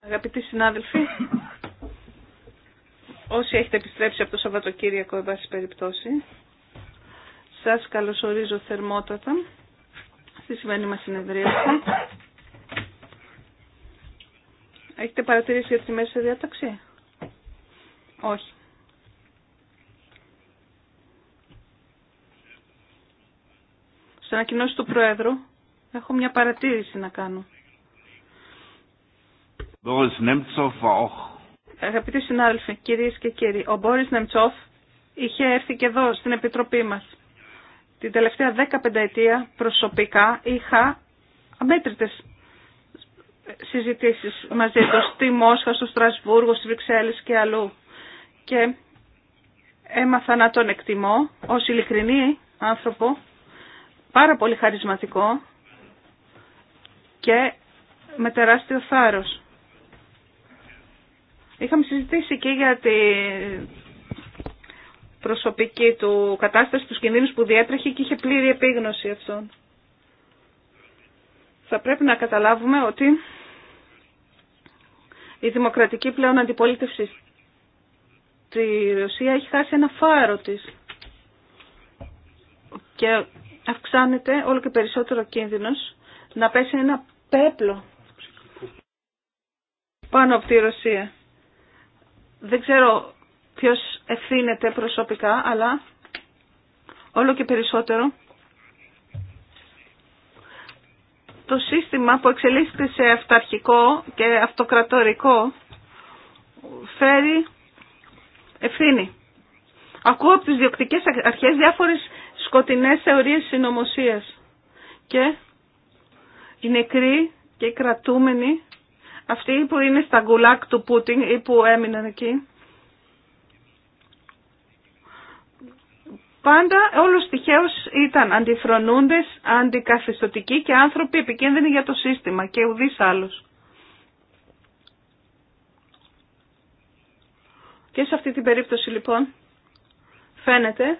Αγαπητοί συνάδελφοι, όσοι έχετε επιστρέψει από το Σαββατοκύριακο, εν πάση περιπτώσει, Σα καλωσορίζω θερμότατα στη σημερινή μα συνεδρία. Έχετε παρατηρήσει για τη μέση διάταξη? Όχι. Στην ανακοινώσει του Προέδρου έχω μια παρατήρηση να κάνω. Boris Nemtsov war auch... Αγαπητοί συνάδελφοι, κυρίε και κύριοι, ο Μπόρις Νεμτσόφ είχε έρθει και εδώ στην Επιτροπή μα Την τελευταία 15 ετία προσωπικά είχα αμέτρητες συζητήσει μαζί του στη Μόσχα, στο Στρασβούργο, στη Βρυξέλλε και αλλού. Και έμαθα να τον εκτιμώ ως ειλικρινή άνθρωπο, πάρα πολύ χαρισματικό και με τεράστιο θάρρος. Είχαμε συζητήσει και για τη προσωπική του κατάσταση, του κινδύνους που διέτρεχε και είχε πλήρη επίγνωση αυτών. Θα πρέπει να καταλάβουμε ότι η δημοκρατική πλέον αντιπολίτευση στη Ρωσία έχει χάσει ένα φάρο της και αυξάνεται όλο και περισσότερο κίνδυνος να πέσει ένα πέπλο πάνω από τη Ρωσία δεν ξέρω ποιος ευθύνεται προσωπικά, αλλά όλο και περισσότερο το σύστημα που εξελίσσεται σε αυταρχικό και αυτοκρατορικό φέρει ευθύνη. Ακούω από τις διοκτικές αρχές διάφορες σκοτεινές θεωρίες συνωμοσία και οι νεκροί και οι κρατούμενοι αυτοί που είναι στα γκουλάκ του Πούτιν ή που έμειναν εκεί. Πάντα όλους τυχαίως ήταν αντιφρονούντες, αντικαθιστοτικοί και άνθρωποι επικίνδυνοι για το σύστημα και ουδείς άλλος. Και σε αυτή την περίπτωση λοιπόν φαίνεται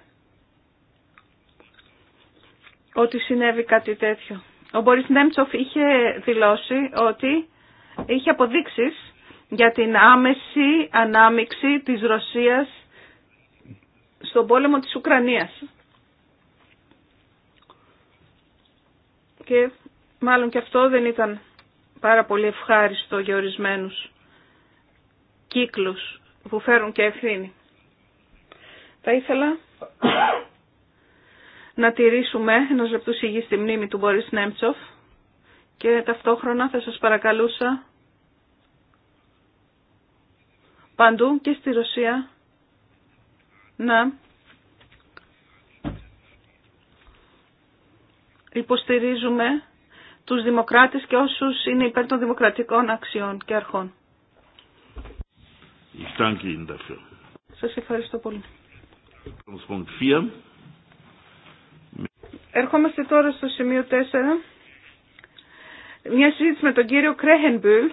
ότι συνέβη κάτι τέτοιο. Ο Μπορίς Νέμτσοφ είχε δηλώσει ότι είχε αποδείξεις για την άμεση ανάμειξη της Ρωσίας στον πόλεμο της Ουκρανίας. Και μάλλον και αυτό δεν ήταν πάρα πολύ ευχάριστο για ορισμένου κύκλους που φέρουν και ευθύνη. Θα ήθελα να τηρήσουμε ενός λεπτού σιγή στη μνήμη του Μπορίς Νέμτσοφ, και ταυτόχρονα θα σας παρακαλούσα παντού και στη Ρωσία να υποστηρίζουμε τους δημοκράτες και όσους είναι υπέρ των δημοκρατικών αξιών και αρχών. Σας ευχαριστώ πολύ. Ερχόμαστε τώρα στο σημείο 4 μια συζήτηση με τον κύριο Κρέχενμπουλ.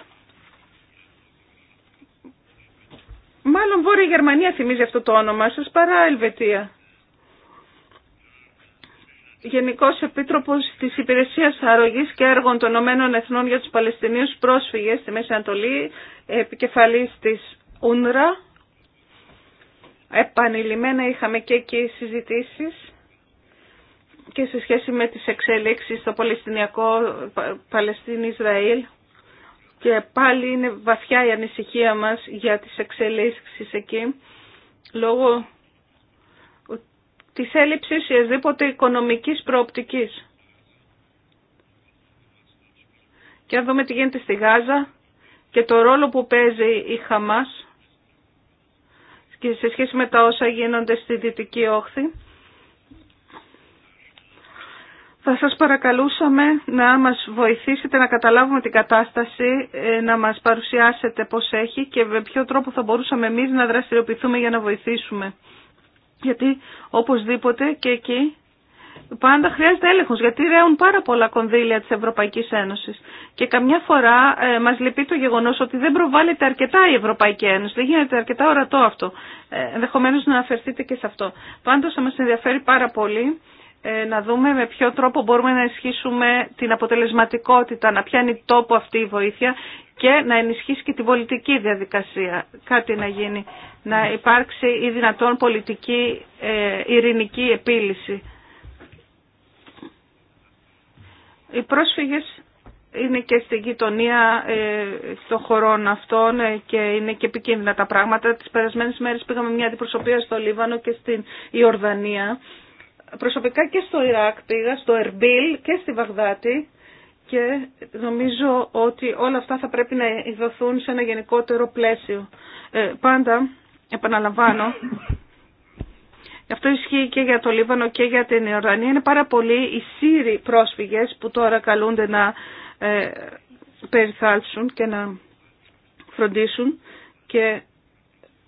Μάλλον Βόρεια Γερμανία θυμίζει αυτό το όνομα σας παρά Ελβετία. Γενικός Επίτροπος της Υπηρεσίας Αρρωγή και Έργων των Ηνωμένων Εθνών για τους Παλαιστινίους πρόσφυγες στη Μέση Ανατολή, επικεφαλής της UNRWA. Επανειλημμένα είχαμε και εκεί συζητήσεις και σε σχέση με τις εξέλιξεις στο Παλαιστινιακό Παλαιστίνη-Ισραήλ και πάλι είναι βαθιά η ανησυχία μας για τις εξελίξεις εκεί λόγω της έλλειψης οτιδήποτε οικονομικής προοπτικής. Και αν δούμε τι γίνεται στη Γάζα και το ρόλο που παίζει η Χαμάς και σε σχέση με τα όσα γίνονται στη Δυτική Όχθη θα σας παρακαλούσαμε να μας βοηθήσετε να καταλάβουμε την κατάσταση, ε, να μας παρουσιάσετε πώς έχει και με ποιο τρόπο θα μπορούσαμε εμείς να δραστηριοποιηθούμε για να βοηθήσουμε. Γιατί οπωσδήποτε και εκεί πάντα χρειάζεται έλεγχος, γιατί ρέουν πάρα πολλά κονδύλια της Ευρωπαϊκής Ένωσης. Και καμιά φορά ε, μας λυπεί το γεγονός ότι δεν προβάλλεται αρκετά η Ευρωπαϊκή Ένωση, δεν γίνεται αρκετά ορατό αυτό. Ε, Ενδεχομένω να αφαιρθείτε και σε αυτό. Πάντως θα μας ενδιαφέρει πάρα πολύ ε, να δούμε με ποιο τρόπο μπορούμε να ενισχύσουμε την αποτελεσματικότητα, να πιάνει τόπο αυτή η βοήθεια και να ενισχύσει και την πολιτική διαδικασία. Κάτι να γίνει, να υπάρξει η δυνατόν πολιτική ε, ειρηνική επίλυση. Οι πρόσφυγες είναι και στην γειτονία ε, των χωρών αυτών και είναι και επικίνδυνα τα πράγματα. Τις περασμένες μέρες πήγαμε μια αντιπροσωπεία στο Λίβανο και στην Ιορδανία προσωπικά και στο Ιράκ πήγα, στο Ερμπίλ και στη Βαγδάτη και νομίζω ότι όλα αυτά θα πρέπει να ειδωθούν σε ένα γενικότερο πλαίσιο. Ε, πάντα, επαναλαμβάνω, αυτό ισχύει και για το Λίβανο και για την Ιορδανία. Είναι πάρα πολλοί οι Σύριοι πρόσφυγες που τώρα καλούνται να ε, περιθάλψουν και να φροντίσουν και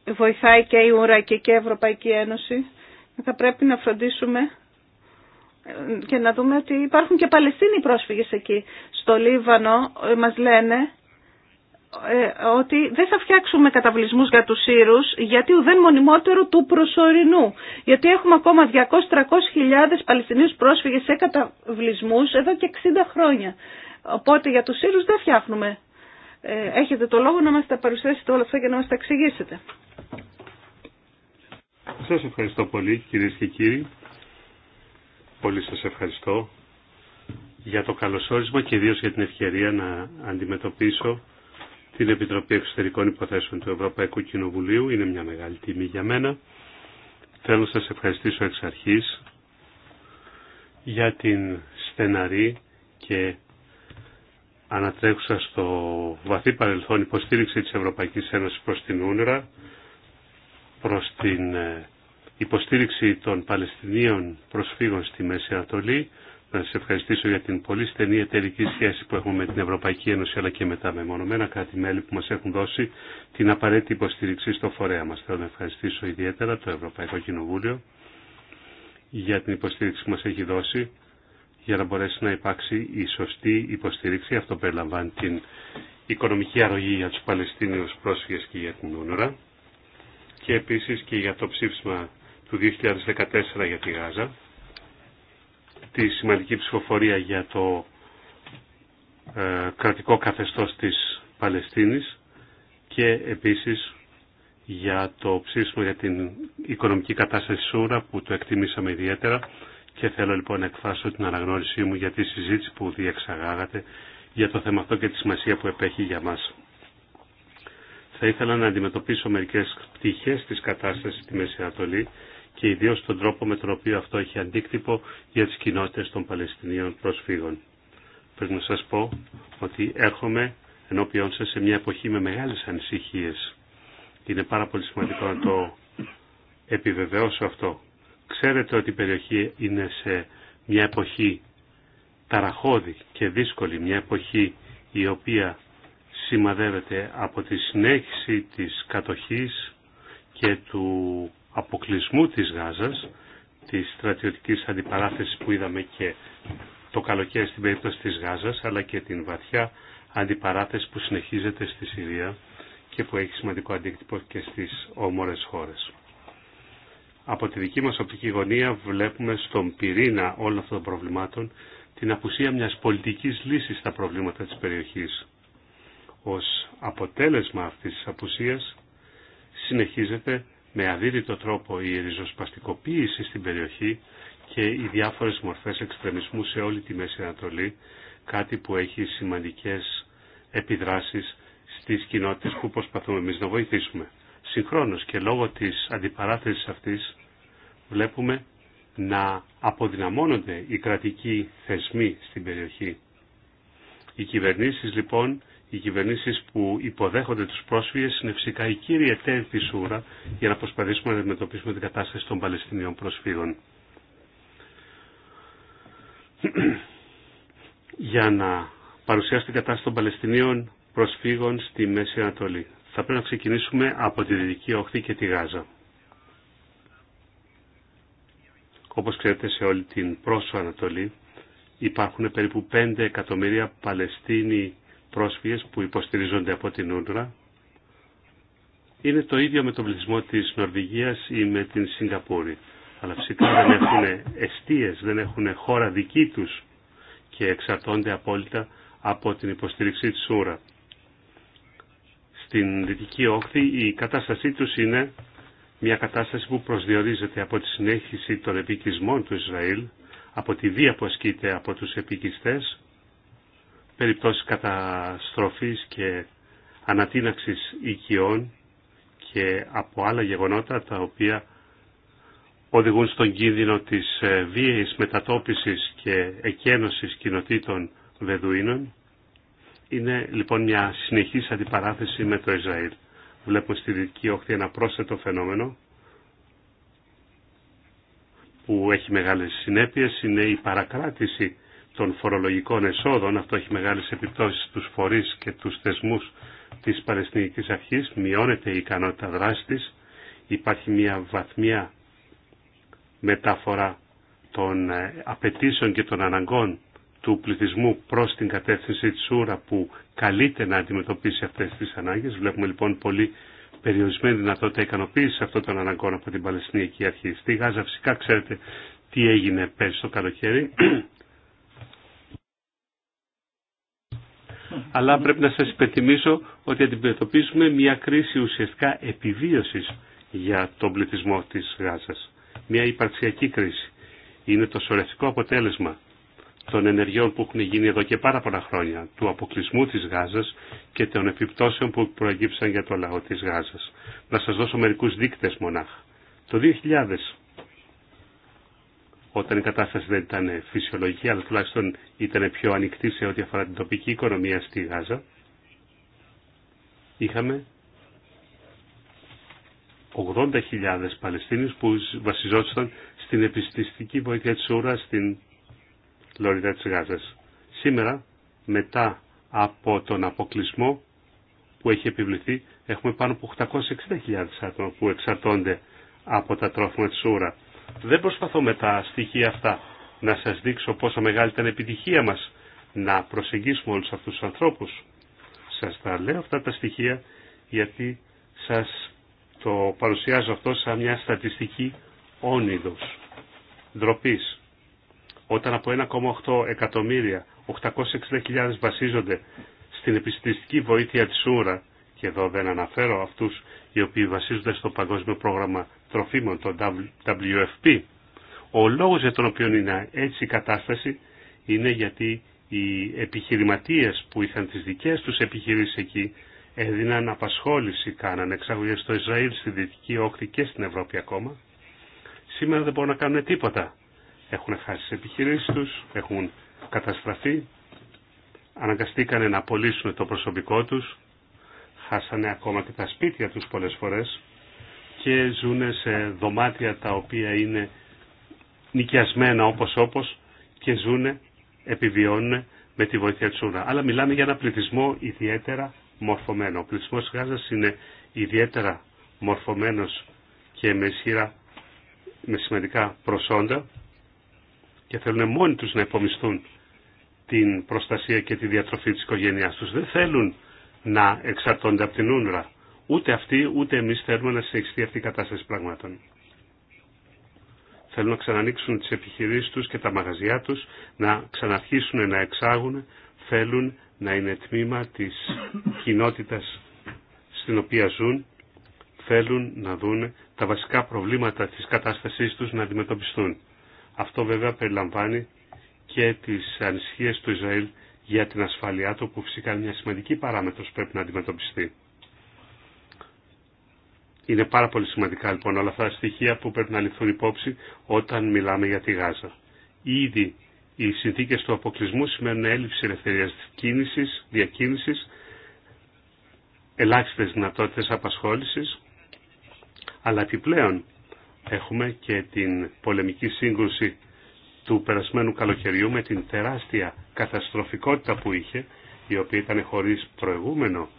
βοηθάει και η ΟΡΑ και η Ευρωπαϊκή Ένωση θα πρέπει να φροντίσουμε ε, και να δούμε ότι υπάρχουν και Παλαιστίνοι πρόσφυγες εκεί. Στο Λίβανο ε, μας λένε ε, ότι δεν θα φτιάξουμε καταβλισμούς για τους Σύρους γιατί ουδέν μονιμότερο του προσωρινού. Γιατί έχουμε ακόμα 200-300 χιλιάδες Παλαιστινίους πρόσφυγες σε καταβλισμούς εδώ και 60 χρόνια. Οπότε για τους Σύρους δεν φτιάχνουμε. Έχετε το λόγο να μας τα παρουσιάσετε όλα αυτά και να μας τα εξηγήσετε. Σας ευχαριστώ πολύ κυρίε και κύριοι. Πολύ σας ευχαριστώ για το καλωσόρισμα και ιδίω για την ευκαιρία να αντιμετωπίσω την Επιτροπή Εξωτερικών Υποθέσεων του Ευρωπαϊκού Κοινοβουλίου. Είναι μια μεγάλη τιμή για μένα. Θέλω να σας ευχαριστήσω εξ αρχής για την στεναρή και ανατρέχουσα στο βαθύ παρελθόν υποστήριξη της Ευρωπαϊκής Ένωσης προς την Ούνερα, προς την ε, υποστήριξη των Παλαιστινίων προσφύγων στη Μέση Ανατολή. Να σας ευχαριστήσω για την πολύ στενή εταιρική σχέση που έχουμε με την Ευρωπαϊκή Ένωση αλλά και με τα μεμονωμένα κράτη-μέλη που μας έχουν δώσει την απαραίτητη υποστήριξη στο φορέα μας. Θέλω να ευχαριστήσω ιδιαίτερα το Ευρωπαϊκό Κοινοβούλιο για την υποστήριξη που μας έχει δώσει για να μπορέσει να υπάρξει η σωστή υποστήριξη. Αυτό περιλαμβάνει την οικονομική αρρωγή για του Παλαιστινίου πρόσφυγες και για την Ούνορα και επίσης και για το ψήφισμα του 2014 για τη Γάζα, τη σημαντική ψηφοφορία για το ε, κρατικό καθεστώς της Παλαιστίνης και επίσης για το ψήσιμο για την οικονομική κατάσταση Σούρα που το εκτιμήσαμε ιδιαίτερα και θέλω λοιπόν να εκφράσω την αναγνώρισή μου για τη συζήτηση που διεξαγάγατε για το θέμα αυτό και τη σημασία που επέχει για μας. Θα ήθελα να αντιμετωπίσω μερικές πτυχές της κατάστασης στη Μέση Ανατολή και ιδίω τον τρόπο με τον οποίο αυτό έχει αντίκτυπο για τις κοινότητε των Παλαιστινίων προσφύγων. Πρέπει να σας πω ότι έρχομαι ενώπιόν σα σε μια εποχή με μεγάλες ανησυχίες. Είναι πάρα πολύ σημαντικό να το επιβεβαιώσω αυτό. Ξέρετε ότι η περιοχή είναι σε μια εποχή ταραχώδη και δύσκολη, μια εποχή η οποία σημαδεύεται από τη συνέχιση της κατοχής και του αποκλεισμού της Γάζας, της στρατιωτικής αντιπαράθεσης που είδαμε και το καλοκαίρι στην περίπτωση της Γάζας, αλλά και την βαθιά αντιπαράθεση που συνεχίζεται στη Συρία και που έχει σημαντικό αντίκτυπο και στις όμορες χώρες. Από τη δική μας οπτική γωνία βλέπουμε στον πυρήνα όλων αυτών των προβλημάτων την απουσία μιας πολιτικής λύσης στα προβλήματα της περιοχής. Ως αποτέλεσμα αυτής της απουσίας συνεχίζεται με αδίδυτο τρόπο η ριζοσπαστικοποίηση στην περιοχή και οι διάφορες μορφές εξτρεμισμού σε όλη τη Μέση Ανατολή, κάτι που έχει σημαντικές επιδράσεις στις κοινότητες που προσπαθούμε εμείς να βοηθήσουμε. Συγχρόνως και λόγω της αντιπαράθεσης αυτής βλέπουμε να αποδυναμώνονται οι κρατικοί θεσμοί στην περιοχή. Οι κυβερνήσεις λοιπόν οι κυβερνήσει που υποδέχονται του πρόσφυγε είναι φυσικά η κύρια εταίροι τη ούρα για να προσπαθήσουμε να αντιμετωπίσουμε την κατάσταση των Παλαιστινίων προσφύγων. για να παρουσιάσουμε την κατάσταση των Παλαιστινίων προσφύγων στη Μέση Ανατολή. Θα πρέπει να ξεκινήσουμε από τη Δυτική Όχθη και τη Γάζα. Όπω ξέρετε σε όλη την Πρόσω Ανατολή υπάρχουν περίπου 5 εκατομμύρια Παλαιστίνοι πρόσφυγες που υποστηρίζονται από την Ούντρα. Είναι το ίδιο με τον πληθυσμό της Νορβηγίας ή με την Σιγκαπούρη. Αλλά φυσικά δεν έχουν εστίες, δεν έχουν χώρα δική τους και εξαρτώνται απόλυτα από την υποστήριξή της Ούρα. Στην Δυτική Όχθη η κατάστασή τους είναι μια κατάσταση που προσδιορίζεται από τη συνέχιση των επικισμών του Ισραήλ, από τη βία που ασκείται από τους επικιστές, περιπτώσεις καταστροφής και ανατίναξης οικειών και από άλλα γεγονότα τα οποία οδηγούν στον κίνδυνο της ε, βίαιης μετατόπισης και εκένωσης κοινοτήτων Βεδουίνων. Είναι λοιπόν μια συνεχής αντιπαράθεση με το Ισραήλ. Βλέπουμε στη Δυτική Όχθη ένα πρόσθετο φαινόμενο που έχει μεγάλες συνέπειες, είναι η παρακράτηση των φορολογικών εσόδων. Αυτό έχει μεγάλες επιπτώσεις στους φορείς και τους θεσμούς της Παλαιστινικής Αρχής. Μειώνεται η ικανότητα δράσης της. Υπάρχει μια βαθμία μετάφορα των ε, απαιτήσεων και των αναγκών του πληθυσμού προς την κατεύθυνση της ούρα που καλείται να αντιμετωπίσει αυτές τις ανάγκες. Βλέπουμε λοιπόν πολύ περιορισμένη δυνατότητα ικανοποίηση αυτών των αναγκών από την Παλαιστινική Αρχή. Στη Γάζα φυσικά ξέρετε τι έγινε πέρσι το καλοκαίρι. αλλά πρέπει να σας υπενθυμίσω ότι αντιμετωπίζουμε μια κρίση ουσιαστικά επιβίωσης για τον πληθυσμό της Γάζας. Μια υπαρξιακή κρίση. Είναι το σωρευτικό αποτέλεσμα των ενεργειών που έχουν γίνει εδώ και πάρα πολλά χρόνια, του αποκλεισμού της Γάζας και των επιπτώσεων που προέγγιψαν για το λαό της Γάζας. Να σας δώσω μερικούς δείκτες μονάχα. Το 2000 όταν η κατάσταση δεν ήταν φυσιολογική, αλλά τουλάχιστον ήταν πιο ανοιχτή σε ό,τι αφορά την τοπική οικονομία στη Γάζα. Είχαμε 80.000 Παλαιστίνιους που βασιζόταν στην επιστηστική βοήθεια της ούρα στην λοριδά της Γάζας. Σήμερα, μετά από τον αποκλεισμό που έχει επιβληθεί, έχουμε πάνω από 860.000 άτομα που εξαρτώνται από τα τρόφιμα της ούρα δεν προσπαθώ με τα στοιχεία αυτά να σας δείξω πόσο μεγάλη ήταν η επιτυχία μας να προσεγγίσουμε όλους αυτούς τους ανθρώπους. Σας τα λέω αυτά τα στοιχεία γιατί σας το παρουσιάζω αυτό σαν μια στατιστική όνειδος, ντροπή. Όταν από 1,8 εκατομμύρια 860.000 βασίζονται στην επιστημιστική βοήθεια της ούρα και εδώ δεν αναφέρω αυτούς οι οποίοι βασίζονται στο παγκόσμιο πρόγραμμα τροφίμων, το WFP. Ο λόγος για τον οποίο είναι έτσι η κατάσταση είναι γιατί οι επιχειρηματίες που είχαν τις δικές τους επιχειρήσεις εκεί έδιναν απασχόληση, κάνανε εξαγωγές στο Ισραήλ, στη Δυτική Όχθη και στην Ευρώπη ακόμα. Σήμερα δεν μπορούν να κάνουν τίποτα. Έχουν χάσει τις επιχειρήσεις τους, έχουν καταστραφεί, αναγκαστήκανε να απολύσουν το προσωπικό τους, χάσανε ακόμα και τα σπίτια τους πολλές φορές και ζουν σε δωμάτια τα οποία είναι νοικιασμένα όπως όπως και ζουν, επιβιώνουν με τη βοήθεια της ούρα. Αλλά μιλάμε για ένα πληθυσμό ιδιαίτερα μορφωμένο. Ο πληθυσμός Γάζας είναι ιδιαίτερα μορφωμένος και με, με σημαντικά προσόντα και θέλουν μόνοι τους να υπομισθούν την προστασία και τη διατροφή της οικογένειάς τους. Δεν θέλουν να εξαρτώνται από την ούρα. Ούτε αυτοί, ούτε εμείς θέλουμε να συνεχιστεί αυτή η κατάσταση πραγμάτων. Θέλουν να ξανανοίξουν τις επιχειρήσεις τους και τα μαγαζιά τους, να ξαναρχίσουν να εξάγουν, θέλουν να είναι τμήμα της κοινότητας στην οποία ζουν, θέλουν να δουν τα βασικά προβλήματα της κατάστασής τους να αντιμετωπιστούν. Αυτό βέβαια περιλαμβάνει και τις ανησυχίες του Ισραήλ για την ασφαλειά του, που φυσικά είναι μια σημαντική παράμετρος που πρέπει να αντιμετωπιστεί. Είναι πάρα πολύ σημαντικά λοιπόν όλα αυτά τα στοιχεία που πρέπει να ληφθούν υπόψη όταν μιλάμε για τη Γάζα. Ήδη οι συνθήκες του αποκλεισμού σημαίνουν έλλειψη ελευθερίας κίνησης, διακίνησης, ελάχιστες δυνατότητες απασχόλησης, αλλά επιπλέον έχουμε και την πολεμική σύγκρουση του περασμένου καλοκαιριού με την τεράστια καταστροφικότητα που είχε, η οποία ήταν χωρίς προηγούμενο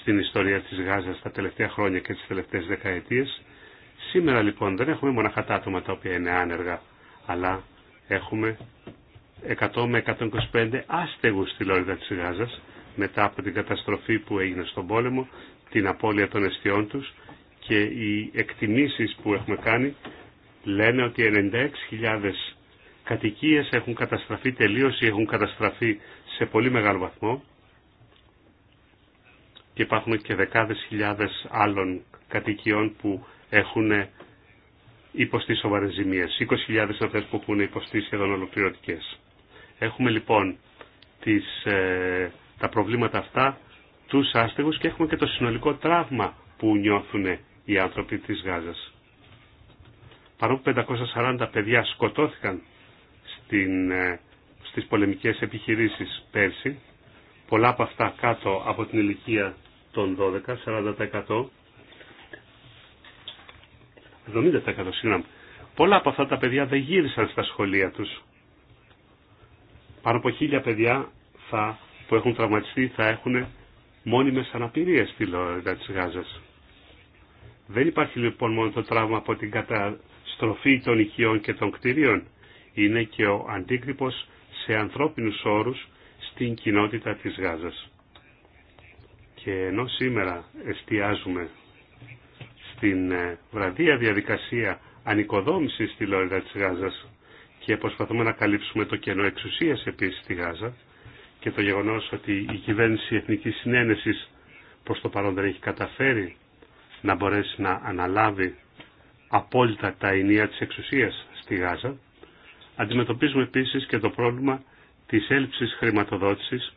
στην ιστορία της Γάζας τα τελευταία χρόνια και τις τελευταίες δεκαετίες. Σήμερα λοιπόν δεν έχουμε μοναχά τα άτομα τα οποία είναι άνεργα, αλλά έχουμε 100 με 125 άστεγους στη λόριδα της Γάζας μετά από την καταστροφή που έγινε στον πόλεμο, την απώλεια των αισιών τους και οι εκτιμήσεις που έχουμε κάνει λένε ότι 96.000 κατοικίες έχουν καταστραφεί τελείως ή έχουν καταστραφεί σε πολύ μεγάλο βαθμό και υπάρχουν και δεκάδες χιλιάδες άλλων κατοικιών που έχουν υποστεί σοβαρέ ζημίε. 20.000 αυτέ που έχουν υποστεί σχεδόν ολοκληρωτικέ. Έχουμε λοιπόν τις, ε, τα προβλήματα αυτά, του άστεγου και έχουμε και το συνολικό τραύμα που νιώθουν οι άνθρωποι τη Γάζα. Παρόλο που 540 παιδιά σκοτώθηκαν στην, ε, στις πολεμικές επιχειρήσεις πέρσι, πολλά από αυτά κάτω από την ηλικία των 12, 40%, 70% συγγνώμη. Πολλά από αυτά τα παιδιά δεν γύρισαν στα σχολεία τους. Πάνω από χίλια παιδιά θα, που έχουν τραυματιστεί θα έχουν μόνιμες αναπηρίες στη λόγια της Γάζας. Δεν υπάρχει λοιπόν μόνο το τραύμα από την καταστροφή των οικειών και των κτηρίων. Είναι και ο αντίκτυπος σε ανθρώπινους όρους στην κοινότητα της Γάζας. Και ενώ σήμερα εστιάζουμε στην ε, βραδία διαδικασία ανοικοδόμησης στη Λόριδα της Γάζας και προσπαθούμε να καλύψουμε το κενό εξουσίας επίσης στη Γάζα και το γεγονός ότι η κυβέρνηση Εθνικής Συνένεσης προς το παρόν δεν έχει καταφέρει να μπορέσει να αναλάβει απόλυτα τα ενία της εξουσίας στη Γάζα. Αντιμετωπίζουμε επίσης και το πρόβλημα της έλλειψης χρηματοδότησης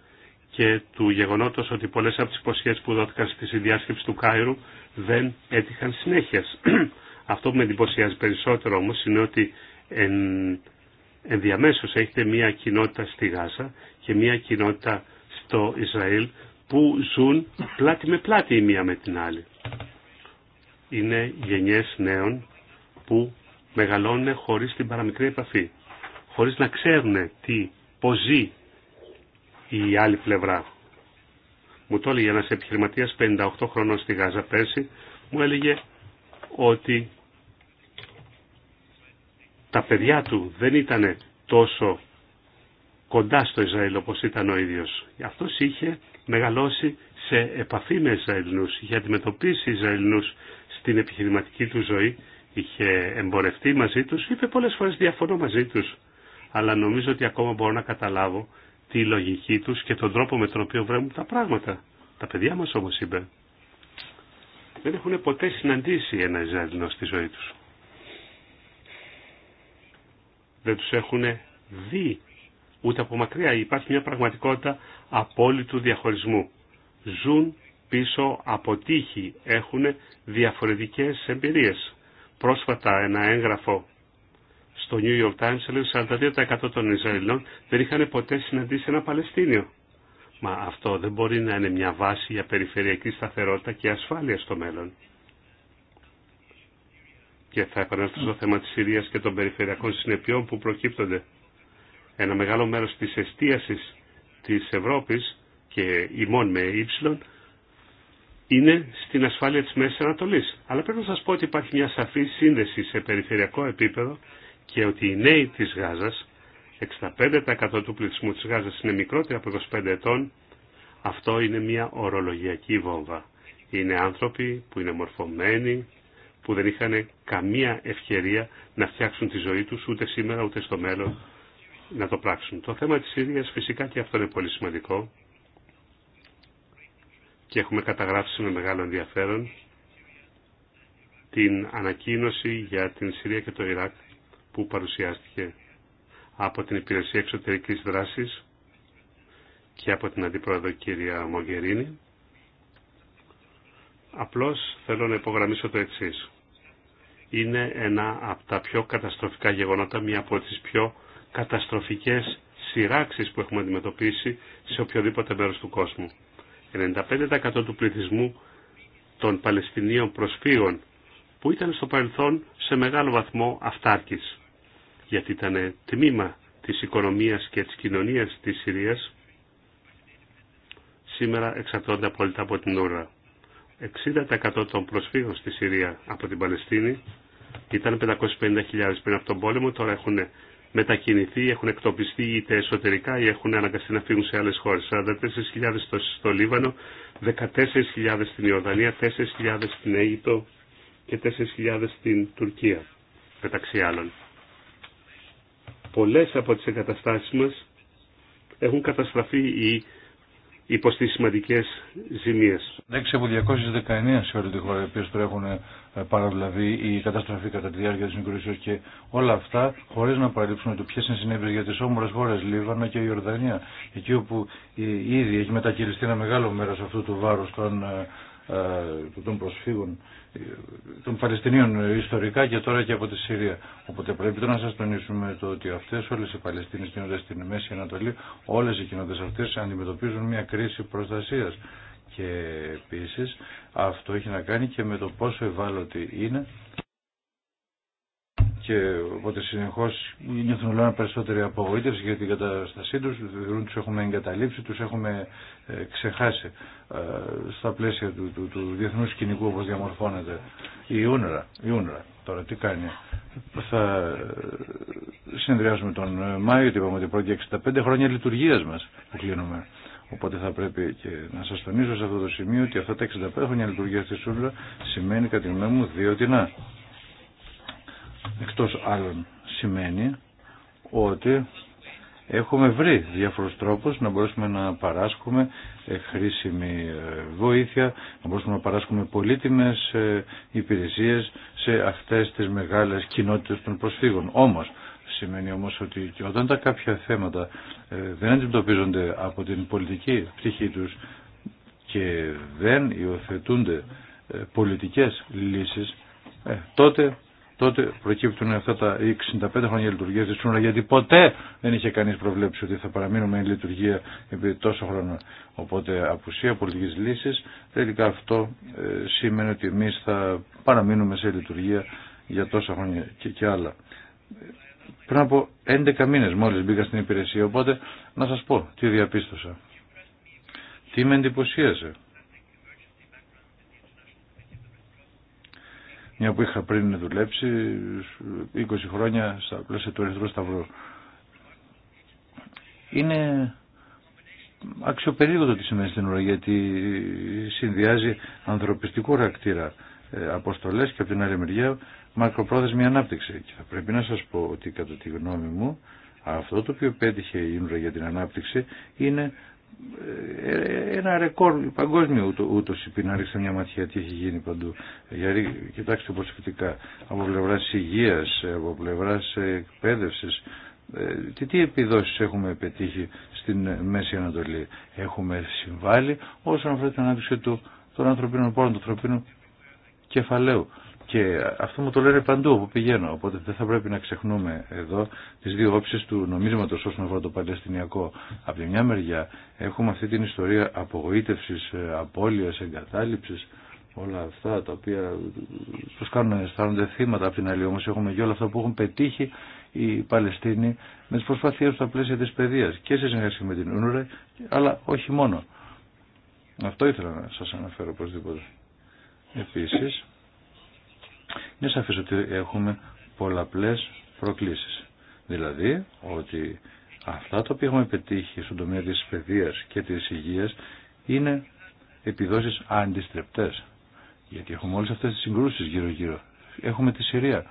και του γεγονότος ότι πολλές από τις υποσχέσεις που δόθηκαν στη συνδιάσκεψη του Κάιρου δεν έτυχαν συνέχεια. Αυτό που με εντυπωσιάζει περισσότερο όμως είναι ότι εν, ενδιαμέσως έχετε μια κοινότητα στη Γάζα και μια κοινότητα στο Ισραήλ που ζουν πλάτη με πλάτη η μία με την άλλη. Είναι γενιές νέων που μεγαλώνουν χωρίς την παραμικρή επαφή, χωρίς να ξέρουν τι ζει η άλλη πλευρά. Μου το έλεγε ένας επιχειρηματίας 58 χρονών στη Γάζα πέρσι, μου έλεγε ότι τα παιδιά του δεν ήταν τόσο κοντά στο Ισραήλ όπως ήταν ο ίδιος. αυτό είχε μεγαλώσει σε επαφή με Ισραηλινούς, είχε αντιμετωπίσει Ισραηλινούς στην επιχειρηματική του ζωή, είχε εμπορευτεί μαζί τους, είπε πολλές φορές διαφωνώ μαζί τους αλλά νομίζω ότι ακόμα μπορώ να καταλάβω τη λογική τους και τον τρόπο με τον οποίο βρέμουν τα πράγματα. Τα παιδιά μας όμως είπε, δεν έχουν ποτέ συναντήσει ένα Ισραηλινό στη ζωή τους. Δεν τους έχουν δει ούτε από μακριά. Υπάρχει μια πραγματικότητα απόλυτου διαχωρισμού. Ζουν πίσω από τύχη, έχουν διαφορετικές εμπειρίες. Πρόσφατα ένα έγγραφο στο New York Times έλεγε 42% των Ισραηλινών δεν είχαν ποτέ συναντήσει ένα Παλαιστίνιο. Μα αυτό δεν μπορεί να είναι μια βάση για περιφερειακή σταθερότητα και ασφάλεια στο μέλλον. Και θα επανέλθω στο θέμα της Συρίας και των περιφερειακών συνεπειών που προκύπτονται. Ένα μεγάλο μέρος της εστίασης της Ευρώπης και ημών με ύψιλον ε είναι στην ασφάλεια της Μέση Ανατολής. Αλλά πρέπει να σας πω ότι υπάρχει μια σαφή σύνδεση σε περιφερειακό επίπεδο και ότι οι νέοι της Γάζας, 65% του πληθυσμού της Γάζας είναι μικρότεροι από 25 ετών, αυτό είναι μια ορολογιακή βόμβα. Είναι άνθρωποι που είναι μορφωμένοι, που δεν είχαν καμία ευκαιρία να φτιάξουν τη ζωή τους ούτε σήμερα ούτε στο μέλλον να το πράξουν. Το θέμα της Συρίας φυσικά και αυτό είναι πολύ σημαντικό και έχουμε καταγράψει με μεγάλο ενδιαφέρον την ανακοίνωση για την Συρία και το Ιράκ που παρουσιάστηκε από την Υπηρεσία Εξωτερικής Δράσης και από την Αντιπρόεδρο κυρία Μογκερίνη. Απλώς θέλω να υπογραμμίσω το εξής. Είναι ένα από τα πιο καταστροφικά γεγονότα, μία από τις πιο καταστροφικές σειράξεις που έχουμε αντιμετωπίσει σε οποιοδήποτε μέρος του κόσμου. 95% του πληθυσμού των Παλαιστινίων προσφύγων που ήταν στο παρελθόν σε μεγάλο βαθμό αυτάρκης γιατί ήταν τμήμα της οικονομίας και της κοινωνίας της Συρίας, σήμερα εξαρτώνται απόλυτα από την ώρα. 60% των προσφύγων στη Συρία από την Παλαιστίνη ήταν 550.000 πριν από τον πόλεμο, τώρα έχουν μετακινηθεί, έχουν εκτοπιστεί είτε εσωτερικά ή έχουν αναγκαστεί να φύγουν σε άλλες χώρες. 44.000 στο, στο Λίβανο, 14.000 στην Ιορδανία, 4.000 στην Αίγυπτο και 4.000 στην Τουρκία, μεταξύ άλλων πολλές από τις εγκαταστάσεις μας έχουν καταστραφεί ή υπό σημαντικές ζημίες. 6 από 219 σε όλη τη χώρα, οι οποίες τρέχουν έχουν ε, δηλαδή η καταστροφή κατά τη διάρκεια της μικρουσίας και όλα αυτά χωρίς να παραλείψουμε το ποιες είναι συνέπειες για τις όμορες χώρες, Λίβανο και Ιορδανία, εκεί όπου ήδη έχει μετακυριστεί ένα μεγάλο μέρος αυτού του βάρους των ε, ε, των προσφύγων ε, των Παλαιστινίων ιστορικά και τώρα και από τη Συρία. Οπότε πρέπει να σας τονίσουμε το ότι αυτές όλες οι Παλαιστίνες κοινότητε στην Μέση Ανατολή, όλες οι κοινότητες αυτές αντιμετωπίζουν μια κρίση προστασίας. Και επίσης αυτό έχει να κάνει και με το πόσο ευάλωτη είναι και οπότε συνεχώ νιώθουν όλα περισσότερη απογοήτευση για την καταστασή του θεωρούν τους έχουμε εγκαταλείψει, του έχουμε ε, ξεχάσει ε, στα πλαίσια του, του, του διεθνούς σκηνικού όπως διαμορφώνεται η Ούνρα, η Ούνρα. Τώρα τι κάνει. Θα ε, συνδυάσουμε τον Μάιο, γιατί είπαμε ότι πρώτη 65 χρόνια λειτουργία μα που κλείνουμε. Οπότε θα πρέπει και να σας τονίσω σε αυτό το σημείο ότι αυτά τα 65 χρόνια λειτουργία τη Ούνρα σημαίνει κατά τη γνώμη μου δύο τεινά εκτός άλλων σημαίνει ότι έχουμε βρει διάφορους τρόπους να μπορέσουμε να παράσχουμε ε, χρήσιμη ε, βοήθεια, να μπορέσουμε να παράσχουμε πολύτιμες ε, υπηρεσίες σε αυτές τις μεγάλες κοινότητες των προσφύγων. Όμως, σημαίνει όμως ότι όταν τα κάποια θέματα δεν αντιμετωπίζονται από την πολιτική πτυχή τους και δεν υιοθετούνται πολιτικές λύσεις, τότε τότε προκύπτουν αυτά τα 65 χρόνια λειτουργία τη Τσούνα, γιατί ποτέ δεν είχε κανεί προβλέψει ότι θα παραμείνουμε εν λειτουργία επί τόσο χρόνο. Οπότε απουσία πολιτική λύση, τελικά αυτό ε, σήμαινε ότι εμεί θα παραμείνουμε σε λειτουργία για τόσα χρόνια και, και άλλα. Πριν από 11 μήνε μόλι μπήκα στην υπηρεσία, οπότε να σα πω τι διαπίστωσα. Τι με εντυπωσίασε. μια που είχα πριν δουλέψει 20 χρόνια στα πλαίσια του Ερυθρού Σταυρού. Είναι αξιοπερίγοντο τι σημαίνει στην ώρα γιατί συνδυάζει ανθρωπιστικό ρακτήρα ε, αποστολές και από την άλλη μεριά μακροπρόθεσμη ανάπτυξη. Και θα πρέπει να σας πω ότι κατά τη γνώμη μου αυτό το οποίο πέτυχε η Ινουρα για την ανάπτυξη είναι ε, ένα ρεκόρ παγκόσμιο ούτως είπε να ρίξετε μια ματιά τι έχει γίνει παντού. Γιατί κοιτάξτε προσεκτικά από πλευρά υγεία, από πλευρά εκπαίδευση. Ε, τι, τι επιδόσεις έχουμε πετύχει στην Μέση Ανατολή. Έχουμε συμβάλει όσον αφορά την ανάπτυξη του, των ανθρωπίνων πόρων, του ανθρωπίνου κεφαλαίου. Και αυτό μου το λένε παντού όπου πηγαίνω. Οπότε δεν θα πρέπει να ξεχνούμε εδώ τι δύο όψει του νομίσματο όσον αφορά το Παλαιστινιακό. Από τη μια μεριά έχουμε αυτή την ιστορία απογοήτευση, ε, απώλεια, εγκατάλειψη, όλα αυτά τα οποία του κάνουν να αισθάνονται θύματα. Από την άλλη όμω έχουμε και όλα αυτά που έχουν πετύχει οι Παλαιστίνοι με τι προσπαθίε στα πλαίσια τη παιδεία και σε συνεργασία με την Ούνουρα, αλλά όχι μόνο. Αυτό ήθελα να σα αναφέρω οπωσδήποτε. Επίσης, είναι σαφές ότι έχουμε πολλαπλές προκλήσεις. Δηλαδή ότι αυτά τα οποία έχουμε πετύχει στον τομέα της παιδείας και της υγείας είναι επιδόσεις αντιστρεπτές. Γιατί έχουμε όλες αυτές τις συγκρούσεις γύρω-γύρω. Έχουμε τη Συρία.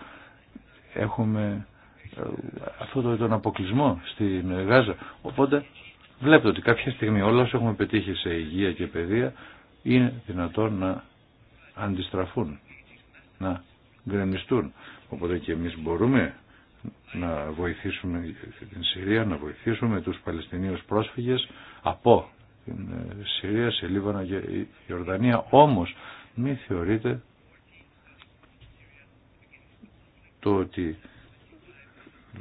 Έχουμε ε, αυτό το, τον αποκλεισμό στην Γάζα. Οπότε βλέπετε ότι κάποια στιγμή όλα όσα έχουμε πετύχει σε υγεία και παιδεία είναι δυνατόν να αντιστραφούν, να γκρεμιστούν. Οπότε και εμείς μπορούμε να βοηθήσουμε την Συρία, να βοηθήσουμε τους Παλαιστινίους πρόσφυγες από την ε, Συρία σε Λίβανο και η Ιορδανία. Όμως μη θεωρείτε το ότι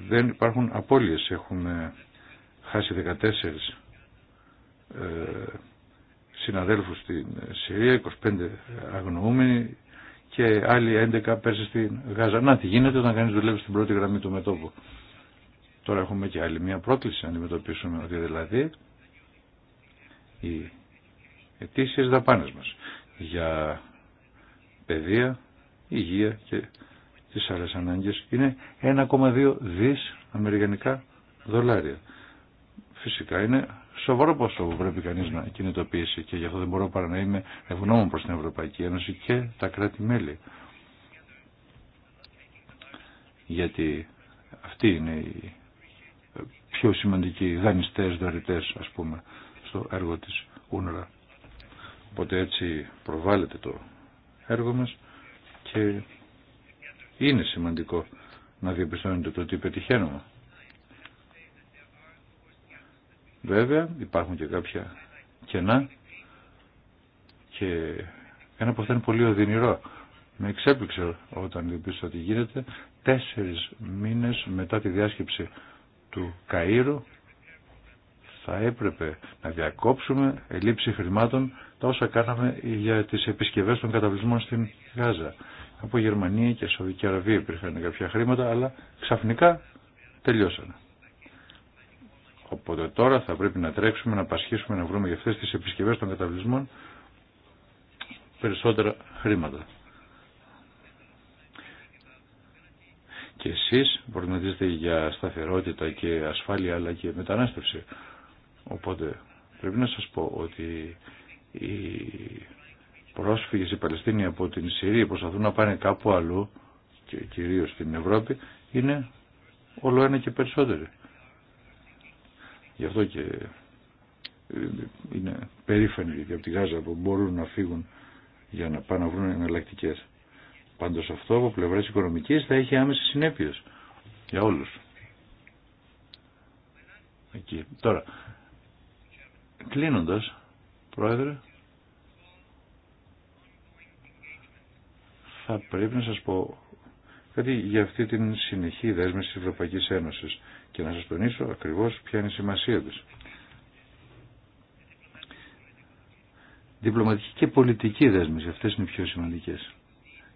δεν υπάρχουν απώλειες. Έχουμε χάσει 14 ε, συναδέλφους στην Συρία, 25 αγνοούμενοι, και άλλοι 11 πέρσι στην Γάζα. Να τι γίνεται όταν κανείς δουλεύει στην πρώτη γραμμή του μετώπου. Τώρα έχουμε και άλλη μια πρόκληση να αντιμετωπίσουμε ότι δηλαδή οι αιτήσεις δαπάνες μας για παιδεία, υγεία και τις άλλες ανάγκες είναι 1,2 δις αμερικανικά δολάρια. Φυσικά είναι σοβαρό ποσό που πρέπει κανείς να κινητοποιήσει και γι' αυτό δεν μπορώ παρά να είμαι ευγνώμων προς την Ευρωπαϊκή Ένωση και τα κράτη-μέλη. Γιατί αυτοί είναι οι πιο σημαντικοί δανειστές, δωρητές ας πούμε στο έργο της Ούνρα. Οπότε έτσι προβάλλεται το έργο μας και είναι σημαντικό να διαπιστώνετε το τι πετυχαίνουμε. Βέβαια υπάρχουν και κάποια κενά και ένα από αυτά είναι πολύ οδυνηρό. Με εξέπληξε όταν διεπίστωσα ότι γίνεται τέσσερις μήνες μετά τη διάσκεψη του Καΐρου θα έπρεπε να διακόψουμε ελήψη χρημάτων τα όσα κάναμε για τις επισκευές των καταβλισμών στην Γάζα. Από Γερμανία και Σαουδική Αραβία υπήρχαν κάποια χρήματα αλλά ξαφνικά τελειώσανε. Οπότε τώρα θα πρέπει να τρέξουμε, να πασχίσουμε, να βρούμε για αυτές τις επισκευές των καταβλισμών περισσότερα χρήματα. Και εσείς δείτε για σταθερότητα και ασφάλεια αλλά και μετανάστευση. Οπότε πρέπει να σας πω ότι οι πρόσφυγες οι Παλαιστίνοι από την Συρία που προσπαθούν να πάνε κάπου αλλού και κυρίως στην Ευρώπη είναι όλο ένα και περισσότεροι. Γι' αυτό και ε, είναι περήφανοι από τη Γάζα που μπορούν να φύγουν για να πάνε να βρουν εναλλακτικέ. Πάντω αυτό από πλευρά οικονομική θα έχει άμεση συνέπειε για όλου. Εκεί. Τώρα, κλείνοντα, Πρόεδρε, θα πρέπει να σας πω κάτι δηλαδή, για αυτή την συνεχή δέσμευση της Ευρωπαϊκής Ένωσης και να σας τονίσω ακριβώς ποια είναι η σημασία της. Διπλωματική και πολιτική δέσμευση, αυτές είναι οι πιο σημαντικές.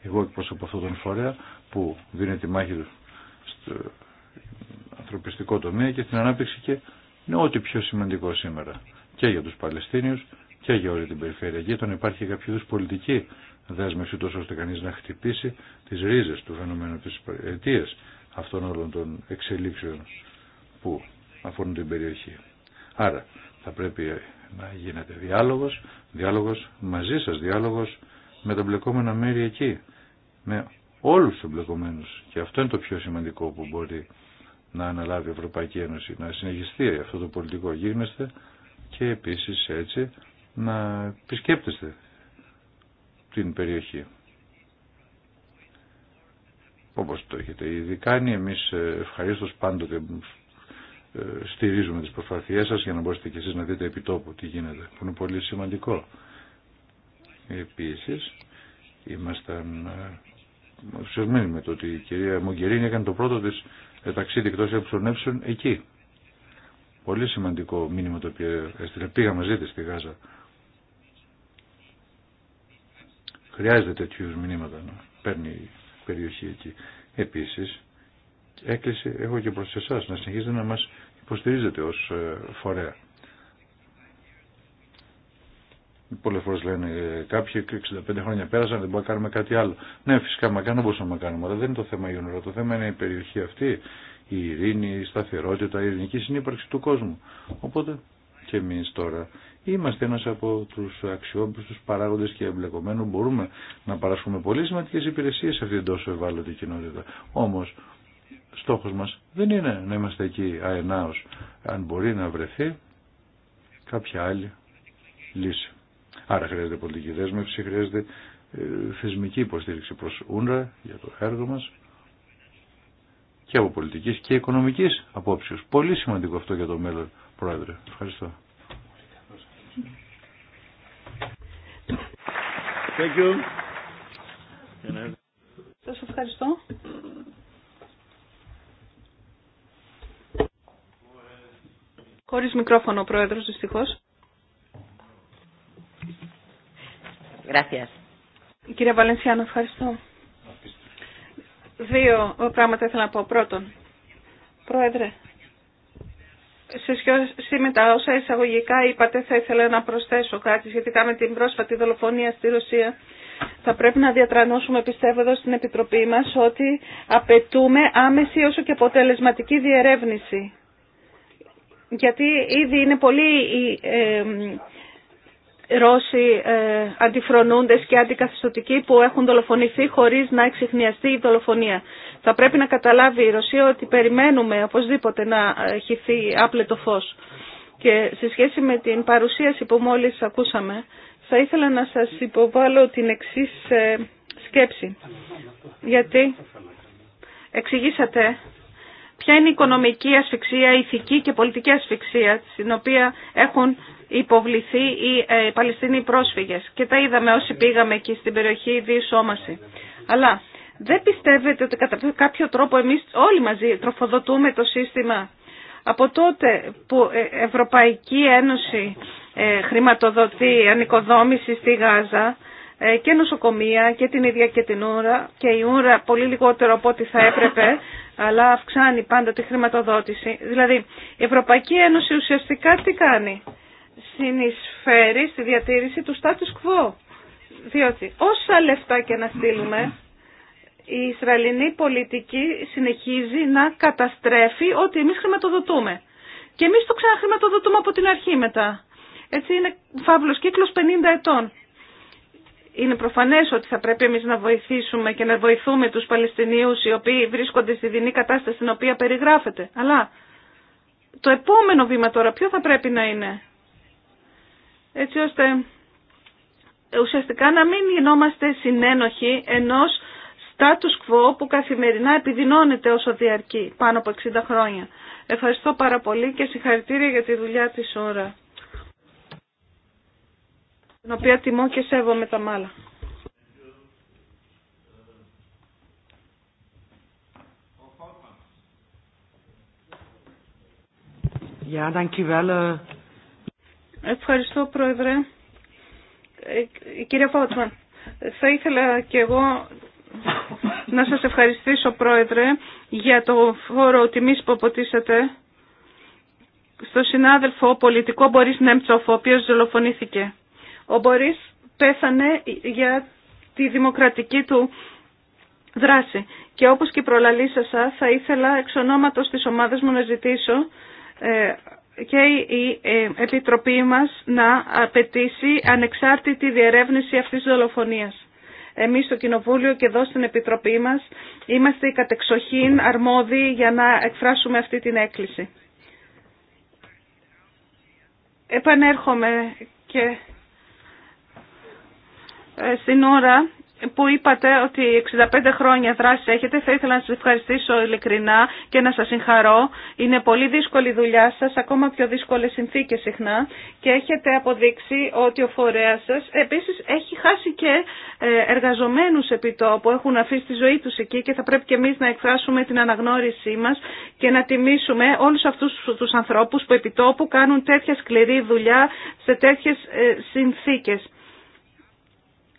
Εγώ εκπροσωπώ αυτόν τον φορέα που δίνει τη μάχη του στο ανθρωπιστικό τομέα και στην ανάπτυξη και είναι ό,τι πιο σημαντικό σήμερα και για τους Παλαιστίνιους και για όλη την περιφέρεια. Γιατί όταν υπάρχει κάποιο είδου πολιτική δέσμευση τόσο ώστε κανείς να χτυπήσει τις ρίζες του φαινομένου, της αιτίας αυτών όλων των εξελίξεων που αφορούν την περιοχή. Άρα θα πρέπει να γίνεται διάλογος, διάλογος μαζί σας, διάλογος με τα μπλεκόμενα μέρη εκεί, με όλους τους μπλεκομένους. Και αυτό είναι το πιο σημαντικό που μπορεί να αναλάβει η Ευρωπαϊκή Ένωση, να συνεχιστεί αυτό το πολιτικό γίγνεσθε και επίσης έτσι να επισκέπτεστε στην περιοχή. Όπως το έχετε ήδη κάνει, εμείς ε, ευχαρίστως πάντοτε ε, στηρίζουμε τις προσπάθειές σας για να μπορείτε και εσείς να δείτε επιτόπου τι γίνεται, που είναι πολύ σημαντικό. Επίσης, ήμασταν ε, ουσιασμένοι με το ότι η κυρία Μογκερίνη έκανε το πρώτο της ταξίδι εκτός εκεί. Πολύ σημαντικό μήνυμα το οποίο έστειλε. Πήγα μαζί της στη Γάζα. Χρειάζεται τέτοιου μηνύματα να παίρνει η περιοχή εκεί. Επίση, έκκληση έχω και προ εσά να συνεχίζετε να μα υποστηρίζετε ω ε, φορέα. Πολλέ φορέ λένε ε, κάποιοι 65 χρόνια πέρασαν, δεν μπορούμε να κάνουμε κάτι άλλο. Ναι, φυσικά μα να μπορούσαμε να κάνουμε, αλλά δεν είναι το θέμα η ονορά. Το θέμα είναι η περιοχή αυτή, η ειρήνη, η σταθερότητα, η ειρηνική συνύπαρξη του κόσμου. Οπότε και εμεί τώρα Είμαστε ένας από τους αξιόπιστους παράγοντες και εμπλεκομένου. Μπορούμε να παράσχουμε πολύ σημαντικές υπηρεσίες σε αυτήν την τόσο ευάλωτη κοινότητα. Όμως, στόχος μας δεν είναι να είμαστε εκεί αενάως. Αν μπορεί να βρεθεί κάποια άλλη λύση. Άρα χρειάζεται πολιτική δέσμευση, χρειάζεται ε, θεσμική υποστήριξη προς ούνρα για το έργο μας και από πολιτικής και οικονομικής απόψεως. Πολύ σημαντικό αυτό για το μέλλον, Πρόεδρε. Ευχαριστώ. Thank you. Σας ευχαριστώ. Χωρίς μικρόφωνο ο Πρόεδρος, δυστυχώς. Gracias. Κυρία Βαλενσιάνο, ευχαριστώ. Δύο πράγματα ήθελα να πω. Πρώτον, Πρόεδρε, σε σχέση με τα όσα εισαγωγικά είπατε, θα ήθελα να προσθέσω κάτι σχετικά με την πρόσφατη δολοφονία στη Ρωσία. Θα πρέπει να διατρανώσουμε, πιστεύω, εδώ στην Επιτροπή μας ότι απαιτούμε άμεση όσο και αποτελεσματική διερεύνηση. Γιατί ήδη είναι πολύ η ε, Ρώσοι ε, αντιφρονούντες και αντικαθιστοτικοί που έχουν δολοφονηθεί χωρίς να εξηχνιαστεί η δολοφονία. Θα πρέπει να καταλάβει η Ρωσία ότι περιμένουμε οπωσδήποτε να χυθεί άπλετο φως. Και σε σχέση με την παρουσίαση που μόλις ακούσαμε, θα ήθελα να σας υποβάλω την εξής ε, σκέψη. Γιατί εξηγήσατε ποια είναι η οικονομική ασφυξία, η ηθική και πολιτική ασφυξία, στην οποία έχουν υποβληθεί οι ε, Παλαιστίνοι πρόσφυγες. Και τα είδαμε όσοι πήγαμε εκεί στην περιοχή διεισόμαση. Αλλά δεν πιστεύετε ότι κατά κάποιο τρόπο εμείς όλοι μαζί τροφοδοτούμε το σύστημα. Από τότε που η ε, Ευρωπαϊκή Ένωση ε, χρηματοδοτεί ανοικοδόμηση στη Γάζα ε, και νοσοκομεία και την ίδια και την ούρα και η ούρα πολύ λιγότερο από ό,τι θα έπρεπε αλλά αυξάνει πάντα τη χρηματοδότηση. Δηλαδή η Ευρωπαϊκή Ένωση ουσιαστικά τι κάνει συνεισφέρει στη διατήρηση του status quo. Διότι όσα λεφτά και να στείλουμε, η Ισραηλινή πολιτική συνεχίζει να καταστρέφει ό,τι εμείς χρηματοδοτούμε. Και εμείς το ξαναχρηματοδοτούμε από την αρχή μετά. Έτσι είναι φαύλος κύκλος 50 ετών. Είναι προφανές ότι θα πρέπει εμείς να βοηθήσουμε και να βοηθούμε τους Παλαιστινίους οι οποίοι βρίσκονται στη δινή κατάσταση στην οποία περιγράφεται. Αλλά το επόμενο βήμα τώρα ποιο θα πρέπει να είναι έτσι ώστε ουσιαστικά να μην γινόμαστε συνένοχοι ενός status quo που καθημερινά επιδεινώνεται όσο διαρκεί, πάνω από 60 χρόνια. Ευχαριστώ πάρα πολύ και συγχαρητήρια για τη δουλειά της ώρα, την οποία τιμώ και σέβομαι τα μάλα. Ja, dankjewel. Ευχαριστώ, Πρόεδρε. Κύριε Φώτσμαν, θα ήθελα και εγώ να σας ευχαριστήσω, Πρόεδρε, για το φόρο τιμής που αποτίσατε στο συνάδελφο πολιτικό Μπορίς Νέμτσοφ, ο οποίος δολοφονήθηκε. Ο Μπορίς πέθανε για τη δημοκρατική του δράση. Και όπως και προλαλήσασα, θα ήθελα εξ ονόματος της ομάδας μου να ζητήσω ε, και η ε, Επιτροπή μας να απαιτήσει ανεξάρτητη διερεύνηση αυτής της δολοφονίας. Εμείς στο Κοινοβούλιο και εδώ στην Επιτροπή μας είμαστε κατεξοχήν αρμόδιοι για να εκφράσουμε αυτή την έκκληση. Επανέρχομαι και ε, στην ώρα που είπατε ότι 65 χρόνια δράση έχετε, θα ήθελα να σας ευχαριστήσω ειλικρινά και να σας συγχαρώ. Είναι πολύ δύσκολη η δουλειά σας, ακόμα πιο δύσκολες συνθήκες συχνά και έχετε αποδείξει ότι ο φορέας σας επίσης έχει χάσει και ε, εργαζομένους επί έχουν αφήσει τη ζωή τους εκεί και θα πρέπει και εμείς να εκφράσουμε την αναγνώρισή μας και να τιμήσουμε όλους αυτούς τους ανθρώπους που επί κάνουν τέτοια σκληρή δουλειά σε τέτοιες ε, συνθήκες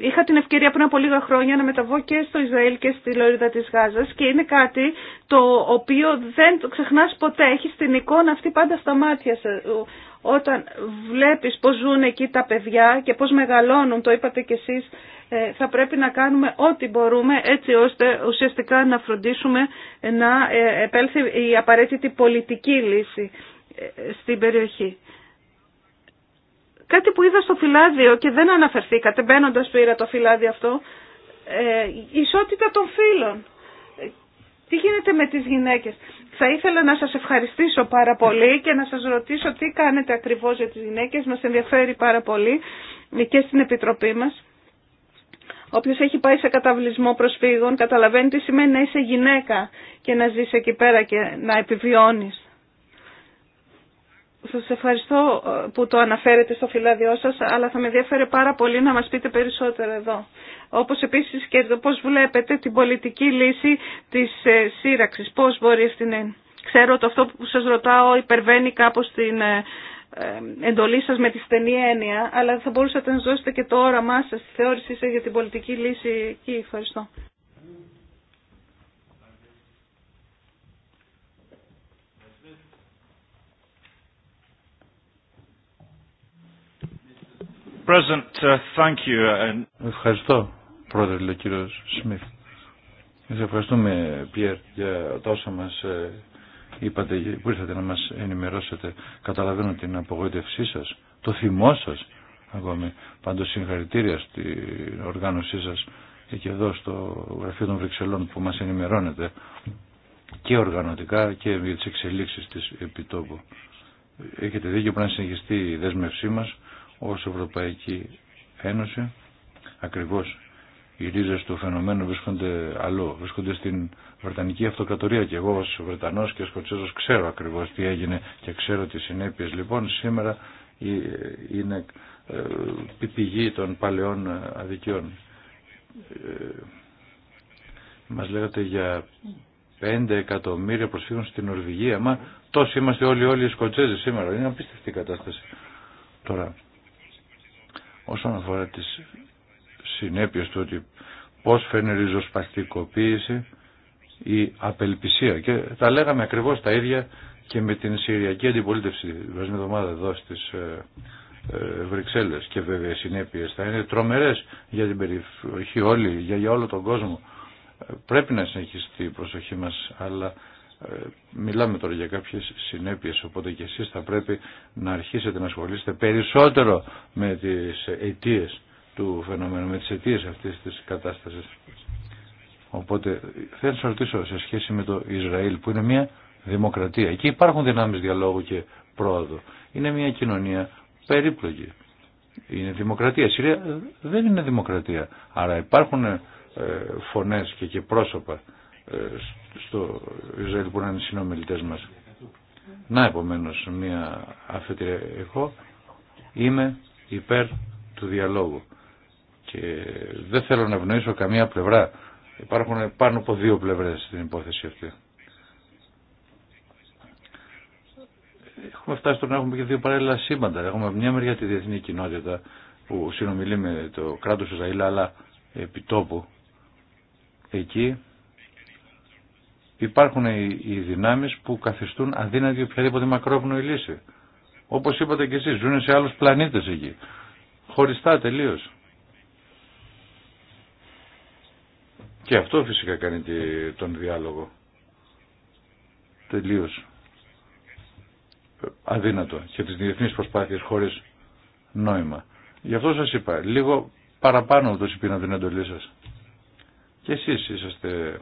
Είχα την ευκαιρία πριν από λίγα χρόνια να μεταβώ και στο Ισραήλ και στη Λόριδα της Γάζας και είναι κάτι το οποίο δεν το ξεχνάς ποτέ. Έχεις την εικόνα αυτή πάντα στα μάτια σου Όταν βλέπεις πώς ζουν εκεί τα παιδιά και πώς μεγαλώνουν, το είπατε κι εσείς, ε, θα πρέπει να κάνουμε ό,τι μπορούμε έτσι ώστε ουσιαστικά να φροντίσουμε να ε, επέλθει η απαραίτητη πολιτική λύση ε, στην περιοχή. Κάτι που είδα στο φυλάδιο και δεν αναφερθήκατε, μπαίνοντα πήρα το φυλάδιο αυτό, ε, ισότητα των φύλων. Ε, τι γίνεται με τις γυναίκες. Θα ήθελα να σας ευχαριστήσω πάρα πολύ και να σας ρωτήσω τι κάνετε ακριβώς για τις γυναίκες. Μας ενδιαφέρει πάρα πολύ και στην Επιτροπή μας. Όποιο έχει πάει σε καταβλισμό προσφύγων καταλαβαίνει τι σημαίνει να είσαι γυναίκα και να ζεις εκεί πέρα και να επιβιώνεις. Σας ευχαριστώ ε, που το αναφέρετε στο φυλάδιό σας, αλλά θα με διέφερε πάρα πολύ να μας πείτε περισσότερο εδώ. Όπως επίσης και το πώς βλέπετε την πολιτική λύση της ε, σύραξης, πώς μπορεί αυτή να Ξέρω ότι αυτό που σας ρωτάω υπερβαίνει κάπως την ε, εντολή σας με τη στενή έννοια, αλλά θα μπορούσατε να δώσετε και το όραμά σας, τη θεώρησή σας για την πολιτική λύση εκεί. Ευχαριστώ. Uh, thank you. Uh, Ευχαριστώ, πρόεδρε, λέει ο κύριο Σμιθ. Σας ευχαριστούμε, Πιέρ, για τα όσα μα ε, είπατε, που ήρθατε να μα ενημερώσετε. Καταλαβαίνω την απογοήτευσή σας, το θυμό σα ακόμη. Πάντως συγχαρητήρια στην οργάνωσή σας και εδώ στο Γραφείο των Βρυξελών που μας ενημερώνετε και οργανωτικά και για τις εξελίξεις της επιτόπου. Έχετε δίκιο που να συνεχιστεί η δέσμευσή μας ως Ευρωπαϊκή Ένωση ακριβώς οι ρίζες του φαινομένου βρίσκονται αλλού, βρίσκονται στην Βρετανική Αυτοκρατορία και εγώ ως Βρετανός και Σκοτσέζος ξέρω ακριβώς τι έγινε και ξέρω τις συνέπειες. Λοιπόν σήμερα είναι ε, η πηγή των παλαιών ε, αδικιών. Ε, μας λέγατε για 5 εκατομμύρια προσφύγων στην Νορβηγία, μα τόσοι είμαστε όλοι όλοι οι Σκοτσέζοι σήμερα, είναι απίστευτη η κατάσταση. Τώρα, όσον αφορά τις συνέπειες του ότι πώς η ριζοσπαστικοποίηση η απελπισία. Και τα λέγαμε ακριβώς τα ίδια και με την Συριακή Αντιπολίτευση την εβδομάδα εδώ στις ε, ε, Βρυξέλλες και βέβαια οι συνέπειες θα είναι τρομερές για την περιοχή όλη, για, όλο τον κόσμο. Ε, πρέπει να συνεχιστεί η προσοχή μας, αλλά ε, μιλάμε τώρα για κάποιες συνέπειες οπότε και εσείς θα πρέπει να αρχίσετε να ασχολείστε περισσότερο με τις αιτίες του φαινομένου, με τις αιτίες αυτής της κατάστασης. Οπότε θέλω να σας ρωτήσω σε σχέση με το Ισραήλ που είναι μια δημοκρατία. Εκεί υπάρχουν δυνάμεις διαλόγου και πρόοδο. Είναι μια κοινωνία περίπλοκη. Είναι δημοκρατία. Η Συρία δεν είναι δημοκρατία. Άρα υπάρχουν ε, φωνές και πρόσωπα ε, στο Ισραήλ που να είναι συνομιλητές μας. Να επομένως μία αφετηρία εγώ είμαι υπέρ του διαλόγου και δεν θέλω να ευνοήσω καμία πλευρά. Υπάρχουν πάνω από δύο πλευρές στην υπόθεση αυτή. Έχουμε φτάσει τώρα να έχουμε και δύο παράλληλα σύμπαντα. Έχουμε μια μεριά τη διεθνή κοινότητα που συνομιλεί με το κράτος Ισραήλ αλλά επιτόπου εκεί υπάρχουν οι δυνάμεις που καθιστούν αδύνατη οποιαδήποτε μακρόπνοη λύση. Όπως είπατε και εσείς, ζουν σε άλλους πλανήτες εκεί. Χωριστά τελείως. Και αυτό φυσικά κάνει τον διάλογο. Τελείως αδύνατο και τις διεθνείς προσπάθειες χωρίς νόημα. Γι' αυτό σας είπα, λίγο παραπάνω ούτως το την εντολή σας. Και εσείς είσαστε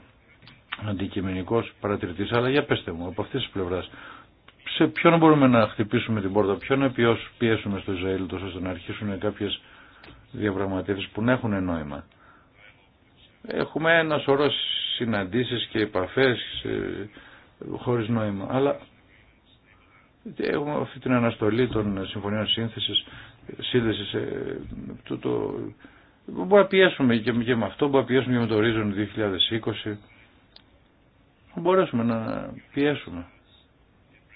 αντικειμενικός παρατηρητής, αλλά για πέστε μου, από αυτής τη πλευράς, σε ποιον μπορούμε να χτυπήσουμε την πόρτα, ποιον να πιέσουμε στο Ισραήλ τόσο ώστε να αρχίσουν κάποιες διαπραγματεύσεις που να έχουν νόημα. Έχουμε ένα σωρό συναντήσεις και επαφές ε, χωρί νόημα, αλλά έχουμε αυτή την αναστολή των συμφωνιών σύνθεσης, σύνδεσης, ε, το, το, μπορεί να πιέσουμε και, με αυτό, μπορεί να πιέσουμε και με το Horizon 2020, μπορέσουμε να πιέσουμε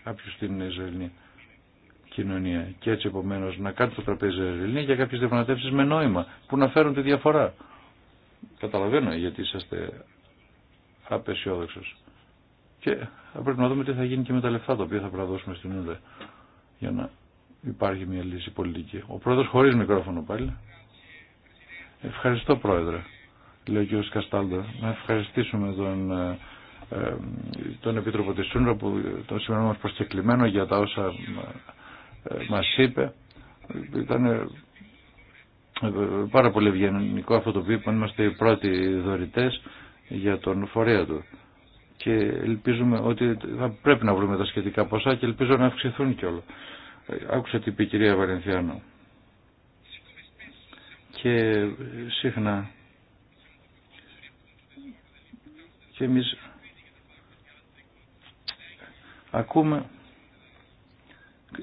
κάποιους στην Ισραηλινή κοινωνία και έτσι επομένω να κάνουν το τραπέζι Ισραηλινή για κάποιες διαπραγματεύσεις με νόημα που να φέρουν τη διαφορά. Καταλαβαίνω γιατί είσαστε απεσιόδοξος. Και θα πρέπει να δούμε τι θα γίνει και με τα λεφτά τα οποία θα προδώσουμε στην Ούδε για να υπάρχει μια λύση πολιτική. Ο πρόεδρος χωρίς μικρόφωνο πάλι. Ευχαριστώ πρόεδρε, λέει ο κ. Καστάλτα. Να ευχαριστήσουμε τον ε, ε, τον Επίτροπο της Σούνρα που τον σημερινό μας προσκεκλημένο για τα όσα ε, μας είπε. Ήταν ε, πάρα πολύ ευγενικό αυτό το οποίο είμαστε οι πρώτοι δωρητές για τον φορέα του. Και ελπίζουμε ότι θα πρέπει να βρούμε τα σχετικά ποσά και ελπίζω να αυξηθούν κιόλα. Άκουσα τι είπε η κυρία Βαλενθιάνο. Και συχνά και εμείς ακούμε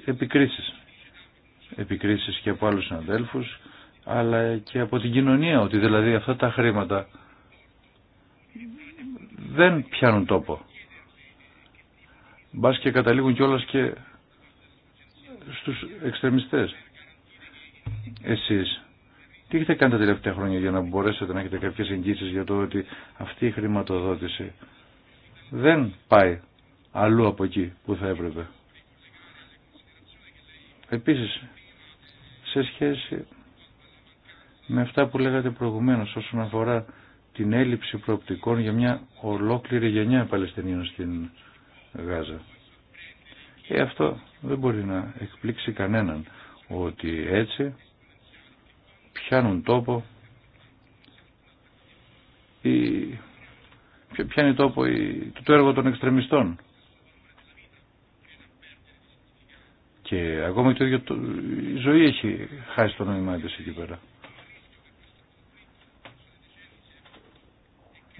επικρίσεις. Επικρίσεις και από άλλους συναδέλφου, αλλά και από την κοινωνία, ότι δηλαδή αυτά τα χρήματα δεν πιάνουν τόπο. Μπάς και καταλήγουν κιόλας και στους εξτρεμιστές. Εσείς, τι έχετε κάνει τα τελευταία χρόνια για να μπορέσετε να έχετε κάποιες εγγύσεις για το ότι αυτή η χρηματοδότηση δεν πάει αλλού από εκεί που θα έπρεπε. Επίσης, σε σχέση με αυτά που λέγατε προηγουμένως όσον αφορά την έλλειψη προοπτικών για μια ολόκληρη γενιά Παλαιστινίων στην Γάζα. Και ε, αυτό δεν μπορεί να εκπλήξει κανέναν ότι έτσι πιάνουν τόπο η, πιάνει τόπο η, το έργο των εξτρεμιστών Και ακόμα και το ίδιο η ζωή έχει χάσει το νόημά εκεί πέρα.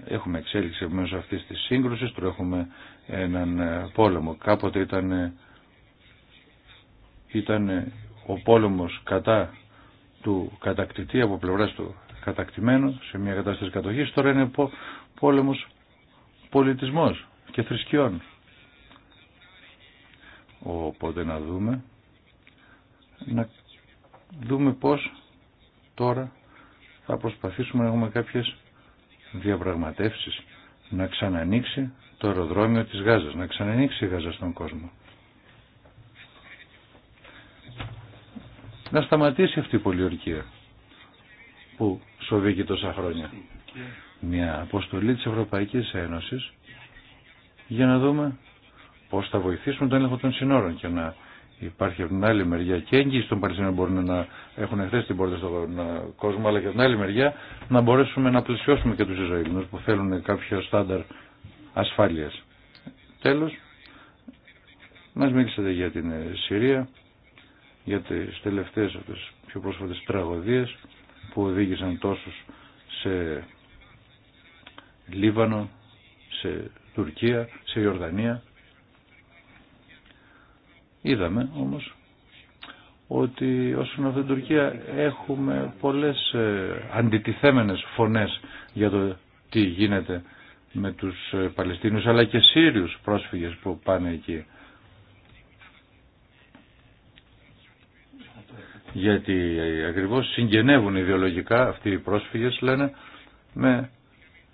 Έχουμε εξέλιξη μέσω αυτής της σύγκρουσης, τώρα έχουμε έναν ε, πόλεμο. Κάποτε ήταν, ε, ήταν ε, ο πόλεμος κατά του κατακτητή από πλευράς του κατακτημένου σε μια κατάσταση κατοχής, τώρα είναι πόλεμος πολιτισμός και θρησκειών. Οπότε να δούμε να δούμε πώς τώρα θα προσπαθήσουμε να έχουμε κάποιες διαπραγματεύσεις να ξανανοίξει το αεροδρόμιο της Γάζας, να ξανανοίξει η Γάζα στον κόσμο. Να σταματήσει αυτή η πολιορκία που σοβήκε τόσα χρόνια. Μια αποστολή της Ευρωπαϊκής Ένωσης για να δούμε πώς θα βοηθήσουν τον έλεγχο των συνόρων και να υπάρχει από την άλλη μεριά και έγκυση των Παλαιστινίων μπορούν να έχουν χθε την πόρτα στον κόσμο αλλά και από την άλλη μεριά να μπορέσουμε να πλησιώσουμε και τους Ισραηλινούς που θέλουν κάποιο στάνταρ ασφάλειας. Τέλος, μας μίλησατε για την ε, Συρία, για τις τελευταίες αυτές πιο πρόσφατες τραγωδίες που οδήγησαν τόσους σε Λίβανο, σε Τουρκία, σε Ιορδανία Είδαμε όμως ότι όσον αφορά την Τουρκία έχουμε πολλές ε, αντιτιθέμενες φωνές για το τι γίνεται με τους ε, Παλαιστίνους αλλά και Σύριους πρόσφυγες που πάνε εκεί. Γιατί ε, ακριβώς συγγενεύουν ιδεολογικά αυτοί οι πρόσφυγες λένε με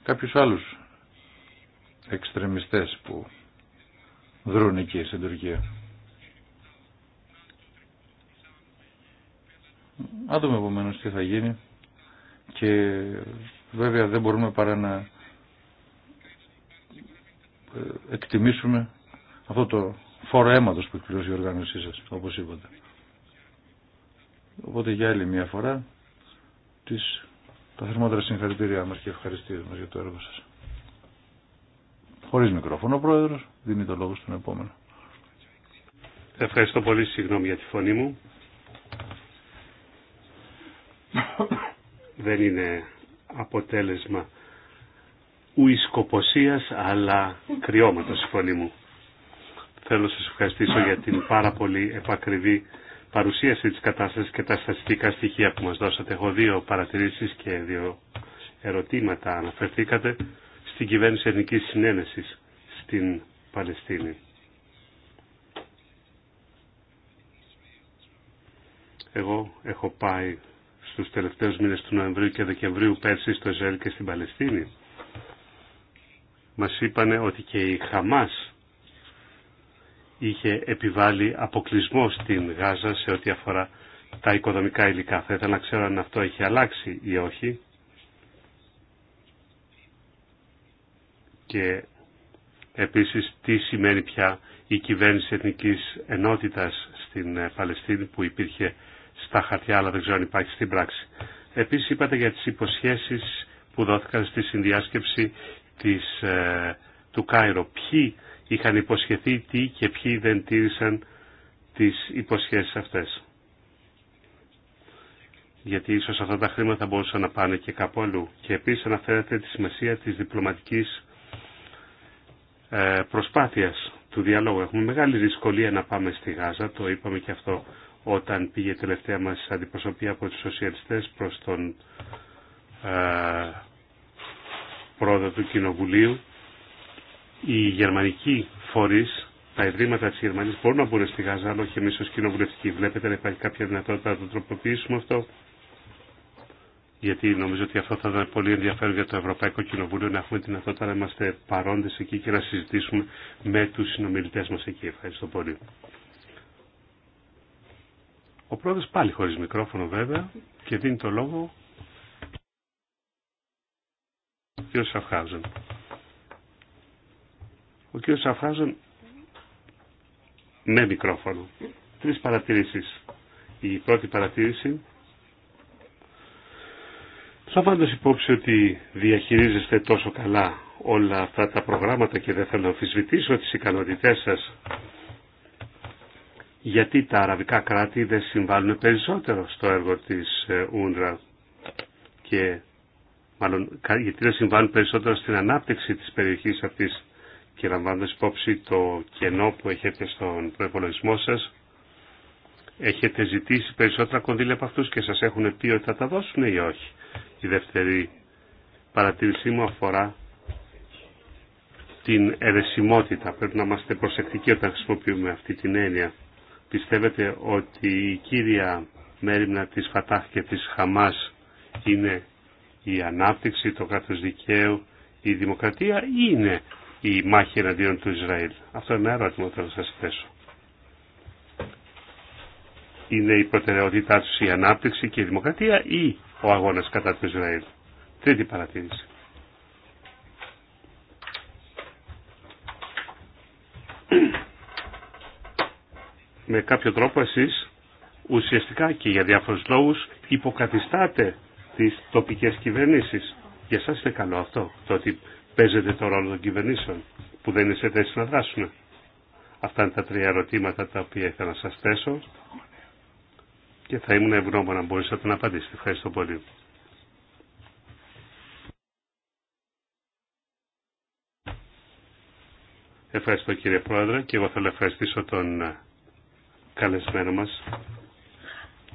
κάποιους άλλους εξτρεμιστές που δρούν εκεί στην Τουρκία. Α δούμε επομένω τι θα γίνει και βέβαια δεν μπορούμε παρά να ε, εκτιμήσουμε αυτό το φόρο αίματος που εκπληρώσει η οργάνωσή σας, όπως είπατε. Οπότε για άλλη μια φορά τις, τα θερμότερα συγχαρητήριά μας και ευχαριστήρια μας για το έργο σας. Χωρίς μικρόφωνο ο Πρόεδρος, δίνει το λόγο στον επόμενο. Ευχαριστώ πολύ, συγγνώμη για τη φωνή μου δεν είναι αποτέλεσμα ουισκοποσίας αλλά κρυώματος η φωνή μου. Θέλω να σας ευχαριστήσω για την πάρα πολύ επακριβή παρουσίαση της κατάστασης και τα στατιστικά στοιχεία που μας δώσατε. Έχω δύο παρατηρήσεις και δύο ερωτήματα. Αναφερθήκατε στην κυβέρνηση Εθνικής Συνένεσης στην Παλαιστίνη. Εγώ έχω πάει στους τελευταίους μήνες του Νοεμβρίου και Δεκεμβρίου πέρσι στο Ισραήλ και στην Παλαιστίνη. Μας είπανε ότι και η Χαμάς είχε επιβάλει αποκλεισμό στην Γάζα σε ό,τι αφορά τα οικοδομικά υλικά. Θα ήθελα να ξέρω αν αυτό έχει αλλάξει ή όχι. Και επίσης τι σημαίνει πια η κυβέρνηση Εθνικής Ενότητας στην ε, Παλαιστίνη που υπήρχε στα χαρτιά, αλλά δεν ξέρω αν υπάρχει στην πράξη. Επίσης είπατε για τις υποσχέσεις που δόθηκαν στη συνδιάσκεψη της, ε, του Κάιρο. Ποιοι είχαν υποσχεθεί τι και ποιοι δεν τήρησαν τις υποσχέσεις αυτές. Γιατί ίσως αυτά τα χρήματα θα μπορούσαν να πάνε και κάπου αλλού. Και επίσης αναφέρατε τη σημασία της διπλωματικής ε, προσπάθειας του διαλόγου. Έχουμε μεγάλη δυσκολία να πάμε στη Γάζα, το είπαμε και αυτό όταν πήγε η τελευταία μας αντιπροσωπεία από τους σοσιαλιστές προς τον ε, πρόοδο του Κοινοβουλίου, οι γερμανικοί φορείς, τα ιδρύματα της Γερμανίας μπορούν να μπουν στη Γάζα, αλλά όχι εμείς ως κοινοβουλευτικοί. Βλέπετε να υπάρχει κάποια δυνατότητα να το τροποποιήσουμε αυτό. Γιατί νομίζω ότι αυτό θα ήταν πολύ ενδιαφέρον για το Ευρωπαϊκό Κοινοβούλιο να έχουμε δυνατότητα να είμαστε παρόντες εκεί και να συζητήσουμε με τους συνομιλητές μας εκεί. Ευχαριστώ πολύ. Ο πρόεδρος πάλι χωρίς μικρόφωνο βέβαια και δίνει το λόγο ο κ. Σαφχάζων. Ο κ. Σαφχάζων με μικρόφωνο. Τρεις παρατηρήσεις. Η πρώτη παρατήρηση Λαμβάνοντας υπόψη ότι διαχειρίζεστε τόσο καλά όλα αυτά τα προγράμματα και δεν θέλω να αμφισβητήσω τις ικανότητές σας γιατί τα αραβικά κράτη δεν συμβάλλουν περισσότερο στο έργο της Ούντρα ε, και μάλλον γιατί δεν συμβάλλουν περισσότερο στην ανάπτυξη της περιοχής αυτής και λαμβάνοντας υπόψη το κενό που έχετε στον προπολογισμό σας έχετε ζητήσει περισσότερα κονδύλια από αυτούς και σας έχουν πει ότι θα τα δώσουν ή όχι. Η δεύτερη παρατήρησή μου αφορά την ερεσιμότητα. Πρέπει να είμαστε προσεκτικοί όταν χρησιμοποιούμε αυτή την έννοια. Πιστεύετε ότι η κύρια μέρημνα της Φατάχ και της Χαμάς είναι η ανάπτυξη, το κράτος δικαίου, η δημοκρατία ή είναι η μάχη εναντίον του Ισραήλ. Αυτό είναι ένα ερώτημα που θέλω να σας θέσω. Είναι η προτεραιότητά τους η ανάπτυξη και η δημοκρατία ή ο αγώνας κατά του Ισραήλ. Τρίτη παρατήρηση. με κάποιο τρόπο εσείς ουσιαστικά και για διάφορους λόγους υποκαθιστάτε τις τοπικές κυβερνήσεις. Για σας είναι καλό αυτό, το ότι παίζετε το ρόλο των κυβερνήσεων που δεν είναι σε θέση να δράσουν. Αυτά είναι τα τρία ερωτήματα τα οποία ήθελα να σας θέσω και θα ήμουν ευγνώμων να μπορούσατε να απαντήσετε. Ευχαριστώ πολύ. Ευχαριστώ κύριε Πρόεδρε και εγώ θέλω να ευχαριστήσω τον καλεσμένο μας,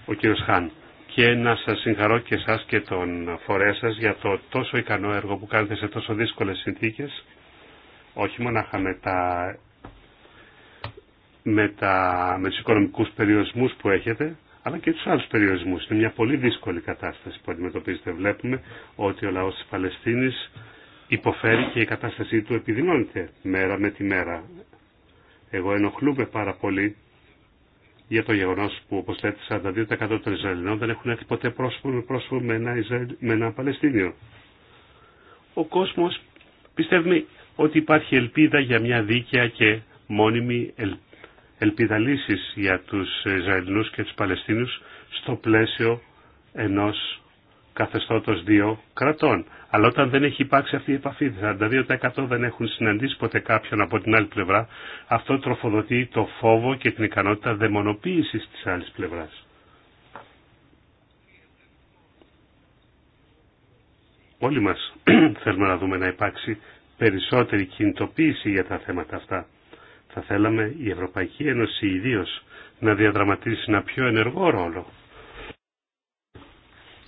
ο κύριος Χάν. Και να σας συγχαρώ και εσάς και τον φορέα σας για το τόσο ικανό έργο που κάνετε σε τόσο δύσκολες συνθήκες, όχι μονάχα με τα με, τα, με τους οικονομικούς περιορισμούς που έχετε, αλλά και τους άλλους περιορισμούς. Είναι μια πολύ δύσκολη κατάσταση που αντιμετωπίζετε. Βλέπουμε ότι ο λαός της Παλαιστίνης υποφέρει και η κατάστασή του επιδεινώνεται μέρα με τη μέρα. Εγώ ενοχλούμαι πάρα πολύ για το γεγονό που, όπω λέτε, 42% των Ισραηλινών δεν έχουν έρθει ποτέ πρόσωπο, με, ένα Ισραηλ, με ένα Παλαιστίνιο. Ο κόσμο πιστεύει ότι υπάρχει ελπίδα για μια δίκαια και μόνιμη ελ, ελπίδα λύση για του Ισραηλινού και του Παλαιστίνιου στο πλαίσιο ενός καθεστώτος δύο κρατών. Αλλά όταν δεν έχει υπάρξει αυτή η επαφή, 42% δεν έχουν συναντήσει ποτέ κάποιον από την άλλη πλευρά, αυτό τροφοδοτεί το φόβο και την ικανότητα δαιμονοποίησης της άλλης πλευράς. Όλοι μας θέλουμε να δούμε να υπάρξει περισσότερη κινητοποίηση για τα θέματα αυτά. Θα θέλαμε η Ευρωπαϊκή Ένωση ιδίω να διαδραματίσει ένα πιο ενεργό ρόλο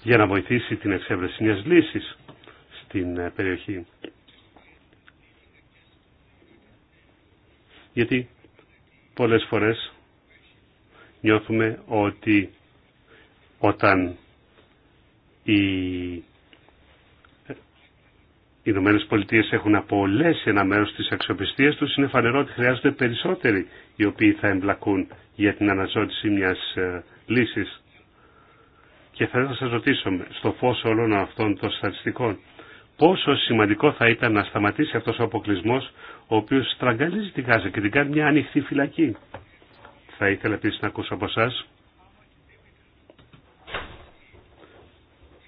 για να βοηθήσει την εξέβρεση μια λύσης στην ε, περιοχή. Γιατί πολλές φορές νιώθουμε ότι όταν οι Ηνωμένε Πολιτείε έχουν απολέσει ένα μέρο τη αξιοπιστία, του είναι φανερό ότι χρειάζονται περισσότεροι οι οποίοι θα εμπλακούν για την αναζώτηση μιας ε, λύσης. Και θα ήθελα να σας ρωτήσω, στο φως όλων αυτών των στατιστικών, πόσο σημαντικό θα ήταν να σταματήσει αυτός ο αποκλεισμό ο οποίος στραγγαλίζει τη Γάζα και την κάνει μια ανοιχτή φυλακή. Θα ήθελα επίση να ακούσω από εσά.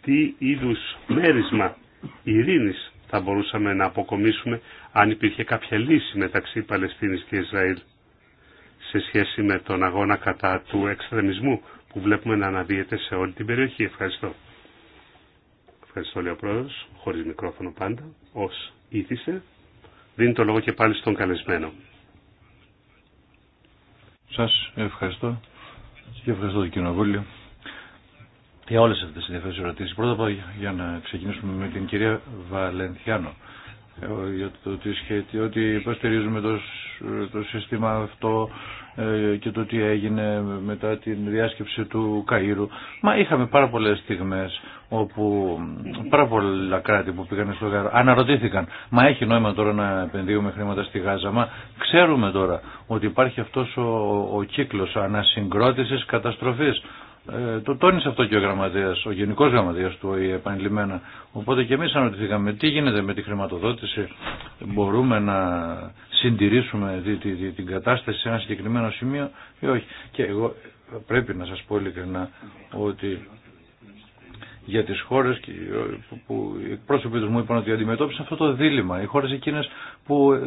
Τι είδους μέρισμα ειρήνης θα μπορούσαμε να αποκομίσουμε αν υπήρχε κάποια λύση μεταξύ Παλαιστίνης και Ισραήλ σε σχέση με τον αγώνα κατά του εξτρεμισμού που βλέπουμε να αναδύεται σε όλη την περιοχή. Ευχαριστώ. Ευχαριστώ, λέει ο χωρίς μικρόφωνο πάντα, ως ήθισε. Δίνει το λόγο και πάλι στον καλεσμένο. Σας ευχαριστώ και ευχαριστώ το Κοινοβούλιο για όλες αυτές τις ενδιαφέρουσες ερωτήσει Πρώτα απ' για να ξεκινήσουμε με την κυρία Βαλενθιάνο ε, για το ότι, ότι υποστηρίζουμε το, το σύστημα αυτό ε, και το τι έγινε μετά την διάσκεψη του Καΐρου. Μα είχαμε πάρα πολλές στιγμές όπου πάρα πολλά κράτη που πήγαν στο Γάρο αναρωτήθηκαν μα έχει νόημα τώρα να επενδύουμε χρήματα στη Γάζα μα ξέρουμε τώρα ότι υπάρχει αυτός ο, ο κύκλος ανασυγκρότησης καταστροφής ε, το τόνισε αυτό και ο γραμματέας, ο γενικός γραμματέας του ΟΗΕ επανειλημμένα. Οπότε και εμείς αναρωτηθήκαμε τι γίνεται με τη χρηματοδότηση, μπορούμε να συντηρήσουμε την κατάσταση σε ένα συγκεκριμένο σημείο ή όχι. Και εγώ πρέπει να σας πω ειλικρινά ότι για τις χώρες ε, που οι πρόσωποι τους μου είπαν ότι αντιμετώπισαν αυτό το δίλημα. Οι χώρες εκείνες που ε,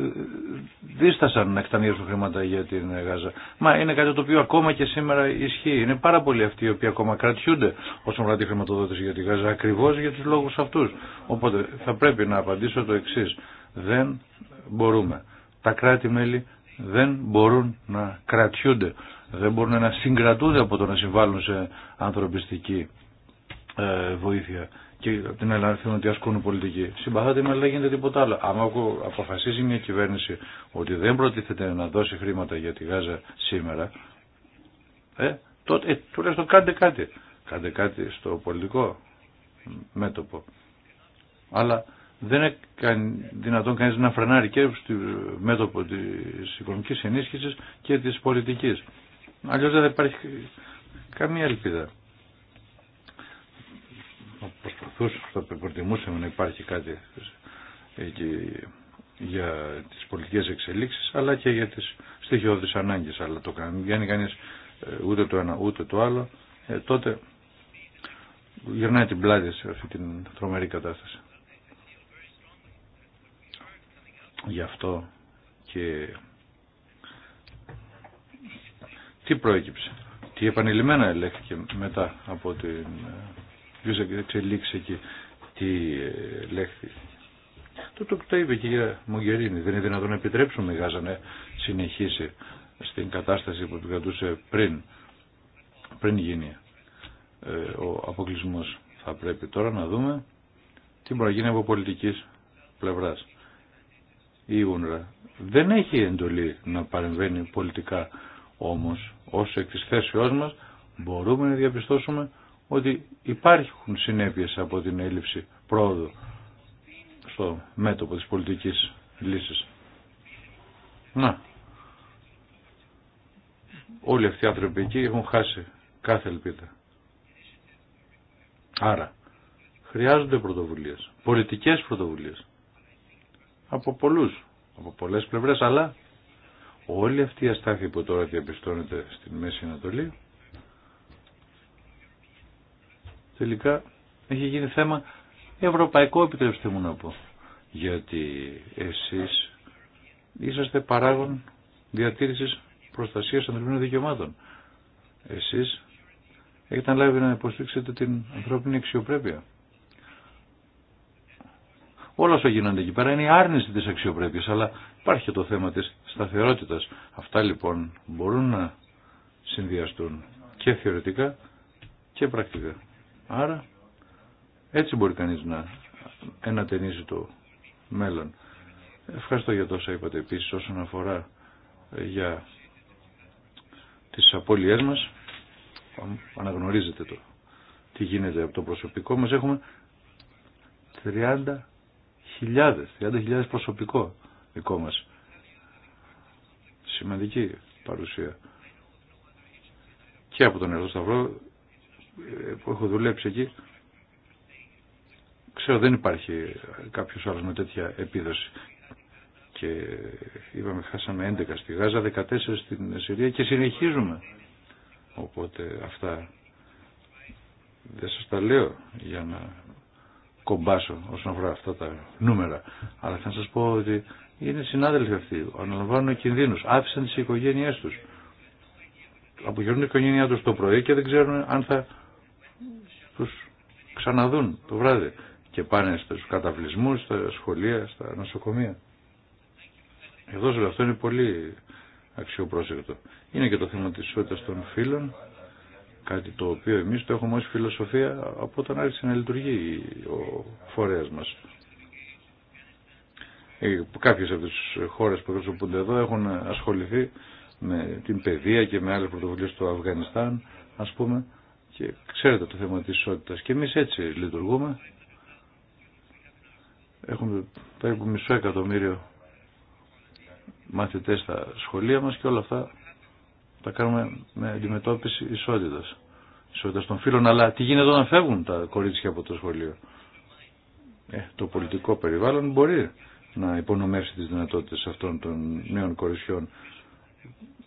δίστασαν να εκτανίσουν χρήματα για την Γάζα. Μα είναι κάτι το οποίο ακόμα και σήμερα ισχύει. Είναι πάρα πολλοί αυτοί οι οποίοι ακόμα κρατιούνται όσον αφορά τη χρηματοδότηση για τη Γάζα ακριβώς για τους λόγους αυτούς. Οπότε θα πρέπει να απαντήσω το εξή. Δεν μπορούμε. Τα κράτη-μέλη δεν μπορούν να κρατιούνται. Δεν μπορούν να συγκρατούνται από το να συμβάλλουν σε ανθρωπιστική ε, βοήθεια και από την Ελλάδα θέλουν ότι ασκούν πολιτική. Συμπαθάτε με, αλλά γίνεται τίποτα άλλο. Αν αποφασίζει μια κυβέρνηση ότι δεν προτίθεται να δώσει χρήματα για τη Γάζα σήμερα, ε, τότε ε, τουλάχιστον κάντε κάτι. Κάντε κάτι στο πολιτικό μέτωπο. Αλλά δεν είναι δυνατόν κανείς να φρενάρει και στο μέτωπο τη οικονομικής ενίσχυση και της πολιτικής. Αλλιώ δεν υπάρχει καμία ελπίδα προσπαθούσαμε, θα προτιμούσαμε να υπάρχει κάτι για τις πολιτικές εξελίξεις αλλά και για τις στοιχειώδεις ανάγκες αλλά το κάνει κανείς ε, ούτε το ένα ούτε το άλλο ε, τότε γυρνάει την πλάτη σε αυτή την τρομερή κατάσταση. Γι' αυτό και τι προέκυψε. Τι επανειλημμένα ελέγχθηκε μετά από την ε, Ποιος εξελίξει εκεί τι ε, λέχθη. Το το τα είπε και η κυρία Δεν είναι δυνατόν να επιτρέψουμε η Γάζα να συνεχίσει στην κατάσταση που επικρατούσε πριν, πριν γίνει ε, ο αποκλεισμό. Θα πρέπει τώρα να δούμε τι μπορεί να γίνει από πολιτική πλευρά. Η Ούνρα δεν έχει εντολή να παρεμβαίνει πολιτικά Όμω, όσο εκ της θέσεώς μα μπορούμε να διαπιστώσουμε ότι υπάρχουν συνέπειες από την έλλειψη πρόοδου στο μέτωπο της πολιτικής λύσης. Να. Όλοι αυτοί οι άνθρωποι εκεί έχουν χάσει κάθε ελπίδα. Άρα, χρειάζονται πρωτοβουλίες, πολιτικές πρωτοβουλίες. Από πολλούς, από πολλές πλευρές, αλλά όλη αυτή η αστάθεια που τώρα διαπιστώνεται στην Μέση Ανατολή τελικά έχει γίνει θέμα ευρωπαϊκό επιτρέψτε μου να πω. Γιατί εσείς είσαστε παράγον διατήρησης προστασίας ανθρωπίνων δικαιωμάτων. Εσείς έχετε ανλάβει να υποστήξετε την ανθρώπινη αξιοπρέπεια. Όλα όσα γίνονται εκεί πέρα είναι η άρνηση της αξιοπρέπειας, αλλά υπάρχει και το θέμα της σταθερότητας. Αυτά λοιπόν μπορούν να συνδυαστούν και θεωρητικά και πρακτικά. Άρα έτσι μπορεί κανείς να ενατενίζει το μέλλον. Ευχαριστώ για τόσα είπατε επίσης όσον αφορά ε, για τις απώλειές μας. Αναγνωρίζετε το τι γίνεται από το προσωπικό μας. Έχουμε 30.000 30.000 προσωπικό δικό μας. Σημαντική παρουσία. Και από τον Ερθό Σταυρό που έχω δουλέψει εκεί, ξέρω δεν υπάρχει κάποιος άλλος με τέτοια επίδοση. Και είπαμε χάσαμε 11 στη Γάζα, 14 στην Συρία και συνεχίζουμε. Οπότε αυτά δεν σας τα λέω για να κομπάσω όσον αφορά αυτά τα νούμερα. Αλλά θα σας πω ότι είναι συνάδελφοι αυτοί, αναλαμβάνουν κινδύνους, άφησαν τις οικογένειές τους. Απογειώνουν την οικογένειά τους το πρωί και δεν ξέρουν αν θα ξαναδούν το βράδυ και πάνε στους καταβλισμούς, στα σχολεία, στα νοσοκομεία. Εδώ σε αυτό είναι πολύ αξιοπρόσεκτο. Είναι και το θέμα της ισότητας των φίλων, κάτι το οποίο εμείς το έχουμε ως φιλοσοφία από όταν άρχισε να λειτουργεί ο φορέας μας. Ε, κάποιες από τις χώρες που εκπροσωπούνται εδώ έχουν ασχοληθεί με την παιδεία και με άλλες πρωτοβουλίες στο Αφγανιστάν, ας πούμε, και ξέρετε το θέμα της ισότητας και εμείς έτσι λειτουργούμε έχουμε περίπου μισό εκατομμύριο μαθητές στα σχολεία μας και όλα αυτά τα κάνουμε με αντιμετώπιση ισότητας ισότητας των φίλων αλλά τι γίνεται όταν φεύγουν τα κορίτσια από το σχολείο ε, το πολιτικό περιβάλλον μπορεί να υπονομεύσει τις δυνατότητες αυτών των νέων κορισιών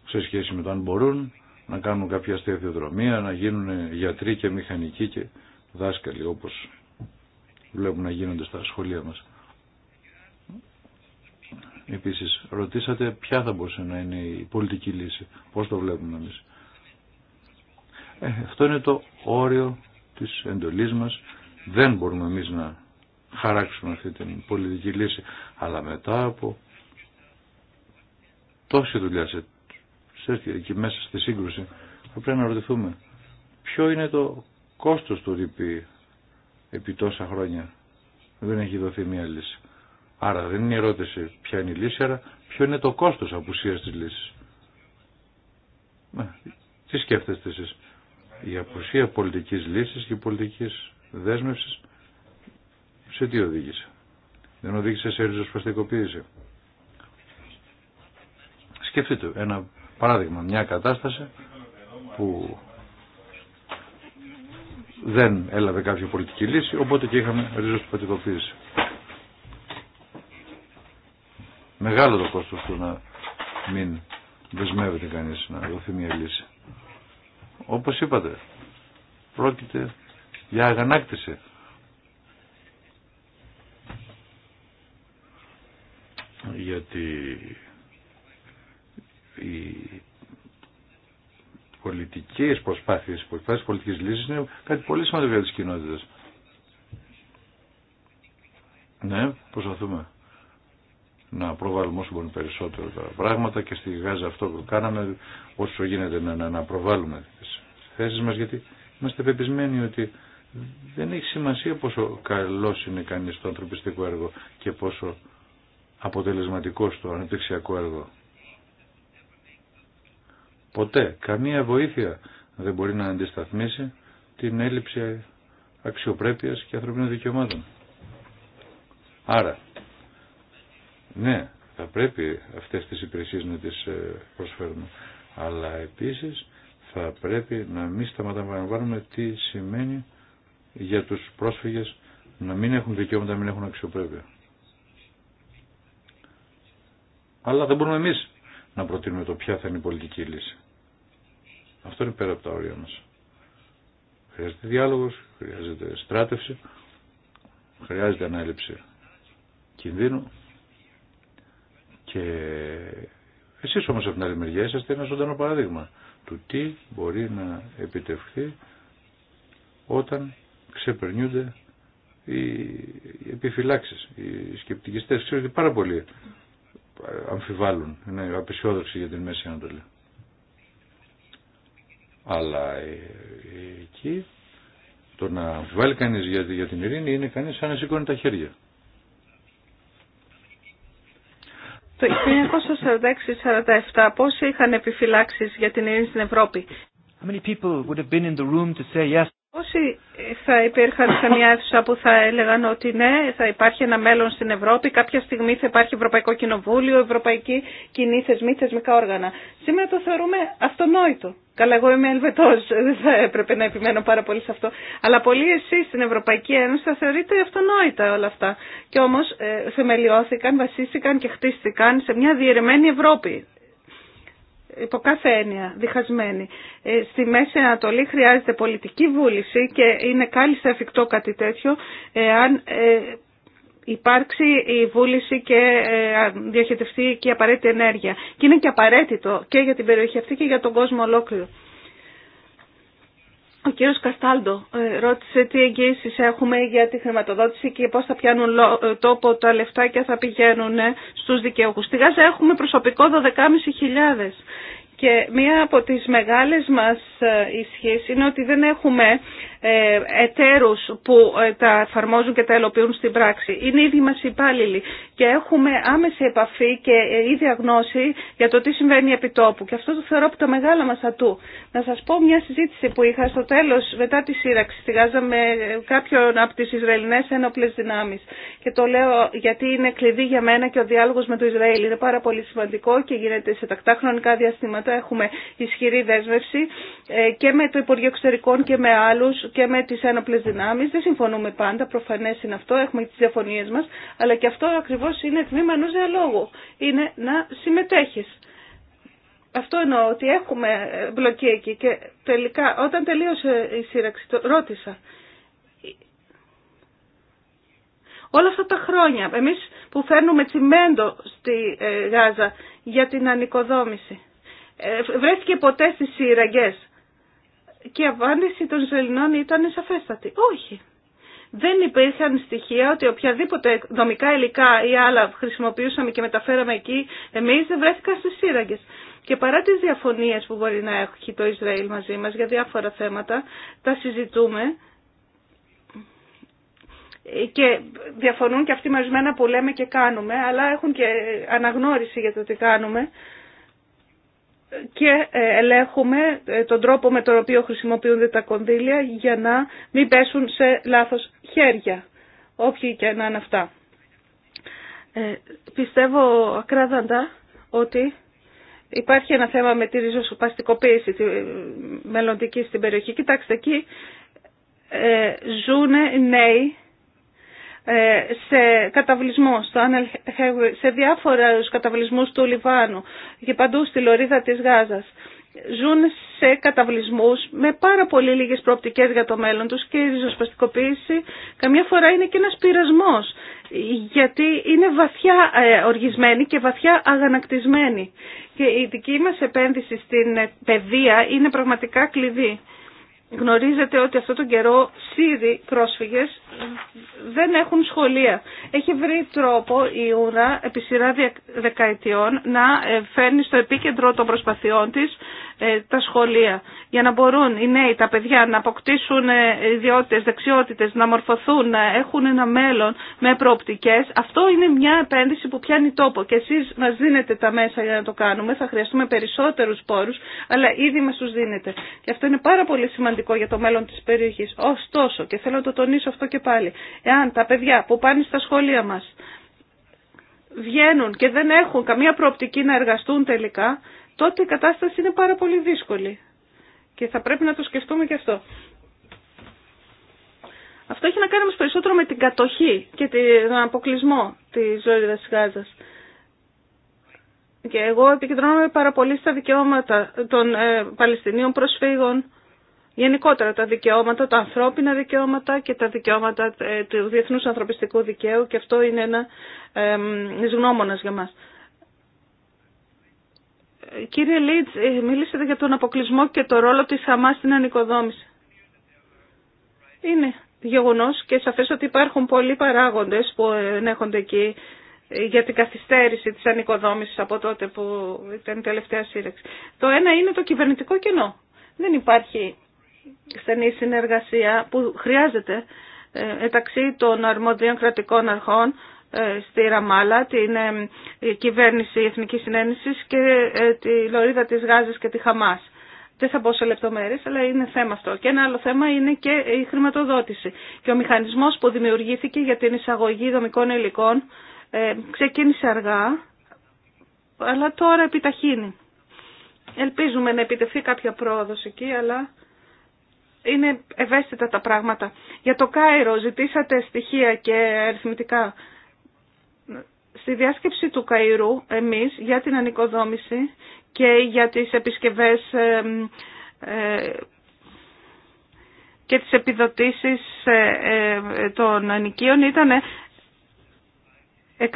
σε σχέση με το αν μπορούν να κάνουν κάποια αστιαδιοδρομία, να γίνουν γιατροί και μηχανικοί και δάσκαλοι όπως βλέπουμε να γίνονται στα σχολεία μας. Επίσης, ρωτήσατε ποια θα μπορούσε να είναι η πολιτική λύση, πώς το βλέπουμε εμείς. Ε, αυτό είναι το όριο της εντολής μας. Δεν μπορούμε εμείς να χαράξουμε αυτή την πολιτική λύση. Αλλά μετά από τόση δουλειά σε τέτοια εκεί μέσα στη σύγκρουση, θα πρέπει να ρωτηθούμε ποιο είναι το κόστος του ΡΥΠΗ επί τόσα χρόνια δεν έχει δοθεί μια λύση. Άρα δεν είναι η ερώτηση ποια είναι η λύση, αλλά ποιο είναι το κόστος απουσίας της λύσης. Τι σκέφτεστε εσείς. Η απουσία πολιτικής λύσης και πολιτικής δέσμευσης σε τι οδήγησε. Δεν οδήγησε σε ριζοσπαστικοποίηση. Σκεφτείτε ένα Παράδειγμα, μια κατάσταση που δεν έλαβε κάποια πολιτική λύση, οπότε και είχαμε ριζοσπαστικοποίηση. Μεγάλο το κόστος του να μην δεσμεύεται κανείς να δοθεί μια λύση. Όπως είπατε, πρόκειται για αγανάκτηση. Γιατί οι πολιτικές προσπάθειες, οι προσπάθειες πολιτικής λύσης είναι κάτι πολύ σημαντικό για τις κοινότητες. Ναι, προσπαθούμε να προβάλλουμε όσο μπορεί περισσότερο τα πράγματα και στη Γάζα αυτό που κάναμε όσο γίνεται να, να, προβάλλουμε τις θέσεις μας γιατί είμαστε πεπισμένοι ότι δεν έχει σημασία πόσο καλός είναι κανείς το ανθρωπιστικό έργο και πόσο αποτελεσματικό στο ανεπτυξιακό έργο. Ποτέ καμία βοήθεια δεν μπορεί να αντισταθμίσει την έλλειψη αξιοπρέπειας και ανθρωπίνων δικαιωμάτων. Άρα, ναι, θα πρέπει αυτές τις υπηρεσίες να τις ε, προσφέρουμε, αλλά επίσης θα πρέπει να μην σταματάμε τι σημαίνει για τους πρόσφυγες να μην έχουν δικαιώματα, να μην έχουν αξιοπρέπεια. Αλλά δεν μπορούμε εμείς να προτείνουμε το ποια θα είναι η πολιτική λύση. Αυτό είναι πέρα από τα όρια μας. Χρειάζεται διάλογος, χρειάζεται στράτευση, χρειάζεται ανάληψη κινδύνου και εσείς όμως από την άλλη μεριά είσαστε ένα ζωντανό παράδειγμα του τι μπορεί να επιτευχθεί όταν ξεπερνιούνται οι επιφυλάξεις, οι σκεπτικιστές. Ξέρω πάρα πολλοί αμφιβάλλουν, είναι απεσιόδοξοι για την Μέση Ανατολή. Αλλά ε, εκεί το να αμφιβάλλει κανείς για, για την ειρήνη είναι κανείς σαν να σηκώνει τα χέρια. Το 1946 1947 πόσοι είχαν επιφυλάξεις για την ειρήνη στην Ευρώπη. Όσοι θα υπήρχαν σε μια αίθουσα που θα έλεγαν ότι ναι, θα υπάρχει ένα μέλλον στην Ευρώπη, κάποια στιγμή θα υπάρχει Ευρωπαϊκό Κοινοβούλιο, Ευρωπαϊκή Κοινή Θεσμή, θεσμικά όργανα. Σήμερα το θεωρούμε αυτονόητο. Καλά, εγώ είμαι Ελβετό, δεν θα έπρεπε να επιμένω πάρα πολύ σε αυτό. Αλλά πολλοί εσεί στην Ευρωπαϊκή Ένωση θα θεωρείτε αυτονόητα όλα αυτά. Και όμω ε, θεμελιώθηκαν, βασίστηκαν και χτίστηκαν σε μια διαιρεμένη Ευρώπη υπό κάθε έννοια διχασμένη. Ε, στη Μέση Ανατολή χρειάζεται πολιτική βούληση και είναι κάλλιστα εφικτό κάτι τέτοιο εάν ε, υπάρξει η βούληση και ε, διοχετευτεί και η απαραίτητη ενέργεια. Και είναι και απαραίτητο και για την περιοχή αυτή και για τον κόσμο ολόκληρο. Ο κύριος Καστάλντο ε, ρώτησε τι εγγύησεις έχουμε για τη χρηματοδότηση και πώς θα πιάνουν ε, τόπο τα λεφτά και θα πηγαίνουν ε, στους δικαιούχους. Στη Γάζα έχουμε προσωπικό 12.500 και μία από τις μεγάλες μας ισχύσεις είναι ότι δεν έχουμε ε, εταίρους που ε, τα εφαρμόζουν και τα ελοποιούν στην πράξη. Είναι ήδη μας υπάλληλοι και έχουμε άμεση επαφή και ίδια ε, γνώση για το τι συμβαίνει επί τόπου. Και αυτό το θεωρώ από τα μεγάλα μας ατού. Να σας πω μια συζήτηση που είχα στο τέλος μετά τη σύραξη στη Γάζα με κάποιον από τις Ισραηλινές ένοπλες δυνάμεις. Και το λέω γιατί είναι κλειδί για μένα και ο διάλογος με το Ισραήλ είναι πάρα πολύ σημαντικό και γίνεται σε τακτά χρονικά διαστήματα. Έχουμε ισχυρή δέσμευση και με το Υπουργείο Εξωτερικών και με άλλους και με τι ένοπλε δυνάμει Δεν συμφωνούμε πάντα, προφανέ είναι αυτό, έχουμε τι διαφωνίε μας, αλλά και αυτό ακριβώς είναι τμήμα ενό διαλόγου. Είναι να συμμετέχεις. Αυτό εννοώ ότι έχουμε μπλοκή εκεί και τελικά όταν τελείωσε η σύραξη το ρώτησα. Όλα αυτά τα χρόνια εμείς που φέρνουμε τσιμέντο στη ε, Γάζα για την ανοικοδόμηση ε, βρέθηκε ποτέ στις σύραγγες και η απάντηση των Ισραηλινών ήταν σαφέστατη. Όχι. Δεν υπήρχαν στοιχεία ότι οποιαδήποτε δομικά υλικά ή άλλα χρησιμοποιούσαμε και μεταφέραμε εκεί, εμείς δεν βρέθηκαν στις σύραγγες. Και παρά τις διαφωνίες που μπορεί να έχει το Ισραήλ μαζί μας για διάφορα θέματα, τα συζητούμε και διαφωνούν και αυτοί με που λέμε και κάνουμε, αλλά έχουν και αναγνώριση για το τι κάνουμε και ε, ελέγχουμε ε, τον τρόπο με τον οποίο χρησιμοποιούνται τα κονδύλια για να μην πέσουν σε λάθος χέρια, όποιοι και να είναι αυτά. Ε, πιστεύω ακράδαντα ότι υπάρχει ένα θέμα με τη ριζοσπαστικοποίηση τη μελλοντική στην περιοχή. Κοιτάξτε, εκεί ε, ζουν νέοι ε, σε καταβλισμό, στο σε διάφορους καταβλισμούς του Λιβάνου και παντού στη λωρίδα της Γάζας. Ζουν σε καταβλισμούς με πάρα πολύ λίγες προοπτικές για το μέλλον τους και η ριζοσπαστικοποίηση καμιά φορά είναι και ένας πειρασμός γιατί είναι βαθιά ε, οργισμένοι και βαθιά αγανακτισμένοι και η δική μας επένδυση στην παιδεία είναι πραγματικά κλειδί. Γνωρίζετε ότι αυτόν τον καιρό Σύριοι πρόσφυγες δεν έχουν σχολεία. Έχει βρει τρόπο η ΟΥΡΑ επί σειρά δεκαετιών να φέρνει στο επίκεντρο των προσπαθειών της ε, τα σχολεία για να μπορούν οι νέοι, τα παιδιά να αποκτήσουν ε, ιδιότητες, δεξιότητες, να μορφωθούν, να έχουν ένα μέλλον με προοπτικές. Αυτό είναι μια επένδυση που πιάνει τόπο και εσείς μας δίνετε τα μέσα για να το κάνουμε. Θα χρειαστούμε περισσότερους πόρους, αλλά ήδη μας τους δίνετε. Και αυτό είναι πάρα πολύ σημαντικό για το μέλλον της περιοχής. Ωστόσο, και θέλω να το τονίσω αυτό και πάλι, εάν τα παιδιά που πάνε στα σχολεία μας βγαίνουν και δεν έχουν καμία προοπτική να εργαστούν τελικά, τότε η κατάσταση είναι πάρα πολύ δύσκολη. Και θα πρέπει να το σκεφτούμε και αυτό. Αυτό έχει να κάνει όμως περισσότερο με την κατοχή και τον αποκλεισμό της ζώης της Γάζας. Και εγώ επικεντρώνομαι πάρα πολύ στα δικαιώματα των ε, Παλαιστινίων προσφύγων, γενικότερα τα δικαιώματα, τα ανθρώπινα δικαιώματα και τα δικαιώματα ε, του διεθνούς ανθρωπιστικού δικαίου και αυτό είναι ένα ε, γνώμονας για μας. Κύριε Λίτς, ε, μιλήσατε για τον αποκλεισμό και το ρόλο της Χαμάς στην ανοικοδόμηση. Είναι γεγονός και σαφές ότι υπάρχουν πολλοί παράγοντες που ενέχονται εκεί ε, για την καθυστέρηση της ανοικοδόμησης από τότε που ήταν η τελευταία σύρεξη. Το ένα είναι το κυβερνητικό κενό. Δεν υπάρχει στενή συνεργασία που χρειάζεται ε, μεταξύ των αρμοδίων κρατικών αρχών ε, στη Ραμάλα, την ε, κυβέρνηση Εθνική Συνένεση και ε, τη Λωρίδα της Γάζας και τη Χαμάς. Δεν θα μπω σε λεπτομέρειες, αλλά είναι θέμα αυτό. Και ένα άλλο θέμα είναι και η χρηματοδότηση. Και ο μηχανισμός που δημιουργήθηκε για την εισαγωγή δομικών υλικών ξεκίνησε αργά, αλλά τώρα επιταχύνει. Ελπίζουμε να επιτεθεί κάποια πρόοδος εκεί, αλλά είναι ευαίσθητα τα πράγματα. Για το Κάιρο ζητήσατε στοιχεία και αριθμητικά στη διάσκεψη του Καϊρού εμείς για την ανοικοδόμηση και για τις επισκευές ε, και τις επιδοτήσεις ε, ε, των ανοικίων ήταν 720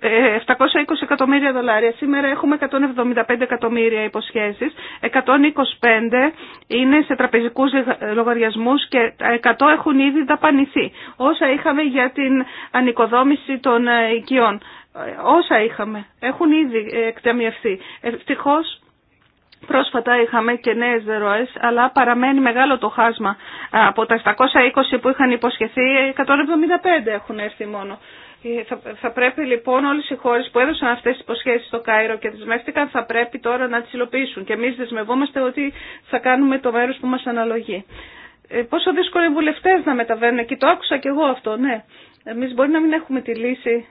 ε, εκατομμύρια δολάρια. Σήμερα έχουμε 175 εκατομμύρια υποσχέσεις. 125 είναι σε τραπεζικούς λογαριασμούς και 100 έχουν ήδη δαπανηθεί. Όσα είχαμε για την ανοικοδόμηση των ε, οικειών. Όσα είχαμε. Έχουν ήδη ε, εκτεμιευθεί Ευτυχώς Πρόσφατα είχαμε και νέες δεροές αλλά παραμένει μεγάλο το χάσμα. Από τα 720 που είχαν υποσχεθεί, 175 έχουν έρθει μόνο. Θα πρέπει λοιπόν όλε οι χώρε που έδωσαν αυτέ τι υποσχέσει στο Κάιρο και δεσμεύτηκαν θα πρέπει τώρα να τι υλοποιήσουν. Και εμεί δεσμευόμαστε ότι θα κάνουμε το μέρο που μα αναλογεί. Ε, πόσο δύσκολο οι βουλευτέ να μεταβαίνουν και Το άκουσα κι εγώ αυτό, ναι. Εμεί μπορεί να μην έχουμε τη λύση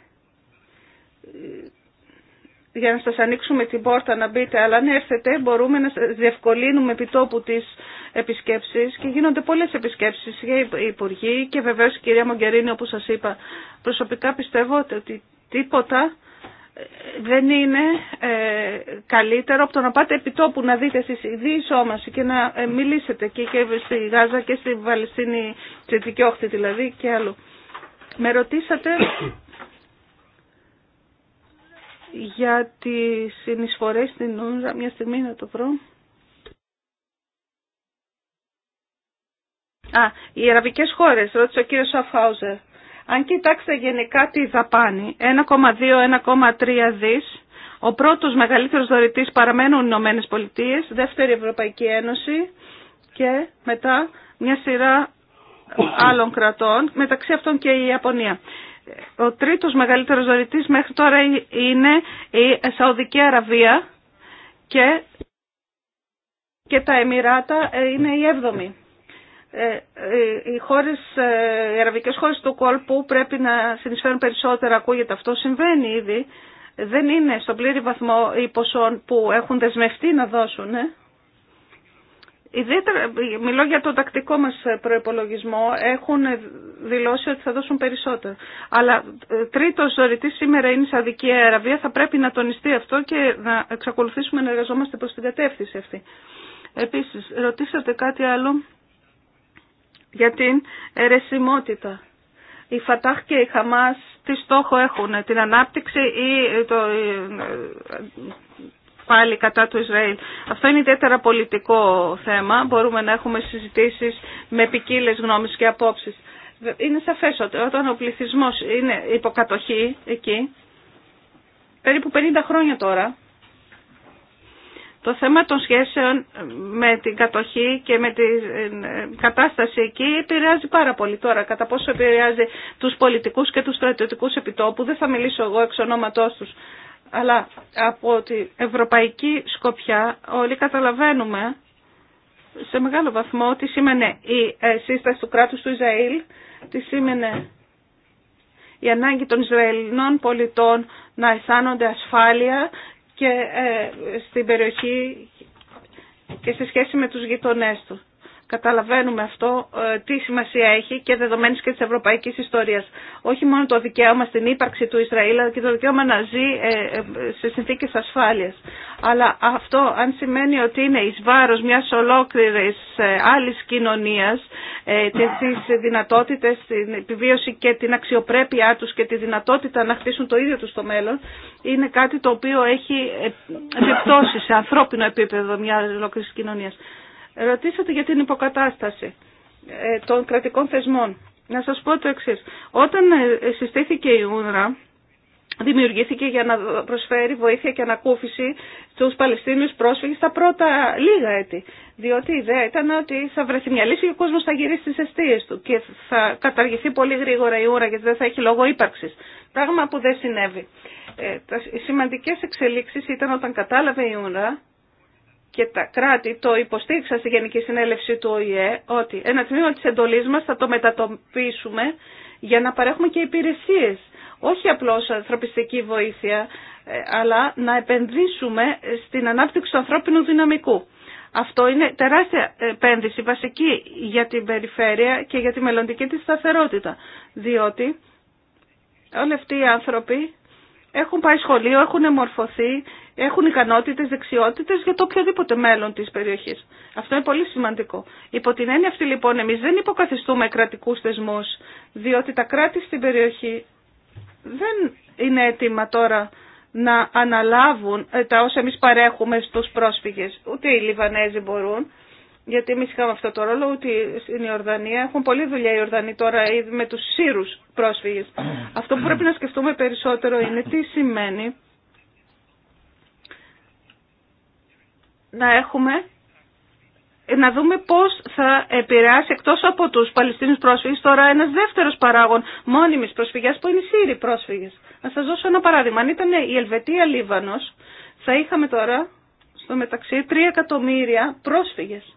για να σας ανοίξουμε την πόρτα να μπείτε, αλλά αν έρθετε μπορούμε να διευκολύνουμε επιτόπου τις επισκέψεις και γίνονται πολλές επισκέψεις για οι υπουργοί και βεβαίως η κυρία Μογκερίνη όπως σας είπα. Προσωπικά πιστεύω ότι τίποτα ε, δεν είναι ε, καλύτερο από το να πάτε επιτόπου να δείτε εσείς όμως και να ε, μιλήσετε και, και στη Γάζα και στη Βαλαιστίνη, στη Δικαιόχτη δηλαδή και άλλο. Με ρωτήσατε για τις συνεισφορές στην ούνζα Μια στιγμή να το βρω. Α, οι Αραβικέ χώρες, ρώτησε ο κύριο Σαφάουζερ. Αν κοιτάξετε γενικά τη δαπάνη, 1,2-1,3 δις, ο πρώτος μεγαλύτερος δωρητής παραμένουν οι Ηνωμένε Πολιτείε, δεύτερη Ευρωπαϊκή Ένωση και μετά μια σειρά άλλων κρατών, μεταξύ αυτών και η Ιαπωνία. Ο τρίτος μεγαλύτερος δωρητής μέχρι τώρα είναι η Σαουδική Αραβία και, και τα Εμμυράτα ε, είναι η έβδομη. Ε, ε, οι, χώρες, οι αραβικές χώρες του κόλπου πρέπει να συνεισφέρουν περισσότερα, ακούγεται αυτό, συμβαίνει ήδη. Δεν είναι στον πλήρη βαθμό οι ποσόν που έχουν δεσμευτεί να δώσουν. Ιδιαίτερα, μιλώ για τον τακτικό μας προϋπολογισμό, έχουν δηλώσει ότι θα δώσουν περισσότερο. Αλλά ε, τρίτος ζωητής σήμερα είναι η Σαδική Αραβία, θα πρέπει να τονιστεί αυτό και να εξακολουθήσουμε να εργαζόμαστε προς την κατεύθυνση αυτή. Επίσης, ρωτήσατε κάτι άλλο για την αιρεσιμότητα. Η Φατάχ και οι Χαμάς τι στόχο έχουν, την ανάπτυξη ή το ε, πάλι κατά του Ισραήλ. Αυτό είναι ιδιαίτερα πολιτικό θέμα. Μπορούμε να έχουμε συζητήσεις με ποικίλε γνώμες και απόψεις. Είναι σαφές ότι όταν ο πληθυσμό είναι υποκατοχή εκεί, περίπου 50 χρόνια τώρα, το θέμα των σχέσεων με την κατοχή και με την ε, κατάσταση εκεί επηρεάζει πάρα πολύ τώρα. Κατά πόσο επηρεάζει τους πολιτικούς και τους στρατιωτικούς επιτόπου, δεν θα μιλήσω εγώ εξ ονόματός τους. Αλλά από την ευρωπαϊκή σκοπιά όλοι καταλαβαίνουμε σε μεγάλο βαθμό τι σήμαινε η ε, σύσταση του κράτους του Ισραήλ, τι σήμαινε η ανάγκη των Ισραηλινών πολιτών να αισθάνονται ασφάλεια και ε, στην περιοχή και σε σχέση με τους γειτονές του. Καταλαβαίνουμε αυτό ε, τι σημασία έχει και δεδομένης και της ευρωπαϊκής ιστορίας. Όχι μόνο το δικαίωμα στην ύπαρξη του Ισραήλ, αλλά και το δικαίωμα να ζει ε, ε, σε συνθήκες ασφάλειας. Αλλά αυτό αν σημαίνει ότι είναι εις βάρος μιας ολόκληρης άλλης κοινωνίας και τις δυνατότητες, την επιβίωση και την αξιοπρέπειά τους και τη δυνατότητα να χτίσουν το ίδιο τους το μέλλον, είναι κάτι το οποίο έχει επιπτώσει σε ανθρώπινο επίπεδο μια ολόκληρης κοινωνίας. Ρωτήσατε για την υποκατάσταση ε, των κρατικών θεσμών. Να σας πω το εξής. Όταν ε, συστήθηκε η Ούνρα, δημιουργήθηκε για να προσφέρει βοήθεια και ανακούφιση στους Παλαιστίνιους πρόσφυγες τα πρώτα λίγα έτη. Διότι η ιδέα ήταν ότι θα βρεθεί μια λύση και ο κόσμος θα γυρίσει στις αιστείες του και θα καταργηθεί πολύ γρήγορα η ώρα γιατί δεν θα έχει λόγο ύπαρξης. Πράγμα που δεν συνέβη. Ε, τα, οι σημαντικές εξελίξεις ήταν όταν κατάλαβε η ΟΥΝΡΑ και τα κράτη το υποστήριξαν στη Γενική Συνέλευση του ΟΗΕ ότι ένα τμήμα της εντολής μας θα το μετατοπίσουμε για να παρέχουμε και υπηρεσίες. Όχι απλώς ανθρωπιστική βοήθεια, ε, αλλά να επενδύσουμε στην ανάπτυξη του ανθρώπινου δυναμικού. Αυτό είναι τεράστια επένδυση, βασική για την περιφέρεια και για τη μελλοντική της σταθερότητα. Διότι όλοι αυτοί οι άνθρωποι έχουν πάει σχολείο, έχουν εμορφωθεί έχουν ικανότητες, δεξιότητες για το οποιοδήποτε μέλλον της περιοχής. Αυτό είναι πολύ σημαντικό. Υπό την έννοια αυτή λοιπόν εμείς δεν υποκαθιστούμε κρατικούς θεσμούς, διότι τα κράτη στην περιοχή δεν είναι έτοιμα τώρα να αναλάβουν ε, τα όσα εμείς παρέχουμε στους πρόσφυγες. Ούτε οι Λιβανέζοι μπορούν, γιατί εμείς είχαμε αυτό το ρόλο, ούτε στην Ιορδανία. Έχουν πολλή δουλειά οι Ιορδανοί τώρα ήδη ε, με τους Σύρους πρόσφυγες. Αυτό που πρέπει να σκεφτούμε περισσότερο είναι τι σημαίνει να έχουμε να δούμε πώς θα επηρεάσει εκτός από τους Παλαιστίνους πρόσφυγες τώρα ένας δεύτερος παράγων μόνιμης προσφυγιάς που είναι οι Σύριοι πρόσφυγες. Να σας δώσω ένα παράδειγμα. Αν ήταν η Ελβετία Λίβανος θα είχαμε τώρα στο μεταξύ 3 εκατομμύρια πρόσφυγες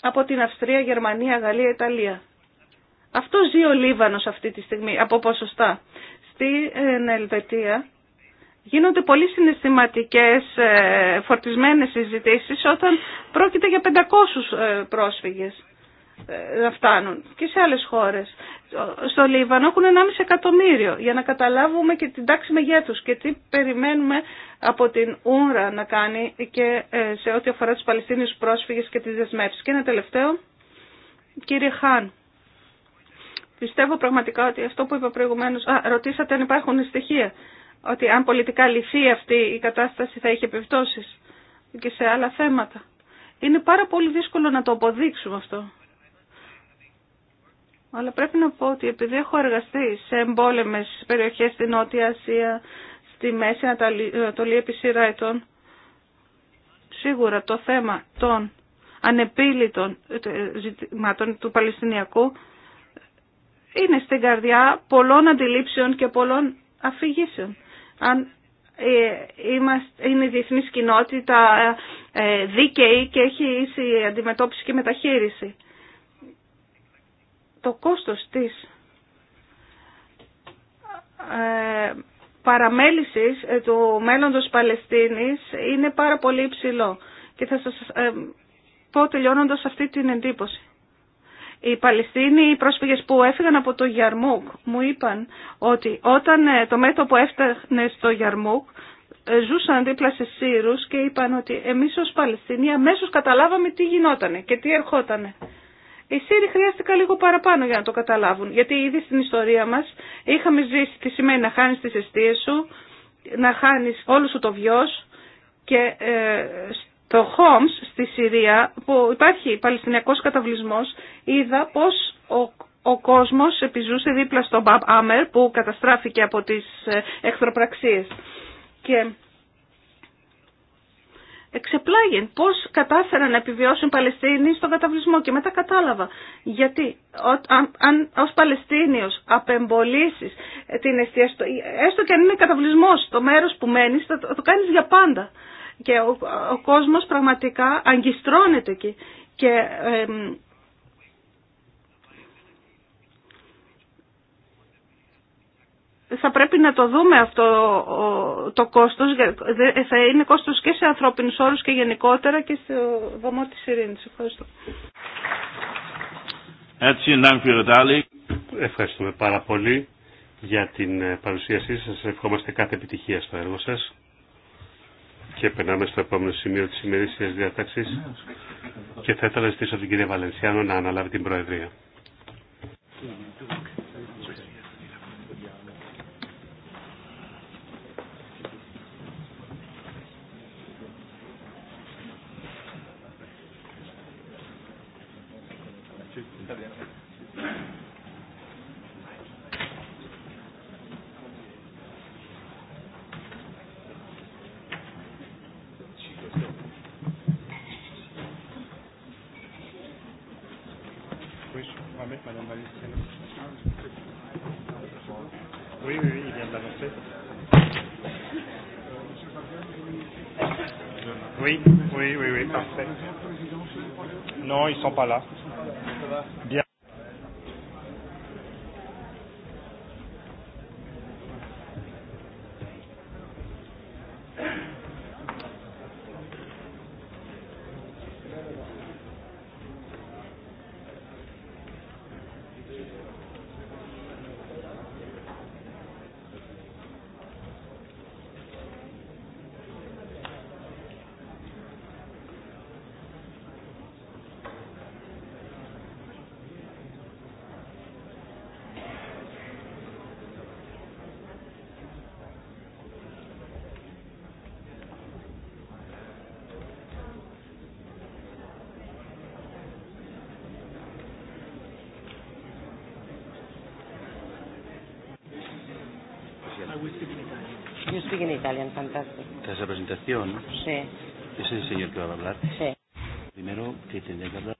από την Αυστρία, Γερμανία, Γαλλία, Ιταλία. Αυτό ζει ο Λίβανος αυτή τη στιγμή από ποσοστά. Στην Ελβετία Γίνονται πολύ συναισθηματικές ε, φορτισμένες συζητήσεις όταν πρόκειται για 500 ε, πρόσφυγες ε, να φτάνουν και σε άλλες χώρες. Στο Λίβανο έχουν 1,5 εκατομμύριο για να καταλάβουμε και την τάξη μεγέθους και τι περιμένουμε από την Ούρα να κάνει και σε ό,τι αφορά τους Παλαιστίνιους πρόσφυγες και τις δεσμεύσεις. Και ένα τελευταίο, κύριε Χάν. Πιστεύω πραγματικά ότι αυτό που είπα προηγουμένως... Α, ρωτήσατε αν υπάρχουν στοιχεία ότι αν πολιτικά λυθεί αυτή η κατάσταση θα έχει επιπτώσει και σε άλλα θέματα. Είναι πάρα πολύ δύσκολο να το αποδείξουμε αυτό. Αλλά πρέπει να πω ότι επειδή έχω εργαστεί σε εμπόλεμες περιοχές στη Νότια Ασία, στη Μέση Ανατολή επί σειρά ετών, σίγουρα το θέμα των ανεπίλητων ε, ζητημάτων του Παλαιστινιακού είναι στην καρδιά πολλών αντιλήψεων και πολλών αφηγήσεων αν ε, είμαστε, είναι η διεθνή κοινότητα ε, δίκαιη και έχει ίση αντιμετώπιση και μεταχείριση. Το κόστος της ε, παραμέλησης του μέλλοντος Παλαιστίνης είναι πάρα πολύ υψηλό. Και θα σας πω τελειώνοντας αυτή την εντύπωση. Οι Παλαιστίνοι, οι πρόσφυγες που έφυγαν από το Γιαρμούκ, μου είπαν ότι όταν ε, το μέτωπο έφτανε στο Γιαρμούκ, ε, ζούσαν δίπλα σε Σύρους και είπαν ότι εμείς ως Παλαιστινοί αμέσως καταλάβαμε τι γινότανε και τι ερχότανε. Οι Σύροι χρειάστηκαν λίγο παραπάνω για να το καταλάβουν, γιατί ήδη στην ιστορία μας είχαμε ζήσει τι σημαίνει να χάνεις τις αιστείες σου, να χάνεις όλο σου το βιός και ε, το Χόμς στη Συρία που υπάρχει παλαιστινιακός καταβλισμός είδα πως ο, ο κόσμος επιζούσε δίπλα στον Μπαμ Άμερ που καταστράφηκε από τις ε, εχθροπραξίες. Και εξεπλάγει πώς κατάφεραν να επιβιώσουν οι Παλαιστίνοι στον καταβλισμό και μετά κατάλαβα γιατί αν, αν ως Παλαιστίνιος απεμπολίσεις ε, την εστίαση, ε, έστω και αν είναι καταβλισμός το μέρος που μένεις θα το, το κάνεις για πάντα και ο, ο κόσμος πραγματικά αγκιστρώνεται εκεί και θα πρέπει να το δούμε αυτό το κόστος, θα είναι κόστος και σε ανθρώπινους όρους και γενικότερα και στο δωμό της ειρήνης. Ευχαριστώ. Ευχαριστούμε πάρα πολύ για την ε, παρουσίασή σας. Ευχόμαστε κάθε επιτυχία στο έργο σας. Και περνάμε στο επόμενο σημείο της ημερήσιας διάταξης και θα ήθελα να ζητήσω την κυρία Βαλενσιάνο να αναλάβει την Προεδρία. You speak in Italian, fantastic. Tras la presentación, sí. es el señor que va a hablar. Sí. Primero, que tendría que hablar.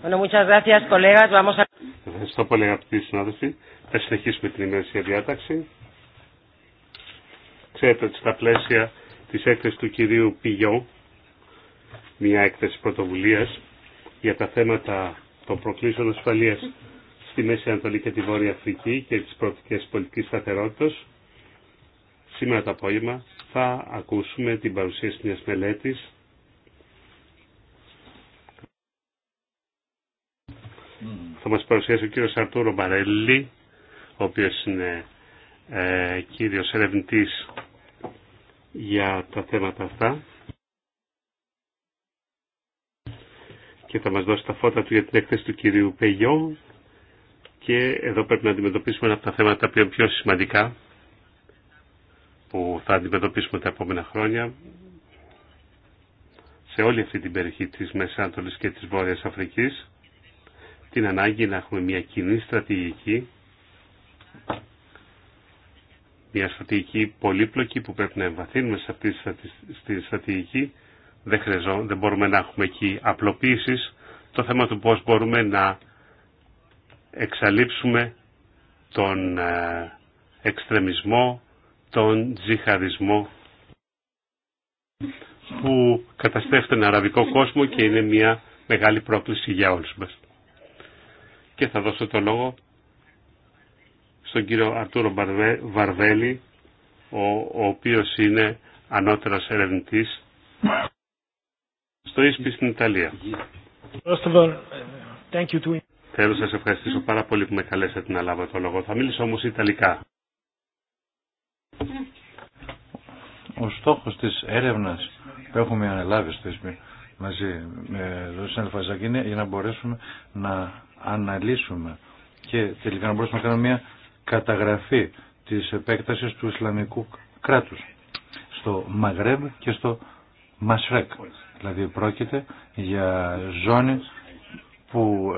Bueno, muchas gracias, colegas. Vamos a... Ευχαριστώ πολύ αγαπητοί συνάδελφοι. Θα συνεχίσουμε την ημερησία διάταξη. Ξέρετε ότι στα πλαίσια της έκθεσης του κυρίου Πιγιό, μια έκθεση πρωτοβουλίας για τα θέματα των προκλήσεων ασφαλείας στη Μέση Ανατολή και τη Βόρεια Αφρική και τις προοπτικές πολιτικής σταθερότητας. Σήμερα το απόγευμα θα ακούσουμε την παρουσίαση μιας μελέτης θα μας παρουσιάσει ο κύριος Αρτούρο Μπαρέλη, ο οποίος είναι ε, κύριος ερευνητής για τα θέματα αυτά και θα μας δώσει τα φώτα του για την έκθεση του κυρίου Πεγιό και εδώ πρέπει να αντιμετωπίσουμε ένα από τα θέματα τα είναι πιο σημαντικά που θα αντιμετωπίσουμε τα επόμενα χρόνια σε όλη αυτή την περιοχή της Μεσάντολης και της Βόρειας Αφρικής την ανάγκη να έχουμε μια κοινή στρατηγική μια στρατηγική πολύπλοκη που πρέπει να εμβαθύνουμε σε αυτή τη στρατηγική δεν, δεν μπορούμε να έχουμε εκεί απλοποίησεις το θέμα του πώς μπορούμε να εξαλείψουμε τον ε, εξτρεμισμό, τον τζιχαδισμό που καταστρέφει τον αραβικό κόσμο και είναι μια μεγάλη πρόκληση για όλους μας. Και θα δώσω το λόγο στον κύριο Αρτούρο Βαρβέλη, ο, ο οποίος είναι ανώτερος ερευνητής στο ΙΣΠΙ στην Ιταλία. Θέλω να σας ευχαριστήσω πάρα πολύ που με καλέσατε να λάβω το λόγο. Θα μιλήσω όμως Ιταλικά. Ο στόχος της έρευνας που έχουμε αναλάβει στο ΕΣΜΗ μαζί με τον συνάδελφο είναι για να μπορέσουμε να αναλύσουμε και τελικά να μπορέσουμε να κάνουμε μια καταγραφή της επέκτασης του Ισλαμικού κράτους στο Μαγρέμ και στο Μασρέκ. Δηλαδή πρόκειται για ζώνη που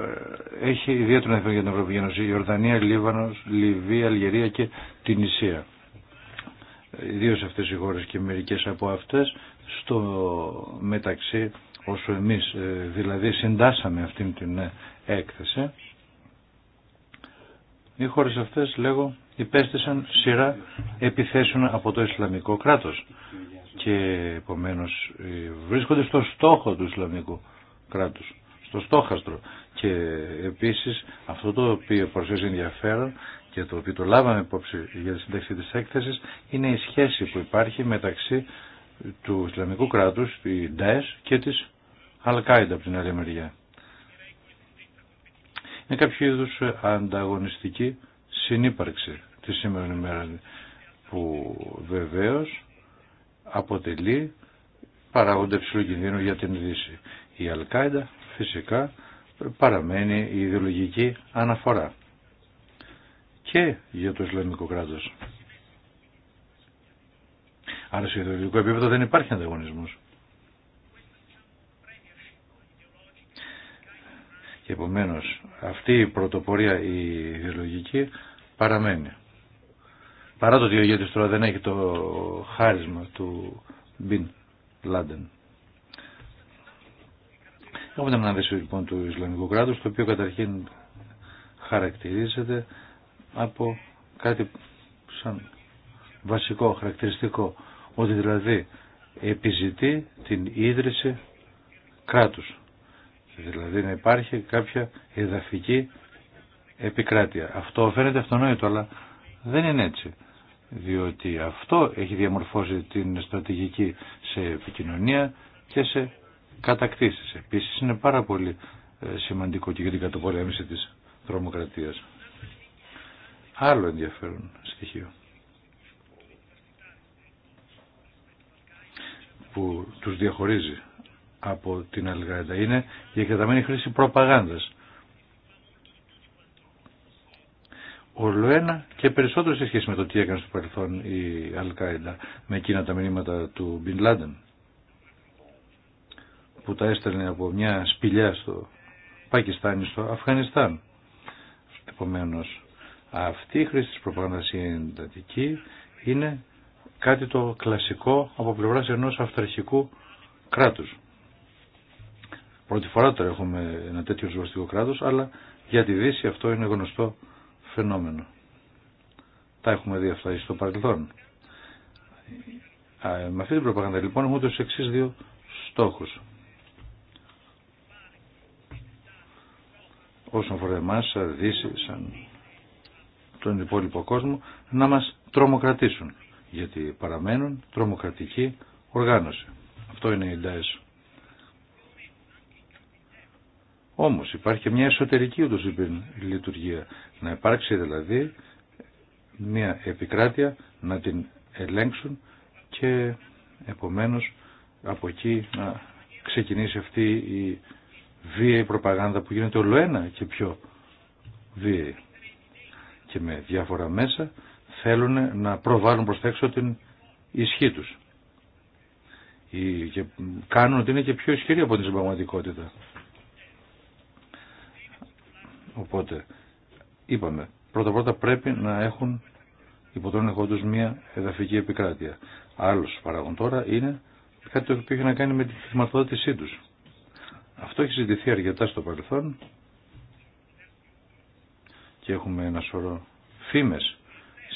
ε, έχει ιδιαίτερο ενδιαφέρον για την Ευρωπαϊκή Ένωση, Ιορδανία, Λίβανος, Λιβύη, Αλγερία και την Ισία. Ιδίω αυτές οι χώρες και μερικές από αυτές στο μεταξύ όσο εμείς ε, δηλαδή συντάσαμε αυτήν την ε, έκθεση οι χώρες αυτές λέγω υπέστησαν σειρά επιθέσεων από το Ισλαμικό κράτος και επομένως βρίσκονται στο στόχο του Ισλαμικού κράτους στο στόχαστρο. Και επίσης αυτό το οποίο προσθέσει ενδιαφέρον και το οποίο το λάβαμε υπόψη για τη σύνταξη της έκθεσης είναι η σχέση που υπάρχει μεταξύ του Ισλαμικού κράτους, τη ΝΤΑΕΣ και της Αλκάιντα από την άλλη μεριά. Είναι κάποιο είδου ανταγωνιστική συνύπαρξη τη σήμερα ημέρα που βεβαίως αποτελεί παράγοντα υψηλού κινδύνου για την Δύση. Η Αλκάιντα φυσικά παραμένει η ιδεολογική αναφορά και για το Ισλαμικό κράτος. Άρα σε ιδεολογικό επίπεδο δεν υπάρχει ανταγωνισμός. Και επομένως αυτή η πρωτοπορία η ιδεολογική παραμένει. Παρά το ότι ο τώρα δεν έχει το χάρισμα του Μπιν Λάντεν. Έχουμε την ανάδεση λοιπόν του Ισλαμικού κράτους, το οποίο καταρχήν χαρακτηρίζεται από κάτι σαν βασικό, χαρακτηριστικό, ότι δηλαδή επιζητεί την ίδρυση κράτους. Δηλαδή να υπάρχει κάποια εδαφική επικράτεια. Αυτό φαίνεται αυτονόητο, αλλά δεν είναι έτσι. Διότι αυτό έχει διαμορφώσει την στρατηγική σε επικοινωνία και σε κατακτήσεις. Επίσης είναι πάρα πολύ ε, σημαντικό και για την κατοπολέμηση της τρομοκρατίας. Άλλο ενδιαφέρον στοιχείο. που τους διαχωρίζει από την Αλγάιντα είναι η εκτεταμένη χρήση προπαγάνδας. ένα και περισσότερο σε σχέση με το τι έκανε στο παρελθόν η Αλκάιντα με εκείνα τα μηνύματα του Μπιν Λάντεν που τα έστελνε από μια σπηλιά στο Πακιστάν στο Αφγανιστάν. Επομένω, αυτή η χρήση τη προπαγάνδας η εντατική είναι κάτι το κλασικό από πλευρά ενό αυταρχικού κράτου. Πρώτη φορά τώρα έχουμε ένα τέτοιο ζωοστικό κράτο, αλλά για τη Δύση αυτό είναι γνωστό φαινόμενο. Τα έχουμε δει αυτά στο παρελθόν. Με αυτή την προπαγάνδα λοιπόν έχουμε τους εξή δύο στόχους. όσον αφορά σαν Δύση, σαν τον υπόλοιπο κόσμο, να μας τρομοκρατήσουν. Γιατί παραμένουν τρομοκρατική οργάνωση. Αυτό είναι η ΝΤΑΕΣ. Όμως υπάρχει και μια εσωτερική ούτως λειτουργία. Να υπάρξει δηλαδή μια επικράτεια να την ελέγξουν και επομένως από εκεί να ξεκινήσει αυτή η βίαιη προπαγάνδα που γίνεται όλο ένα και πιο βίαιη. Και με διάφορα μέσα θέλουν να προβάλλουν προς τα την ισχύ τους. Και κάνουν ότι είναι και πιο ισχυρή από την συμπαγματικότητα. Οπότε, είπαμε, πρώτα-πρώτα πρέπει να έχουν υπό τον τους μια εδαφική επικράτεια. Άλλος παράγον τώρα είναι κάτι το οποίο έχει να κάνει με τη χρηματοδότησή τους. Αυτό έχει ζητηθεί αρκετά στο παρελθόν και έχουμε ένα σωρό φήμες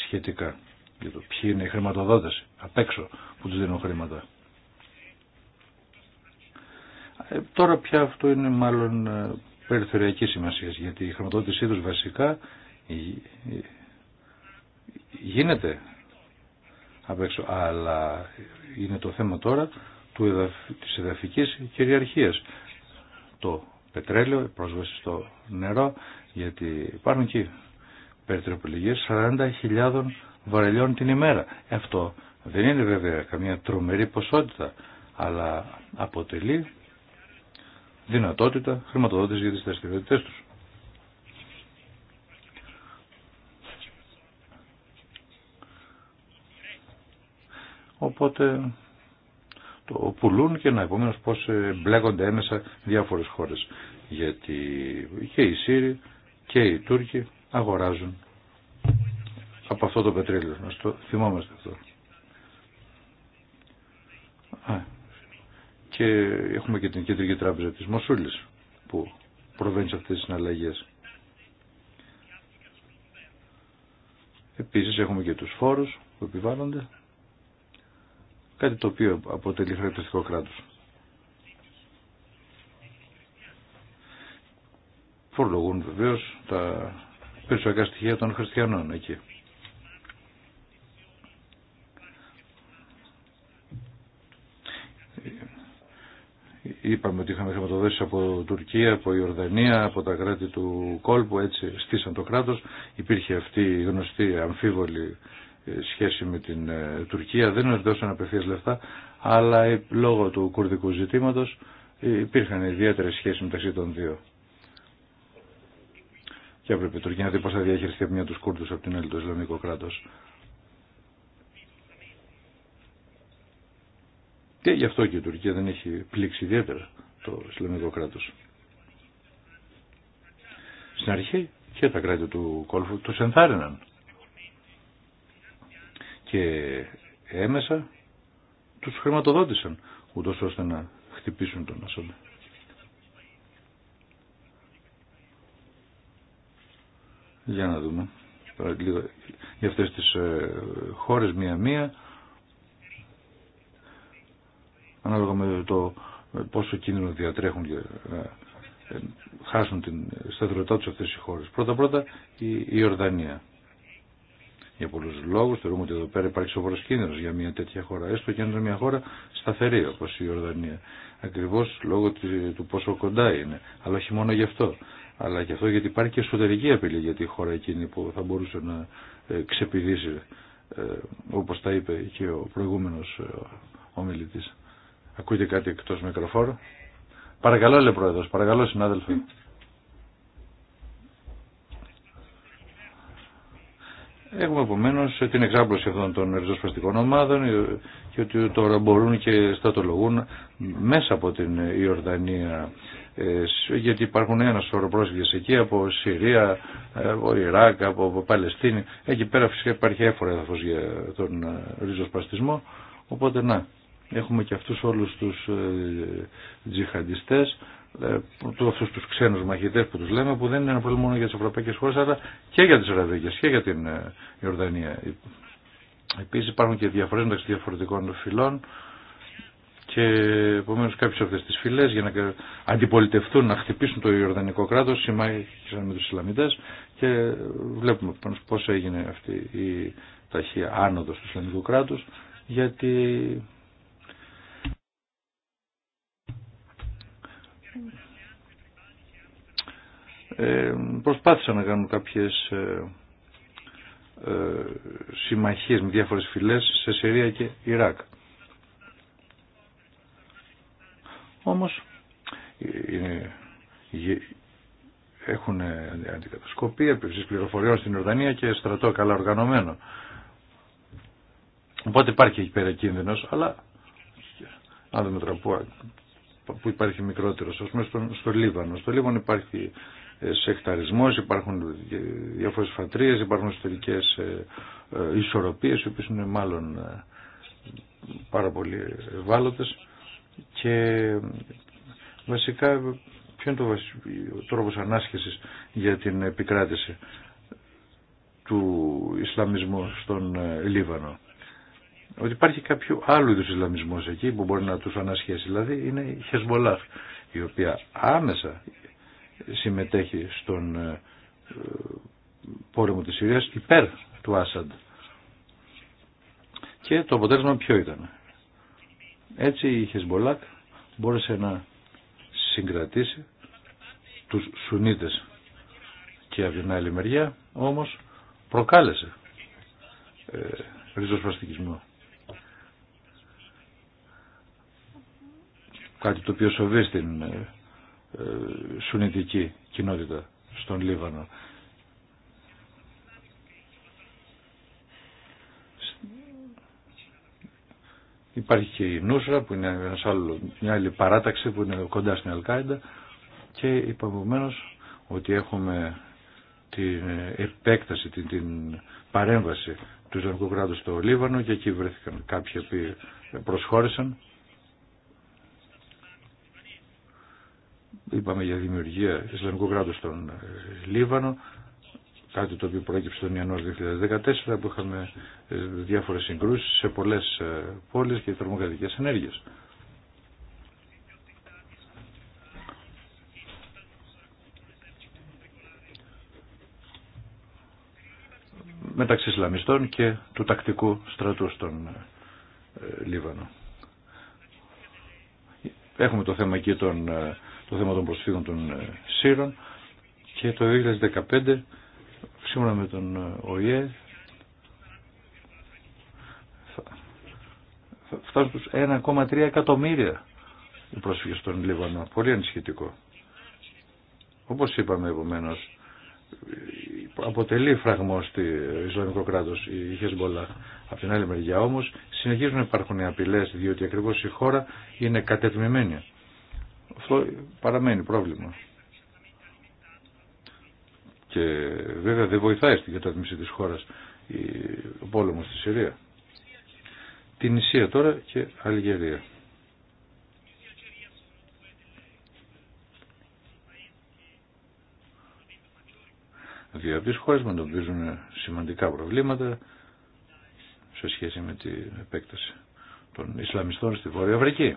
σχετικά για το ποιοι είναι οι χρηματοδότηση απ' έξω που τους δίνουν χρήματα. Ε, τώρα πια αυτό είναι μάλλον ε, περιθωριακή σημασία γιατί η χρηματοδότησή τους βασικά γίνεται απ' έξω αλλά είναι το θέμα τώρα του της εδαφικής κυριαρχίας το πετρέλαιο, η πρόσβαση στο νερό, γιατί υπάρχουν εκεί περιτροπηλικές 40.000 βαρελιών την ημέρα. Ε, αυτό δεν είναι βέβαια καμία τρομερή ποσότητα, αλλά αποτελεί δυνατότητα χρηματοδότηση για τις δραστηριότητε τους. Οπότε το πουλούν και να επομένω πώ ε, μπλέκονται έμεσα διάφορες χώρες. Γιατί και οι Σύριοι και οι Τούρκοι αγοράζουν από αυτό το πετρέλαιο. Να το θυμόμαστε αυτό. και έχουμε και την Κεντρική Τράπεζα της Μοσούλης που προβαίνει σε αυτές τις συναλλαγές. Επίσης έχουμε και τους φόρους που επιβάλλονται Κάτι το οποίο αποτελεί χαρακτηριστικό κράτος. Φορολογούν βεβαίω τα περισσοκά στοιχεία των χριστιανών εκεί. Είπαμε ότι είχαμε χρηματοδότηση από Τουρκία, από Ιορδανία, από τα κράτη του κόλπου, έτσι στήσαν το κράτος. Υπήρχε αυτή η γνωστή αμφίβολη ε, σχέση με την ε, Τουρκία. Δεν δώσαν απευθείας λεφτά, αλλά ε, λόγω του κουρδικού ζητήματος υπήρχαν ιδιαίτερες σχέσεις μεταξύ των δύο. Και έπρεπε η Τουρκία να δει πώς θα διαχειριστεί από μια τους Κούρδους από την άλλη το Ισλαμικό κράτος. Και γι' αυτό και η Τουρκία δεν έχει πλήξει ιδιαίτερα το Ισλαμικό κράτος. Στην αρχή και τα κράτη του κόλφου τους ενθάρρυναν και έμεσα τους χρηματοδότησαν ούτως ώστε να χτυπήσουν τον Ασάντα. Για να δούμε για αυτές τις ε, χώρες μία-μία ανάλογα με το πόσο κίνδυνο διατρέχουν για ε, ε, χάσουν την σταθεροτά τους αυτές οι χώρες. Πρώτα-πρώτα η Ιορδανία. Για πολλού λόγου θεωρούμε ότι εδώ πέρα υπάρχει σοβαρό κίνδυνο για μια τέτοια χώρα, έστω και αν είναι μια χώρα σταθερή όπω η Ιορδανία. Ακριβώ λόγω του πόσο κοντά είναι. Αλλά όχι μόνο γι' αυτό. Αλλά γι' αυτό γιατί υπάρχει και εσωτερική απειλή για τη χώρα εκείνη που θα μπορούσε να ε, ξεπηδήσει, ε, όπω τα είπε και ο προηγούμενο ε, ομιλητή. Ακούτε κάτι εκτό μικροφόρου. Παρακαλώ, λέει πρόεδρο, παρακαλώ συνάδελφοι. Έχουμε επομένω την εξάπλωση αυτών των ριζοσπαστικών ομάδων ε, και ότι τώρα μπορούν και στατολογούν μέσα από την Ιορδανία ε, γιατί υπάρχουν ένα σωρό πρόσφυγες εκεί από Συρία, ε, από Ιράκ, από Παλαιστίνη. Εκεί πέρα φυσικά υπάρχει έφορα για τον ριζοσπαστισμό. Οπότε να, έχουμε και αυτούς όλους τους τζιχαντιστές αυτού του ξένου μαχητέ που του λέμε που δεν είναι ένα πρόβλημα μόνο για τι ευρωπαϊκέ χώρες αλλά και για τι Αραβικές και για την ε, Ιορδανία. Ε, Επίση υπάρχουν και διαφορέ μεταξύ διαφορετικών φυλών και επομένω κάποιε αυτέ τι φυλέ για να αντιπολιτευτούν, να χτυπήσουν το Ιορδανικό κράτο, συμμάχισαν με του Ισλαμιτέ και βλέπουμε πώ έγινε αυτή η ταχεία άνοδος του Ισλαμικού κράτου, γιατί Ε, προσπάθησαν να κάνουν κάποιες ε, ε, συμμαχίες με διάφορες φυλές σε Συρία και Ιράκ. Όμως έχουν αντικατασκοπία, επίσης πληροφοριών στην Ιορδανία και στρατό καλά οργανωμένο. Οπότε υπάρχει εκεί πέρα κίνδυνος, αλλά αν δούμε τώρα που, υπάρχει μικρότερος, α πούμε στο, στο Λίβανο. Στο Λίβανο υπάρχει ε, σεκταρισμός, υπάρχουν διάφορε φατρίες, υπάρχουν εσωτερικέ ε, ε, ισορροπίες, οι οποίες είναι μάλλον πάρα πολύ ευάλωτες και βασικά ποιο είναι το ο τρόπος ανάσχεσης για την επικράτηση του Ισλαμισμού στον Λίβανο. Ότι υπάρχει κάποιο άλλο είδους Ισλαμισμός εκεί που μπορεί να τους ανασχέσει. Δηλαδή είναι η Χεσμολάφ η οποία άμεσα συμμετέχει στον ε, πόλεμο της Συρίας υπέρ του Άσαντ. Και το αποτέλεσμα ποιο ήταν. Έτσι η Χεσμολάκ μπόρεσε να συγκρατήσει τους Σουνίτες και από την άλλη μεριά όμως προκάλεσε ε, ριζοσπαστικισμό. Κάτι το οποίο σοβεί στην ε, ε, Σουνιτική κοινότητα στον Λίβανο. Υπάρχει και η Νούσρα που είναι μια άλλη παράταξη που είναι κοντά στην Αλκάιντα και υπαγωμένως ότι έχουμε την επέκταση, την, την παρέμβαση του Ισλαμικού κράτου στο Λίβανο και εκεί βρέθηκαν κάποιοι που προσχώρησαν Είπαμε για δημιουργία Ισλαμικού κράτου στον ε, Λίβανο, κάτι το οποίο προέκυψε τον Ιανουάριο 2014 που είχαμε ε, διάφορες συγκρούσεις σε πολλές ε, πόλεις και θερμοκρατικές ενέργειες. μεταξύ Ισλαμιστών και του τακτικού στρατού στον Λίβανο. Έχουμε το θέμα εκεί των το θέμα των προσφύγων των ε, Σύρων και το 2015 σύμφωνα με τον ε, ΟΗΕ θα φτάσουν τους 1,3 εκατομμύρια οι πρόσφυγες των Λίβανο. Πολύ ανησυχητικό. Όπως είπαμε επομένως αποτελεί φραγμό στη Ισλαμικό κράτο η Χεσμολά. Από την άλλη μεριά Όμως συνεχίζουν να υπάρχουν οι απειλέ διότι ακριβώς η χώρα είναι κατετμημένη. Αυτό παραμένει πρόβλημα. Και βέβαια δεν βοηθάει στην κατάθμιση της χώρας ο πόλεμος στη Συρία. Την Ισία τώρα και Αλγερία. Δύο από τις χώρες με εντοπίζουν σημαντικά προβλήματα σε σχέση με την επέκταση των Ισλαμιστών στη Βόρεια Αφρική.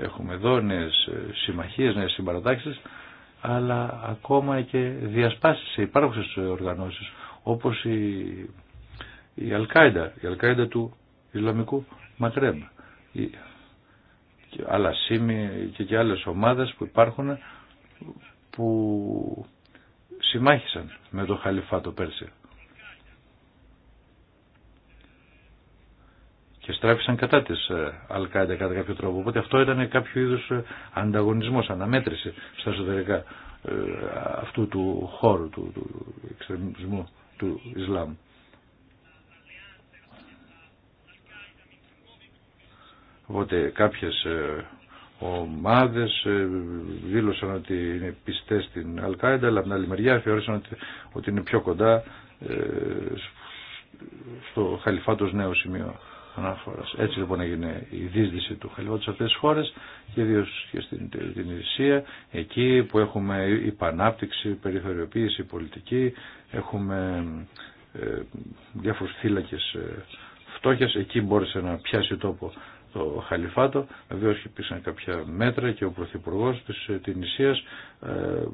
Έχουμε εδώ νέες ε, συμμαχίες, νέες συμπαρατάξεις, αλλά ακόμα και διασπάσεις σε υπάρχουσες οργανώσεις, όπως η, η Αλκάιντα, η Αλκάιντα του Ισλαμικού Μακρέμ. και άλλα σήμη και, και άλλες ομάδες που υπάρχουν που συμμάχησαν με το Χαλιφάτο πέρσι. και στράφησαν κατά της ε, Αλκάιντα κατά κάποιο τρόπο. Οπότε αυτό ήταν κάποιο είδους ε, ανταγωνισμός, αναμέτρηση στα εσωτερικά ε, αυτού του χώρου του, του του Ισλάμ. Οπότε κάποιες ομάδες δήλωσαν ότι είναι πιστές στην Αλκάιντα αλλά από την άλλη μεριά θεώρησαν ότι, είναι πιο κοντά στο χαλιφάτος νέο σημείο έτσι λοιπόν έγινε η δίσδυση του Χαλιφάτου σε αυτές τις χώρες και ιδίω και στην την εκεί που έχουμε υπανάπτυξη, περιθωριοποίηση πολιτική, έχουμε ε, διάφορους θύλακες ε, εκεί μπόρεσε να πιάσει τόπο το Χαλιφάτο. Βεβαίω υπήρξαν κάποια μέτρα και ο Πρωθυπουργό τη ε, Τινησία ε,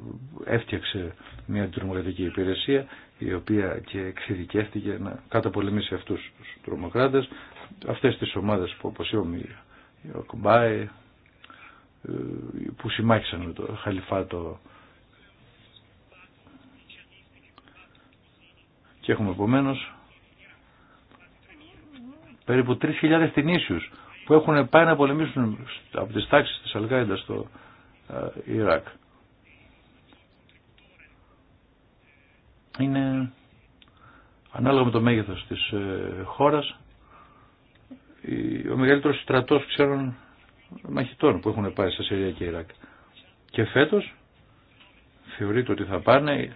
έφτιαξε μια τρομοκρατική υπηρεσία η οποία και εξειδικεύτηκε να καταπολεμήσει αυτού του τρομοκράτε αυτές τις ομάδες που όπως είπαμε η ε, που συμμάχησαν με το Χαλιφάτο και έχουμε επομένω περίπου 3.000 τινήσιους που έχουν πάει να πολεμήσουν από τις τάξεις της Αλκάιντα στο ε, Ιράκ. Είναι ανάλογα με το μέγεθος της ε, χώρας ο μεγαλύτερος στρατός ξέρων μαχητών που έχουν πάει στα Συρία και Ιράκ. Και φέτος θεωρείται ότι θα πάνε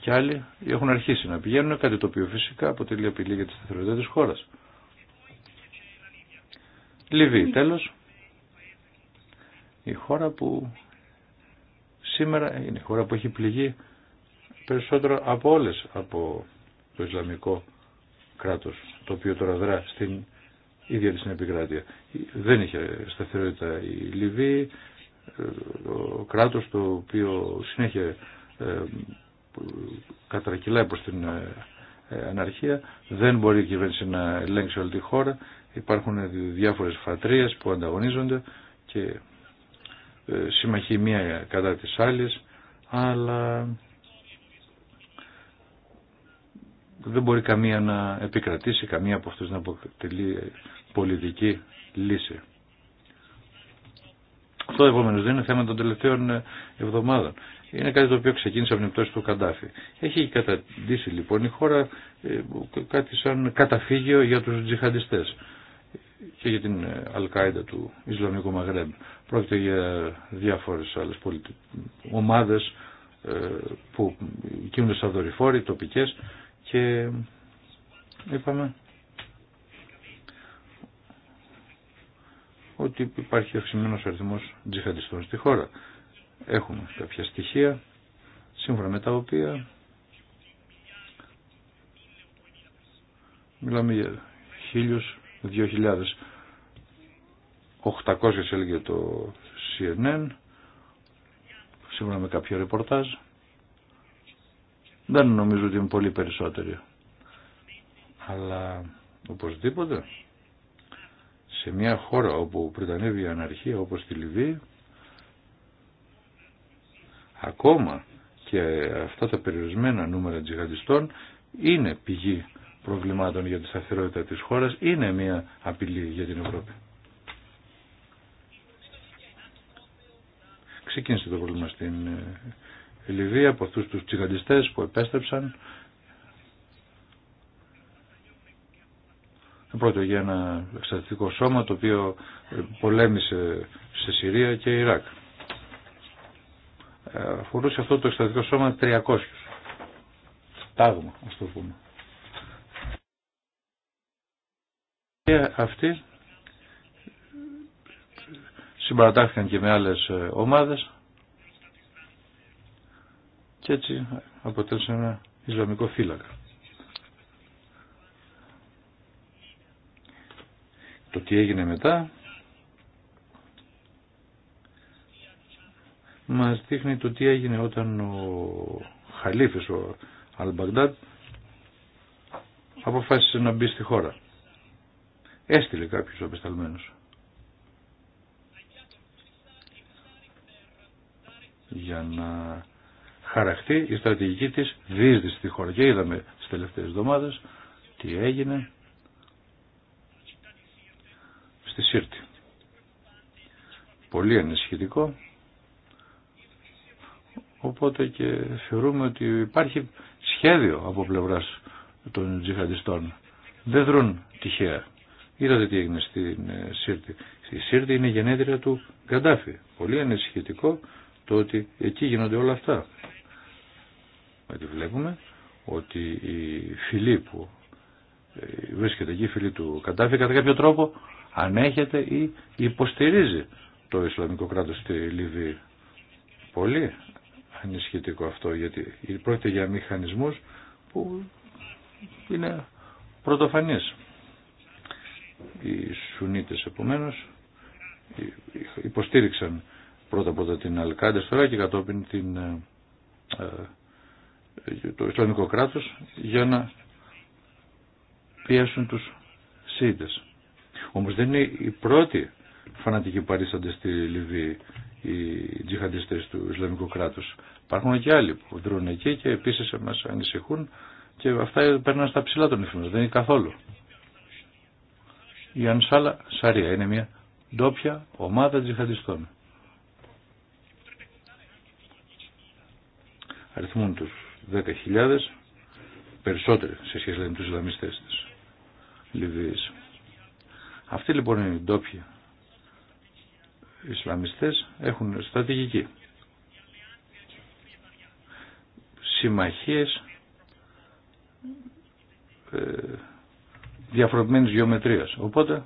και άλλοι έχουν αρχίσει να πηγαίνουν, κάτι το οποίο φυσικά αποτελεί απειλή για τη σταθερότητα της χώρας. Λιβύη, τέλος, η χώρα που σήμερα είναι η χώρα που έχει πληγεί περισσότερο από όλες από το Ισλαμικό κράτος το οποίο τώρα δρά στην ίδια τη επικράτεια. Δεν είχε σταθερότητα η Λιβύη, ε, Ο κράτος το οποίο συνέχεια ε, κατρακυλάει προς την ε, αναρχία, δεν μπορεί η κυβέρνηση να ελέγξει όλη τη χώρα, υπάρχουν διάφορες φατρίες που ανταγωνίζονται και συμμαχεί μία κατά της άλλης, αλλά δεν μπορεί καμία να επικρατήσει, καμία από αυτούς να αποτελεί πολιτική λύση. Αυτό επόμενος δεν είναι θέμα των τελευταίων ε, εβδομάδων. Είναι κάτι το οποίο ξεκίνησε από την πτώση του Καντάφη. Έχει καταντήσει λοιπόν η χώρα ε, κάτι σαν καταφύγιο για τους τζιχαντιστές και για την ε, αλκαΐδα του Ισλαμικού Μαγρέμπ. Πρόκειται για διάφορες άλλες πολιτι... ομάδες που κινούνται σαν δορυφόροι τοπικές και είπαμε ότι υπάρχει αυξημένος αριθμός τζιχαντιστών στη χώρα. Έχουμε κάποια στοιχεία σύμφωνα με τα οποία μιλάμε για χίλιους, δύο χιλιάδες. 800 έλεγε το CNN σύμφωνα με κάποιο ρεπορτάζ δεν νομίζω ότι είναι πολύ περισσότερο, Αλλά οπωσδήποτε σε μια χώρα όπου πρετανεύει η αναρχία όπως τη Λιβύη ακόμα και αυτά τα περιορισμένα νούμερα τζιγαντιστών είναι πηγή προβλημάτων για τη σταθερότητα της χώρας, είναι μια απειλή για την Ευρώπη. Ξεκίνησε το πρόβλημα στην ε, Λιβύη, από αυτούς τους τσιγαντιστές που επέστρεψαν. Πρώτο για ένα εξαρτητικό σώμα το οποίο ε, πολέμησε σε Συρία και Ιράκ. Ε, αφορούσε αυτό το εξαρτητικό σώμα 300. Τάγμα, ας το πούμε. Και αυτοί ε, συμπαρατάχθηκαν και με άλλες ομάδες και έτσι αποτέλεσε ένα Ισλαμικό φύλακα. Το τι έγινε μετά μας δείχνει το τι έγινε όταν ο Χαλίφης, ο Αλμπαγδάτ, αποφάσισε να μπει στη χώρα. Έστειλε κάποιους απεσταλμένους. Για να χαραχτεί η στρατηγική της δίσδυση στη χώρα. Και είδαμε τις τελευταίες εβδομάδες τι έγινε στη Σύρτη. Πολύ ανησυχητικό. Οπότε και θεωρούμε ότι υπάρχει σχέδιο από πλευράς των τζιχαντιστών. Δεν δρούν τυχαία. Είδατε τι έγινε στη ε, Σύρτη. Στη Σύρτη είναι η γενέτρια του Γκαντάφη. Πολύ ανησυχητικό το ότι εκεί γίνονται όλα αυτά τη βλέπουμε ότι η φυλή που ε, βρίσκεται εκεί, η φυλή του Καντάφη, κατά κάποιο τρόπο ανέχεται ή υποστηρίζει το Ισλαμικό κράτος στη Λιβύη. Πολύ ανισχυτικό αυτό, γιατί πρόκειται για μηχανισμούς που είναι πρωτοφανείς. Οι Σουνίτες επομένως ε, υποστήριξαν πρώτα πρώτα την Αλκάντε τώρα και κατόπιν την ε, ε, το Ισλαμικό κράτος για να πιέσουν τους ΣΥΙΤΕΣ. Όμως δεν είναι οι πρώτοι φανατικοί παρίσταντες στη Λιβύη οι τζιχαντιστές του Ισλαμικού κράτους. Υπάρχουν και άλλοι που δρούν εκεί και επίσης μας ανησυχούν και αυτά παίρνουν στα ψηλά των εθνικών. Δεν είναι καθόλου. Η Ανσάλα Σαρία είναι μια ντόπια ομάδα τζιχαντιστών. Αριθμούν τους 10.000 περισσότεροι σε σχέση με τους Ισλαμιστές της Λιβύης. Αυτοί λοιπόν είναι οι ντόπιοι Ισλαμιστές έχουν στρατηγική. Συμμαχίες ε, διαφορετικής γεωμετρίας. Οπότε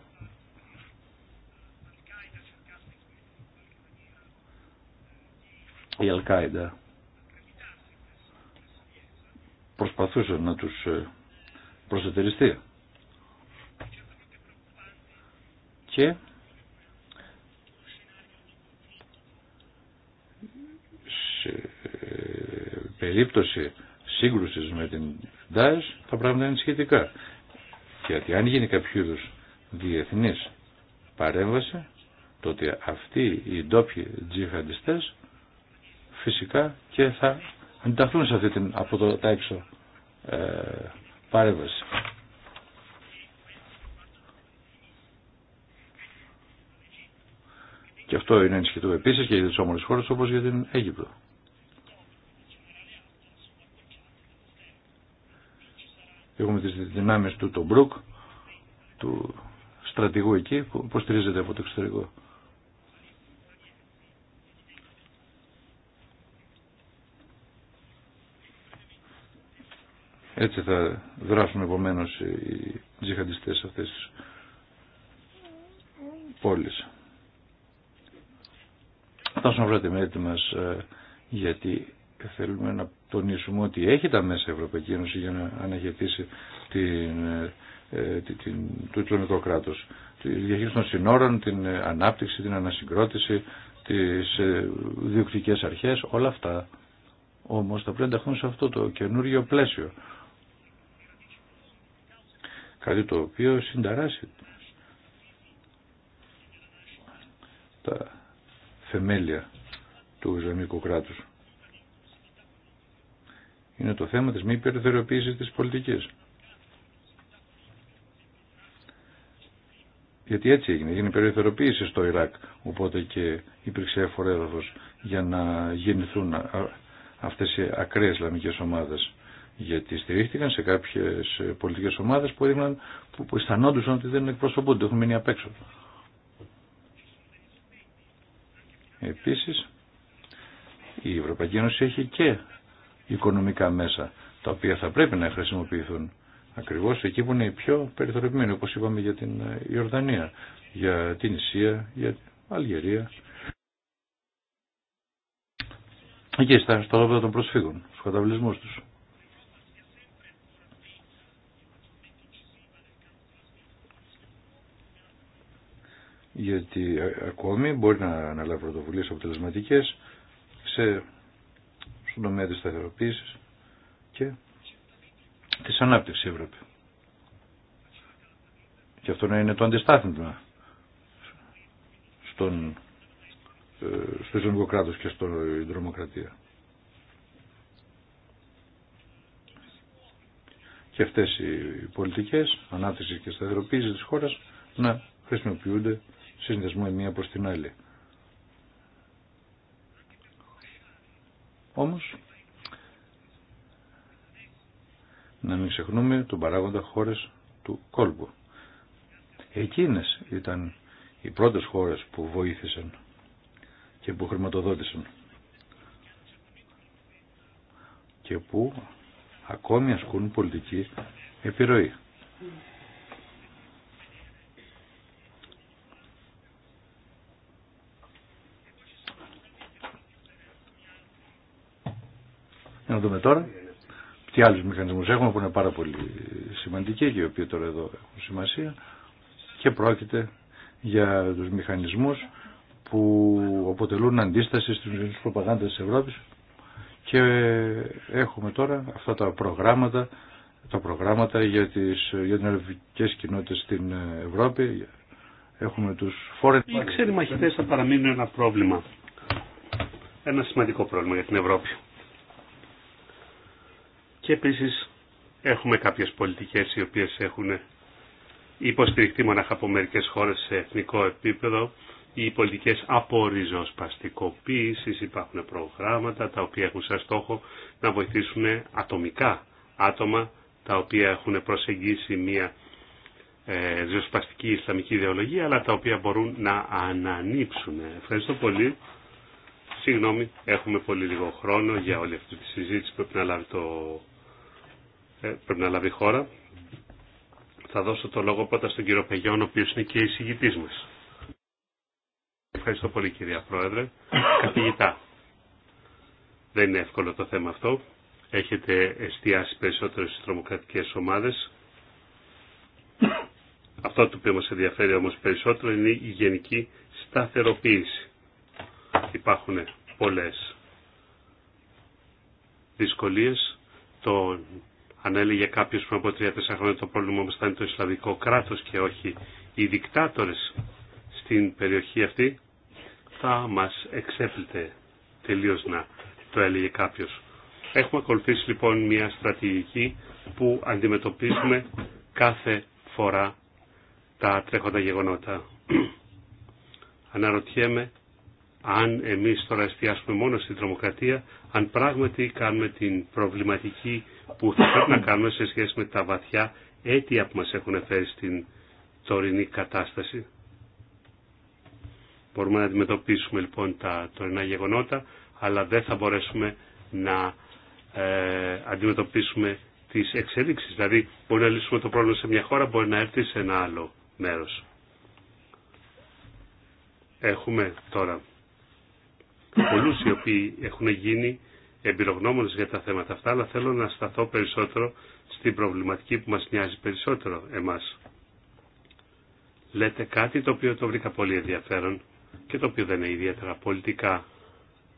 η Αλκάιντα προσπαθούσε να τους ε, προσετεριστεί. Και σε ε, περίπτωση σύγκρουσης με την ΔΑΕΣ τα πράγματα είναι σχετικά. Γιατί αν γίνει κάποιο είδου διεθνής παρέμβαση, τότε αυτοί οι ντόπιοι τζιχαντιστές φυσικά και θα αντιταχθούν σε αυτή την από το τα έξω ε, παρέμβαση. Και αυτό είναι ενισχυτό επίσης και για τις όμορες χώρες όπως για την Αίγυπτο. Έχουμε τις δυνάμεις του Τομπρούκ, του στρατηγού εκεί που υποστηρίζεται από το εξωτερικό. Έτσι θα δράσουν επομένω οι τζιχαντιστές αυτές τις πόλεις. Αυτά στον μας ε, γιατί θέλουμε να τονίσουμε ότι έχει τα μέσα η Ευρωπαϊκή Ένωση για να αναχαιτήσει την, ε, ε, το κοινωνικό κράτος. Τη διαχείριση των συνόρων, την ανάπτυξη, την ανασυγκρότηση, τις διοκτικές αρχές, όλα αυτά όμως θα πρέπει να ενταχθούν σε αυτό το καινούργιο πλαίσιο Κάτι το οποίο συνταράσσει τα θεμέλια του Ισλαμικού κράτους. Είναι το θέμα της μη περιθωριοποίησης της πολιτικής. Γιατί έτσι έγινε. Έγινε περιθωριοποίηση στο Ιράκ. Οπότε και υπήρξε έφορο για να γεννηθούν αυτές οι ακραίες λαμικές ομάδες γιατί στηρίχτηκαν σε κάποιες πολιτικές ομάδες που, που, αισθανόντουσαν ότι δεν εκπροσωπούνται, έχουν μείνει απ' έξω. Επίσης, η Ευρωπαϊκή Ένωση έχει και οικονομικά μέσα, τα οποία θα πρέπει να χρησιμοποιηθούν ακριβώς εκεί που είναι οι πιο περιθωριοποιημένοι, όπως είπαμε για την ε, Ιορδανία, για την Ισία, για την Αλγερία. Εκεί στα όπλα των προσφύγων, στου καταβλισμού του. γιατί ε, ακόμη μπορεί να αναλάβει πρωτοβουλίε αποτελεσματικέ σε στον τομέα της σταθεροποίησης και της ανάπτυξη Ευρώπη. Και αυτό να είναι το αντιστάθμισμα στον, ε, στο Ισλαμικό κράτος και στην ε, τρομοκρατία. Και αυτές οι πολιτικές ανάπτυξη και σταθεροποίησης της χώρας να χρησιμοποιούνται συνδεσμό η μία προς την άλλη. Όμως, να μην ξεχνούμε τον παράγοντα χώρες του κόλπου. Εκείνες ήταν οι πρώτες χώρες που βοήθησαν και που χρηματοδότησαν και που ακόμη ασκούν πολιτική επιρροή. Για να δούμε τώρα τι άλλους μηχανισμούς έχουμε που είναι πάρα πολύ σημαντικοί και οι οποίοι τώρα εδώ έχουν σημασία και πρόκειται για τους μηχανισμούς που αποτελούν αντίσταση στις προπαγάνδες της Ευρώπης και έχουμε τώρα αυτά τα προγράμματα τα προγράμματα για τις, για κοινότητε κοινότητες στην Ευρώπη έχουμε τους φόρες Οι ξένοι μαχητές θα παραμείνουν ένα πρόβλημα ένα σημαντικό πρόβλημα για την Ευρώπη και επίσης έχουμε κάποιες πολιτικές οι οποίες έχουν υποστηριχθεί μονάχα από μερικές χώρες σε εθνικό επίπεδο. Οι πολιτικές απορριζοσπαστικοποίησης, υπάρχουν προγράμματα τα οποία έχουν σαν στόχο να βοηθήσουν ατομικά άτομα τα οποία έχουν προσεγγίσει μια ε, ριζοσπαστική Ισλαμική ιδεολογία, αλλά τα οποία μπορούν να ανανύψουν. Ευχαριστώ πολύ. Συγγνώμη, έχουμε πολύ λίγο χρόνο για όλη αυτή τη συζήτηση που πρέπει να λάβει το ε, πρέπει να λάβει χώρα. Θα δώσω το λόγο πρώτα στον κύριο Πεγιόν, ο οποίο είναι και εισηγητής μας. Ευχαριστώ πολύ κυρία Πρόεδρε. Καθηγητά, δεν είναι εύκολο το θέμα αυτό. Έχετε εστιάσει περισσότερο στι τρομοκρατικέ ομάδε. Αυτό το οποίο μα ενδιαφέρει όμως περισσότερο είναι η γενική σταθεροποίηση. Υπάρχουν πολλέ δυσκολίες. Το αν έλεγε κάποιος που από 3-4 χρόνια το πρόβλημα μας είναι το Ισλαμικό κράτος και όχι οι δικτάτορες στην περιοχή αυτή, θα μας εξέπλητε τελείως να το έλεγε κάποιος. Έχουμε ακολουθήσει λοιπόν μια στρατηγική που αντιμετωπίζουμε κάθε φορά τα τρέχοντα γεγονότα. Αναρωτιέμαι αν εμείς τώρα εστιάσουμε μόνο στην τρομοκρατία, αν πράγματι κάνουμε την προβληματική που θα πρέπει να κάνουμε σε σχέση με τα βαθιά αίτια που μας έχουν φέρει στην τωρινή κατάσταση. Μπορούμε να αντιμετωπίσουμε λοιπόν τα τωρινά γεγονότα, αλλά δεν θα μπορέσουμε να ε, αντιμετωπίσουμε τις εξέλιξεις. Δηλαδή, μπορεί να λύσουμε το πρόβλημα σε μια χώρα, μπορεί να έρθει σε ένα άλλο μέρος. Έχουμε τώρα πολλούς οι οποίοι έχουν γίνει εμπειρογνώμονες για τα θέματα αυτά, αλλά θέλω να σταθώ περισσότερο στην προβληματική που μας νοιάζει περισσότερο εμάς. Λέτε κάτι το οποίο το βρήκα πολύ ενδιαφέρον και το οποίο δεν είναι ιδιαίτερα πολιτικά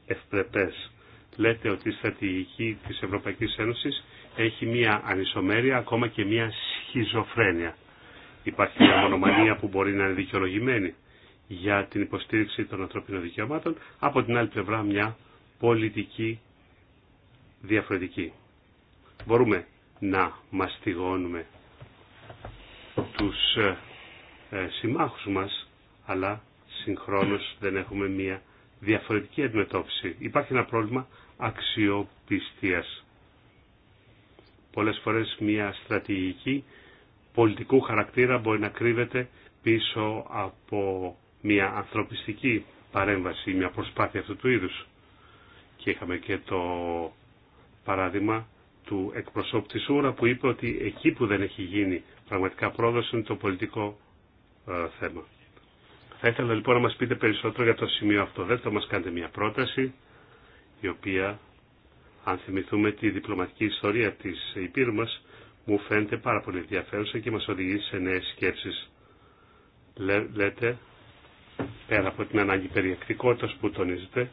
ευπρεπές. Λέτε ότι η στρατηγική της Ευρωπαϊκής Ένωσης έχει μία ανισομέρεια, ακόμα και μία σχιζοφρένεια. Υπάρχει μια μονομανία που μπορεί να είναι δικαιολογημένη για την υποστήριξη των ανθρωπίνων δικαιωμάτων, από την άλλη πλευρά μια πολιτική διαφορετική. Μπορούμε να μαστιγώνουμε τους ε, ε, συμμάχους μας, αλλά συγχρόνως δεν έχουμε μια διαφορετική αντιμετώπιση. Υπάρχει ένα πρόβλημα αξιοπιστίας. Πολλές φορές μια στρατηγική πολιτικού χαρακτήρα μπορεί να κρύβεται πίσω από μια ανθρωπιστική παρέμβαση, μια προσπάθεια αυτού του είδους. Και είχαμε και το παράδειγμα του εκπροσώπου της Ούρα που είπε ότι εκεί που δεν έχει γίνει πραγματικά πρόοδος είναι το πολιτικό ε, θέμα. Θα ήθελα λοιπόν να μας πείτε περισσότερο για το σημείο αυτό. Δεν θα μας κάνετε μια πρόταση η οποία αν θυμηθούμε τη διπλωματική ιστορία της Υπήρου μας μου φαίνεται πάρα πολύ ενδιαφέρουσα και μας οδηγεί σε νέες σκέψεις. λέτε πέρα από την ανάγκη περιεκτικότητας που τονίζεται,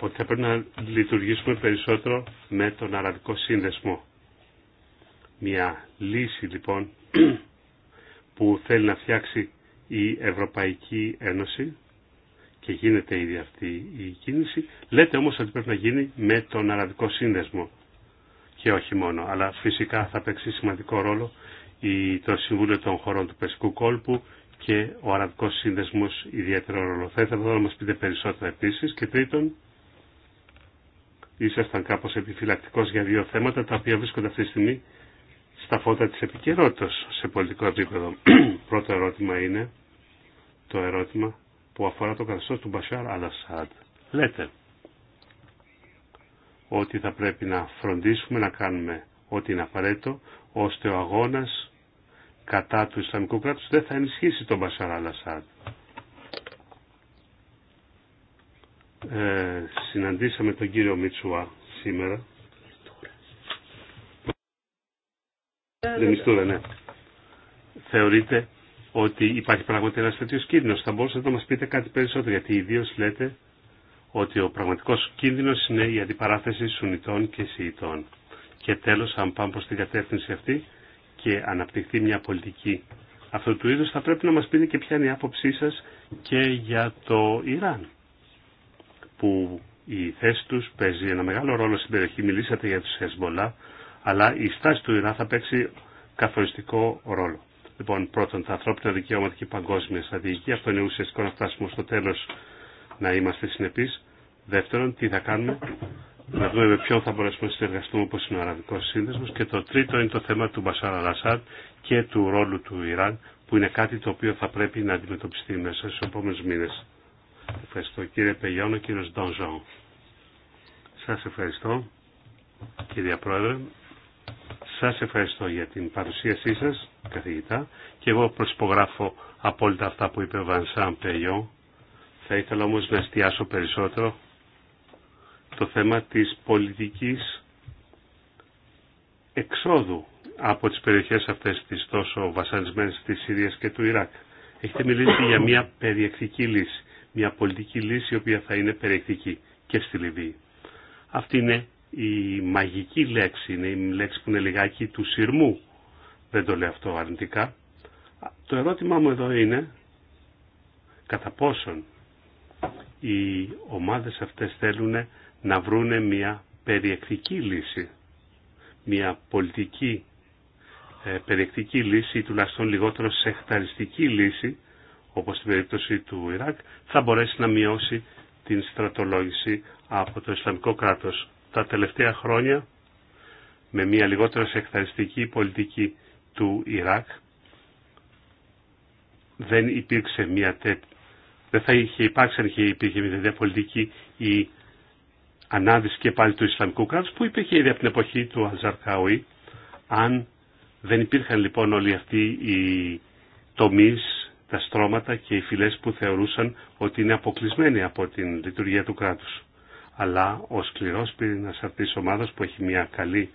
ότι θα πρέπει να λειτουργήσουμε περισσότερο με τον αραβικό σύνδεσμο. Μια λύση λοιπόν που θέλει να φτιάξει η Ευρωπαϊκή Ένωση και γίνεται ήδη αυτή η κίνηση, λέτε όμως ότι πρέπει να γίνει με τον αραβικό σύνδεσμο και όχι μόνο. Αλλά φυσικά θα παίξει σημαντικό ρόλο το Συμβούλιο των Χωρών του Πεσκού Κόλπου, και ο αραβικό Σύνδεσμος ιδιαίτερο ρόλο. Θα ήθελα να μας πείτε περισσότερα επίση Και τρίτον, ήσασταν κάπως επιφυλακτικός για δύο θέματα τα οποία βρίσκονται αυτή τη στιγμή στα φώτα της επικαιρότητα σε πολιτικό επίπεδο. Πρώτο ερώτημα είναι το ερώτημα που αφορά το καθεστώ του Μπασάρ Αλασάντ. Λέτε ότι θα πρέπει να φροντίσουμε να κάνουμε ό,τι είναι απαραίτητο ώστε ο αγώνας κατά του Ισλαμικού κράτους δεν θα ενισχύσει τον Μπασαρά Ε, συναντήσαμε τον κύριο Μιτσουά σήμερα. Δεν μιστούρα, ναι. Θεωρείτε ότι υπάρχει πραγματικά ένα τέτοιο κίνδυνο. Θα μπορούσατε να μα πείτε κάτι περισσότερο, γιατί ιδίω λέτε ότι ο πραγματικό κίνδυνο είναι η αντιπαράθεση Σουνιτών και Σιητών. Και τέλο, αν πάμε προ την κατεύθυνση αυτή, και αναπτυχθεί μια πολιτική αυτού του είδους, θα πρέπει να μας πείτε και ποια είναι η άποψή σας και για το Ιράν, που η θέση τους παίζει ένα μεγάλο ρόλο στην περιοχή. Μιλήσατε για τους Χεσμολά, αλλά η στάση του Ιράν θα παίξει καθοριστικό ρόλο. Λοιπόν, πρώτον, τα ανθρώπινα δικαιώματα και η παγκόσμια στρατηγική. Αυτό είναι ουσιαστικό να φτάσουμε στο τέλος να είμαστε συνεπεί. Δεύτερον, τι θα κάνουμε να δούμε με ποιον θα μπορέσουμε να συνεργαστούμε όπως είναι ο Αραβικός Σύνδεσμος και το τρίτο είναι το θέμα του Μπασάρα Λασάντ και του ρόλου του Ιράν που είναι κάτι το οποίο θα πρέπει να αντιμετωπιστεί μέσα στους επόμενους μήνες. Ευχαριστώ κύριε Πεγιώνο, κύριος Ντόνζον. Σας ευχαριστώ κύριε Πρόεδρε. Σας ευχαριστώ για την παρουσίασή σας καθηγητά και εγώ προσπογράφω απόλυτα αυτά που είπε ο Βανσάν Πεγιόν. Θα ήθελα όμω να εστιάσω περισσότερο το θέμα της πολιτικής εξόδου από τις περιοχές αυτές τις τόσο βασανισμένες της Συρίας και του Ιράκ. Έχετε μιλήσει για μια περιεκτική λύση, μια πολιτική λύση η οποία θα είναι περιεκτική και στη Λιβύη. Αυτή είναι η μαγική λέξη, είναι η λέξη που είναι λιγάκι του σειρμού. Δεν το λέω αυτό αρνητικά. Το ερώτημά μου εδώ είναι κατά πόσον οι ομάδες αυτές θέλουν να βρούνε μια περιεκτική λύση, μια πολιτική ε, περιεκτική λύση ή τουλάχιστον λιγότερο σεχταριστική λύση, όπως στην περίπτωση του Ιράκ, θα μπορέσει να μειώσει την στρατολόγηση από το Ισλαμικό κράτος. Τα τελευταία χρόνια, με μια λιγότερο σεχταριστική πολιτική του Ιράκ, δεν υπήρξε μια τέτοια δεν θα είχε υπάρξει αν είχε υπήρχε μια τέτοια πολιτική η ανάδυση και πάλι του Ισλαμικού κράτους που υπήρχε ήδη από την εποχή του Αζαρκαουή αν δεν υπήρχαν λοιπόν όλοι αυτοί οι τομείς, τα στρώματα και οι φυλές που θεωρούσαν ότι είναι αποκλεισμένοι από την λειτουργία του κράτους. Αλλά ο σκληρός πυρήνας αυτής ομάδας που έχει μια καλή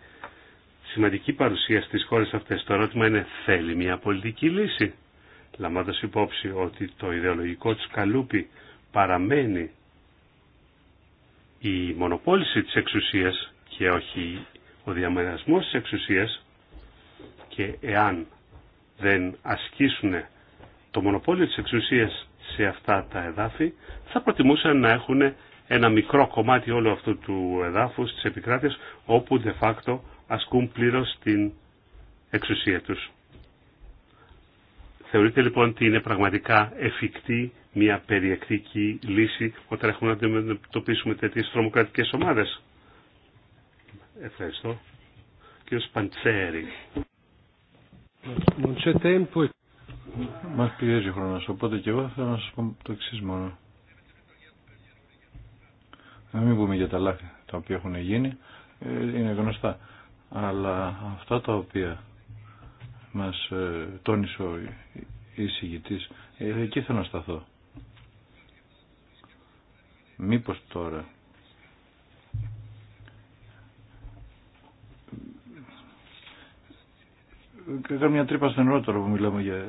σημαντική παρουσία στις χώρες αυτές το ερώτημα είναι θέλει μια πολιτική λύση. Λαμβάνοντας υπόψη ότι το ιδεολογικό του καλούπι παραμένει η μονοπόληση της εξουσίας και όχι ο διαμερασμός της εξουσίας και εάν δεν ασκήσουν το μονοπόλιο της εξουσίας σε αυτά τα εδάφη θα προτιμούσαν να έχουν ένα μικρό κομμάτι όλου αυτού του εδάφους της επικράτειας όπου de facto ασκούν πλήρως την εξουσία τους. Θεωρείτε λοιπόν ότι είναι πραγματικά εφικτή μια περιεκτική λύση όταν έχουμε να αντιμετωπίσουμε τέτοιε τρομοκρατικέ ομάδε. Ευχαριστώ. Κύριο Παντσέρη. Μα πιέζει ο χρόνο, οπότε και εγώ θέλω να σα πω το εξή μόνο. Να μην πούμε για τα λάθη τα οποία έχουν γίνει, ε, είναι γνωστά. Αλλά αυτά τα οποία μας ε, τόνισε ο εισηγητής. Ε, εκεί θέλω να σταθώ. Μήπως τώρα Κάνω μια τρύπα στον που μιλάμε για,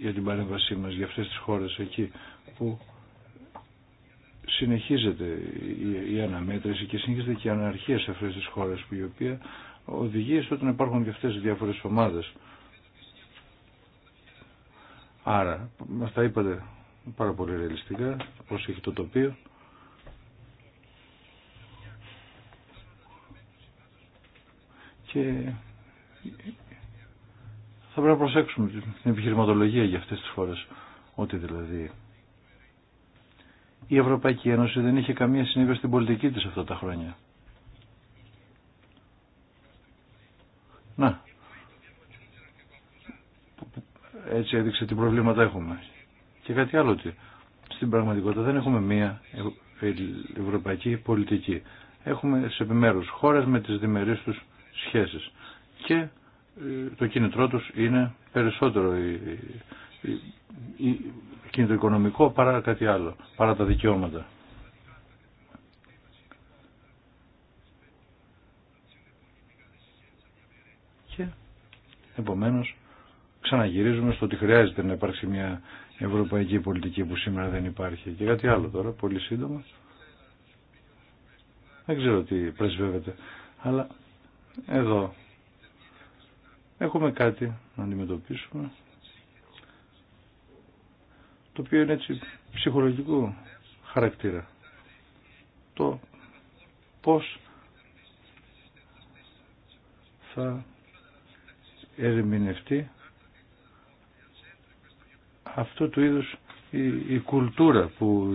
για την παρέμβασή μας, για αυτές τις χώρες εκεί που συνεχίζεται η, αναμέτρηση και συνεχίζεται και η αναρχία σε αυτές τις χώρες που η οποία οδηγεί όταν υπάρχουν και αυτές οι διάφορες ομάδες. Άρα, μας τα είπατε πάρα πολύ ρεαλιστικά, πώς έχει το τοπίο. Και θα πρέπει να προσέξουμε την επιχειρηματολογία για αυτές τις χώρες. Ότι δηλαδή η Ευρωπαϊκή Ένωση δεν είχε καμία συνέπεια στην πολιτική της αυτά τα χρόνια. Να. Έτσι έδειξε τι προβλήματα έχουμε. Και κάτι άλλο ότι στην πραγματικότητα δεν έχουμε μία ευρωπαϊκή πολιτική. Έχουμε σε επιμέρους χώρες με τις διμερείς τους σχέσεις. Και ε, το κίνητρό τους είναι περισσότερο η, η, η, παρά κάτι άλλο, παρά τα δικαιώματα. Επομένως, ξαναγυρίζουμε στο ότι χρειάζεται να υπάρξει μια ευρωπαϊκή πολιτική που σήμερα δεν υπάρχει. Και κάτι άλλο τώρα, πολύ σύντομα. Δεν ξέρω τι πρεσβεύεται. Αλλά εδώ έχουμε κάτι να αντιμετωπίσουμε το οποίο είναι έτσι ψυχολογικού χαρακτήρα. Το πώς θα ερμηνευτεί αυτού του είδους η, κουλτούρα που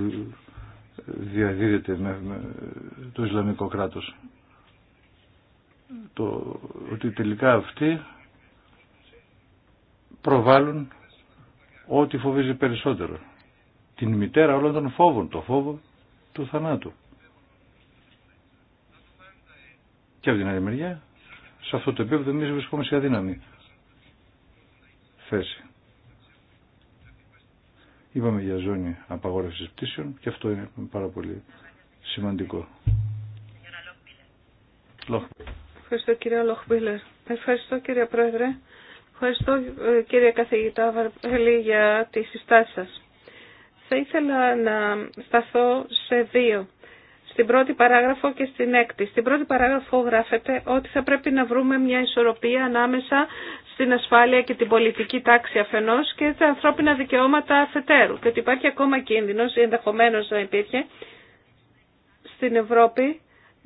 διαδίδεται με, το Ισλαμικό κράτος. Το, ότι τελικά αυτοί προβάλλουν ό,τι φοβίζει περισσότερο. Την μητέρα όλων των φόβων, το φόβο του θανάτου. Και από την άλλη μεριά σε αυτό το επίπεδο εμείς βρισκόμαστε σε αδύναμη θέση. Είπαμε για ζώνη απαγόρευση πτήσεων και αυτό είναι πάρα πολύ σημαντικό. Ευχαριστώ κύριε Λοχμπίλερ. Ευχαριστώ κύριε Πρόεδρε. Ευχαριστώ ε, κύριε καθηγητά Βαρπέλη για τη συστάση σας. Θα ήθελα να σταθώ σε δύο στην πρώτη παράγραφο και στην έκτη. Στην πρώτη παράγραφο γράφεται ότι θα πρέπει να βρούμε μια ισορροπία ανάμεσα στην ασφάλεια και την πολιτική τάξη αφενός και τα ανθρώπινα δικαιώματα αφετέρου. Και ότι υπάρχει ακόμα κίνδυνος, ενδεχομένως να υπήρχε, στην Ευρώπη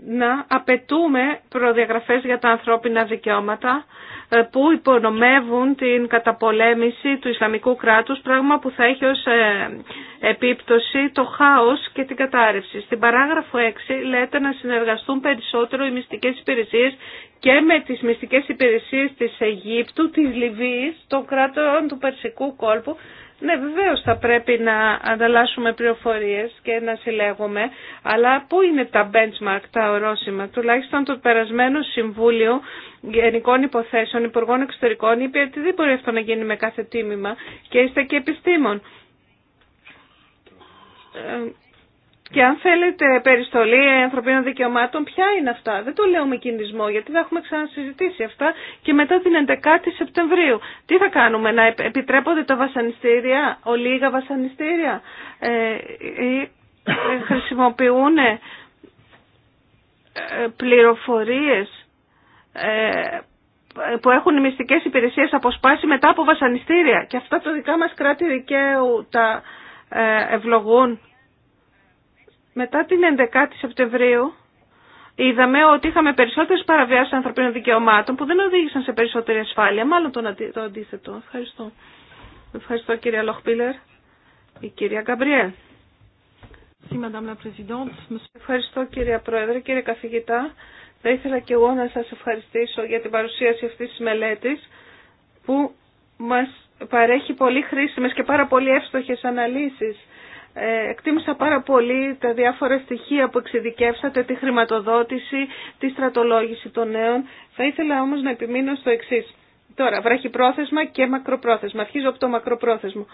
να απαιτούμε προδιαγραφές για τα ανθρώπινα δικαιώματα ε, που υπονομεύουν την καταπολέμηση του Ισλαμικού κράτους, πράγμα που θα έχει ως ε, επίπτωση το χάος και την κατάρρευση. Στην παράγραφο 6 λέτε να συνεργαστούν περισσότερο οι μυστικές υπηρεσίες και με τις μυστικές υπηρεσίες της Αιγύπτου, της Λιβύης, των κράτων του Περσικού κόλπου ναι, βεβαίω θα πρέπει να ανταλλάσσουμε πληροφορίε και να συλλέγουμε, αλλά πού είναι τα benchmark, τα ορόσημα. Τουλάχιστον το περασμένο Συμβούλιο Γενικών Υποθέσεων, Υπουργών Εξωτερικών είπε ότι δεν μπορεί αυτό να γίνει με κάθε τίμημα και είστε και επιστήμον. Ε, και αν θέλετε περιστολή ανθρωπίνων δικαιωμάτων, ποια είναι αυτά. Δεν το λέω με κινησμό, γιατί θα έχουμε ξανασυζητήσει αυτά και μετά την 11η Σεπτεμβρίου. Τι θα κάνουμε, να επιτρέπονται τα βασανιστήρια, ολίγα βασανιστήρια, ε, ή ε, χρησιμοποιούν ε, πληροφορίες ε, που έχουν οι μυστικές υπηρεσίες αποσπάσει μετά από βασανιστήρια. Και αυτά τα δικά μας κράτη δικαίου τα ε, ευλογούν μετά την 11η Σεπτεμβρίου είδαμε ότι είχαμε περισσότερες παραβιάσεις ανθρωπίνων δικαιωμάτων που δεν οδήγησαν σε περισσότερη ασφάλεια, μάλλον το αντίθετο. Ευχαριστώ. Ευχαριστώ κυρία Λοχπίλερ. Η κυρία Γκαμπριέλ. Ευχαριστώ κύριε Πρόεδρε, κύριε καθηγητά. Θα ήθελα και εγώ να σας ευχαριστήσω για την παρουσίαση αυτής της μελέτης που μας παρέχει πολύ χρήσιμες και πάρα πολύ εύστοχες αναλύσεις εκτίμησα πάρα πολύ τα διάφορα στοιχεία που εξειδικεύσατε, τη χρηματοδότηση, τη στρατολόγηση των νέων. Θα ήθελα όμως να επιμείνω στο εξή. Τώρα, βραχυπρόθεσμα και μακροπρόθεσμα. Αρχίζω από το μακροπρόθεσμο.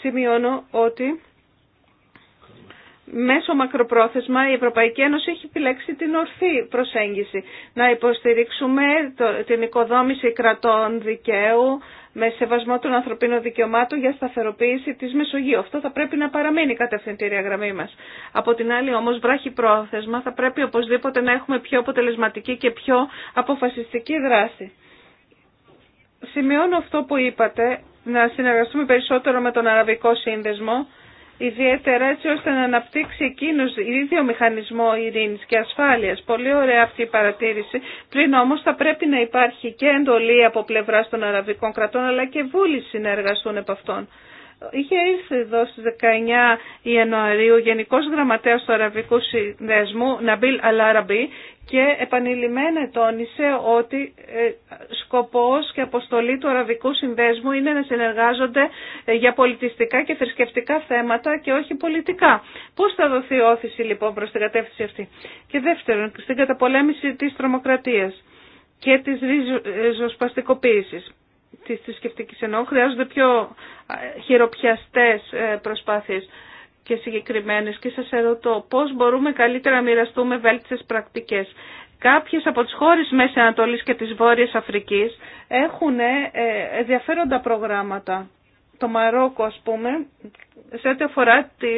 Σημειώνω ότι μέσω μακροπρόθεσμα η Ευρωπαϊκή Ένωση έχει επιλέξει την ορθή προσέγγιση. Να υποστηρίξουμε την οικοδόμηση κρατών δικαίου, με σεβασμό των ανθρωπίνων δικαιωμάτων για σταθεροποίηση της Μεσογείου. Αυτό θα πρέπει να παραμείνει κατευθυντήρια γραμμή μας. Από την άλλη όμως βράχει πρόθεσμα θα πρέπει οπωσδήποτε να έχουμε πιο αποτελεσματική και πιο αποφασιστική δράση. Σημειώνω αυτό που είπατε, να συνεργαστούμε περισσότερο με τον Αραβικό Σύνδεσμο ιδιαίτερα έτσι ώστε να αναπτύξει εκείνο ίδιο μηχανισμό ειρήνης και ασφάλειας. Πολύ ωραία αυτή η παρατήρηση. Πριν όμως θα πρέπει να υπάρχει και εντολή από πλευρά των αραβικών κρατών αλλά και βούληση να εργαστούν επ' αυτών. Είχε ήρθει εδώ στις 19 Ιανουαρίου Γενικός Γραμματέας του Αραβικού Συνδέσμου, Ναμπίλ Αλάραμπι, και επανειλημμένα τόνισε ότι ε, σκοπός και αποστολή του Αραβικού Συνδέσμου είναι να συνεργάζονται ε, για πολιτιστικά και θρησκευτικά θέματα και όχι πολιτικά. Πώς θα δοθεί όθηση λοιπόν προς την κατεύθυνση αυτή. Και δεύτερον, στην καταπολέμηση της τρομοκρατίας και της ε, ριζοσπαστικοποίησης αυτής της ενώ Χρειάζονται πιο χειροπιαστές ε, προσπάθειες και συγκεκριμένες και σας ερωτώ πώς μπορούμε καλύτερα να μοιραστούμε βέλτιστες πρακτικές. Κάποιες από τις χώρες Μέση Ανατολής και της Βόρειας Αφρικής έχουν ε, ε, ενδιαφέροντα προγράμματα το Μαρόκο ας πούμε, σε ό,τι αφορά τη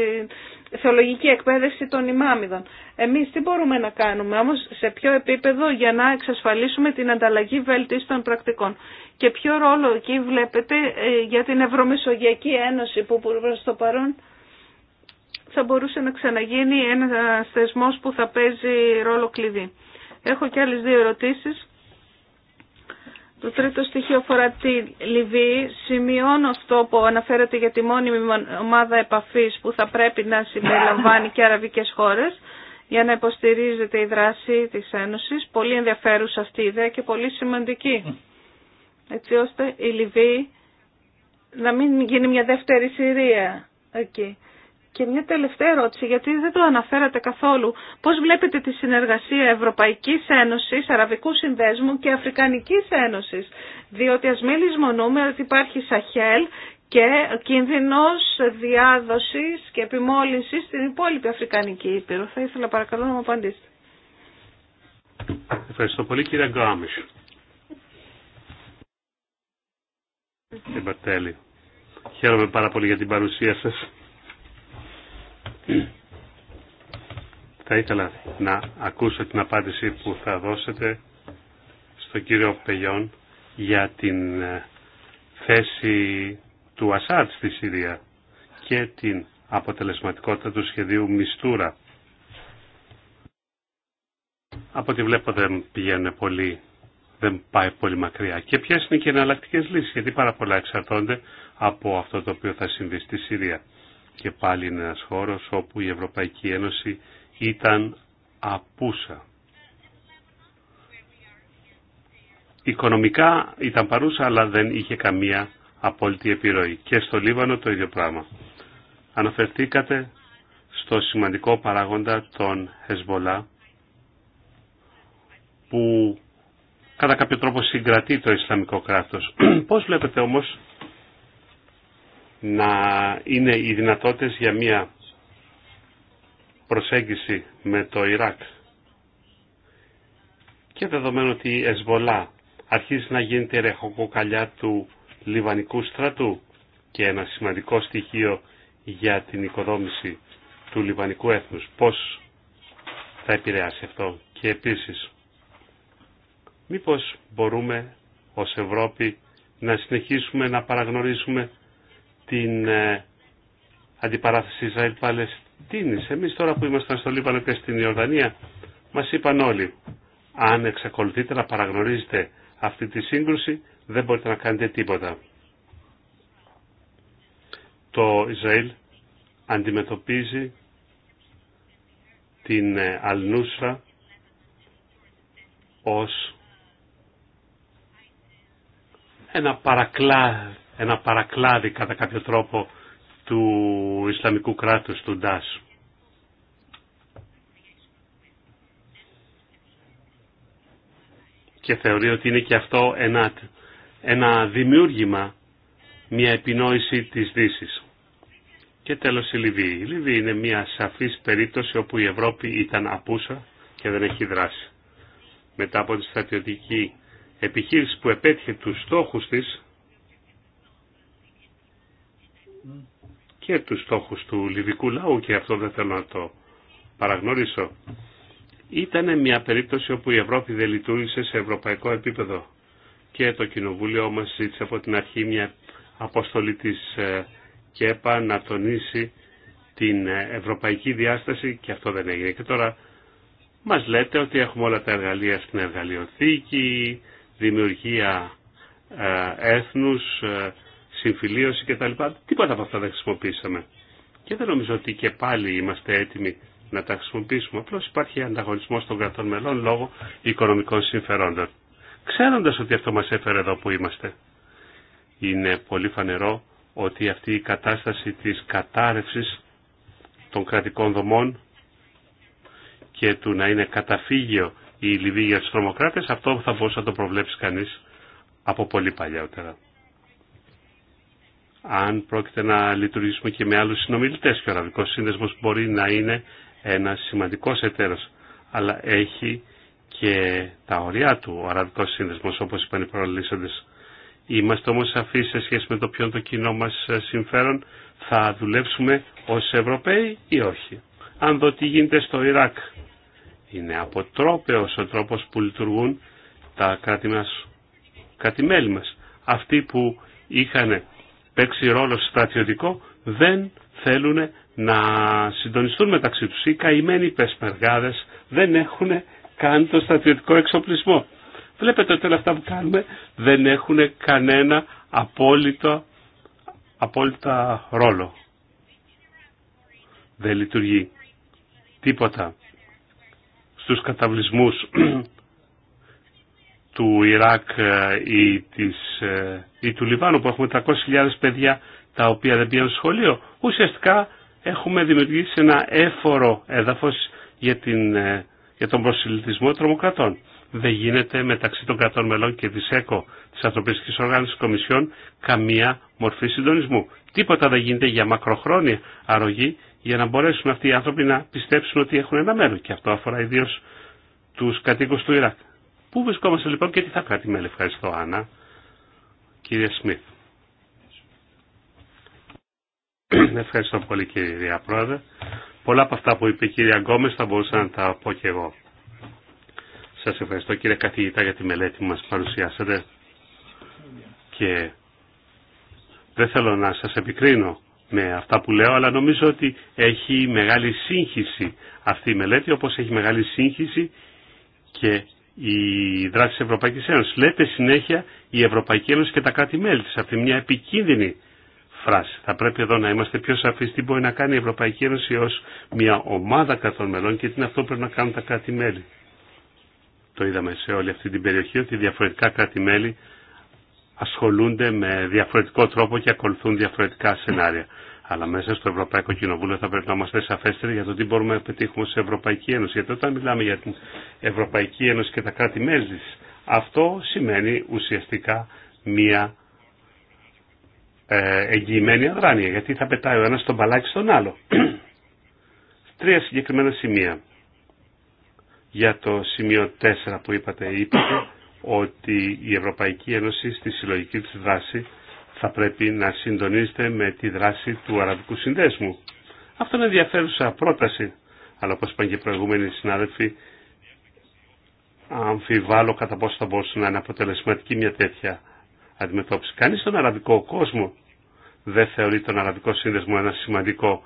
θεολογική εκπαίδευση των ημάμιδων. Εμείς τι μπορούμε να κάνουμε όμως σε ποιο επίπεδο για να εξασφαλίσουμε την ανταλλαγή βελτίστων πρακτικών. Και ποιο ρόλο εκεί βλέπετε ε, για την Ευρωμεσογειακή Ένωση που προς το παρόν θα μπορούσε να ξαναγίνει ένα θεσμός που θα παίζει ρόλο κλειδί. Έχω και άλλες δύο ερωτήσεις. Το τρίτο στοιχείο αφορά τη Λιβύη. Σημειώνω αυτό που αναφέρεται για τη μόνιμη ομάδα επαφής που θα πρέπει να συμπεριλαμβάνει και αραβικές χώρες για να υποστηρίζεται η δράση της Ένωσης. Πολύ ενδιαφέρουσα αυτή η ιδέα και πολύ σημαντική. Έτσι ώστε η Λιβύη να μην γίνει μια δεύτερη Συρία εκεί. Και μια τελευταία ερώτηση, γιατί δεν το αναφέρατε καθόλου. Πώς βλέπετε τη συνεργασία Ευρωπαϊκής Ένωσης, Αραβικού Συνδέσμου και Αφρικανικής Ένωσης. Διότι ας μην λησμονούμε ότι υπάρχει Σαχέλ και κίνδυνος διάδοσης και επιμόλυνσης στην υπόλοιπη Αφρικανική Ήπειρο. Θα ήθελα παρακαλώ να μου απαντήσετε. Ευχαριστώ πολύ κύριε Γκάμις. Χαίρομαι πάρα πολύ για την παρουσία σας. Θα ήθελα να ακούσω την απάντηση που θα δώσετε στον κύριο Πελιών για την ε, θέση του Ασάτ στη Συρία και την αποτελεσματικότητα του σχεδίου Μιστούρα. Από ό,τι βλέπω δεν πηγαίνουν πολύ, δεν πάει πολύ μακριά. Και ποιές είναι και εναλλακτικέ λύσεις γιατί πάρα πολλά εξαρτώνται από αυτό το οποίο θα συμβεί στη Συρία. Και πάλι είναι ένας χώρος όπου η Ευρωπαϊκή Ένωση ήταν απούσα. Οικονομικά ήταν παρούσα αλλά δεν είχε καμία απόλυτη επιρροή. Και στο Λίβανο το ίδιο πράγμα. Αναφερθήκατε στο σημαντικό παράγοντα των Εσβολά που κατά κάποιο τρόπο συγκρατεί το Ισλαμικό κράτος. Πώς βλέπετε όμως να είναι οι δυνατότητες για μια προσέγγιση με το Ιράκ. Και δεδομένου ότι η Εσβολά αρχίζει να γίνεται ρεχοκοκαλιά του Λιβανικού στρατού και ένα σημαντικό στοιχείο για την οικοδόμηση του Λιβανικού έθνους. Πώς θα επηρεάσει αυτό. Και επίσης, μήπως μπορούμε ως Ευρώπη να συνεχίσουμε να παραγνωρίσουμε την ε, αντιπαράθεση Ισραήλ-Παλαιστίνης. Εμείς τώρα που ήμασταν στο Λίβανο και στην Ιορδανία μας είπαν όλοι αν εξακολουθείτε να παραγνωρίζετε αυτή τη σύγκρουση δεν μπορείτε να κάνετε τίποτα. Το Ισραήλ αντιμετωπίζει την ε, Αλνούσα ως ένα παρακλάδι ένα παρακλάδι κατά κάποιο τρόπο του Ισλαμικού κράτους του Ντάς. Και θεωρεί ότι είναι και αυτό ένα, ένα δημιούργημα, μια επινόηση της δύση. Και τέλος η Λιβύη. Η Λιβύη είναι μια σαφής περίπτωση όπου η Ευρώπη ήταν απούσα και δεν έχει δράσει. Μετά από τη στρατιωτική επιχείρηση που επέτυχε τους στόχους της, και τους στόχους του λιβικού λαού και αυτό δεν θέλω να το παραγνωρίσω. Ήταν μια περίπτωση όπου η Ευρώπη δεν λειτουργήσε σε ευρωπαϊκό επίπεδο και το Κοινοβούλιο μας ζήτησε από την αρχή μια αποστολή της ε, ΚΕΠΑ να τονίσει την ε, ευρωπαϊκή διάσταση και αυτό δεν έγινε. Και τώρα μας λέτε ότι έχουμε όλα τα εργαλεία στην εργαλειοθήκη, δημιουργία ε, έθνους, συμφιλίωση κτλ. Τίποτα από αυτά δεν χρησιμοποίησαμε. Και δεν νομίζω ότι και πάλι είμαστε έτοιμοι να τα χρησιμοποιήσουμε. Απλώ υπάρχει ανταγωνισμό των κρατών μελών λόγω οικονομικών συμφερόντων. Ξέροντα ότι αυτό μα έφερε εδώ που είμαστε. Είναι πολύ φανερό ότι αυτή η κατάσταση τη κατάρρευση των κρατικών δομών και του να είναι καταφύγιο η Λιβύη για τους τρομοκράτες, αυτό θα μπορούσε να το προβλέψει κανείς από πολύ παλιότερα αν πρόκειται να λειτουργήσουμε και με άλλους συνομιλητές και ο Αραβικός Σύνδεσμος μπορεί να είναι ένα σημαντικός εταίρος, αλλά έχει και τα ωριά του ο Αραβικός Σύνδεσμος, όπως είπαν οι Είμαστε όμως σαφείς σε σχέση με το ποιον το κοινό μας συμφέρον θα δουλέψουμε ως Ευρωπαίοι ή όχι. Αν δω τι γίνεται στο Ιράκ, είναι αποτρόπαιος ο τρόπος που λειτουργούν τα κράτη-μέλη μας. Αυτοί που είχαν παίξει ρόλο στρατιωτικό δεν θέλουν να συντονιστούν μεταξύ τους. Οι καημένοι πεσπεργάδες δεν έχουν καν το στρατιωτικό εξοπλισμό. Βλέπετε ότι όλα αυτά που κάνουμε δεν έχουν κανένα απόλυτο, απόλυτα ρόλο. Δεν λειτουργεί τίποτα στους καταβλισμούς του Ιράκ ε, ή, της, ε, ή του Λιβάνου που έχουμε 300.000 παιδιά τα οποία δεν πήγαν στο σχολείο. Ουσιαστικά έχουμε δημιουργήσει ένα έφορο έδαφος για, την, ε, για τον προσυλλητισμό τρομοκρατών. Δεν γίνεται μεταξύ των κρατών μελών και της ΕΚΟ, της Ανθρωπιστικής Οργάνωσης Κομισιόν, καμία μορφή συντονισμού. Τίποτα δεν γίνεται για μακροχρόνια αρρωγή για να μπορέσουν αυτοί οι άνθρωποι να πιστέψουν ότι έχουν ένα μέλλον. Και αυτό αφορά ιδίω τους κατοίκους του Ιράκ. Πού βρισκόμαστε λοιπόν και τι θα κρατημέλει. Ευχαριστώ Άννα. Κύριε Σμιθ. Ευχαριστώ πολύ κύριε Πρόεδρε. Πολλά από αυτά που είπε η κυρία Γκόμες θα μπορούσα να τα πω και εγώ. Σα ευχαριστώ κύριε καθηγητά για τη μελέτη που μας παρουσιάσατε και δεν θέλω να σα επικρίνω με αυτά που λέω, αλλά νομίζω ότι έχει μεγάλη σύγχυση αυτή η μελέτη, όπως έχει μεγάλη σύγχυση και η δράση της Ευρωπαϊκής Ένωσης. Λέτε συνέχεια η Ευρωπαϊκή Ένωση και τα κράτη-μέλη της. Αυτή μια επικίνδυνη φράση. Θα πρέπει εδώ να είμαστε πιο σαφείς τι μπορεί να κάνει η Ευρωπαϊκή Ένωση ως μια ομάδα κρατών μελών και τι είναι αυτό που πρέπει να κάνουν τα κράτη-μέλη. Το είδαμε σε όλη αυτή την περιοχή ότι διαφορετικά κράτη-μέλη ασχολούνται με διαφορετικό τρόπο και ακολουθούν διαφορετικά σενάρια. Αλλά μέσα στο Ευρωπαϊκό Κοινοβούλιο θα πρέπει να είμαστε σαφέστεροι για το τι μπορούμε να πετύχουμε σε Ευρωπαϊκή Ένωση. Γιατί όταν μιλάμε για την Ευρωπαϊκή Ένωση και τα κράτη-μέλη αυτό σημαίνει ουσιαστικά μία ε, εγγυημένη αδράνεια. Γιατί θα πετάει ο ένα τον παλάκι στον άλλο. Τρία συγκεκριμένα σημεία. Για το σημείο 4 που είπατε, είπατε ότι η Ευρωπαϊκή Ένωση στη συλλογική της δράση θα πρέπει να συντονίζεται με τη δράση του Αραβικού Συνδέσμου. Αυτό είναι ενδιαφέρουσα πρόταση, αλλά όπως είπαν και οι προηγούμενοι συνάδελφοι, αμφιβάλλω κατά πόσο θα μπορούσε να είναι αποτελεσματική μια τέτοια αντιμετώπιση. Κανείς στον αραβικό κόσμο δεν θεωρεί τον Αραβικό Σύνδεσμο ένα σημαντικό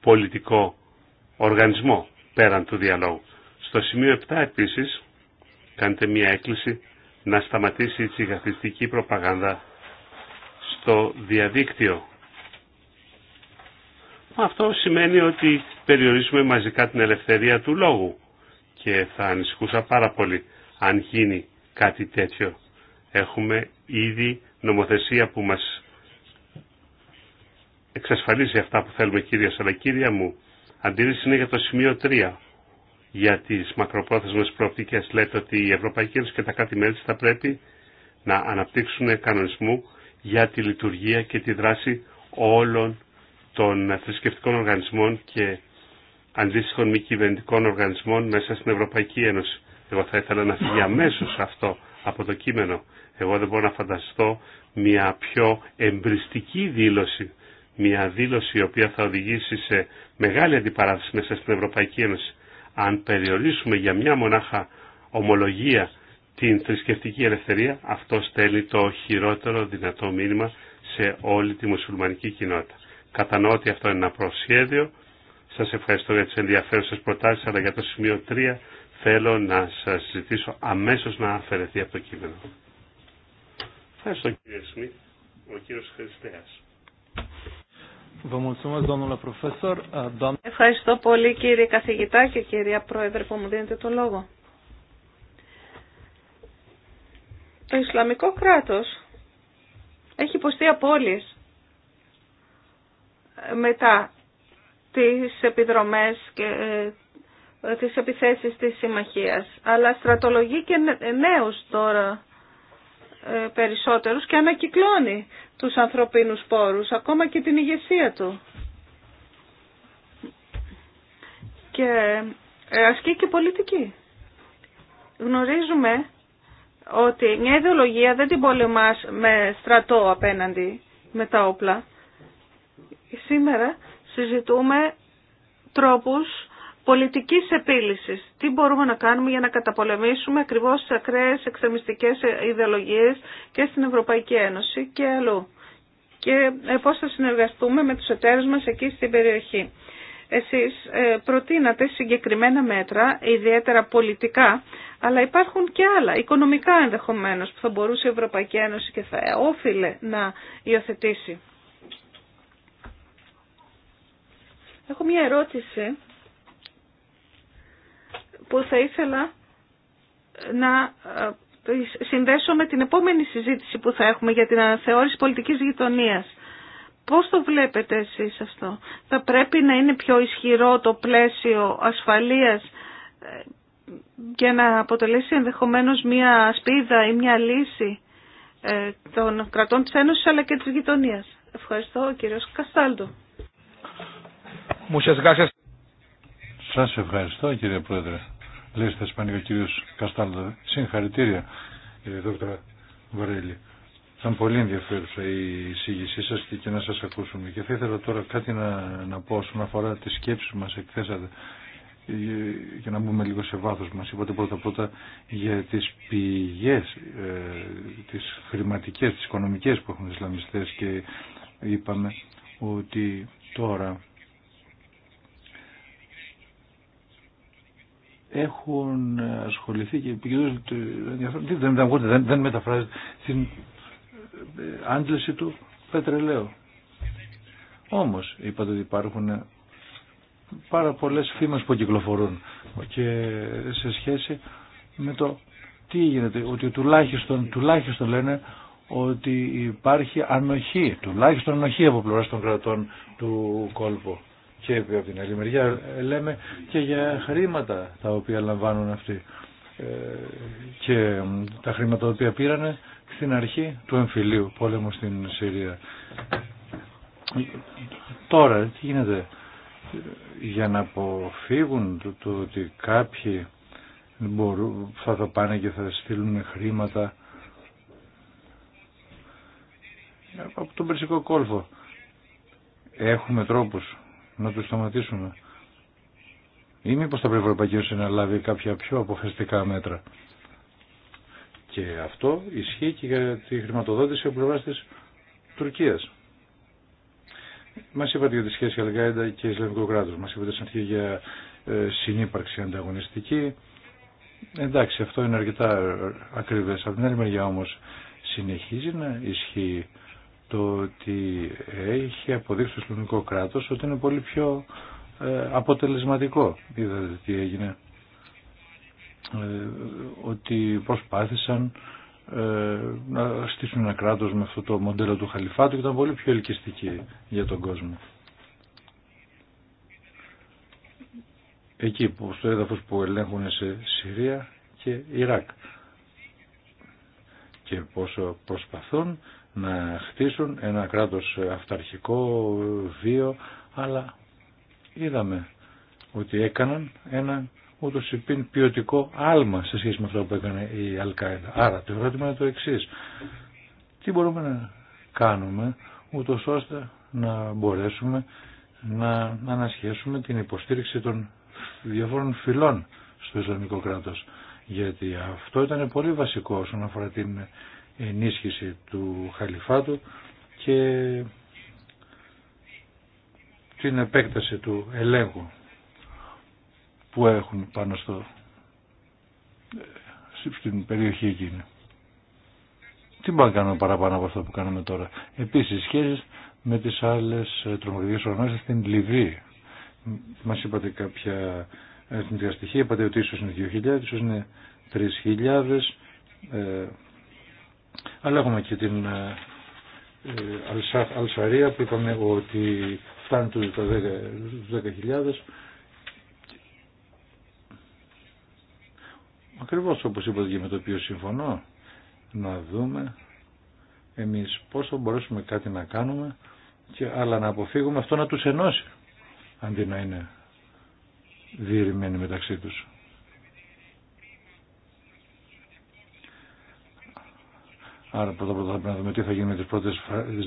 πολιτικό οργανισμό πέραν του διαλόγου. Στο σημείο 7 επίσης κάντε μια έκκληση να σταματήσει η τσιγαθιστική προπαγάνδα στο διαδίκτυο. Αυτό σημαίνει ότι περιορίζουμε μαζικά την ελευθερία του λόγου και θα ανησυχούσα πάρα πολύ αν γίνει κάτι τέτοιο. Έχουμε ήδη νομοθεσία που μας εξασφαλίζει αυτά που θέλουμε κυρίως, αλλά κύρια μου, αντίρρηση είναι για το σημείο 3 για τις μακροπρόθεσμες προοπτικές. Λέτε ότι η Ευρωπαϊκή Ένωση και τα κάτι μέλη θα πρέπει να αναπτύξουν κανονισμού για τη λειτουργία και τη δράση όλων των θρησκευτικών οργανισμών και αντίστοιχων μη κυβερνητικών οργανισμών μέσα στην Ευρωπαϊκή Ένωση. Εγώ θα ήθελα να φύγει αμέσω αυτό από το κείμενο. Εγώ δεν μπορώ να φανταστώ μια πιο εμπριστική δήλωση, μια δήλωση η οποία θα οδηγήσει σε μεγάλη αντιπαράθεση μέσα στην Ευρωπαϊκή Ένωση. Αν περιορίσουμε για μια μονάχα ομολογία την θρησκευτική ελευθερία, αυτό στέλνει το χειρότερο δυνατό μήνυμα σε όλη τη μουσουλμανική κοινότητα. Κατανοώ ότι αυτό είναι ένα προσχέδιο. Σα ευχαριστώ για τι ενδιαφέρουσε προτάσει αλλά για το σημείο 3 θέλω να σα ζητήσω αμέσω να αφαιρεθεί από το κείμενο. Ευχαριστώ κύριε Σμιθ. ο κύριο Χριστέα. Ευχαριστώ πολύ κύριε καθηγητά και κυρία Πρόεδρε που μου δίνετε το λόγο. Το Ισλαμικό κράτος έχει υποστεί απώλειες μετά τις επιδρομές και ε, τις επιθέσεις της συμμαχίας. Αλλά στρατολογεί και νέους τώρα ε, περισσότερους και ανακυκλώνει τους ανθρωπίνους πόρους, ακόμα και την ηγεσία του. Και ε, ασκεί και πολιτική. Γνωρίζουμε ότι μια ιδεολογία δεν την πολεμάς με στρατό απέναντι με τα όπλα. Σήμερα συζητούμε τρόπους πολιτικής επίλυσης. Τι μπορούμε να κάνουμε για να καταπολεμήσουμε ακριβώς τις ακραίες εξεμιστικές ιδεολογίες και στην Ευρωπαϊκή Ένωση και αλλού. Και πώς θα συνεργαστούμε με τους εταίρους μας εκεί στην περιοχή. Εσείς ε, προτείνατε συγκεκριμένα μέτρα, ιδιαίτερα πολιτικά, αλλά υπάρχουν και άλλα, οικονομικά ενδεχομένως, που θα μπορούσε η Ευρωπαϊκή Ένωση και θα όφιλε να υιοθετήσει. Έχω μια ερώτηση που θα ήθελα να ε, συνδέσω με την επόμενη συζήτηση που θα έχουμε για την αναθεώρηση πολιτικής γειτονίας. Πώς το βλέπετε εσείς αυτό. Θα πρέπει να είναι πιο ισχυρό το πλαίσιο ασφαλείας και ε, να αποτελέσει ενδεχομένως μια σπίδα ή μια λύση ε, των κρατών της Ένωσης αλλά και της γειτονίας. Ευχαριστώ κύριος Καστάλτο. Σας ευχαριστώ κύριε Πρόεδρε. Λέει στα Ισπανικά κύριος Καστάλτο. Συγχαρητήρια κύριε Δόκτρα Βαρέλη. Ήταν πολύ ενδιαφέρουσα η εισήγησή σας και, να σας ακούσουμε. Και θα ήθελα τώρα κάτι να, να πω όσον αφορά τις σκέψεις μας εκθέσατε ε, για να μπούμε λίγο σε βάθος μας. Είπατε πρώτα πρώτα για τις πηγές, ε, τις χρηματικές, τις οικονομικές που έχουν οι Ισλαμιστές και είπαμε ότι τώρα έχουν ασχοληθεί και επικοινωνούν δεν, δεν, δεν μεταφράζεται στην άντληση του πετρελαίου. Όμως είπατε ότι υπάρχουν πάρα πολλές φήμες που κυκλοφορούν και σε σχέση με το τι γίνεται, ότι τουλάχιστον, τουλάχιστον λένε ότι υπάρχει ανοχή, τουλάχιστον ανοχή από πλευρά των κρατών του κόλπου. Και από την άλλη μεριά λέμε και για χρήματα τα οποία λαμβάνουν αυτοί. Ε, και τα χρήματα τα οποία πήρανε στην αρχή του εμφυλίου πόλεμου στην Συρία. Τώρα τι γίνεται για να αποφύγουν το, το ότι κάποιοι μπορούν, θα θα πάνε και θα στείλουν χρήματα από τον Περσικό κόλφο. Έχουμε τρόπους να τους σταματήσουμε. Ή μήπως θα πρέπει η Ευρωπαϊκή ευρωπαικη να λάβει κάποια πιο αποφασιστικά μέτρα. Και αυτό ισχύει και για τη χρηματοδότηση από πλευρά τη Τουρκία. Μα είπατε για τη σχέση Αλγάιντα και Ισλαμικό κράτο. Μα είπατε στην αρχή για ε, συνύπαρξη ανταγωνιστική. Εντάξει, αυτό είναι αρκετά ε, ακριβέ. Από την άλλη μεριά όμω συνεχίζει να ισχύει το ότι έχει αποδείξει το Ισλαμικό κράτος ότι είναι πολύ πιο ε, αποτελεσματικό. Είδατε τι έγινε ε, ότι προσπάθησαν ε, να στήσουν ένα κράτος με αυτό το μοντέλο του Χαλιφάτου και ήταν πολύ πιο ελκυστική για τον κόσμο. Εκεί που στο έδαφος που ελέγχουν σε Συρία και Ιράκ και πόσο προσπαθούν να χτίσουν ένα κράτος αυταρχικό, βίο, αλλά είδαμε ότι έκαναν ένα ούτως πιν ποιοτικό άλμα σε σχέση με αυτό που έκανε η Αλκάιδα. Άρα το ερώτημα είναι το εξή. Τι μπορούμε να κάνουμε ούτω ώστε να μπορέσουμε να ανασχέσουμε την υποστήριξη των διαφόρων φυλών στο Ισλαμικό κράτος. Γιατί αυτό ήταν πολύ βασικό όσον αφορά την ενίσχυση του Χαλιφάτου και την επέκταση του ελέγχου που έχουν πάνω στο, ε, στην περιοχή εκείνη. Τι μπορούμε να κάνουμε παραπάνω από αυτό που κάνουμε τώρα. Επίσης, σχέσεις με τις άλλες ε, τρομοκρατικές οργανώσεις στην Λιβύη. Μας είπατε κάποια εθνικά στοιχεία, είπατε ότι ίσως είναι 2.000, ίσως είναι 3.000, ε, αλλά έχουμε και την ε, ε Αλσαρία που είπαμε ότι φτάνει το 10.000 Ακριβώς όπως είπατε και με το οποίο συμφωνώ, να δούμε εμείς πώς θα μπορέσουμε κάτι να κάνουμε, και, αλλά να αποφύγουμε αυτό να τους ενώσει, αντί να είναι διερημένοι μεταξύ τους. Άρα πρώτα πρώτα θα πρέπει να δούμε τι θα γίνει με τις πρώτες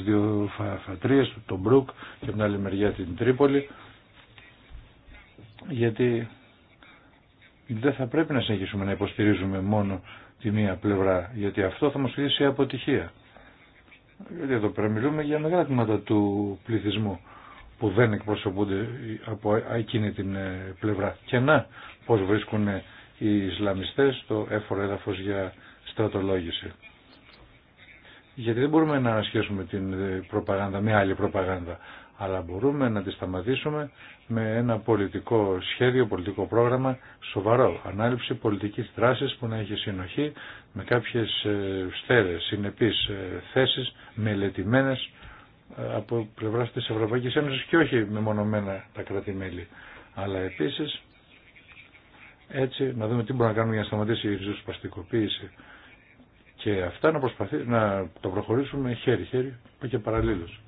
δύο φατρίες, τον Μπρουκ και από την άλλη μεριά την Τρίπολη. Γιατί δεν θα πρέπει να συνεχίσουμε να υποστηρίζουμε μόνο τη μία πλευρά, γιατί αυτό θα μας οδηγήσει σε αποτυχία. Γιατί εδώ πέρα μιλούμε για μεγάλα τμήματα του πληθυσμού που δεν εκπροσωπούνται από εκείνη την ε, πλευρά. Και να, πώς βρίσκουν οι Ισλαμιστές το έφορο έδαφος για στρατολόγηση. Γιατί δεν μπορούμε να ασχέσουμε την ε, προπαγάνδα με άλλη προπαγάνδα αλλά μπορούμε να τη σταματήσουμε με ένα πολιτικό σχέδιο, πολιτικό πρόγραμμα σοβαρό. Ανάληψη πολιτικής δράσης που να έχει συνοχή με κάποιες ε, στέρες, συνεπείς ε, θέσεις, μελετημένες ε, από πλευράς της Ευρωπαϊκής Ένωσης και όχι μονομένα τα κρατη Αλλά επίσης έτσι να δούμε τι μπορούμε να κάνουμε για να σταματήσει η ριζοσπαστικοποίηση και αυτά να, να το προχωρήσουμε χέρι-χέρι και παραλλήλως.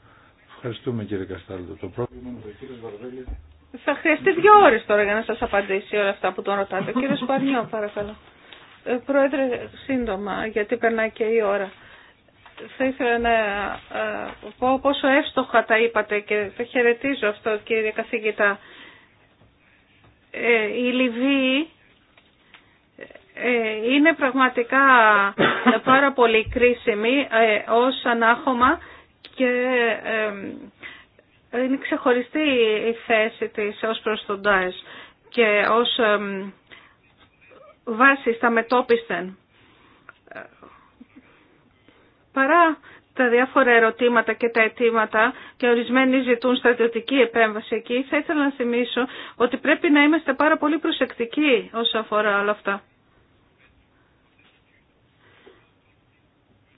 Ευχαριστούμε κύριε Καστάλτο. Το πρόβλημα είναι ο κύριο Βαρβέλη. Θα χρειαστεί δύο ώρες τώρα για να σα απαντήσει όλα αυτά που τον ρωτάτε. Κύριο Σπανιό, παρακαλώ. Ε, πρόεδρε, σύντομα, γιατί περνάει και η ώρα. Θα ήθελα να ε, πω πόσο εύστοχα τα είπατε και θα χαιρετίζω αυτό κύριε καθηγητά. Ε, η Λιβύη ε, είναι πραγματικά πάρα πολύ κρίσιμη ε, ως ανάχωμα και είναι ξεχωριστή η θέση της ως προς τον ΤΑΕΣ και ως βάση στα μετόπιστεν. Παρά τα διάφορα ερωτήματα και τα αιτήματα και ορισμένοι ζητούν στρατιωτική επέμβαση εκεί, θα ήθελα να θυμίσω ότι πρέπει να είμαστε πάρα πολύ προσεκτικοί όσο αφορά όλα αυτά.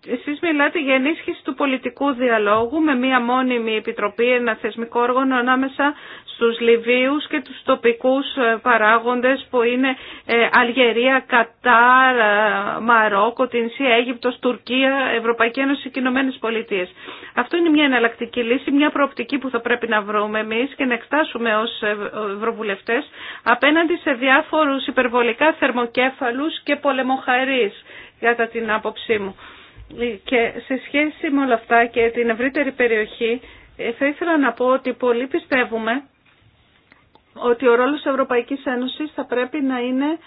Εσείς μιλάτε για ενίσχυση του πολιτικού διαλόγου με μία μόνιμη επιτροπή, ένα θεσμικό όργανο ανάμεσα στους Λιβύους και τους τοπικούς ε, παράγοντες που είναι ε, Αλγερία, Κατάρ, ε, Μαρόκο, Τινσία, Αίγυπτος, Τουρκία, Ευρωπαϊκή Ένωση και Ηνωμένε Πολιτείε. Αυτό είναι μια εναλλακτική λύση, μια προοπτική που θα πρέπει να βρούμε εμείς και να εκτάσουμε ως ευρωβουλευτές απέναντι σε διάφορους υπερβολικά θερμοκέφαλου και πολεμοχαρείς κατά την άποψή μου. Και σε σχέση με όλα αυτά και την ευρύτερη περιοχή, ε, θα ήθελα να πω ότι πολλοί πιστεύουμε ότι ο ρόλος της Ευρωπαϊκής Ένωσης θα πρέπει να είναι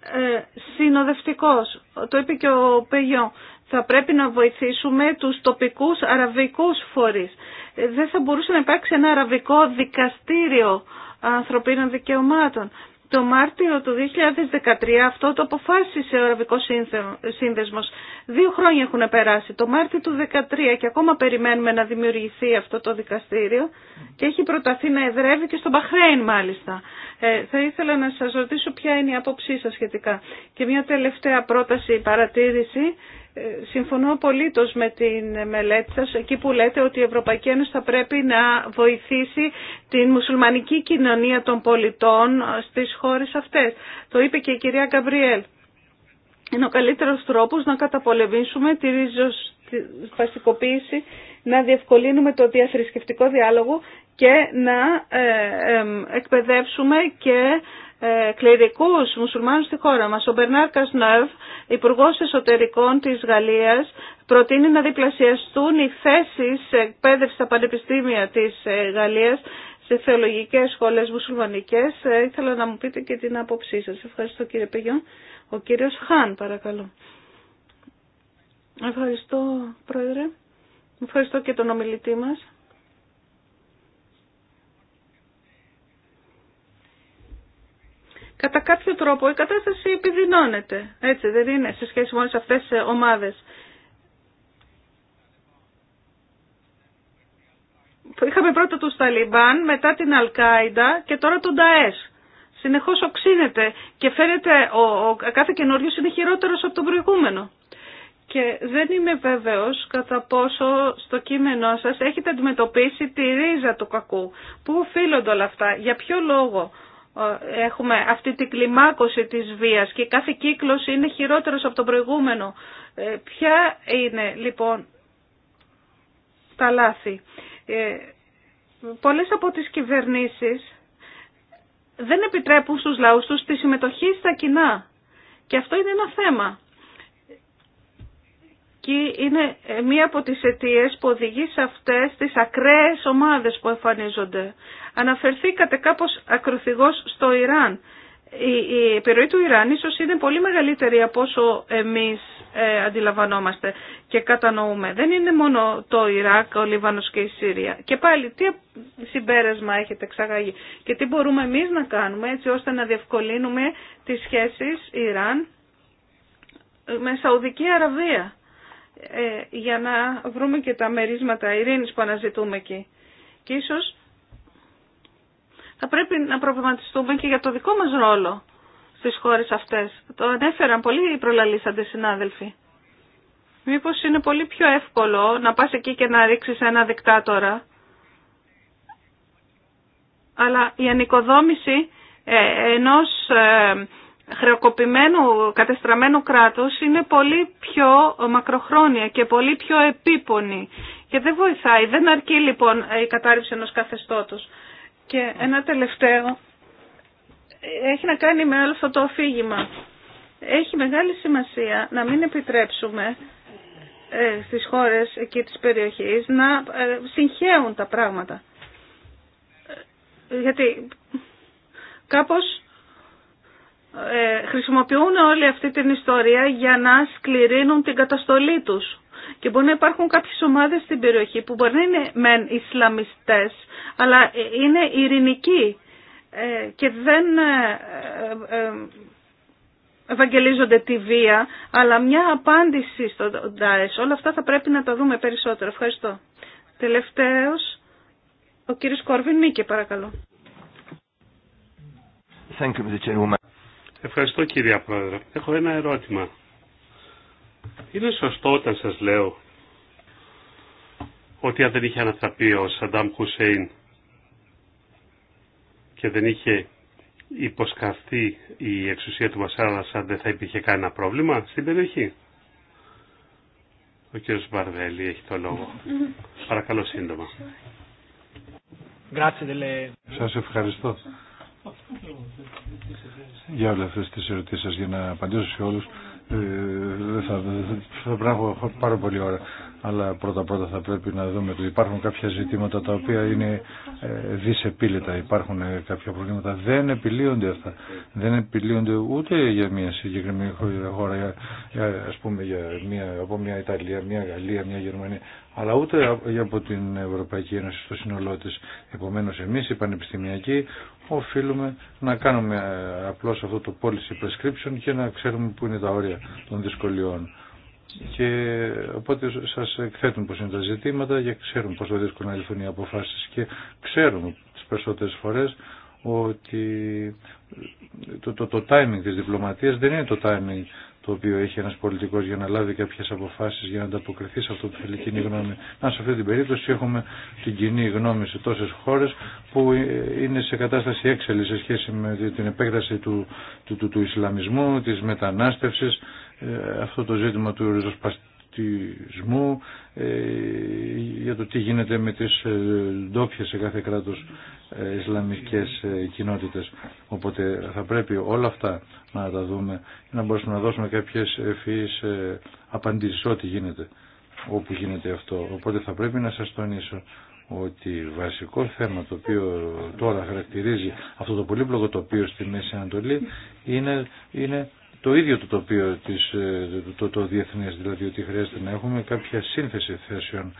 ε, συνοδευτικός. Το είπε και ο Πεγιό. Θα πρέπει να βοηθήσουμε τους τοπικούς αραβικούς φορείς. Ε, δεν θα μπορούσε να υπάρξει ένα αραβικό δικαστήριο ανθρωπίνων δικαιωμάτων. Το Μάρτιο του 2013 αυτό το αποφάσισε ο Αραβικό Σύνδεσμος. Δύο χρόνια έχουν περάσει. Το Μάρτιο του 2013 και ακόμα περιμένουμε να δημιουργηθεί αυτό το δικαστήριο και έχει προταθεί να εδρεύει και στο Μπαχρέιν μάλιστα. Ε, θα ήθελα να σας ρωτήσω ποια είναι η άποψή σας σχετικά. Και μια τελευταία πρόταση, παρατήρηση ε, συμφωνώ απολύτως με την μελέτη σας εκεί που λέτε ότι η Ευρωπαϊκή Ένωση θα πρέπει να βοηθήσει την μουσουλμανική κοινωνία των πολιτών στις χώρες αυτές. Το είπε και η κυρία Γκαμπριέλ. Είναι ο καλύτερος τρόπος να καταπολεμήσουμε τη ριζοσπαστικοποίηση, να διευκολύνουμε το διαθρησκευτικό διάλογο και να ε, ε, εκπαιδεύσουμε και ε, κληρικούς μουσουλμάνους στη χώρα μας. Ο Μπερνάρ Κασνεύ, υπουργό Εσωτερικών της Γαλλίας, προτείνει να διπλασιαστούν οι θέσεις εκπαίδευση στα πανεπιστήμια της ε, Γαλλίας σε θεολογικές σχολές μουσουλμανικές. Ε, ήθελα να μου πείτε και την άποψή σας. Ευχαριστώ κύριε Πεγιόν. Ο κύριος Χάν παρακαλώ. Ευχαριστώ πρόεδρε. Ευχαριστώ και τον ομιλητή μας. κατά κάποιο τρόπο η κατάσταση επιδεινώνεται. Έτσι δεν είναι σε σχέση με σε αυτές τις ομάδες. Είχαμε πρώτα τους Ταλιμπάν, μετά την Αλκάιντα και τώρα τον Ταές. Συνεχώς οξύνεται και φαίνεται ο, κάθε καινούριος είναι χειρότερος από τον προηγούμενο. Και δεν είμαι βέβαιος κατά πόσο στο κείμενό σας έχετε αντιμετωπίσει τη ρίζα του κακού. Πού οφείλονται όλα αυτά, για ποιο λόγο ε, έχουμε αυτή την κλιμάκωση της βίας και κάθε κύκλος είναι χειρότερος από τον προηγούμενο. Ε, ποια είναι λοιπόν τα λάθη. Ε, πολλές από τις κυβερνήσεις δεν επιτρέπουν στους λαούς τους τη συμμετοχή στα κοινά. Και αυτό είναι ένα θέμα και είναι ε, μία από τις αιτίε που οδηγεί σε αυτές τις ακραίες ομάδες που εμφανίζονται. Αναφερθήκατε κάπως ακροθυγώς στο Ιράν. Η επιρροή του Ιράν ίσως είναι πολύ μεγαλύτερη από όσο εμείς ε, αντιλαμβανόμαστε και κατανοούμε. Δεν είναι μόνο το Ιράκ, ο Λίβανος και η Σύρια. Και πάλι τι συμπέρασμα έχετε εξαγάγει και τι μπορούμε εμείς να κάνουμε έτσι ώστε να διευκολύνουμε τις σχέσεις Ιράν με Σαουδική Αραβία ε, για να βρούμε και τα μερίσματα ειρήνης που αναζητούμε εκεί. Και ίσως θα πρέπει να προβληματιστούμε και για το δικό μας ρόλο στις χώρες αυτές. Το ανέφεραν πολύ οι προλαλήσαντες συνάδελφοι. Μήπως είναι πολύ πιο εύκολο να πας εκεί και να ρίξεις ένα δικτάτορα. Αλλά η ανοικοδόμηση ε, ενός ε, χρεοκοπημένου, κατεστραμμένου κράτους είναι πολύ πιο μακροχρόνια και πολύ πιο επίπονη και δεν βοηθάει, δεν αρκεί λοιπόν η κατάρριψη ενός καθεστώτος. Και ένα τελευταίο έχει να κάνει με όλο αυτό το αφήγημα. Έχει μεγάλη σημασία να μην επιτρέψουμε ε, στις χώρες εκεί της περιοχής να ε, συγχαίουν τα πράγματα. Ε, γιατί κάπως ε, χρησιμοποιούν όλη αυτή την ιστορία για να σκληρύνουν την καταστολή τους. Και μπορεί να υπάρχουν κάποιες ομάδες στην περιοχή που μπορεί να είναι μεν Ισλαμιστές, αλλά είναι ειρηνικοί ε, και δεν ε, ευαγγελίζονται τη βία, αλλά μια απάντηση στον Ντάες. Όλα αυτά θα πρέπει να τα δούμε περισσότερο. Ευχαριστώ. Τελευταίος, ο κύριος Κόρβιν Μίκε, παρακαλώ. Thank you, Ευχαριστώ κυρία Πρόεδρε. Έχω ένα ερώτημα. Είναι σωστό όταν σας λέω ότι αν δεν είχε ανατραπεί ο Σαντάμ Χουσέιν και δεν είχε υποσκαφθεί η εξουσία του Μασάρα σαν δεν θα υπήρχε κανένα πρόβλημα στην περιοχή. Ο κύριος Μπαρδέλη έχει το λόγο. Παρακαλώ σύντομα. Σας ευχαριστώ για όλε αυτέ τι ερωτήσει σα για να απαντήσω σε όλου. Ε, θα, θα, θα, θα, πάρα πολύ ώρα αλλά πρώτα πρώτα θα πρέπει να δούμε ότι υπάρχουν κάποια ζητήματα τα οποία είναι ε, δυσεπίλητα, υπάρχουν ε, κάποια προβλήματα, δεν επιλύονται αυτά, δεν επιλύονται ούτε για μια συγκεκριμένη χώρα, ε, ας πούμε για μια, από μια Ιταλία, μια Γαλλία, μια Γερμανία, αλλά ούτε από την Ευρωπαϊκή Ένωση στο σύνολό της. Επομένως εμείς οι πανεπιστημιακοί οφείλουμε να κάνουμε απλώς αυτό το policy prescription και να ξέρουμε πού είναι τα όρια των δυσκολιών και οπότε σας εκθέτουν πως είναι τα ζητήματα και ξέρουν πόσο δύσκολο να λυθούν οι αποφάσεις και ξέρουν τις περισσότερες φορές ότι το, το, το timing της διπλωματίας δεν είναι το timing το οποίο έχει ένας πολιτικός για να λάβει κάποιες αποφάσεις για να ανταποκριθεί σε αυτό που θέλει κοινή γνώμη. Αν σε αυτή την περίπτωση έχουμε την κοινή γνώμη σε τόσες χώρες που είναι σε κατάσταση έξελη σε σχέση με την επέκταση του, του, του, του Ισλαμισμού, της μετανάστευσης ε, αυτό το ζήτημα του ριζοσπαστισμού, ε, για το τι γίνεται με τις ε, ντόπιε σε κάθε κράτος Ισλαμικές κοινότητες. Οπότε θα πρέπει όλα αυτά να τα δούμε και να μπορέσουμε να δώσουμε κάποιες ευφυείς απαντήσεις ό,τι γίνεται, όπου γίνεται αυτό. Οπότε θα πρέπει να σας τονίσω ότι βασικό θέμα το οποίο τώρα χαρακτηρίζει αυτό το πολύπλοκο τοπίο στη Μέση Ανατολή είναι, είναι το ίδιο το τοπίο της, ε, το, το, δηλαδή ότι χρειάζεται να έχουμε κάποια σύνθεση θέσεων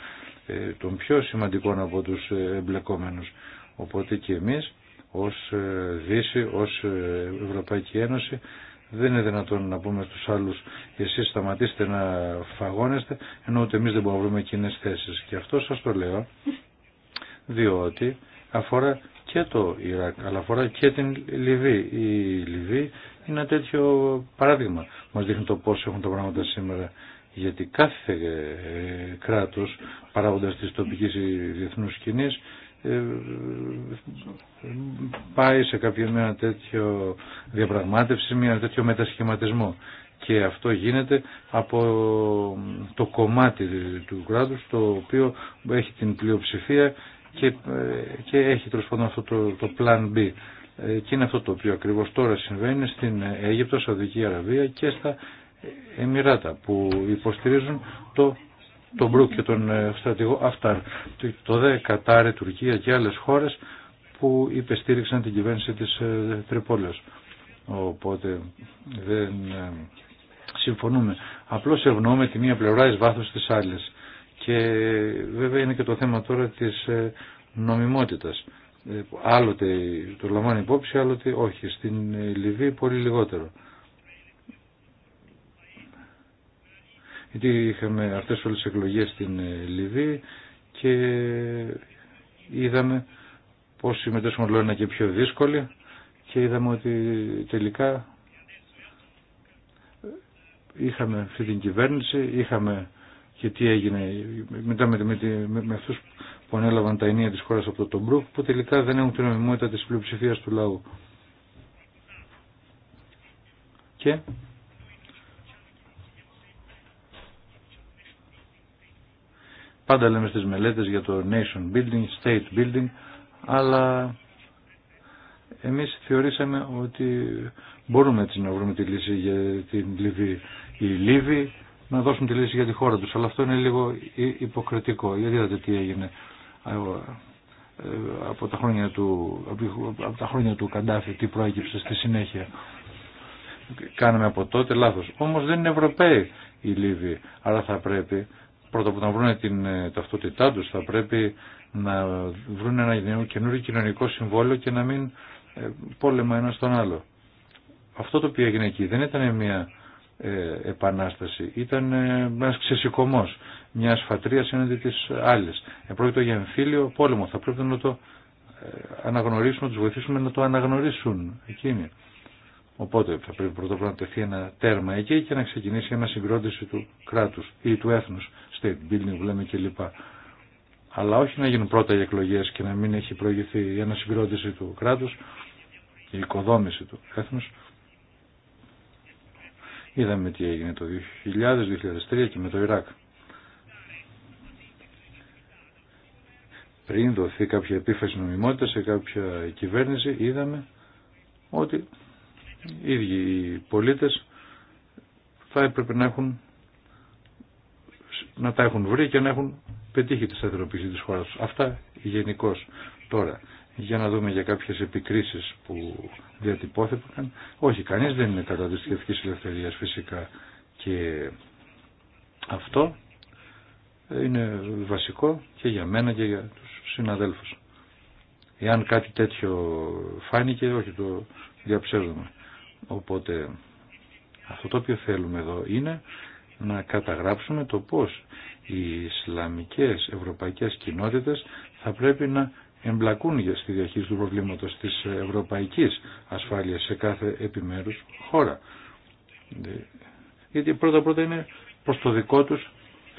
ε, των πιο σημαντικών από τους ε, εμπλεκόμενους. Οπότε και εμείς ως Δύση, ως Ευρωπαϊκή Ένωση δεν είναι δυνατόν να πούμε στους άλλους εσείς σταματήστε να φαγώνεστε ενώ ούτε εμείς δεν μπορούμε να βρούμε κοινέ θέσεις. Και αυτό σας το λέω διότι αφορά και το Ιράκ αλλά αφορά και την Λιβύη. Η Λιβύη ένα τέτοιο παράδειγμα. Μας δείχνει το πώς έχουν τα πράγματα σήμερα. Γιατί κάθε ε, κράτος, παράγοντας της τοπικής διεθνούς σκηνής, ε, πάει σε κάποιο μια τέτοιο διαπραγμάτευση, μια τέτοιο μετασχηματισμό. Και αυτό γίνεται από το κομμάτι του κράτους το οποίο έχει την πλειοψηφία και, ε, και έχει τέλο αυτό το, το plan B. Ε, και είναι αυτό το οποίο ακριβώς τώρα συμβαίνει στην Αίγυπτο, Σαουδική Αραβία και στα Εμμυράτα που υποστηρίζουν το τον Μπρουκ και τον ε, στρατηγό Αφτάρ. Το δε Κατάρε, Τουρκία και άλλες χώρες που υπεστήριξαν την κυβέρνηση της ε, Τρυπόλεως. Οπότε δεν συμφωνούμε. Απλώς ευνοούμε τη μία πλευρά εις βάθος της άλλης. Και βέβαια είναι και το θέμα τώρα της νομιμότητας. Ε, άλλοτε το λαμβάνει υπόψη, άλλοτε όχι. Στην Λιβύη πολύ λιγότερο. Γιατί είχαμε αυτές όλες τις εκλογές στην ε, Λιβύη και είδαμε πως οι μετέσχοντες και πιο δύσκολη και είδαμε ότι τελικά είχαμε αυτή την κυβέρνηση, είχαμε και τι έγινε μετά με, με, με, με αυτούς που ανέλαβαν τα ενία της χώρας από το Τομπρούκ που τελικά δεν έχουν την νομιμότητα της πλειοψηφίας του λαού. Και πάντα λέμε στις μελέτες για το nation building, state building, αλλά εμείς θεωρήσαμε ότι μπορούμε έτσι να βρούμε τη λύση για την Λιβύη. Οι Λίβοι να δώσουν τη λύση για τη χώρα τους, αλλά αυτό είναι λίγο υποκριτικό, γιατί είδατε τι έγινε ε, από τα χρόνια του, από τα χρόνια του Καντάφη τι προέκυψε στη συνέχεια. Κάναμε από τότε λάθος. Όμως δεν είναι Ευρωπαίοι οι Λίβοι. Άρα θα πρέπει πρώτα που να βρουν την ε, ταυτότητά τους θα πρέπει να βρουν ένα καινούριο κοινωνικό συμβόλαιο και να μην ε, πόλεμα ένα στον άλλο. Αυτό το οποίο έγινε εκεί δεν ήταν μια ε, επανάσταση. Ήταν ε, ένας ξεσηκωμός μια φατρίας έναντι της άλλης. Επρόκειτο για εμφύλιο πόλεμο. Θα πρέπει να το ε, αναγνωρίσουμε, να τους βοηθήσουμε να το αναγνωρίσουν εκείνοι. Οπότε θα πρέπει πρώτα να τεθεί ένα τέρμα εκεί και να ξεκινήσει ένα συγκρότηση του κράτους ή του έθνους, state building που λέμε κλπ. Αλλά όχι να γίνουν πρώτα οι εκλογές και να μην έχει προηγηθεί ένα συγκρότηση του κράτους, η οικοδόμηση του έθνους. Είδαμε τι έγινε το 2000-2003 και με το Ιράκ. Πριν δοθεί κάποια επίφαση νομιμότητα σε κάποια κυβέρνηση, είδαμε ότι οι ίδιοι οι πολίτες θα έπρεπε να, έχουν, να τα έχουν βρει και να έχουν πετύχει τη σταθεροποίηση της χώρας τους. Αυτά γενικώ τώρα για να δούμε για κάποιες επικρίσεις που διατυπώθηκαν. Όχι, κανείς δεν είναι κατά της θετικής ελευθερίας φυσικά και αυτό είναι βασικό και για μένα και για τους συναδέλφους. Εάν κάτι τέτοιο φάνηκε, όχι το διαψεύδουμε. Οπότε αυτό το οποίο θέλουμε εδώ είναι να καταγράψουμε το πώς οι Ισλαμικές ευρωπαϊκές κοινότητες θα πρέπει να εμπλακούν για στη διαχείριση του προβλήματος της ευρωπαϊκής ασφάλειας σε κάθε επιμέρους χώρα. Ε, γιατί πρώτα-πρώτα είναι προς το δικό τους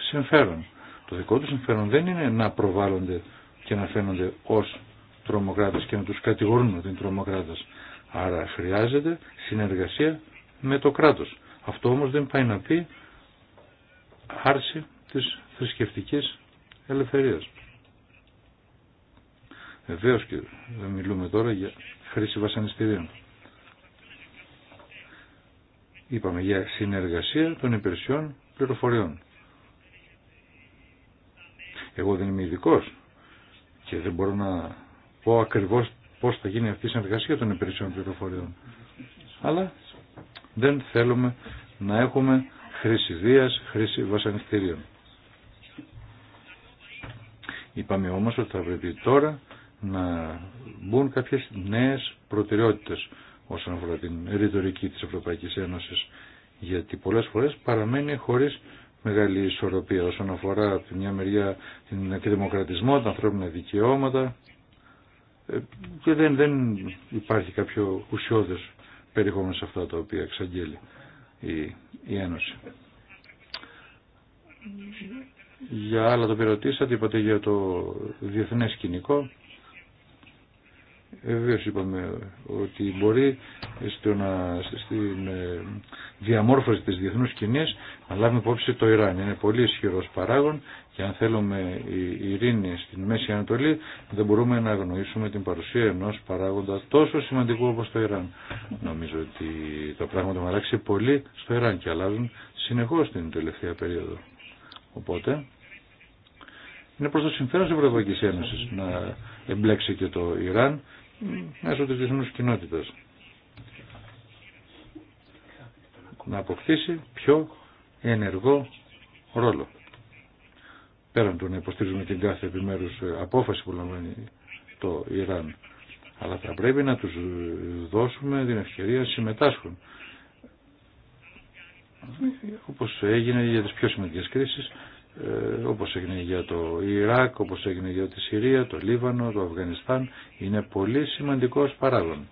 συμφέρον. Το δικό τους συμφέρον δεν είναι να προβάλλονται και να φαίνονται ως τρομοκράτες και να τους κατηγορούν ότι είναι τρομοκράτες. Άρα χρειάζεται συνεργασία με το κράτος. Αυτό όμως δεν πάει να πει άρση της θρησκευτικής ελευθερίας. Βεβαίω και δεν μιλούμε τώρα για χρήση βασανιστήριων. Είπαμε για συνεργασία των υπηρεσιών πληροφοριών. Εγώ δεν είμαι ειδικό και δεν μπορώ να πω ακριβώ πώ θα γίνει αυτή η συνεργασία των υπηρεσιών πληροφοριών. Αλλά δεν θέλουμε να έχουμε χρήση βία, χρήση βασανιστήριων. Είπαμε όμως ότι θα πρέπει τώρα να μπουν κάποιες νέες προτεραιότητες όσον αφορά την ρητορική της Ευρωπαϊκής Ένωσης γιατί πολλές φορές παραμένει χωρίς μεγάλη ισορροπία όσον αφορά από τη μια μεριά την εκδημοκρατισμό, τα ανθρώπινα δικαιώματα ε, και δεν, δεν υπάρχει κάποιο ουσιώδες περιεχόμενο σε αυτά τα οποία εξαγγέλει η, η Ένωση. Για άλλα το πειρατήσατε, είπατε για το διεθνές κοινικό Βεβαίω είπαμε ότι μπορεί στο να, στην ε, διαμόρφωση της διεθνούς κοινής να λάβουμε υπόψη το Ιράν. Είναι πολύ ισχυρός παράγον και αν θέλουμε η ειρήνη στην Μέση Ανατολή δεν μπορούμε να αγνοήσουμε την παρουσία ενός παράγοντα τόσο σημαντικού όπως το Ιράν. Νομίζω ότι τα πράγματα έχουν αλλάξει πολύ στο Ιράν και αλλάζουν συνεχώς την τελευταία περίοδο. Οπότε είναι προς το συμφέρον της Ευρωπαϊκής Ένωσης να εμπλέξει και το Ιράν μέσω της διεθνούς κοινότητας. Να αποκτήσει πιο ενεργό ρόλο. Πέραν του να υποστηρίζουμε την κάθε επιμέρους ε, απόφαση που λαμβάνει το Ιράν. Αλλά θα πρέπει να τους δώσουμε την ευκαιρία να συμμετάσχουν. Όπως έγινε για τις πιο σημαντικές κρίσεις Όπω ε, όπως έγινε για το Ιράκ, όπως έγινε για τη Συρία, το Λίβανο, το Αφγανιστάν, είναι πολύ σημαντικός παράγον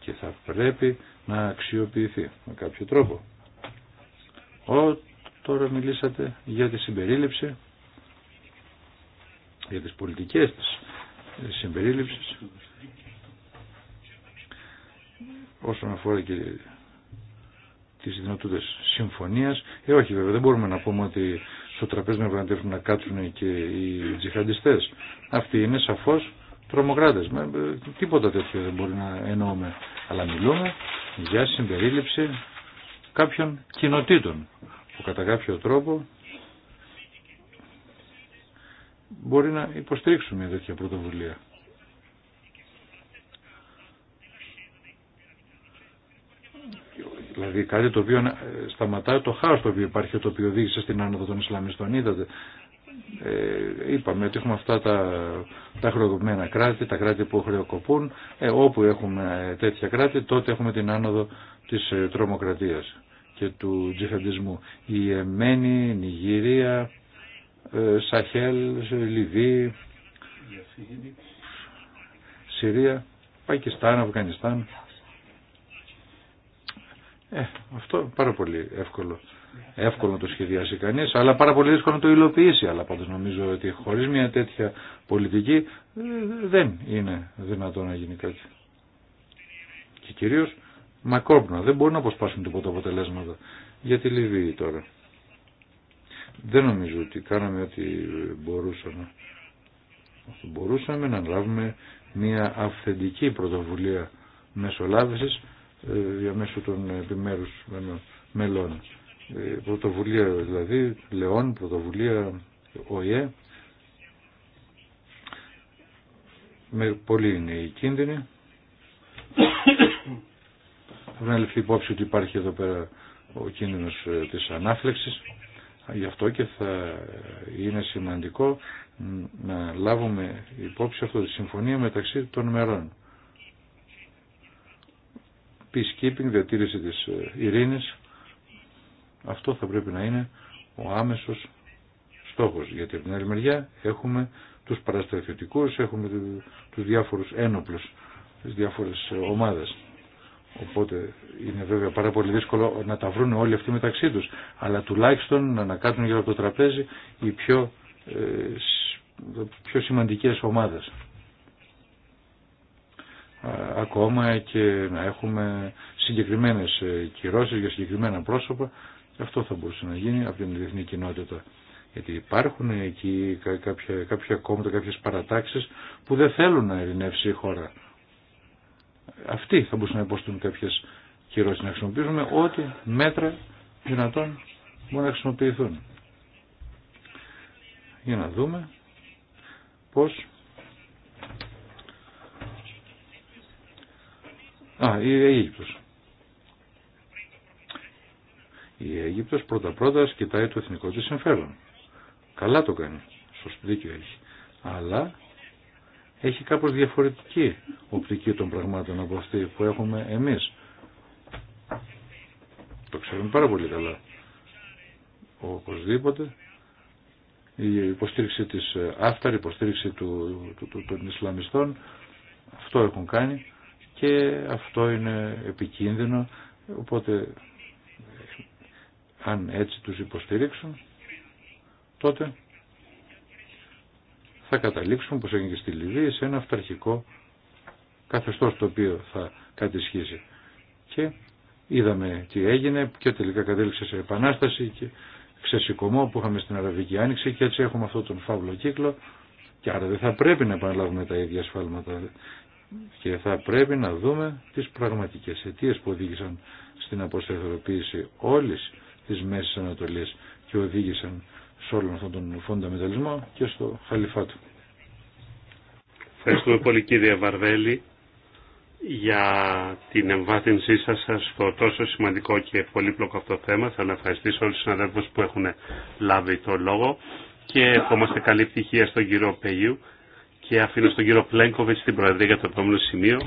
και θα πρέπει να αξιοποιηθεί με κάποιο τρόπο. Ο, τώρα μιλήσατε για τη συμπερίληψη, για τις πολιτικές της συμπερίληψης, όσον αφορά και τις δυνατότητες συμφωνίας. Ε, όχι βέβαια, δεν μπορούμε να πούμε ότι στο τραπέζι να βραντεύουν να κάτσουν και οι τζιχαντιστές. Αυτοί είναι σαφώς τρομοκράτες. Ε, τίποτα τέτοιο δεν μπορεί να εννοούμε. Αλλά μιλούμε για συμπερίληψη κάποιων κοινοτήτων που κατά κάποιο τρόπο μπορεί να υποστηρίξουν μια τέτοια πρωτοβουλία. Δηλαδή κάτι το οποίο ε, σταματάει το χάος το οποίο υπάρχει, το οποίο οδήγησε στην άνοδο των Ισλαμιστών. Είδατε, ε, είπαμε ότι έχουμε αυτά τα, τα χρεοκοπημένα κράτη, τα κράτη που χρεοκοπούν. Ε, όπου έχουμε τέτοια κράτη, τότε έχουμε την άνοδο της ε, τρομοκρατίας και του τζιχαντισμού. Η Εμένη, Νιγηρία, ε, Σαχέλ, Λιβύη, Συρία, Πακιστάν, Αφγανιστάν. Ε, αυτό πάρα πολύ εύκολο. Εύκολο να το σχεδιάσει κανείς, αλλά πάρα πολύ δύσκολο να το υλοποιήσει. Αλλά πάντως νομίζω ότι χωρίς μια τέτοια πολιτική ε, δεν είναι δυνατό να γίνει κάτι. Και κυρίως μακρόπνο. Δεν μπορούν να αποσπάσουν τίποτα αποτελέσματα για τη Λιβύη τώρα. Δεν νομίζω ότι κάναμε ό,τι μπορούσαμε. Μπορούσαμε να λάβουμε μια αυθεντική πρωτοβουλία μεσολάβησης ε, διαμέσου των επιμέρους μελών. Ε, πρωτοβουλία δηλαδή, Λεόν, πρωτοβουλία ΟΗΕ. Με πολλοί είναι οι κίνδυνοι. Πρέπει να ληφθεί υπόψη ότι υπάρχει εδώ πέρα ο κίνδυνος ε, της ανάφλεξης. Γι' αυτό και θα είναι σημαντικό να λάβουμε υπόψη αυτή τη συμφωνία μεταξύ των μερών peacekeeping, διατήρηση της ε, ειρήνης. Αυτό θα πρέπει να είναι ο άμεσος στόχος. Γιατί από την άλλη μεριά έχουμε τους παραστρατιωτικούς, έχουμε τους διάφορους ένοπλους, τις διάφορες ομάδες. Οπότε είναι βέβαια πάρα πολύ δύσκολο να τα βρουν όλοι αυτοί μεταξύ τους. Αλλά τουλάχιστον να ανακάτουν γύρω από το τραπέζι οι πιο, ε, πιο σημαντικές ομάδες ακόμα και να έχουμε συγκεκριμένες ε, κυρώσεις για συγκεκριμένα πρόσωπα αυτό θα μπορούσε να γίνει από την διεθνή κοινότητα. Γιατί υπάρχουν εκεί κάποια, κάποια κόμματα, κάποιες παρατάξεις που δεν θέλουν να ειρηνεύσει η χώρα. Αυτοί θα μπορούσαν να υποστούν κάποιες κυρώσεις. Να χρησιμοποιήσουμε ό,τι μέτρα δυνατόν μπορούν να χρησιμοποιηθούν. Για να δούμε πώς Α, η Αίγυπτος. Η Αίγυπτος πρώτα-πρώτα σκητάει το εθνικό της συμφέρον. Καλά το κάνει. Σωστή δίκιο έχει. Αλλά έχει κάπως διαφορετική οπτική των πραγμάτων από αυτή που έχουμε εμείς. Το ξέρουμε πάρα πολύ καλά. Οπωσδήποτε η υποστήριξη της Άφταρ, η υποστήριξη του, του, του, των Ισλαμιστών, αυτό έχουν κάνει και αυτό είναι επικίνδυνο οπότε αν έτσι τους υποστηρίξουν τότε θα καταλήξουν όπως έγινε και στη Λιβύη σε ένα αυταρχικό καθεστώς το οποίο θα κατησχίσει και είδαμε τι έγινε και τελικά κατέληξε σε επανάσταση και ξεσηκωμό που είχαμε στην Αραβική Άνοιξη και έτσι έχουμε αυτόν τον φαύλο κύκλο και άρα δεν θα πρέπει να επαναλάβουμε τα ίδια σφάλματα και θα πρέπει να δούμε τις πραγματικές αιτίες που οδήγησαν στην αποσταθεροποίηση όλης της Μέσης Ανατολής και οδήγησαν σε όλον αυτόν τον φονταμεταλισμό και στο χαλιφάτο. Ευχαριστούμε πολύ κύριε Βαρδέλη για την εμβάθυνσή σας στο τόσο σημαντικό και πολύπλοκο αυτό θέμα. Θα ευχαριστήσω όλους τους συναδέλφους που έχουν λάβει το λόγο και ευχόμαστε καλή πτυχία στον κύριο Πεγιού και αφήνω στον κύριο Πλένκοβιτ στην Προεδρία για το επόμενο σημείο.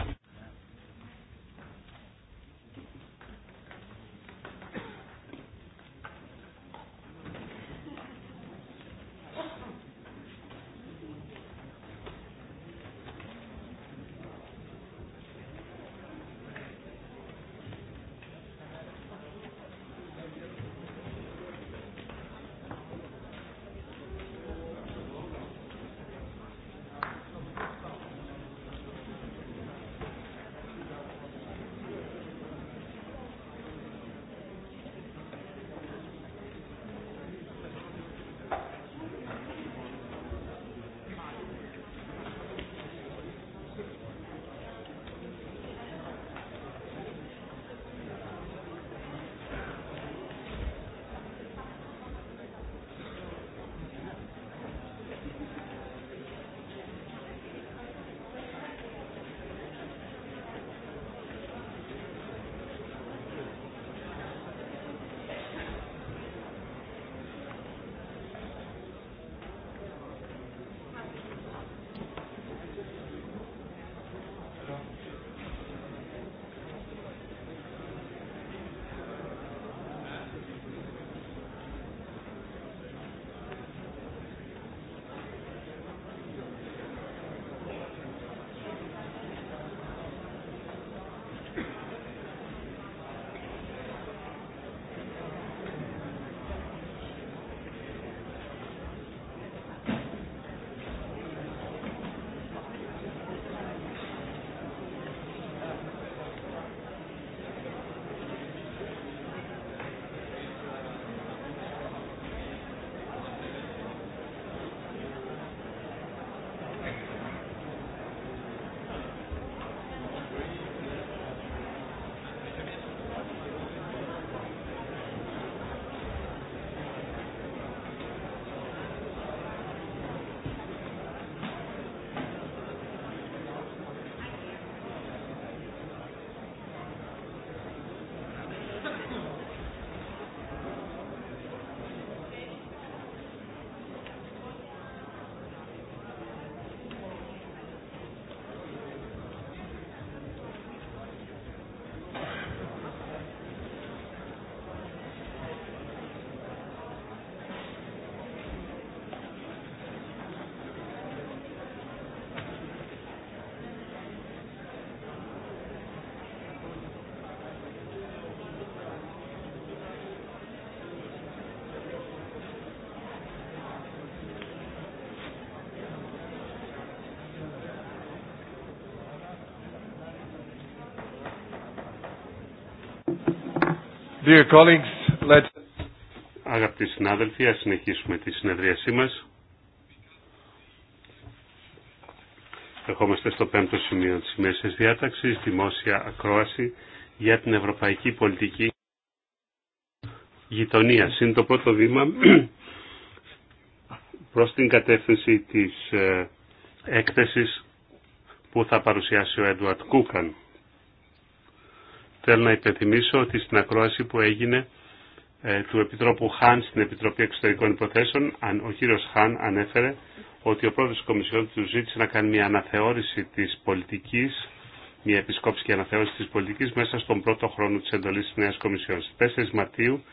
Dear colleagues, let's... Αγαπητοί συνάδελφοι, ας συνεχίσουμε τη συνεδρίασή μας. Ερχόμαστε στο πέμπτο σημείο της μέσης διάταξης, δημόσια ακρόαση για την ευρωπαϊκή πολιτική γειτονία. Είναι το πρώτο βήμα προς την κατεύθυνση της ε, έκθεσης που θα παρουσιάσει ο Έντουαρτ Κούκαν. Θέλω να υπενθυμίσω ότι στην ακρόαση που έγινε ε, του Επιτρόπου Χάν στην Επιτροπή Εξωτερικών Υποθέσεων, ο κύριος Χάν ανέφερε ότι ο πρόεδρος της Κομισιόν του ζήτησε να κάνει μια αναθεώρηση της πολιτικής, μια επισκόπηση και αναθεώρηση της πολιτικής μέσα στον πρώτο χρόνο της εντολής της Νέας Κομισιόν. Στις 4 Μαρτίου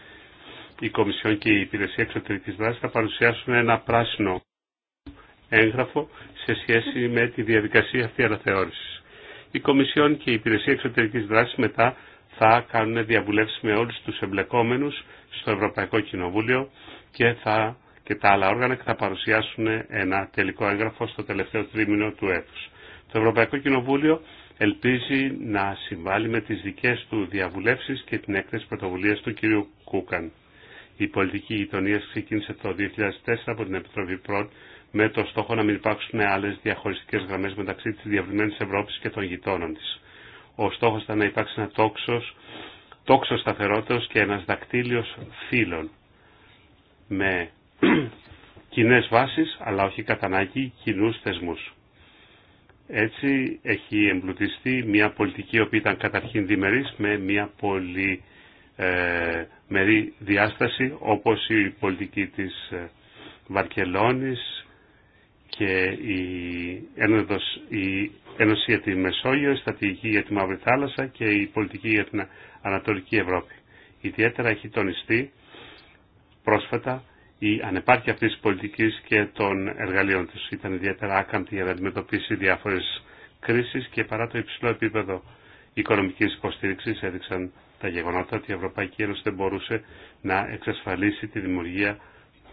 η Κομισιόν και η Υπηρεσία Εξωτερικής Δράσης θα παρουσιάσουν ένα πράσινο έγγραφο σε σχέση με τη διαδικασία αυτή αναθεώρηση η Κομισιόν και η Υπηρεσία Εξωτερική δράση μετά θα κάνουν διαβουλεύσει με όλου του εμπλεκόμενου στο Ευρωπαϊκό Κοινοβούλιο και, θα, και τα άλλα όργανα και θα παρουσιάσουν ένα τελικό έγγραφο στο τελευταίο τρίμηνο του έτους. Το Ευρωπαϊκό Κοινοβούλιο ελπίζει να συμβάλλει με τις δικές του διαβουλεύσεις και την έκθεση πρωτοβουλία του κ. Κούκαν. Η πολιτική γειτονία ξεκίνησε το 2004 από την Επιτροπή Πρόν με το στόχο να μην υπάρξουν άλλε διαχωριστικέ γραμμέ μεταξύ τη διευρυμένη Ευρώπη και των γειτόνων τη. Ο στόχο ήταν να υπάρξει ένα τόξο τόξος και ένας δακτύλιος φύλων με κοινέ βάσει, αλλά όχι κατά ανάγκη κοινού θεσμού. Έτσι έχει εμπλουτιστεί μια πολιτική η οποία ήταν καταρχήν διμερής με μια πολύ ε, μερή διάσταση όπως η πολιτική της ε, Βαρκελόνης, και η, η Ένωση για τη Μεσόγειο, η Στατηγική για τη Μαύρη Θάλασσα και η Πολιτική για την Ανατολική Ευρώπη. Ιδιαίτερα έχει τονιστεί πρόσφατα η ανεπάρκεια αυτής της πολιτικής και των εργαλείων τους. Ήταν ιδιαίτερα άκαμπτη για να αντιμετωπίσει διάφορες κρίσεις και παρά το υψηλό επίπεδο οικονομικής υποστήριξης έδειξαν τα γεγονότα ότι η Ευρωπαϊκή Ένωση δεν μπορούσε να εξασφαλίσει τη δημιουργία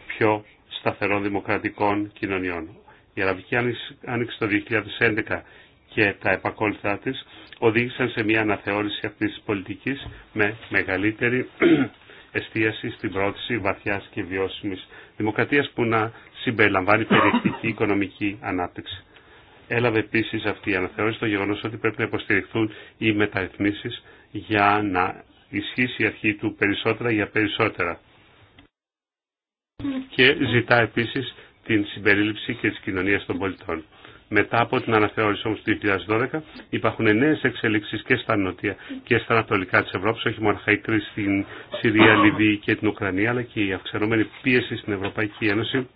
πιο σταθερών δημοκρατικών κοινωνιών η Αραβική Άνοιξη το 2011 και τα επακόλουθά της οδήγησαν σε μια αναθεώρηση αυτής της πολιτικής με μεγαλύτερη εστίαση στην πρόθεση βαθιάς και βιώσιμης δημοκρατίας που να συμπεριλαμβάνει περιεκτική οικονομική ανάπτυξη. Έλαβε επίση αυτή η αναθεώρηση το γεγονό ότι πρέπει να υποστηριχθούν οι μεταρρυθμίσει για να ισχύσει η αρχή του περισσότερα για περισσότερα. Και ζητά επίσης την συμπερίληψη και τη κοινωνία των πολιτών. Μετά από την αναθεώρηση όμως του 2012 υπάρχουν νέες εξελίξεις και στα νότια και στα ανατολικά της Ευρώπης, όχι μόνο η κρίση στην Συρία, Λιβύη και την Ουκρανία, αλλά και η αυξανόμενη πίεση στην Ευρωπαϊκή Ένωση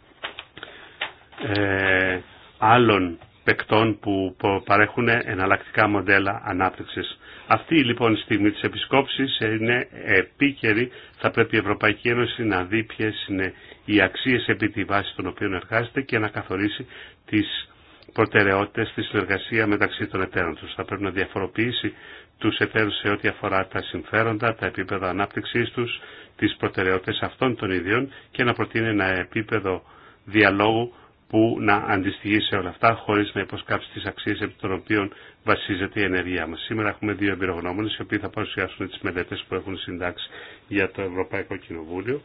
ε, άλλων παικτών που παρέχουν εναλλακτικά μοντέλα ανάπτυξης. Αυτή λοιπόν η στιγμή της επισκόψης είναι επίκαιρη. Θα πρέπει η Ευρωπαϊκή Ένωση να δει ποιε είναι οι αξίες επί τη βάση των οποίων εργάζεται και να καθορίσει τις προτεραιότητες στη συνεργασία μεταξύ των εταίρων τους. Θα πρέπει να διαφοροποιήσει τους εταίρους σε ό,τι αφορά τα συμφέροντα, τα επίπεδα ανάπτυξής τους, τις προτεραιότητες αυτών των ιδίων και να προτείνει ένα επίπεδο διαλόγου που να αντιστοιχεί σε όλα αυτά χωρίς να υποσκάψει τις αξίες επί των οποίων βασίζεται η ενέργειά μα. Σήμερα έχουμε δύο εμπειρογνώμονες οι οποίοι θα παρουσιάσουν τι μελέτε που έχουν συντάξει για το Ευρωπαϊκό Κοινοβούλιο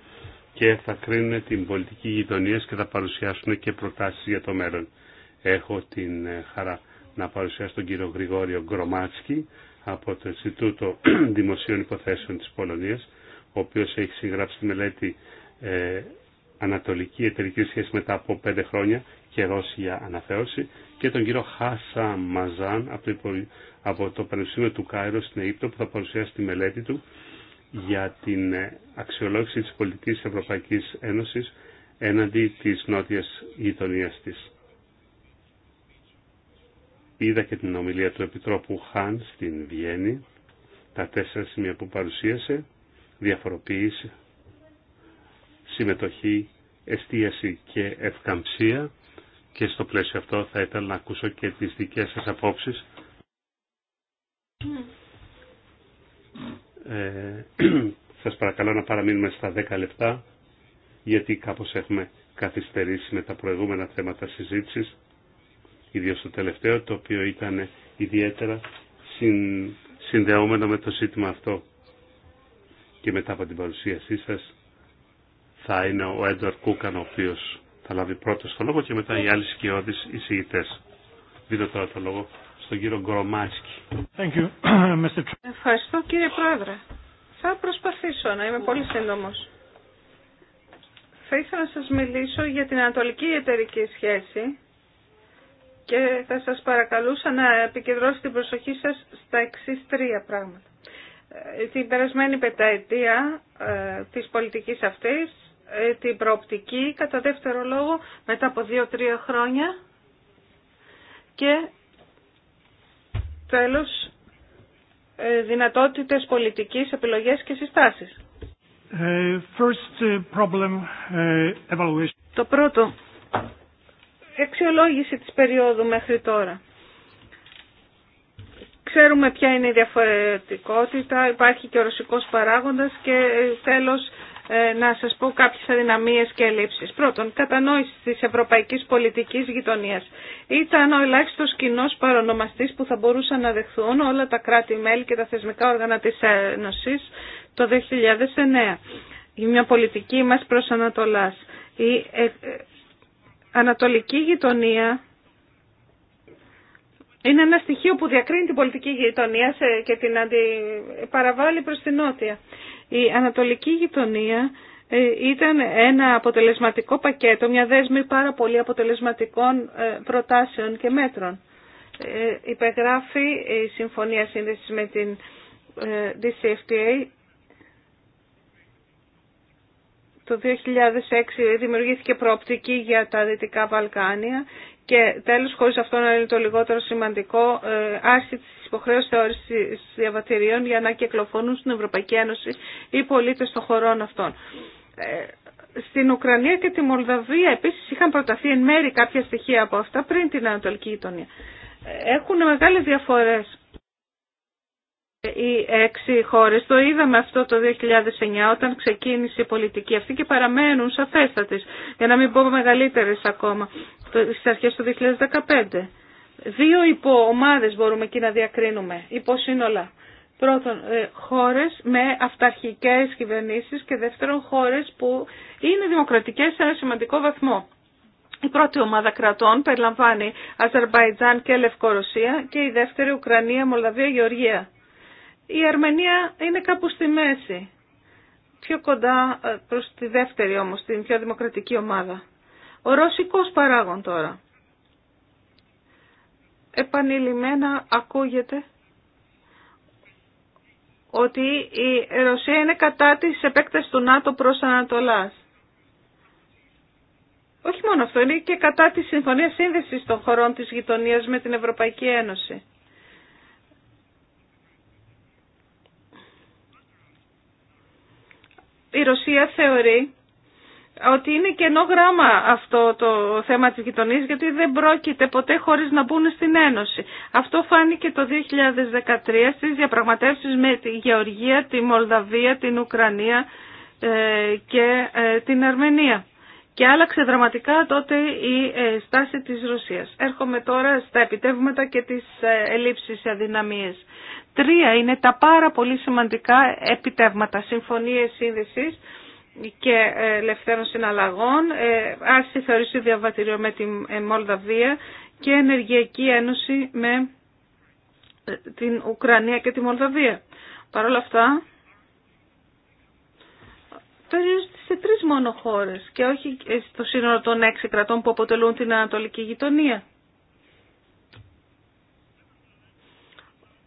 και θα κρίνουν την πολιτική γειτονία και θα παρουσιάσουν και προτάσει για το μέλλον. Έχω την ε, χαρά να παρουσιάσω τον κύριο Γρηγόριο Γκρομάτσκι από το Ινστιτούτο Δημοσίων Υποθέσεων τη Πολωνία, ο οποίο έχει συγγράψει τη μελέτη ε, Ανατολική Εταιρική Σχέση μετά από πέντε χρόνια και Ρώσια Αναθέωση και τον κύριο Χάσα Μαζάν από το, από Πανεπιστήμιο του Κάιρο στην Αίγυπτο που θα παρουσιάσει τη μελέτη του για την ε, αξιολόγηση της πολιτικής της Ευρωπαϊκής Ένωσης έναντι της νότιας γειτονίας της. Είδα και την ομιλία του Επιτρόπου Χάν στην Βιέννη, τα τέσσερα σημεία που παρουσίασε, διαφοροποίηση, συμμετοχή, εστίαση και ευκαμψία και στο πλαίσιο αυτό θα ήθελα να ακούσω και τις δικές σας απόψεις. Ναι. Ε, σας παρακαλώ να παραμείνουμε στα 10 λεπτά γιατί κάπως έχουμε καθυστερήσει με τα προηγούμενα θέματα συζήτησης ιδίως το τελευταίο το οποίο ήταν ιδιαίτερα συν, συνδεόμενο με το ζήτημα αυτό και μετά από την παρουσίασή σας θα είναι ο Έντουαρ Κούκαν ο οποίος θα λάβει πρώτο το λόγο και μετά οι άλλοι σκιώδει εισηγητέ. Δίνω τώρα το λόγο στον κύριο Γκρομάσκι. Thank you, Mr. Ευχαριστώ κύριε Πρόεδρε. Θα προσπαθήσω να είμαι πολύ σύντομο. Θα ήθελα να σας μιλήσω για την ανατολική εταιρική σχέση και θα σας παρακαλούσα να επικεντρώσετε την προσοχή σας στα εξή τρία πράγματα. Ε, την περασμένη πεταετία ε, της πολιτικής αυτής ε, την προοπτική κατά δεύτερο λόγο μετά από δύο-τρία χρόνια και τέλος ε, δυνατότητες πολιτικής, επιλογές και συστάσεις. Ε, Το πρώτο, εξιολόγηση της περίοδου μέχρι τώρα. Ξέρουμε ποια είναι η διαφορετικότητα, υπάρχει και ο ρωσικός παράγοντας και τέλος ε, να σας πω κάποιες αδυναμίες και ελλείψεις. Πρώτον, κατανόηση της ευρωπαϊκής πολιτικής γειτονίας. Ήταν ο ελάχιστο κοινό παρονομαστή που θα μπορούσαν να δεχθούν όλα τα κράτη-μέλη και τα θεσμικά όργανα της Ένωσης το 2009. Η μια πολιτική μας προς Ανατολάς. Η ε, ε, ανατολική γειτονία είναι ένα στοιχείο που διακρίνει την πολιτική γειτονία και την αντιπαραβάλλει προς την νότια. Η ανατολική γειτονία ε, ήταν ένα αποτελεσματικό πακέτο, μια δέσμη πάρα πολύ αποτελεσματικών ε, προτάσεων και μέτρων. Ε, υπεγράφει η Συμφωνία Σύνδεσης με την DCFTA το 2006 δημιουργήθηκε προοπτική για τα Δυτικά Βαλκάνια και τέλος, χωρίς αυτό να είναι το λιγότερο σημαντικό, άρχισε υποχρέωση θεώρηση διαβατηρίων για να κυκλοφορούν στην Ευρωπαϊκή Ένωση οι πολίτε των χωρών αυτών. Ε, στην Ουκρανία και τη Μολδαβία επίσης είχαν προταθεί εν μέρη κάποια στοιχεία από αυτά πριν την Ανατολική Γειτονία. Ε, έχουν μεγάλες διαφορές οι έξι χώρες. Το είδαμε αυτό το 2009 όταν ξεκίνησε η πολιτική αυτή και παραμένουν σαφέστατες για να μην πω μεγαλύτερες ακόμα στις αρχές του 2015. Δύο υποομάδες μπορούμε εκεί να διακρίνουμε, υποσύνολα. Πρώτον, ε, χώρες με αυταρχικές κυβερνήσεις και δεύτερον χώρες που είναι δημοκρατικές σε ένα σημαντικό βαθμό. Η πρώτη ομάδα κρατών περιλαμβάνει Αζερβαϊτζάν και Λευκορωσία και η δεύτερη Ουκρανία, Μολδαβία, Γεωργία. Η Αρμενία είναι κάπου στη μέση, πιο κοντά ε, προς τη δεύτερη όμως, την πιο δημοκρατική ομάδα. Ο ρωσικός παράγων τώρα επανειλημμένα ακούγεται ότι η Ρωσία είναι κατά της επέκτασης του ΝΑΤΟ προς Ανατολάς. Όχι μόνο αυτό, είναι και κατά της Συμφωνίας Σύνδεσης των χωρών της γειτονίας με την Ευρωπαϊκή Ένωση. Η Ρωσία θεωρεί ότι είναι κενό γράμμα αυτό το θέμα της γειτονίας γιατί δεν πρόκειται ποτέ χωρίς να μπουν στην Ένωση. Αυτό φάνηκε το 2013 στις διαπραγματεύσεις με τη Γεωργία, τη Μολδαβία, την Ουκρανία ε, και ε, την Αρμενία. Και άλλαξε δραματικά τότε η ε, στάση της Ρωσίας. Έρχομαι τώρα στα επιτεύγματα και τις ελλείψεις και αδυναμίες. Τρία είναι τα πάρα πολύ σημαντικά επιτεύγματα, συμφωνίες σύνδεσης, και ε, ελευθέρων συναλλαγών, ε, άρση θεωρήση διαβατηρίων με τη ε, Μολδαβία και ενεργειακή ένωση με την Ουκρανία και τη Μολδαβία. Παρ' όλα αυτά, περιορίζεται σε τρεις μόνο χώρες και όχι στο σύνολο των έξι κρατών που αποτελούν την Ανατολική γειτονία.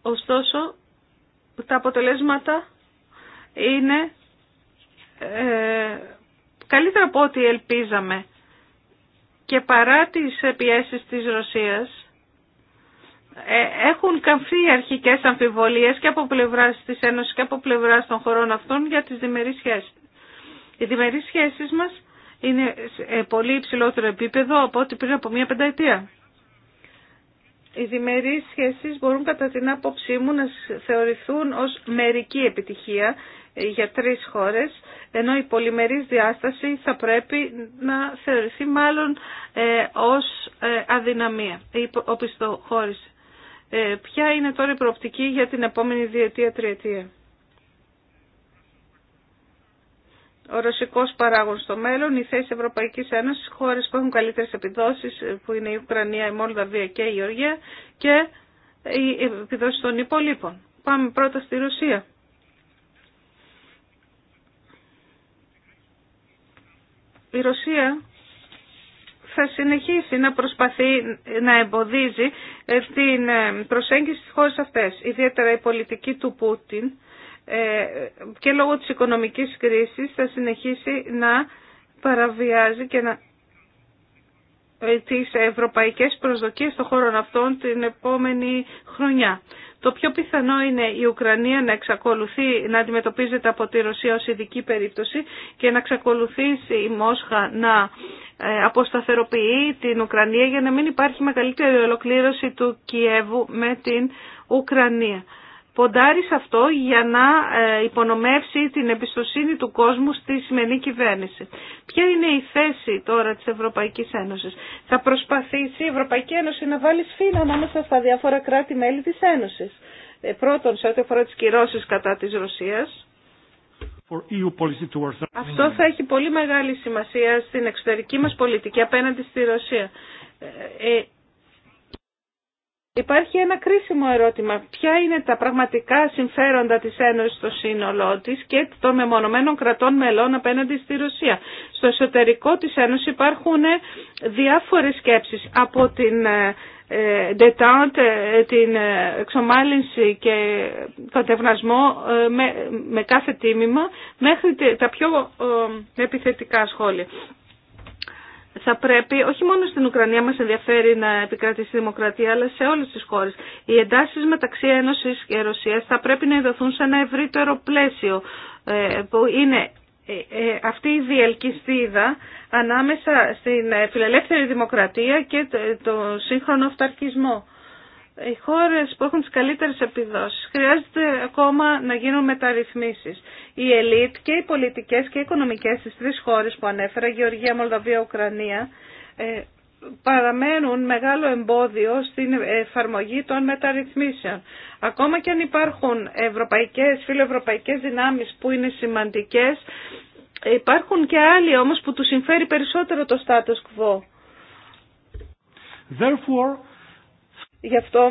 Ωστόσο, τα αποτελέσματα είναι ε, καλύτερα από ό,τι ελπίζαμε και παρά τις πιέσεις της Ρωσίας ε, έχουν καμφθεί οι αρχικές αμφιβολίες και από πλευράς της Ένωσης και από πλευράς των χωρών αυτών για τις διμερείς σχέσεις. Οι διμερείς σχέσεις μας είναι σε πολύ υψηλότερο επίπεδο από ό,τι πριν από μία πενταετία. Οι διμερείς σχέσεις μπορούν κατά την άποψή μου να θεωρηθούν ως μερική επιτυχία για τρεις χώρες, ενώ η πολυμερής διάσταση θα πρέπει να θεωρηθεί μάλλον ε, ως ε, αδυναμία ή οπισθοχώρηση. Ε, ποια είναι τώρα η προοπτική για την επόμενη διετία-τριετία. Ο ρωσικό παράγων στο μέλλον, η θέση Ευρωπαϊκή Ένωση, χώρε που έχουν καλύτερε επιδόσει, που είναι η Ουκρανία, η Μολδαβία και η Γεωργία, και οι επιδόσει των υπολείπων. Πάμε πρώτα στη Ρωσία. η Ρωσία θα συνεχίσει να προσπαθεί να εμποδίζει ε, την ε, προσέγγιση στις χώρες αυτές, ιδιαίτερα η πολιτική του Πούτιν ε, και λόγω της οικονομικής κρίσης θα συνεχίσει να παραβιάζει και να τις ευρωπαϊκές προσδοκίες των χώρων αυτών την επόμενη χρονιά. Το πιο πιθανό είναι η Ουκρανία να εξακολουθεί να αντιμετωπίζεται από τη Ρωσία ως ειδική περίπτωση και να εξακολουθήσει η Μόσχα να ε, αποσταθεροποιεί την Ουκρανία για να μην υπάρχει μεγαλύτερη ολοκλήρωση του Κιέβου με την Ουκρανία ποντάρει αυτό για να ε, υπονομεύσει την εμπιστοσύνη του κόσμου στη σημερινή κυβέρνηση. Ποια είναι η θέση τώρα της Ευρωπαϊκής Ένωσης. Θα προσπαθήσει η Ευρωπαϊκή Ένωση να βάλει σφήνα ανάμεσα στα διάφορα κράτη-μέλη της Ένωσης. Ε, πρώτον, σε ό,τι αφορά τις κυρώσεις κατά της Ρωσίας. E αυτό θα έχει πολύ μεγάλη σημασία στην εξωτερική μας πολιτική απέναντι στη Ρωσία. Ε, Υπάρχει ένα κρίσιμο ερώτημα. Ποια είναι τα πραγματικά συμφέροντα της Ένωσης στο σύνολό της και των μεμονωμένων κρατών μελών απέναντι στη Ρωσία. Στο εσωτερικό της Ένωσης υπάρχουν ε, διάφορες σκέψεις από την ε, ε, detente, την εξομάλυνση και τευνασμό με κάθε τίμημα μέχρι τα πιο επιθετικά σχόλια θα πρέπει, όχι μόνο στην Ουκρανία μας ενδιαφέρει να επικρατήσει η δημοκρατία, αλλά σε όλες τις χώρες. Οι εντάσεις μεταξύ Ένωσης και Ρωσίας θα πρέπει να ειδωθούν σε ένα ευρύτερο πλαίσιο, ε, που είναι ε, ε, αυτή η διελκυστίδα ανάμεσα στην φιλελεύθερη δημοκρατία και το σύγχρονο αυταρκισμό οι χώρες που έχουν τις καλύτερες επιδόσεις χρειάζεται ακόμα να γίνουν μεταρρυθμίσεις. Οι ελίτ και οι πολιτικές και οι οικονομικές στις τρεις χώρες που ανέφερα, Γεωργία, Μολδαβία, Ουκρανία, ε, παραμένουν μεγάλο εμπόδιο στην εφαρμογή των μεταρρυθμίσεων. Ακόμα και αν υπάρχουν ευρωπαϊκές, φιλοευρωπαϊκές δυνάμεις που είναι σημαντικές, υπάρχουν και άλλοι όμως που του συμφέρει περισσότερο το status quo. Therefore, Γι' αυτό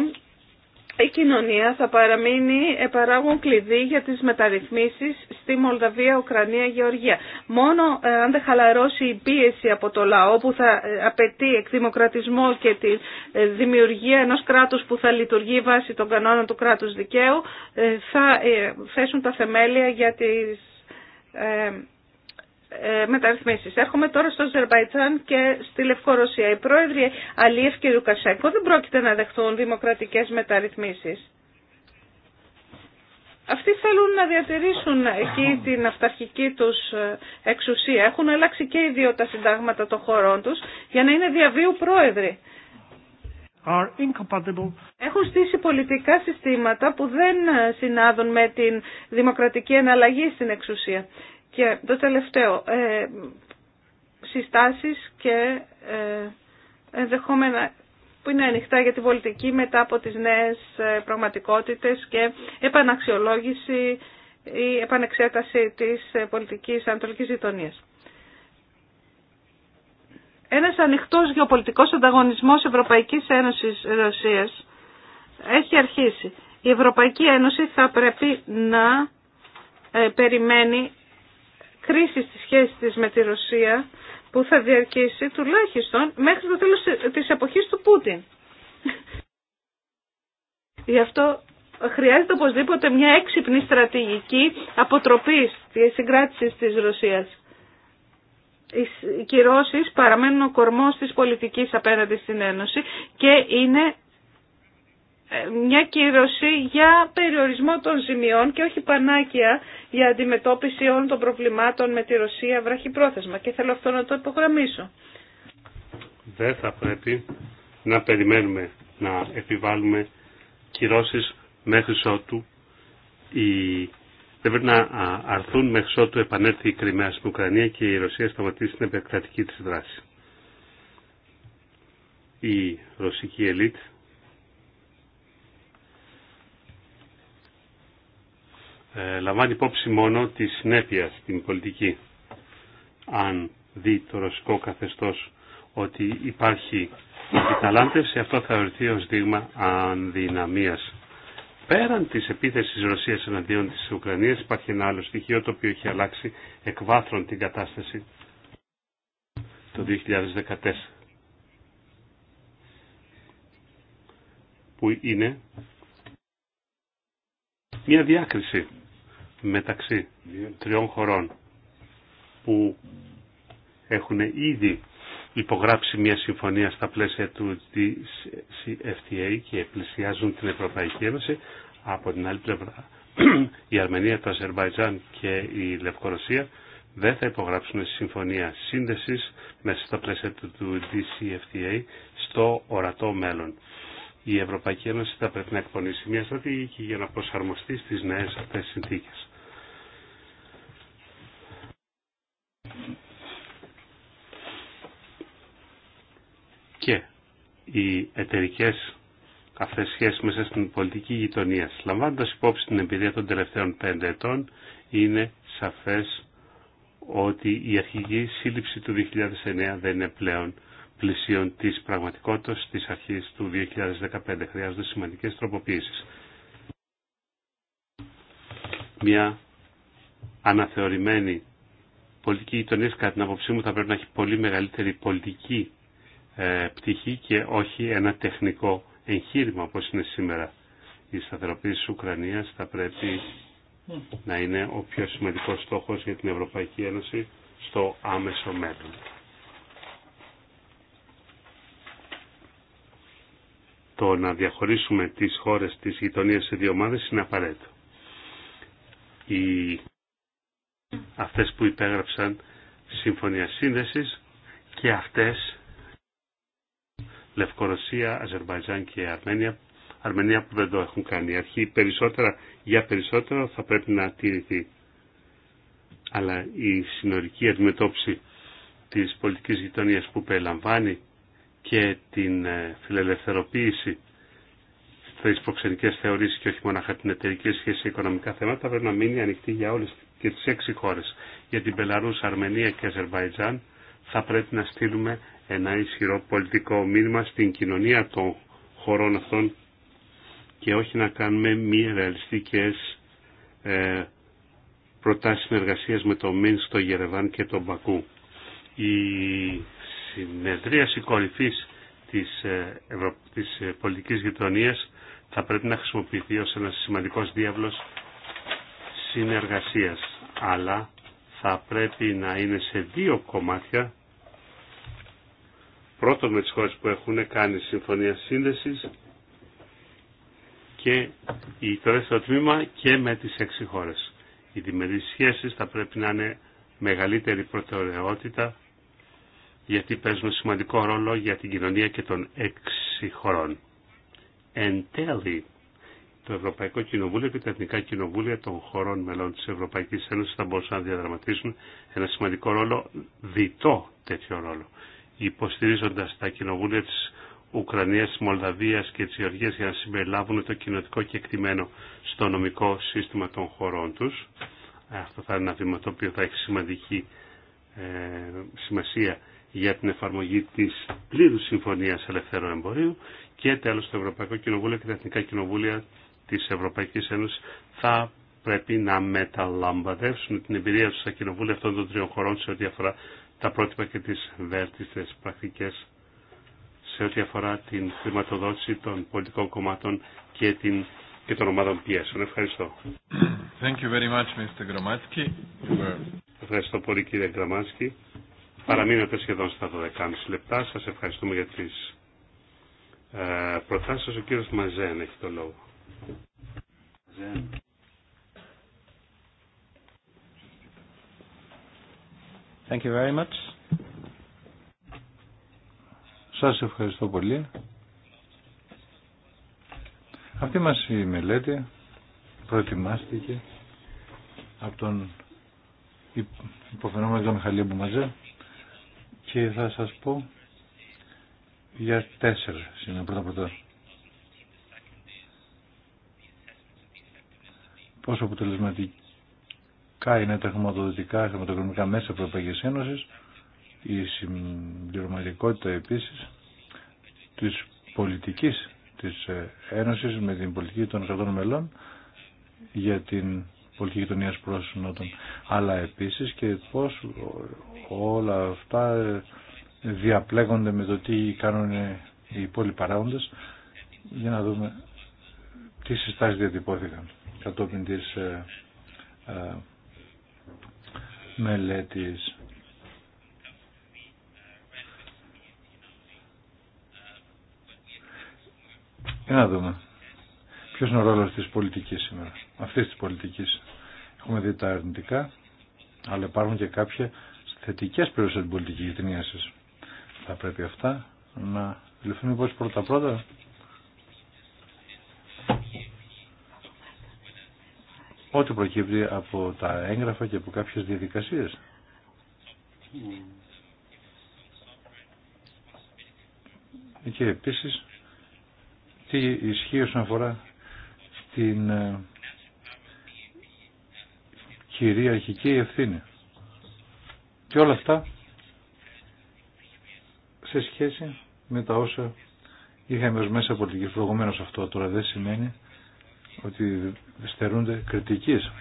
η κοινωνία θα παραμείνει παράγον κλειδί για τις μεταρρυθμίσεις στη Μολδαβία, Ουκρανία, Γεωργία. Μόνο ε, αν δεν χαλαρώσει η πίεση από το λαό που θα ε, απαιτεί εκδημοκρατισμό και τη ε, δημιουργία ενός κράτους που θα λειτουργεί βάσει των κανόνων του κράτους δικαίου, θα θέσουν τα θεμέλια για τις ε, μεταρρυθμίσει. Έρχομαι τώρα στο Αζερβαϊτζάν και στη Λευκορωσία. Οι πρόεδροι Αλίεφ και Λουκασέκο δεν πρόκειται να δεχθούν δημοκρατικέ μεταρρυθμίσεις. Αυτοί θέλουν να διατηρήσουν εκεί την αυταρχική τους ε, εξουσία. Έχουν αλλάξει και οι δύο τα συντάγματα των χωρών τους για να είναι διαβίου πρόεδροι. Are Έχουν στήσει πολιτικά συστήματα που δεν ε, συνάδουν με την δημοκρατική εναλλαγή στην εξουσία. Και το τελευταίο, ε, συστάσεις και ε, που είναι ανοιχτά για τη πολιτική μετά από τις νέες ε, πραγματικότητες και επαναξιολόγηση ή επανεξέταση της ε, πολιτικής ανατολικής γειτονίας. Ένας ανοιχτός γεωπολιτικός ανταγωνισμός Ευρωπαϊκής Ένωσης Ρωσίας έχει αρχίσει. Η Ευρωπαϊκή Ένωση θα πρέπει να ε, περιμένει κρίση στη σχέση της με τη Ρωσία που θα διαρκήσει τουλάχιστον μέχρι το τέλος της εποχής του Πούτιν. Γι' αυτό χρειάζεται οπωσδήποτε μια έξυπνη στρατηγική αποτροπής της συγκράτησης της Ρωσίας. Οι κυρώσεις παραμένουν ο κορμός της πολιτικής απέναντι στην Ένωση και είναι ε, μια κύρωση για περιορισμό των ζημιών και όχι πανάκια για αντιμετώπιση όλων των προβλημάτων με τη Ρωσία πρόθεσμα και θέλω αυτό να το υπογραμμίσω. Δεν θα πρέπει να περιμένουμε να επιβάλλουμε κυρώσεις μέχρι ότου η... δεν πρέπει να αρθούν μέχρι ότου επανέλθει η Κρυμαία στην Ουκρανία και η Ρωσία σταματήσει την επεκτατική της δράση. Η ρωσική ελίτ Ε, λαμβάνει υπόψη μόνο τη συνέπεια στην πολιτική. Αν δει το ρωσικό καθεστώς ότι υπάρχει επιταλάντευση, αυτό θα ορθεί ως δείγμα ανδυναμίας. Πέραν της επίθεσης Ρωσίας εναντίον της Ουκρανίας υπάρχει ένα άλλο στοιχείο το οποίο έχει αλλάξει εκ βάθρων την κατάσταση το 2014 που είναι μια διάκριση μεταξύ τριών χωρών που έχουν ήδη υπογράψει μια συμφωνία στα πλαίσια του DCFTA και πλησιάζουν την Ευρωπαϊκή Ένωση. Από την άλλη πλευρά η Αρμενία, το Αζερβαϊτζάν και η Λευκορωσία δεν θα υπογράψουν συμφωνία σύνδεσης μέσα στα πλαίσια του, του DCFTA στο ορατό μέλλον. Η Ευρωπαϊκή Ένωση θα πρέπει να εκπονήσει μια στρατηγική για να προσαρμοστεί στις νέες αυτές συνθήκες. και οι εταιρικέ αυτές σχέσεις μέσα στην πολιτική γειτονία. Λαμβάνοντας υπόψη την εμπειρία των τελευταίων πέντε ετών, είναι σαφές ότι η αρχική σύλληψη του 2009 δεν είναι πλέον πλησίων της πραγματικότητας της αρχής του 2015. Χρειάζονται σημαντικές τροποποίησεις. Μια αναθεωρημένη πολιτική γειτονία κατά την άποψή μου θα πρέπει να έχει πολύ μεγαλύτερη πολιτική ε, πτυχή και όχι ένα τεχνικό εγχείρημα όπως είναι σήμερα. Η σταθεροποίηση της Ουκρανίας θα πρέπει να είναι ο πιο σημαντικός στόχος για την Ευρωπαϊκή Ένωση στο άμεσο μέλλον. Το να διαχωρίσουμε τις χώρες της γειτονίας σε δύο ομάδες είναι απαραίτητο. Οι... Αυτές που υπέγραψαν συμφωνία σύνδεσης και αυτές Λευκορωσία, Αζερβαϊτζάν και Αρμένια. Αρμενία που δεν το έχουν κάνει. αρχή περισσότερα, για περισσότερο θα πρέπει να τηρηθεί. Αλλά η συνορική αντιμετώπιση της πολιτικής γειτονίας που περιλαμβάνει και την ε, φιλελευθεροποίηση στις προξενικές θεωρήσεις και όχι μόνο την εταιρική σχέση σε οικονομικά θέματα πρέπει να μείνει ανοιχτή για όλες και τις έξι χώρες. Για την Πελαρούς, Αρμενία και Αζερβαϊτζάν θα πρέπει να στείλουμε ένα ισχυρό πολιτικό μήνυμα στην κοινωνία των χωρών αυτών και όχι να κάνουμε μη ρεαλιστικές ε, προτάσεις συνεργασία με το Μίνσκ, το Γερεβάν και το Μπακού. Η συνεδρίαση κορυφής της, ε, Ευρω... της ε, πολιτικής γειτονίας θα πρέπει να χρησιμοποιηθεί ως ένας σημαντικός διάβλος συνεργασίας, αλλά θα πρέπει να είναι σε δύο κομμάτια πρώτον με τις χώρες που έχουν κάνει συμφωνία σύνδεσης και το δεύτερο τμήμα και με τις έξι χώρες. Οι διμερείς σχέσεις θα πρέπει να είναι μεγαλύτερη προτεραιότητα γιατί παίζουν σημαντικό ρόλο για την κοινωνία και των έξι χωρών. Εν τέλει, το Ευρωπαϊκό Κοινοβούλιο και τα Εθνικά Κοινοβούλια των χωρών μελών της Ευρωπαϊκής Ένωσης θα μπορούσαν να διαδραματίσουν ένα σημαντικό ρόλο, διτό τέτοιο ρόλο υποστηρίζοντας τα κοινοβούλια της Ουκρανίας, της Μολδαβίας και της Γεωργίας για να συμπεριλάβουν το κοινοτικό κεκτημένο στο νομικό σύστημα των χωρών τους. Ε, αυτό θα είναι ένα βήμα το οποίο θα έχει σημαντική ε, σημασία για την εφαρμογή της πλήρους συμφωνίας ελευθερού εμπορίου και τέλος το Ευρωπαϊκό Κοινοβούλιο και τα Εθνικά Κοινοβούλια της Ευρωπαϊκής Ένωσης θα πρέπει να μεταλαμβαδεύσουν την εμπειρία του στα κοινοβούλια αυτών των τριών χωρών σε ό,τι αφορά τα πρότυπα και τις βέλτιστες πρακτικές σε ό,τι αφορά την χρηματοδότηση των πολιτικών κομμάτων και, την, και των ομάδων πιέσεων. Ευχαριστώ. Thank you very much, Mr. Ευχαριστώ πολύ κύριε Γκραμάτσκι. Παραμείνετε σχεδόν στα 12,5 λεπτά. Σας ευχαριστούμε για τις ε, προτάσεις. Ο κύριος Μαζέν έχει το λόγο. Thank you very much. Σας ευχαριστώ πολύ. Αυτή μας η μελέτη προετοιμάστηκε από τον υποφαινόμενο τον που Μπουμαζέ και θα σας πω για τέσσερα σήμερα πρώτα πρώτα. Πόσο αποτελεσματική είναι τα χρηματοδοτικά, χρηματοοικονομικά μέσα Ευρωπαϊκή Ένωση, η συμπληρωματικότητα επίση τη πολιτική τη Ένωση με την πολιτική των κρατών μελών για την πολιτική γειτονία προ Νότον. Αλλά επίση και πώ όλα αυτά διαπλέγονται με το τι κάνουν οι υπόλοιποι παράγοντε, για να δούμε τι συστάσεις διατυπώθηκαν κατόπιν της ε, ε, μελέτης. Για να δούμε. Ποιος είναι ο ρόλος της πολιτικής σήμερα. Αυτής της πολιτικής. Έχουμε δει τα αρνητικά, αλλά υπάρχουν και κάποια θετικές περιοχές στην πολιτική σας. Θα πρέπει αυτά να λυθουν υποψη υπόψη πρώτα-πρώτα ό,τι προκύπτει από τα έγγραφα και από κάποιες διαδικασίες. Και επίσης, τι ισχύει όσον αφορά την ε, κυριαρχική ευθύνη. Και όλα αυτά σε σχέση με τα όσα είχαμε ως μέσα πολιτική προηγουμένως αυτό τώρα δεν σημαίνει ότι στερούνται κριτικής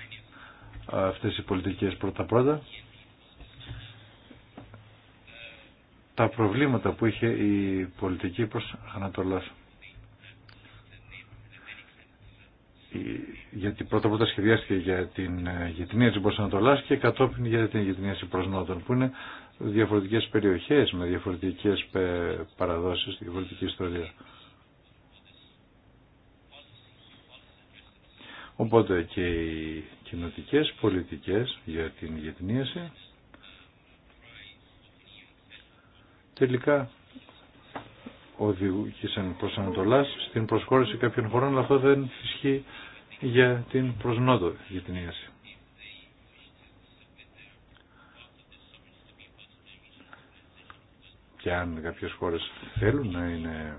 αυτές οι πολιτικές πρώτα-πρώτα. Τα προβλήματα που είχε η πολιτική προς Ανατολάς. γιατί πρώτα πρώτα σχεδιάστηκε για την γειτνία της Ανατολάς και κατόπιν για την γειτνία της Νότον, που είναι διαφορετικές περιοχές με διαφορετικές παραδόσεις, διαφορετική ιστορία. Οπότε και οι κοινοτικές πολιτικές για την γετνίαση τελικά οδηγούσαν προς Ανατολάς στην προσχώρηση κάποιων χωρών, αλλά αυτό δεν ισχύει για την προς Νότο γετνίαση. Και αν κάποιες χώρες θέλουν να είναι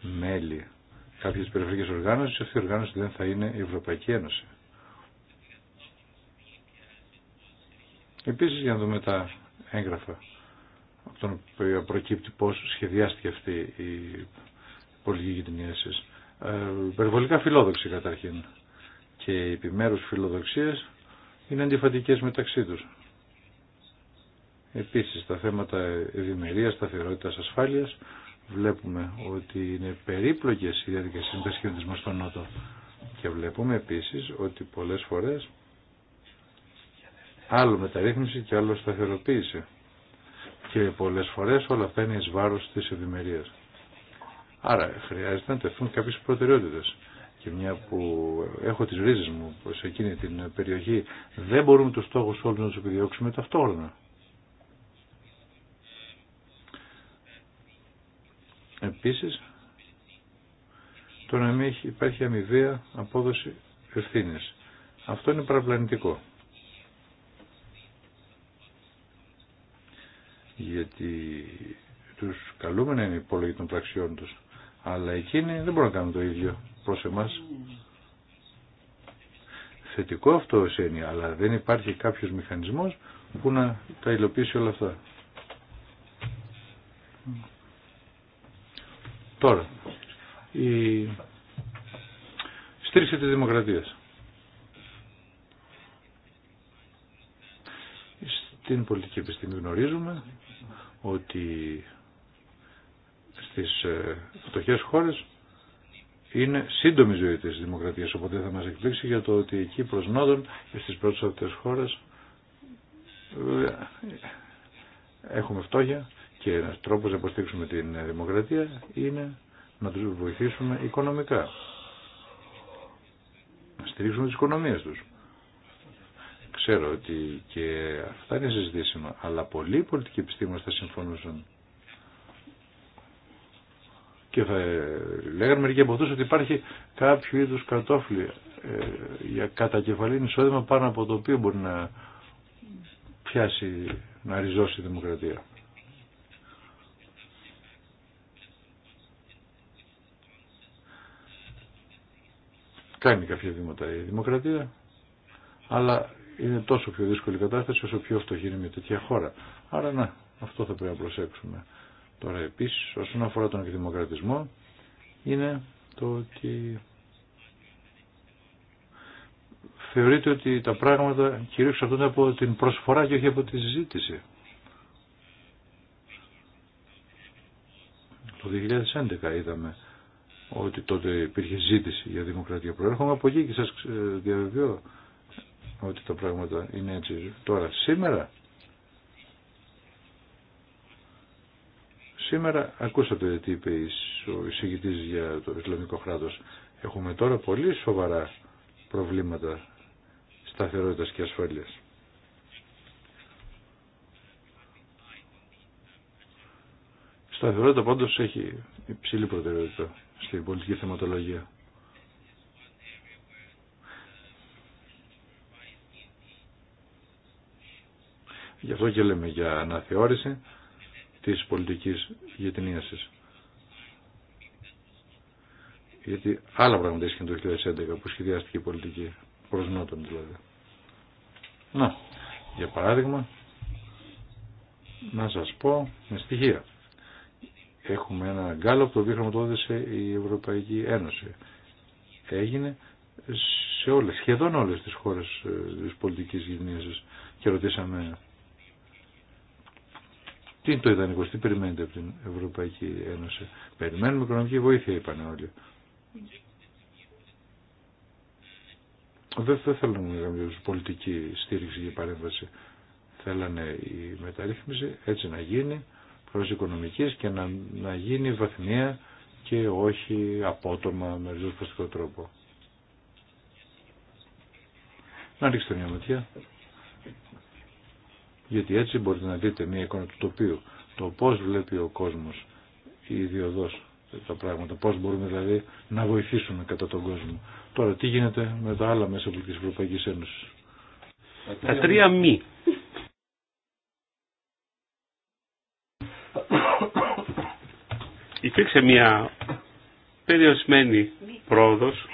μέλη κάποιες περιφερειακές οργάνωσεις, αυτή η οργάνωση δεν θα είναι η Ευρωπαϊκή Ένωση. Επίσης, για να δούμε τα έγγραφα από τον οποίο προκύπτει πώς σχεδιάστηκε αυτή η πολιτική κοινωνία, Ε, υπερβολικά φιλόδοξη καταρχήν και οι επιμέρους φιλοδοξίες είναι αντιφατικές μεταξύ τους. Επίσης τα θέματα ευημερίας, σταθερότητας, ασφάλειας βλέπουμε ότι είναι περίπλοκες οι διαδικασίες μετασχηματισμού στον Νότο και βλέπουμε επίσης ότι πολλές φορές άλλο μεταρρύθμιση και άλλο σταθεροποίηση και πολλές φορές όλα παίρνει εις βάρος της ευημερίας. Άρα χρειάζεται να τεθούν κάποιες προτεραιότητες και μια που έχω τις ρίζες μου σε εκείνη την περιοχή δεν μπορούμε τους στόχους όλους να τους επιδιώξουμε ταυτόχρονα. Επίσης, το να μην υπάρχει αμοιβαία απόδοση ευθύνη. Αυτό είναι παραπλανητικό. Γιατί τους καλούμε να είναι υπόλογοι των πραξιών τους. Αλλά εκείνοι δεν μπορούν να κάνουν το ίδιο προς εμάς. Θετικό αυτό ως έννοια, αλλά δεν υπάρχει κάποιος μηχανισμός που να τα υλοποιήσει όλα αυτά. Τώρα, η στήριξη της δημοκρατίας. Στην πολιτική επιστήμη γνωρίζουμε ότι στις ε, φτωχές χώρες είναι σύντομη ζωή της δημοκρατίας, οπότε θα μας εκπλήξει για το ότι εκεί προς και στις πρώτες αυτές χώρες ε, έχουμε φτώχεια και ένας τρόπος να υποστήριξουμε την δημοκρατία είναι να τους βοηθήσουμε οικονομικά. Να στηρίξουμε τις οικονομίες τους. Ξέρω ότι και αυτά είναι συζητήσιμα, αλλά πολλοί πολιτικοί επιστήμονες θα συμφωνούσαν και θα λέγανε μερικοί από αυτούς ότι υπάρχει κάποιο είδους κατόφλι ε, για κατακεφαλήν εισόδημα πάνω από το οποίο μπορεί να πιάσει, να ριζώσει η δημοκρατία. κάνει κάποια βήματα η δημοκρατία, αλλά είναι τόσο πιο δύσκολη η κατάσταση όσο πιο φτωχή είναι μια τέτοια χώρα. Άρα να, αυτό θα πρέπει να προσέξουμε. Τώρα επίσης όσον αφορά τον εκδημοκρατισμό είναι το ότι θεωρείται ότι τα πράγματα κυρίως εξαρτούνται από την προσφορά και όχι από τη συζήτηση. Το 2011 είδαμε ότι τότε υπήρχε ζήτηση για δημοκρατία. Προέρχομαι από εκεί και σας ε, διαβεβαιώ ότι τα πράγματα είναι έτσι. Τώρα, σήμερα, σήμερα ακούσατε τι είπε ο εισηγητής για το Ισλαμικό κράτος. Έχουμε τώρα πολύ σοβαρά προβλήματα σταθερότητας και ασφάλειας. Σταθερότητα πάντως έχει υψηλή προτεραιότητα στην πολιτική θεματολογία. Γι' αυτό και λέμε για αναθεώρηση της πολιτικής γετινίασης. Γιατί άλλα πράγματα ίσχυαν το 2011 που σχεδιάστηκε η πολιτική, προς νότον δηλαδή. Να, για παράδειγμα, να σας πω με στοιχεία. Έχουμε ένα γκάλο που το χρηματοδότησε η Ευρωπαϊκή Ένωση. Έγινε σε όλες, σχεδόν όλες τις χώρες ε, της πολιτικής γυμνίασης και ρωτήσαμε τι είναι το ιδανικό, τι περιμένετε από την Ευρωπαϊκή Ένωση. Περιμένουμε οικονομική βοήθεια, είπαν όλοι. Δεν, δεν θέλουν καμιά πολιτική στήριξη και παρέμβαση. Θέλανε η μεταρρύθμιση έτσι να γίνει προς οικονομικής και να, γίνει βαθμία και όχι απότομα με ριζοσπαστικό τρόπο. Να ρίξετε μια ματιά. Γιατί έτσι μπορείτε να δείτε μια εικόνα του τοπίου. Το πώς βλέπει ο κόσμος η ιδιωδός τα πράγματα. Πώς μπορούμε δηλαδή να βοηθήσουμε κατά τον κόσμο. Τώρα τι γίνεται με τα άλλα μέσα της Ευρωπαϊκής Ένωσης. Τα τρία μη. υπήρξε μια περιορισμένη πρόοδος.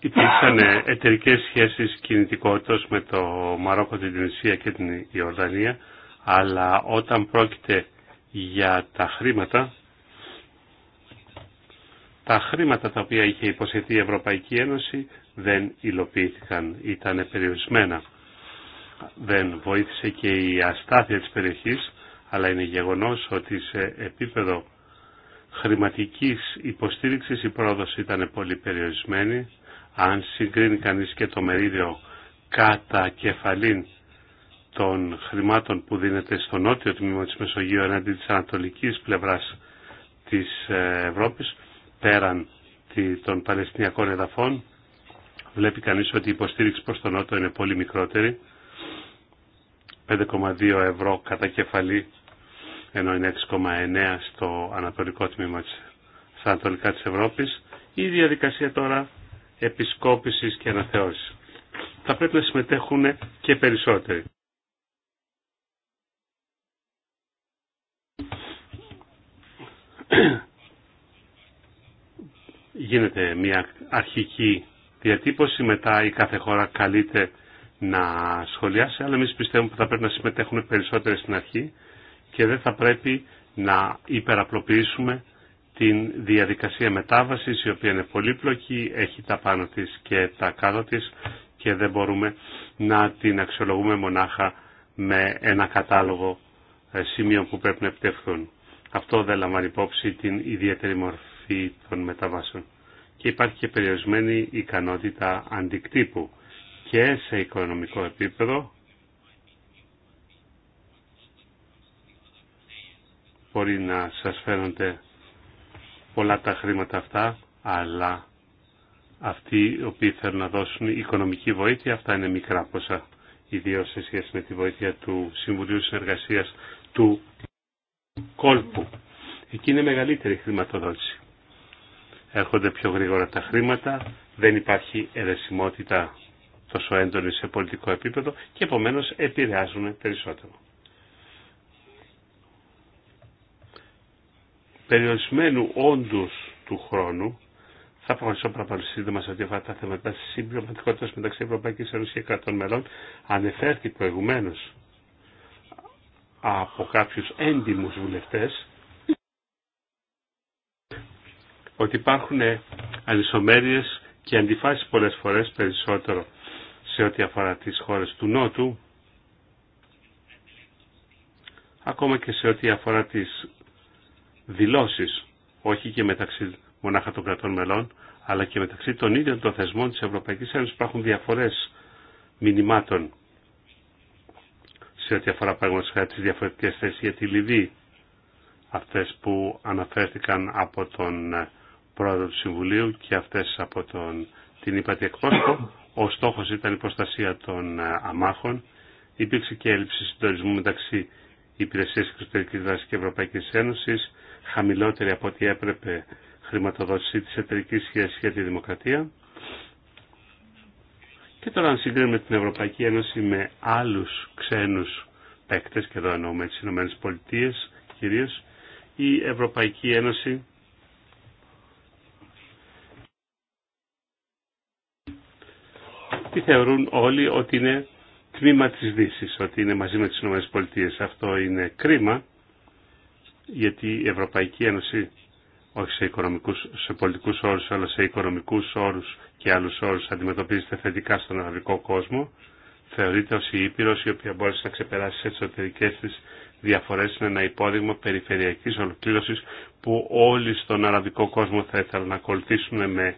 Υπήρξαν εταιρικέ σχέσεις κινητικότητας με το Μαρόκο, την Τινησία και την Ιορδανία, αλλά όταν πρόκειται για τα χρήματα, τα χρήματα τα οποία είχε υποσχεθεί η Ευρωπαϊκή Ένωση δεν υλοποιήθηκαν, ήταν περιορισμένα. Δεν βοήθησε και η αστάθεια της περιοχής αλλά είναι γεγονός ότι σε επίπεδο χρηματικής υποστήριξης η πρόοδος ήταν πολύ περιορισμένη. Αν συγκρίνει κανείς και το μερίδιο κατά κεφαλήν των χρημάτων που δίνεται στο νότιο τμήμα της Μεσογείου εναντί της ανατολικής πλευράς της ε, Ευρώπης, πέραν των Παλαιστινιακών εδαφών, βλέπει κανείς ότι η υποστήριξη προς τον νότο είναι πολύ μικρότερη. 5,2 ευρώ κατά κεφαλή ενώ είναι 6,9 στο ανατολικό τμήμα της, στα ανατολικά της Ευρώπης, η διαδικασία τώρα επισκόπησης και αναθεώρησης. Θα πρέπει να συμμετέχουν και περισσότεροι. Γίνεται μια αρχική διατύπωση, μετά η κάθε χώρα καλείται να σχολιάσει, αλλά εμεί πιστεύουμε ότι θα πρέπει να συμμετέχουν περισσότεροι στην αρχή και δεν θα πρέπει να υπεραπλοποιήσουμε την διαδικασία μετάβασης η οποία είναι πολύπλοκη, έχει τα πάνω της και τα κάτω της και δεν μπορούμε να την αξιολογούμε μονάχα με ένα κατάλογο ε, σημείων που πρέπει να επιτευχθούν. Αυτό δεν λαμβάνει υπόψη την ιδιαίτερη μορφή των μεταβάσεων. Και υπάρχει και περιορισμένη ικανότητα αντικτύπου και σε οικονομικό επίπεδο Μπορεί να σας φαίνονται πολλά τα χρήματα αυτά, αλλά αυτοί οι οποίοι θέλουν να δώσουν οικονομική βοήθεια, αυτά είναι μικρά ποσά, ιδίως σε σχέση με τη βοήθεια του Συμβουλίου Συνεργασίας του κόλπου. Εκεί είναι μεγαλύτερη χρηματοδότηση. Έρχονται πιο γρήγορα τα χρήματα, δεν υπάρχει ερεσιμότητα τόσο έντονη σε πολιτικό επίπεδο και επομένως επηρεάζουν περισσότερο. περιορισμένου όντου του χρόνου, θα προχωρήσω παραπάνω σύντομα σε ό,τι αφορά τα θέματα τη συμπληρωματικότητα μεταξύ Ευρωπαϊκή Ένωση και κρατών μελών. Ανεφέρθη προηγουμένω από κάποιου έντιμου βουλευτέ ότι υπάρχουν ανισομέρειε και αντιφάσει πολλέ φορέ περισσότερο σε ό,τι αφορά τι χώρε του Νότου, ακόμα και σε ό,τι αφορά τις δηλώσεις, όχι και μεταξύ μονάχα των κρατών μελών, αλλά και μεταξύ των ίδιων των θεσμών της Ευρωπαϊκής Ένωσης έχουν διαφορές μηνυμάτων σε ό,τι αφορά σχετικά τις διαφορετικές θέσεις για τη Λιβύη, αυτές που αναφέρθηκαν από τον ε, πρόεδρο του Συμβουλίου και αυτές από τον, την υπατή εκπρόσωπο. Ο στόχος ήταν η προστασία των ε, αμάχων. Υπήρξε και έλλειψη συντονισμού μεταξύ Υπηρεσίας Εξωτερικής Δράσης και Ευρωπαϊκής Ένωσης χαμηλότερη από ό,τι έπρεπε χρηματοδότηση της εταιρική σχέση για τη δημοκρατία. Και τώρα αν συγκρίνουμε την Ευρωπαϊκή Ένωση με άλλους ξένους παίκτες, και εδώ εννοούμε τις Ηνωμένες Πολιτείες κυρίως, η Ευρωπαϊκή Ένωση τη θεωρούν όλοι ότι είναι τμήμα της Δύσης, ότι είναι μαζί με τις Ηνωμένες Πολιτείες. Αυτό είναι κρίμα γιατί η Ευρωπαϊκή Ένωση όχι σε, οικονομικούς, σε πολιτικούς όρους, αλλά σε οικονομικούς όρους και άλλους όρους αντιμετωπίζεται θετικά στον αραβικό κόσμο. Θεωρείται ως η Ήπειρος η οποία μπόρεσε να ξεπεράσει τις εσωτερικές της διαφορές είναι ένα υπόδειγμα περιφερειακής ολοκλήρωσης που όλοι στον αραβικό κόσμο θα ήθελαν να ακολουθήσουν με,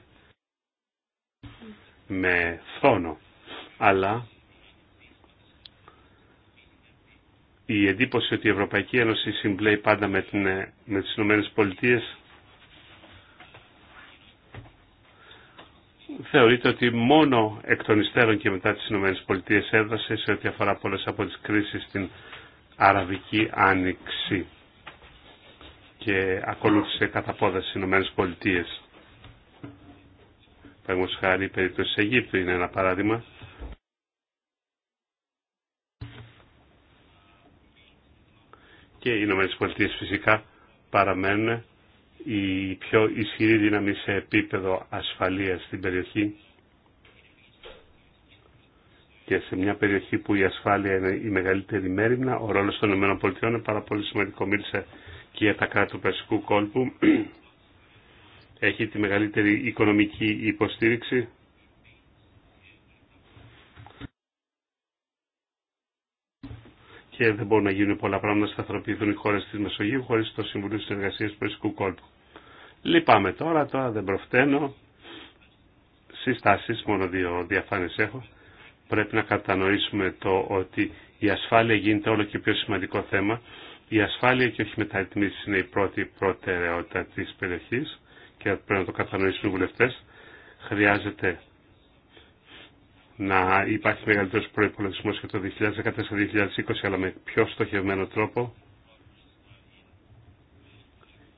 με θόνο. Αλλά η εντύπωση ότι η Ευρωπαϊκή Ένωση συμπλέει πάντα με, την, με τις Ηνωμένες Πολιτείες θεωρείται ότι μόνο εκ των υστέρων και μετά τις Ηνωμένες Πολιτείες έδωσε σε ό,τι αφορά πολλές από τις κρίσεις στην Αραβική Άνοιξη και ακολούθησε κατά πόδα στις Ηνωμένες Πολιτείες. Παραγματικά η περίπτωση Αιγύπτου είναι ένα παράδειγμα και οι Ηνωμένες Πολιτείες φυσικά παραμένουν η πιο ισχυρή δύναμη σε επίπεδο ασφαλείας στην περιοχή και σε μια περιοχή που η ασφάλεια είναι η μεγαλύτερη μέρημνα, ο ρόλος των Πολιτείων είναι πάρα πολύ σημαντικό. Μίλησε και για τα κράτη του Περσικού κόλπου. Έχει τη μεγαλύτερη οικονομική υποστήριξη και δεν μπορούν να γίνουν πολλά πράγματα να σταθεροποιηθούν οι χώρε τη Μεσογείου χωρί το Συμβουλίο Συνεργασία του Περσικού Κόλπου. Λυπάμαι τώρα, τώρα δεν προφταίνω. Συστάσει, μόνο δύο διαφάνειε έχω. Πρέπει να κατανοήσουμε το ότι η ασφάλεια γίνεται όλο και πιο σημαντικό θέμα. Η ασφάλεια και όχι μεταρρυθμίσει είναι η πρώτη προτεραιότητα τη περιοχή και πρέπει να το κατανοήσουν οι βουλευτέ. Χρειάζεται να υπάρχει μεγαλύτερο προπολογισμό για το 2014-2020 αλλά με πιο στοχευμένο τρόπο.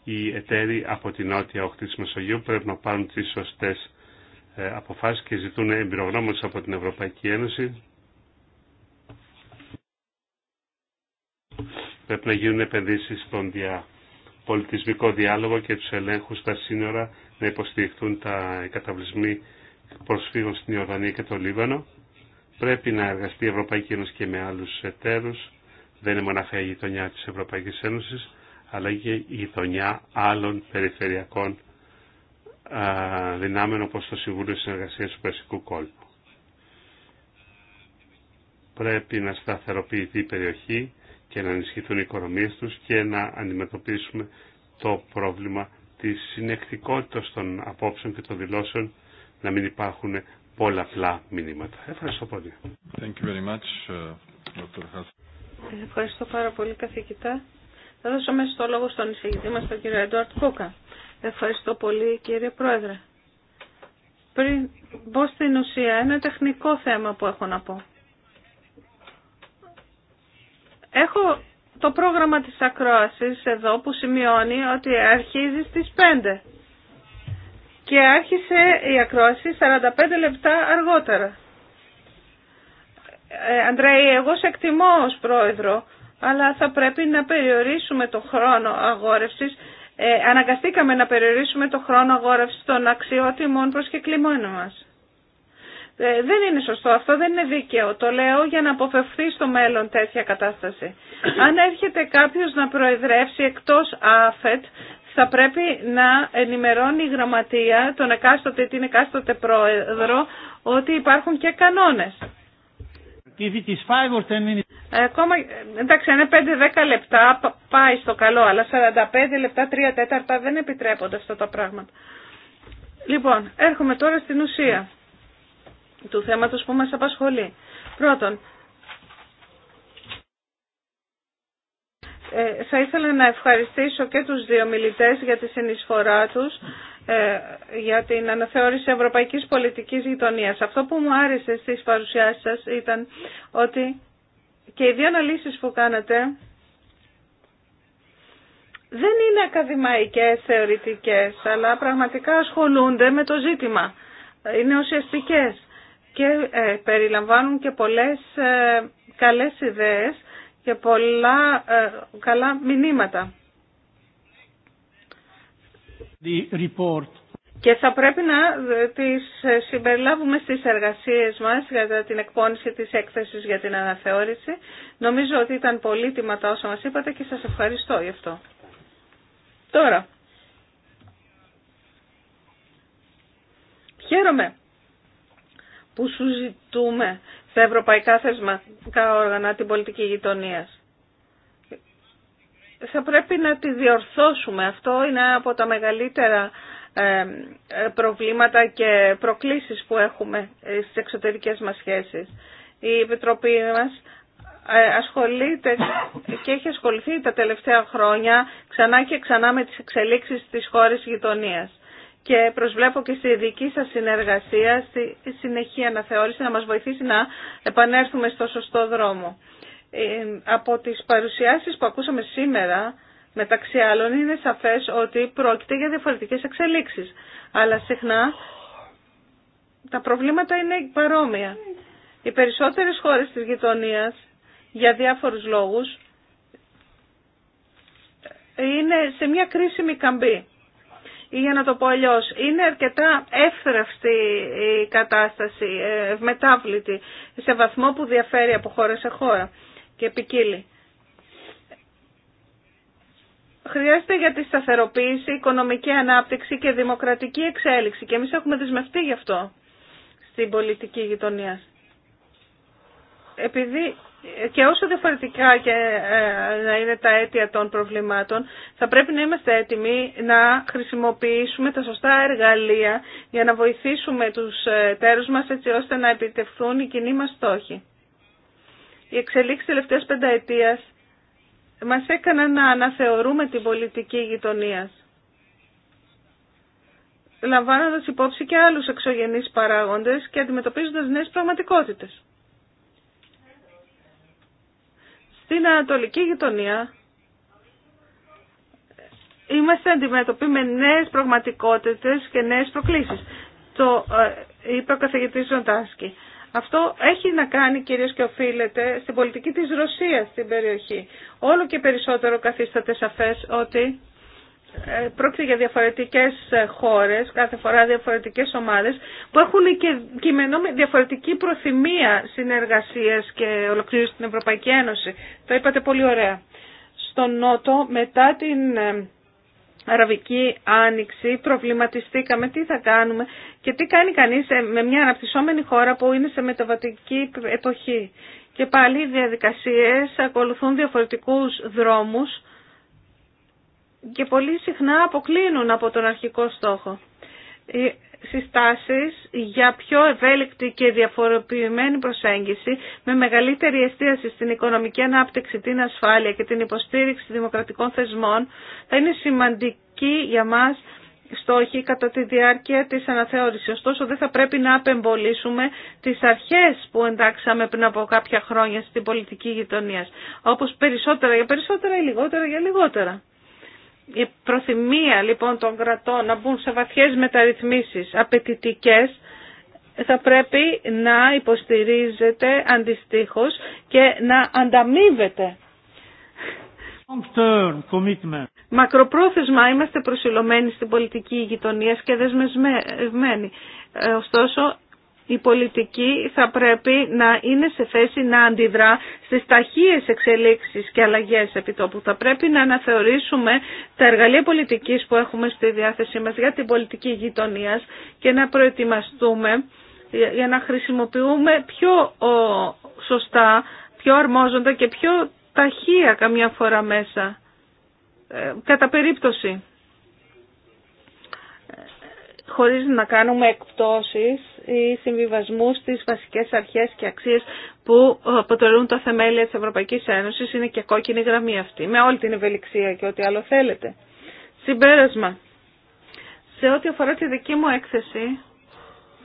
Οι εταίροι από την νότια οχτή της Μεσογείου πρέπει να πάρουν τι σωστέ ε, αποφάσει και ζητούν εμπειρογνώμονε από την Ευρωπαϊκή Ένωση. Πρέπει να γίνουν επενδύσει στον πολιτισμικό διάλογο και του ελέγχου στα σύνορα να υποστηριχθούν τα καταβλισμοί προσφύγων στην Ιορδανία και το Λίβανο. Πρέπει να εργαστεί η Ευρωπαϊκή Ένωση και με άλλους εταίρους. Δεν είναι μοναχα η γειτονιά της Ευρωπαϊκής Ένωσης, αλλά και η γειτονιά άλλων περιφερειακών δυνάμεων όπως το Συμβούλιο συνεργασία του Περσικού Κόλπου. Πρέπει να σταθεροποιηθεί η περιοχή και να ενισχυθούν οι οικονομίες τους και να αντιμετωπίσουμε το πρόβλημα της συνεκτικότητας των απόψεων και των δηλώσεων να μην υπάρχουν πολλαπλά μηνύματα. Ευχαριστώ πολύ. Thank you very much, uh, Dr. Ευχαριστώ πάρα πολύ καθηγητά. Θα δώσω μέσα στο λόγο στον εισηγητή μας, τον κύριο Εντουαρτ Κούκα. Ευχαριστώ πολύ κύριε Πρόεδρε. Πριν μπω στην ουσία, ένα τεχνικό θέμα που έχω να πω. Έχω το πρόγραμμα της ακρόασης εδώ που σημειώνει ότι αρχίζει στις 5 και άρχισε η ακρόαση 45 λεπτά αργότερα. Ε, Αντρέη, εγώ σε εκτιμώ ως πρόεδρο, αλλά θα πρέπει να περιορίσουμε το χρόνο αγόρευσης. Ε, αναγκαστήκαμε να περιορίσουμε το χρόνο αγόρευσης των αξιότιμων προσκεκλημών μας. Ε, δεν είναι σωστό αυτό, δεν είναι δίκαιο. Το λέω για να αποφευθεί στο μέλλον τέτοια κατάσταση. Αν έρχεται κάποιος να προεδρεύσει εκτός ΑΦΕΤ, θα πρέπει να ενημερώνει η γραμματεία τον εκάστοτε την εκάστοτε πρόεδρο ότι υπάρχουν και κανόνες. Ακόμα, εντάξει, αν είναι 5-10 λεπτά πάει στο καλό, αλλά 45 λεπτά, 3 τέταρτα δεν επιτρέπονται αυτά τα πράγματα. Λοιπόν, έρχομαι τώρα στην ουσία του θέματος που μας απασχολεί. Πρώτον, Ε, θα ήθελα να ευχαριστήσω και τους δύο μιλητές για τη συνεισφορά τους ε, για την αναθεώρηση ευρωπαϊκής πολιτικής γειτονίας. Αυτό που μου άρεσε στις παρουσιάσεις σας ήταν ότι και οι δύο αναλύσεις που κάνατε δεν είναι ακαδημαϊκές, θεωρητικές, αλλά πραγματικά ασχολούνται με το ζήτημα. Είναι ουσιαστικές και ε, περιλαμβάνουν και πολλές ε, καλές ιδέες και πολλά ε, καλά μηνύματα. The report. Και θα πρέπει να ε, τις ε, συμπεριλάβουμε στις εργασίες μας για την εκπόνηση της έκθεσης για την αναθεώρηση. Νομίζω ότι ήταν πολύ τα όσα μας είπατε και σας ευχαριστώ γι' αυτό. Τώρα, χαίρομαι που σου ζητούμε τα ευρωπαϊκά θεσματικά όργανα, την πολιτική γειτονία. Θα πρέπει να τη διορθώσουμε. Αυτό είναι από τα μεγαλύτερα ε, προβλήματα και προκλήσεις που έχουμε ε, στις εξωτερικές μας σχέσεις. Η Επιτροπή μας ε, ασχολείται και έχει ασχοληθεί τα τελευταία χρόνια ξανά και ξανά με τις εξελίξεις της χώρας γειτονίας και προσβλέπω και στη δική σας συνεργασία, στη συνεχή αναθεώρηση, να μας βοηθήσει να επανέλθουμε στο σωστό δρόμο. Ε, από τις παρουσιάσεις που ακούσαμε σήμερα, μεταξύ άλλων, είναι σαφές ότι πρόκειται για διαφορετικές εξελίξεις. Αλλά συχνά τα προβλήματα είναι παρόμοια. Οι περισσότερες χώρες της γειτονίας, για διάφορους λόγους, είναι σε μια κρίσιμη καμπή ή για να το πω αλλιώ, είναι αρκετά εύθραυστη η κατάσταση, ε, ευμετάβλητη, σε βαθμό που διαφέρει από χώρα σε χώρα και επικύλει. Χρειάζεται για τη σταθεροποίηση, οικονομική ανάπτυξη και δημοκρατική εξέλιξη και εμείς έχουμε δεσμευτεί γι' αυτό στην πολιτική γειτονία. Επειδή και όσο διαφορετικά και ε, να είναι τα αίτια των προβλημάτων, θα πρέπει να είμαστε έτοιμοι να χρησιμοποιήσουμε τα σωστά εργαλεία για να βοηθήσουμε τους τέρους μας έτσι ώστε να επιτευχθούν οι κοινοί μας στόχοι. Οι εξελίξεις τελευταίας πενταετίας μας έκαναν να αναθεωρούμε την πολιτική γειτονία. Λαμβάνοντας υπόψη και άλλους εξωγενείς παράγοντες και αντιμετωπίζοντας νέες πραγματικότητες. Στην ανατολική γειτονία είμαστε αντιμέτωποι με νέες πραγματικότητες και νέες προκλήσεις. Το ε, είπε ο καθηγητής Ζοντάσκη. Αυτό έχει να κάνει κυρίως και οφείλεται στην πολιτική της Ρωσίας στην περιοχή. Όλο και περισσότερο καθίσταται σαφές ότι ε, πρόκειται για διαφορετικές ε, χώρες, κάθε φορά διαφορετικές ομάδες, που έχουν και κειμενό με διαφορετική προθυμία συνεργασίας και ολοκλήρωση στην Ευρωπαϊκή Ένωση. Το είπατε πολύ ωραία. Στον Νότο, μετά την ε, Αραβική Άνοιξη, προβληματιστήκαμε τι θα κάνουμε και τι κάνει κανείς με μια αναπτυσσόμενη χώρα που είναι σε μεταβατική εποχή. Και πάλι οι διαδικασίες ακολουθούν διαφορετικούς δρόμους και πολύ συχνά αποκλίνουν από τον αρχικό στόχο. Οι συστάσεις για πιο ευέλικτη και διαφοροποιημένη προσέγγιση με μεγαλύτερη εστίαση στην οικονομική ανάπτυξη, την ασφάλεια και την υποστήριξη δημοκρατικών θεσμών θα είναι σημαντική για μας στόχη κατά τη διάρκεια της αναθεώρησης. Ωστόσο δεν θα πρέπει να απεμπολίσουμε τις αρχές που εντάξαμε πριν από κάποια χρόνια στην πολιτική γειτονία. Όπως περισσότερα για περισσότερα ή λιγότερα για λιγότερα. Η προθυμία λοιπόν των κρατών να μπουν σε βαθιές μεταρρυθμίσεις απαιτητικές θα πρέπει να υποστηρίζεται αντιστοίχως και να ανταμείβεται. Μακροπρόθεσμα είμαστε προσιλωμένοι στην πολιτική γειτονία και δεσμευμένοι. Ε, ωστόσο, η πολιτική θα πρέπει να είναι σε θέση να αντιδρά στις ταχείες εξελίξεις και αλλαγές που Θα πρέπει να αναθεωρήσουμε τα εργαλεία πολιτικής που έχουμε στη διάθεσή μας για την πολιτική γειτονίας και να προετοιμαστούμε για να χρησιμοποιούμε πιο σωστά, πιο αρμόζοντα και πιο ταχεία καμιά φορά μέσα, ε, κατά περίπτωση, ε, χωρίς να κάνουμε εκπτώσεις οι συμβιβασμού στι βασικές αρχές και αξίες που αποτελούν τα θεμέλια της Ευρωπαϊκής Ένωση. Είναι και κόκκινη γραμμή αυτή, με όλη την ευελιξία και ό,τι άλλο θέλετε. Συμπέρασμα. Σε ό,τι αφορά τη δική μου έκθεση,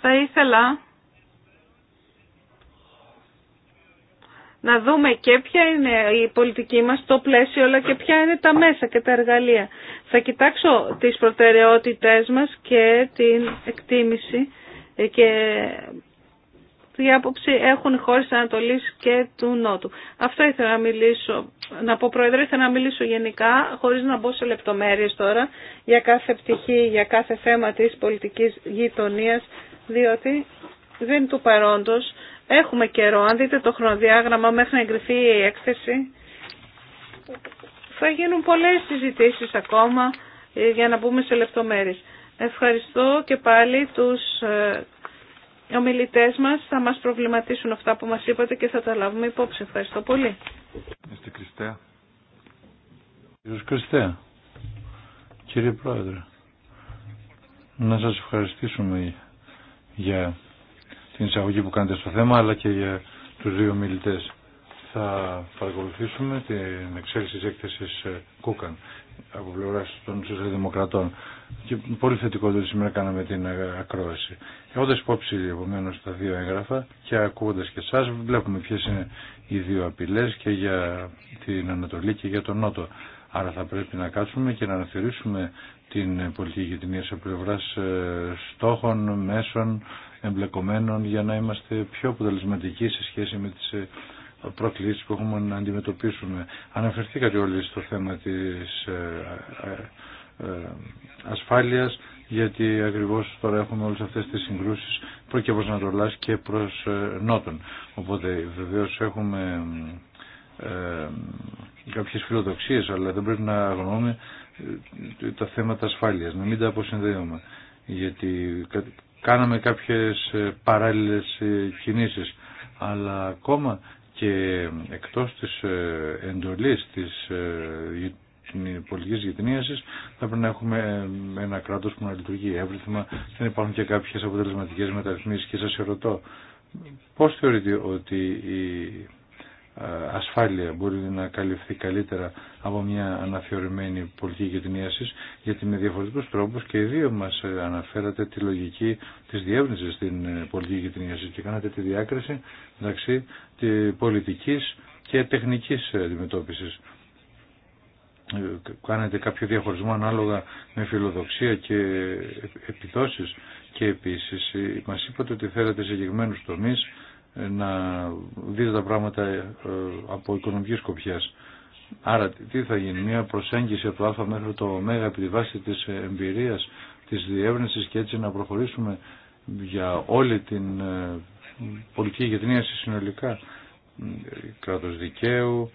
θα ήθελα να δούμε και ποια είναι η πολιτική μας, το πλαίσιο, αλλά και ποια είναι τα μέσα και τα εργαλεία. Θα κοιτάξω τις προτεραιότητές μας και την εκτίμηση ε, και τι άποψη έχουν οι χώρες της και του Νότου. Αυτό ήθελα να μιλήσω, να πω Πρόεδρε, ήθελα να μιλήσω γενικά, χωρίς να μπω σε λεπτομέρειες τώρα, για κάθε πτυχή, για κάθε θέμα της πολιτικής γειτονίας, διότι δεν του παρόντος. Έχουμε καιρό, αν δείτε το χρονοδιάγραμμα μέχρι να εγκριθεί η έκθεση, θα γίνουν πολλές συζητήσει ακόμα ε, για να μπούμε σε λεπτομέρειες. Ευχαριστώ και πάλι τους ε, Ομιλητέ μα, θα μα προβληματίσουν αυτά που μα είπατε και θα τα λάβουμε υπόψη. Ευχαριστώ πολύ. Είστε Κριστέα. κύριε Πρόεδρε, να σας ευχαριστήσουμε για την εισαγωγή που κάνετε στο θέμα αλλά και για τους δύο μιλητές. Θα παρακολουθήσουμε την εξέλιξη της έκθεσης ε, Κούκαν από πλευρά των Σοσιαλδημοκρατών. Και πολύ θετικό ότι σήμερα κάναμε την ακρόαση. Έχοντα υπόψη επομένω τα δύο έγγραφα και ακούγοντα και εσά, βλέπουμε ποιε είναι οι δύο απειλέ και για την Ανατολή και για τον Νότο. Άρα θα πρέπει να κάτσουμε και να αναθεωρήσουμε την πολιτική γειτονία σε πλευρά ε, στόχων, μέσων, εμπλεκομένων για να είμαστε πιο αποτελεσματικοί σε σχέση με τις ε, προκλήσεις που έχουμε να αντιμετωπίσουμε. Αναφερθήκατε όλοι στο θέμα της ε, ε, ε, ασφάλειας γιατί ακριβώς τώρα έχουμε όλες αυτές τις συγκρούσεις προ και προς και προς Νότον. Οπότε βεβαίως έχουμε κάποιε κάποιες φιλοδοξίες αλλά δεν πρέπει να αγνοούμε τα θέματα ασφάλειας, να μην τα αποσυνδέουμε γιατί κάναμε κάποιες παράλληλες κινήσεις αλλά ακόμα και εκτός της ε, εντολής της ε, πολιτικής γειτονίασης θα πρέπει να έχουμε ε, ένα κράτος που να λειτουργεί εύρυθμα δεν υπάρχουν και κάποιες αποτελεσματικές μεταρρυθμίσεις και σας ρωτώ, πώς θεωρείτε ότι η ε, ασφάλεια μπορεί να καλυφθεί καλύτερα από μια αναθεωρημένη πολιτική κοινωνίαση, γιατί με διαφορετικούς τρόπους και οι δύο μας ε, αναφέρατε τη λογική της διεύνησης στην ε, πολιτική κοινωνίαση και κάνατε τη διάκριση μεταξύ πολιτικής και τεχνικής αντιμετώπισης. Κάνετε κάποιο διαχωρισμό ανάλογα με φιλοδοξία και επιδόσεις και επίσης μας είπατε ότι θέλετε συγκεκριμένου τομείς ε, να δείτε τα πράγματα ε, από οικονομική σκοπιά. Άρα τι θα γίνει, μια προσέγγιση από το Α μέχρι το Ω επί τη βάση της εμπειρίας, της διεύρυνσης και έτσι να προχωρήσουμε για όλη την ε, πολιτική γειτονίαση συνολικά, κράτος δικαίου,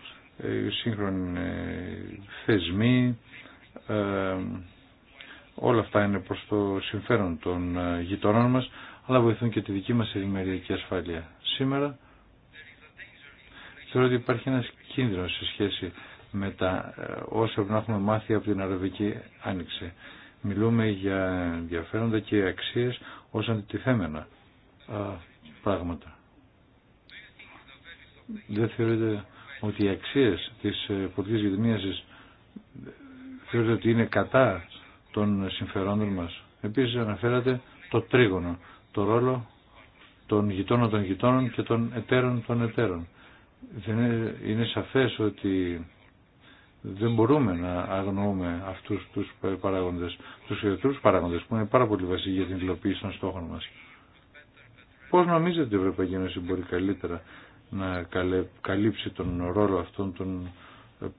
σύγχρονοι θεσμοί, όλα αυτά είναι προς το συμφέρον των γειτονών μας αλλά βοηθούν και τη δική μας ενημεριακή ασφάλεια. Σήμερα θεωρώ ότι υπάρχει ένας κίνδυνος σε σχέση με τα ε, όσα να έχουμε μάθει από την Αραβική Άνοιξη. Μιλούμε για ενδιαφέροντα και αξίες ως αντιτιθέμενα πράγματα. Δεν θεωρείτε ότι οι αξίες της ε, πολιτικής γειτονίας ε, θεωρείτε ότι είναι κατά των συμφερόντων μας. Επίσης αναφέρατε το τρίγωνο το ρόλο των γειτόνων των γειτόνων και των εταίρων των εταίρων. Είναι σαφές ότι δεν μπορούμε να αγνοούμε αυτούς τους παράγοντες, τους ιδιωτικούς παράγοντες που είναι πάρα πολύ βασικοί για την υλοποίηση των στόχων μας. Πώς νομίζετε ότι η Ευρωπαϊκή Ένωση μπορεί καλύτερα να καλύψει τον ρόλο αυτών των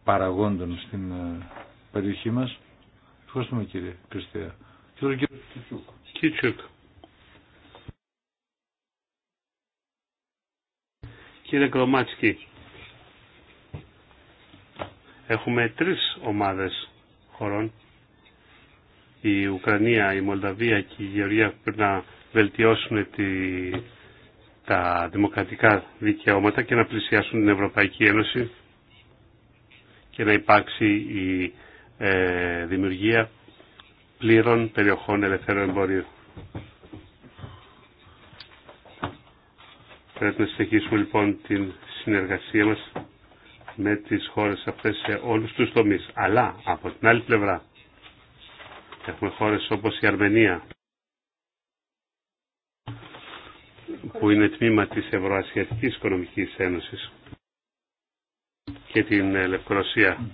παραγόντων στην ε, περιοχή μας. Ευχαριστούμε κύριε Κριστέα. Κίτσουκ. Κύριε Κρομάτσκι, έχουμε τρεις ομάδες χωρών. Η Ουκρανία, η Μολδαβία και η Γεωργία πρέπει να βελτιώσουν τη, τα δημοκρατικά δικαιώματα και να πλησιάσουν την Ευρωπαϊκή Ένωση και να υπάρξει η ε, δημιουργία πλήρων περιοχών ελευθερών εμπορίου. Πρέπει να συνεχίσουμε λοιπόν την συνεργασία μας με τις χώρες αυτές σε όλους τους τομείς. Αλλά από την άλλη πλευρά έχουμε χώρες όπως η Αρμενία που είναι τμήμα της Ευρωασιατικής Οικονομικής Ένωσης και την Λευκορωσία.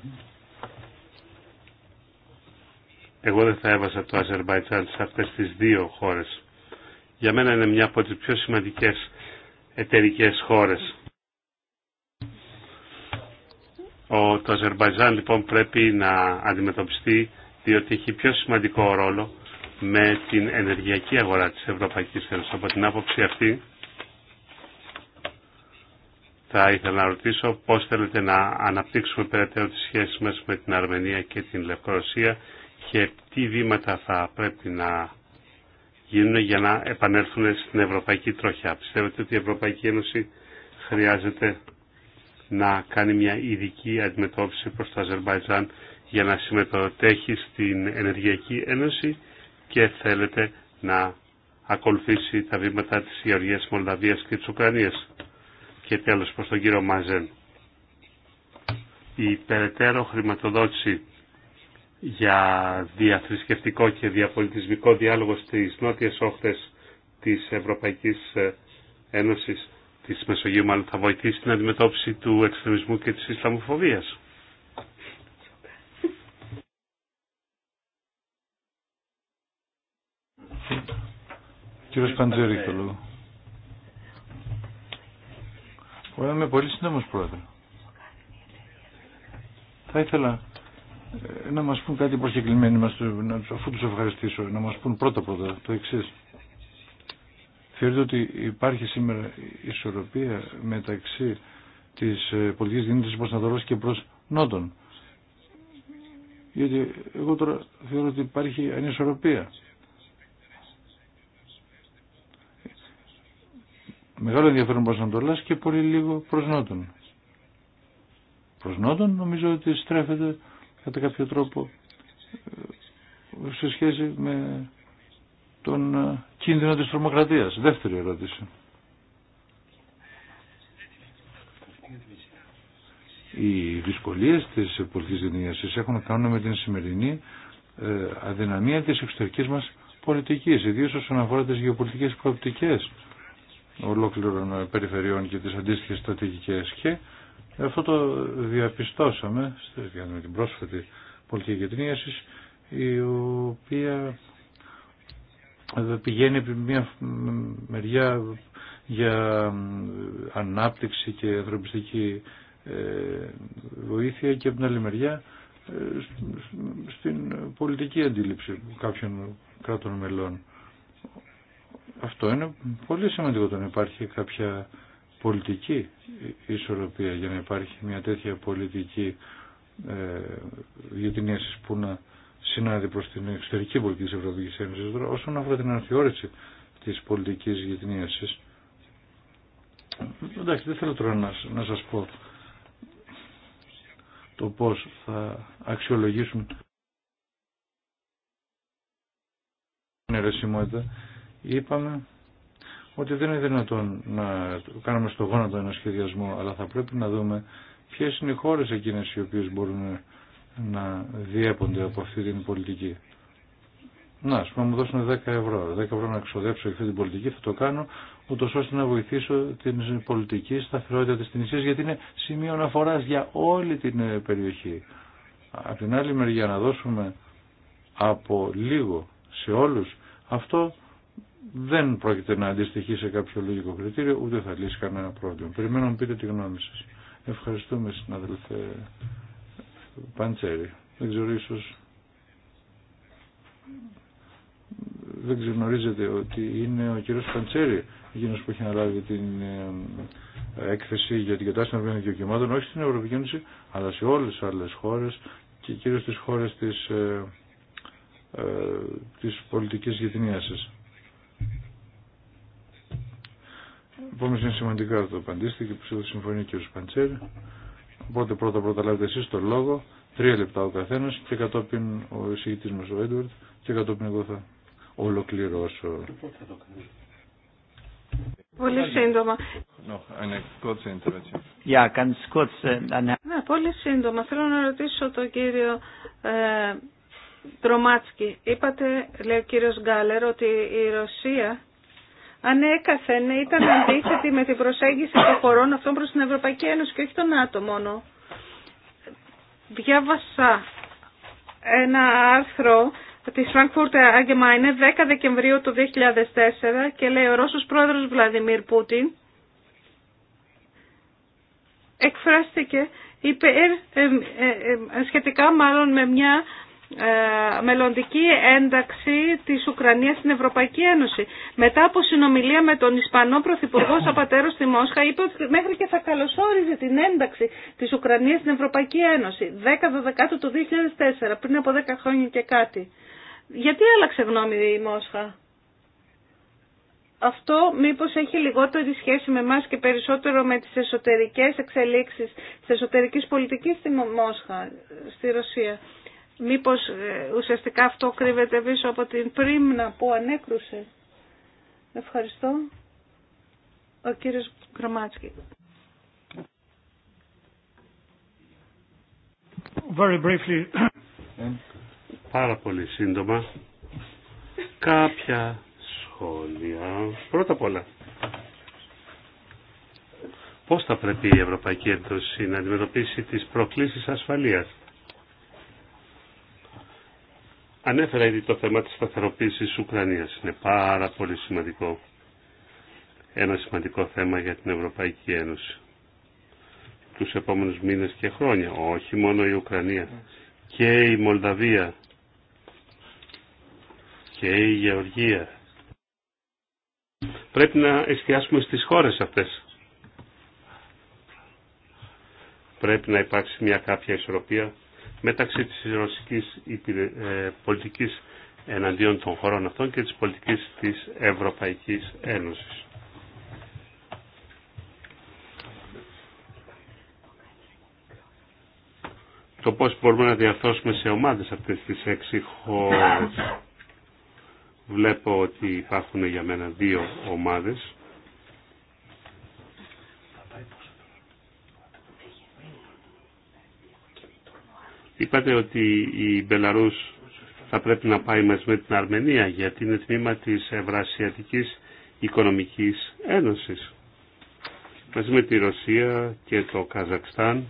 Εγώ δεν θα έβαζα το Αζερβαϊτζάν σε αυτές τις δύο χώρες. Για μένα είναι μια από τις πιο σημαντικές εταιρικές χώρες. Ο, το Αζερμπαϊτζάν λοιπόν πρέπει να αντιμετωπιστεί διότι έχει πιο σημαντικό ρόλο με την ενεργειακή αγορά της Ευρωπαϊκής Ένωσης. Από την άποψη αυτή θα ήθελα να ρωτήσω πώς θέλετε να αναπτύξουμε περαιτέρω τις σχέσεις μας με την Αρμενία και την Λευκορωσία και τι βήματα θα πρέπει να γίνουν για να επανέλθουν στην Ευρωπαϊκή Τροχιά. Πιστεύετε ότι η Ευρωπαϊκή Ένωση χρειάζεται να κάνει μια ειδική αντιμετώπιση προς το Αζερβαϊτζάν για να συμμετοτέχει στην Ενεργειακή Ένωση και θέλετε να ακολουθήσει τα βήματα της Γεωργίας Μολδαβίας και της Ουκρανίας. Και τέλος προς τον κύριο Μαζέν. Η περαιτέρω χρηματοδότηση για διαθρησκευτικό και διαπολιτισμικό διάλογο στις νότιες όχθες της Ευρωπαϊκής Ένωσης της Μεσογείου μάλλον θα βοηθήσει την αντιμετώπιση του εξτρεμισμού και της Ισλαμοφοβίας. Κύριος Παντζέρη, πολύ σύντομος πρόεδρε. Θα ήθελα ε, να μας πούν κάτι προσκεκλημένοι μας, αφού τους ευχαριστήσω, να μας πούν πρώτα πρώτα το εξή. Θεωρείτε ότι υπάρχει σήμερα ισορροπία μεταξύ της ε, πολιτικής δυνήτησης προς Ανατολός και προς Νότον. Γιατί εγώ τώρα θεωρώ ότι υπάρχει ανισορροπία. Μεγάλο ενδιαφέρον προς Ανατολάς και πολύ λίγο προς Νότον. Προς Νότον νομίζω ότι στρέφεται κατά κάποιο τρόπο ε, σε σχέση με τον ε, κίνδυνο της τρομοκρατίας. Δεύτερη ερώτηση. Οι δυσκολίες της πολιτικής δυναμίας έχουν να κάνουν με την σημερινή ε, αδυναμία της εξωτερικής μας πολιτικής, ιδίως όσον αφορά τις γεωπολιτικές προοπτικές ολόκληρων περιφερειών και τις αντίστοιχες στρατηγικές και αυτό το διαπιστώσαμε με την πρόσφατη πολιτική γετνίαση, η οποία πηγαίνει από μια μεριά για ανάπτυξη και ανθρωπιστική ε, βοήθεια και από την άλλη μεριά ε, στην πολιτική αντίληψη κάποιων κράτων μελών. Αυτό είναι πολύ σημαντικό το να υπάρχει κάποια πολιτική ισορροπία για να υπάρχει μια τέτοια πολιτική ε, που να συνάδει προς την εξωτερική πολιτική της Ευρωπαϊκής Ένωσης. Τώρα, όσον αφορά την αναθεώρηση της πολιτικής γειτονίασης, εντάξει δεν θέλω τώρα να, να σας πω το πώς θα αξιολογήσουν την αιρεσιμότητα. Είπαμε ότι δεν είναι δυνατόν να κάνουμε στο γόνατο ένα σχεδιασμό, αλλά θα πρέπει να δούμε ποιε είναι οι χώρες εκείνες οι οποίες μπορούν να διέπονται από αυτή την πολιτική. Να, α πούμε, μου δώσουν 10 ευρώ. 10 ευρώ να ξοδέψω αυτή την πολιτική, θα το κάνω, ούτω ώστε να βοηθήσω την πολιτική σταθερότητα τη νησία, γιατί είναι σημείο αναφορά για όλη την περιοχή. Απ' την άλλη μεριά, να δώσουμε από λίγο σε όλου, αυτό δεν πρόκειται να αντιστοιχεί σε κάποιο λογικό κριτήριο, ούτε θα λύσει κανένα πρόβλημα. Περιμένω να μου πείτε τη γνώμη σας. Ευχαριστούμε, συναδελφέ Παντσέρη. Δεν ξέρω, ίσως δεν ξεγνωρίζετε ότι είναι ο κύριος Παντσέρη εκείνος που έχει αναλάβει την έκθεση για την κατάσταση των ευρωπαϊκών δικαιωμάτων όχι στην Ευρωπαϊκή Ένωση αλλά σε όλες τις άλλες χώρες και κυρίως στις χώρες της, ε, ε της πολιτικής Επομένως είναι σημαντικά αυτό απαντήσετε και συμφωνεί ο κ. Παντσέρη. Οπότε πρώτα πρώτα λάβετε εσείς το λόγο, τρία λεπτά ο καθένας και κατόπιν ο εισηγητής μας ο Έντουαρτ και κατόπιν εγώ θα ολοκληρώσω. Πολύ σύντομα. Ναι, πολύ σύντομα. Θέλω να ρωτήσω τον κύριο ε, Τρομάτσκι. Είπατε, λέει ο κύριος Γκάλερ, ότι η Ρωσία ανέκαθεν ήταν αντίθετη με την προσέγγιση των χωρών αυτών προς την Ευρωπαϊκή Ένωση και όχι τον ΝΑΤΟ μόνο. Διάβασα ένα άρθρο της Frankfurt Allgemeine 10 Δεκεμβρίου του 2004 και λέει ο Ρώσος πρόεδρος Βλαδιμίρ Πούτιν εκφράστηκε υπέρ, ε, ε, ε σχετικά μάλλον με μια ε, μελλοντική ένταξη της Ουκρανίας στην Ευρωπαϊκή Ένωση. Μετά από συνομιλία με τον Ισπανό Πρωθυπουργό Σαπατέρο στη Μόσχα είπε ότι μέχρι και θα καλωσόριζε την ένταξη της Ουκρανίας στην Ευρωπαϊκή Ένωση. 10-12 του 2004, πριν από 10 χρόνια και κάτι. Γιατί άλλαξε γνώμη η Μόσχα. Αυτό μήπως έχει λιγότερη σχέση με εμά και περισσότερο με τις εσωτερικές εξελίξεις της εσωτερικής πολιτικής στη Μόσχα, στη Ρωσία. Μήπως ε, ουσιαστικά αυτό κρύβεται πίσω από την πρίμνα που ανέκρουσε. Ευχαριστώ. Ο κύριος Γκρομάτσκι. Very briefly. Πάρα πολύ σύντομα. Κάποια σχόλια. Πρώτα απ' όλα. Πώς θα πρέπει η Ευρωπαϊκή Ένωση να αντιμετωπίσει τις προκλήσεις ασφαλείας Ανέφερα ήδη το θέμα της σταθεροποίησης της Ουκρανίας. Είναι πάρα πολύ σημαντικό. Ένα σημαντικό θέμα για την Ευρωπαϊκή Ένωση. Τους επόμενους μήνες και χρόνια. Όχι μόνο η Ουκρανία. Και η Μολδαβία. Και η Γεωργία. Πρέπει να εστιάσουμε στις χώρες αυτές. Πρέπει να υπάρξει μια κάποια ισορροπία μεταξύ της ρωσικής ε, πολιτικής εναντίον των χωρών αυτών και της πολιτικής της Ευρωπαϊκής Ένωσης. Το πώς μπορούμε να διαρθώσουμε σε ομάδες αυτές τις έξι χώρες. Βλέπω ότι υπάρχουν για μένα δύο ομάδες. Είπατε ότι η Μπελαρούς θα πρέπει να πάει μαζί με την Αρμενία γιατί είναι τμήμα της Ευρασιατικής Οικονομικής Ένωσης. Μαζί με τη Ρωσία και το Καζακστάν.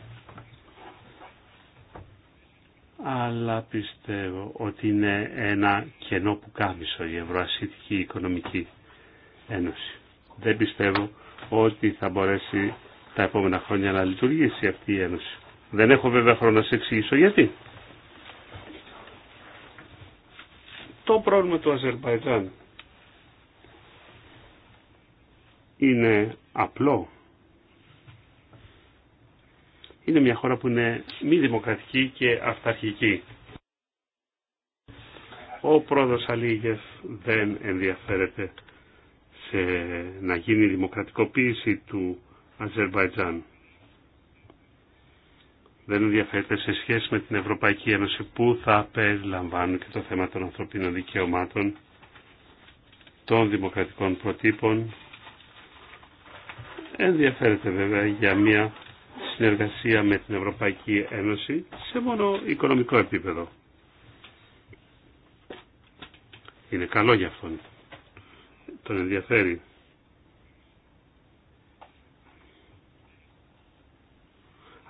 Αλλά πιστεύω ότι είναι ένα κενό που κάμισο η Ευρωασιατική Οικονομική Ένωση. Δεν πιστεύω ότι θα μπορέσει τα επόμενα χρόνια να λειτουργήσει αυτή η Ένωση. Δεν έχω βέβαια χρόνο να σε εξηγήσω γιατί. Το πρόβλημα του Αζερβαϊτζάν είναι απλό. Είναι μια χώρα που είναι μη δημοκρατική και αυταρχική. Ο πρόεδρος Αλίγεφ δεν ενδιαφέρεται σε να γίνει η δημοκρατικοποίηση του Αζερβαϊτζάν δεν ενδιαφέρεται σε σχέση με την Ευρωπαϊκή Ένωση που θα περιλαμβάνουν και το θέμα των ανθρωπίνων δικαιωμάτων, των δημοκρατικών προτύπων. Ενδιαφέρεται βέβαια για μια συνεργασία με την Ευρωπαϊκή Ένωση σε μόνο οικονομικό επίπεδο. Είναι καλό για αυτόν. Τον ενδιαφέρει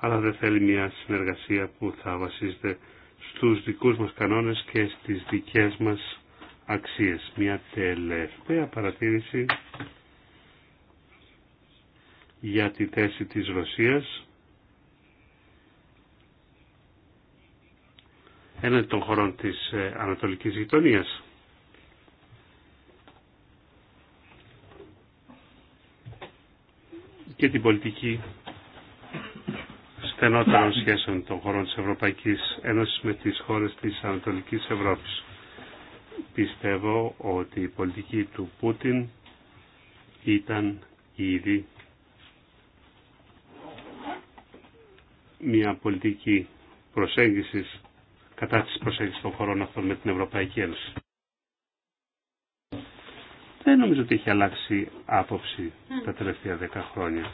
αλλά δεν θέλει μια συνεργασία που θα βασίζεται στους δικούς μας κανόνες και στις δικές μας αξίες. Μια τελευταία παρατήρηση για τη θέση της Ρωσίας έναντι των χωρών της ε, Ανατολικής Γειτονίας. και την πολιτική στενότερων σχέσεων των χωρών της Ευρωπαϊκής Ένωσης με τις χώρες της Ανατολικής Ευρώπης. Πιστεύω ότι η πολιτική του Πούτιν ήταν ήδη μια πολιτική προσέγγισης κατά της προσέγγισης των χωρών αυτών με την Ευρωπαϊκή Ένωση. Δεν νομίζω ότι έχει αλλάξει άποψη τα τελευταία δέκα χρόνια.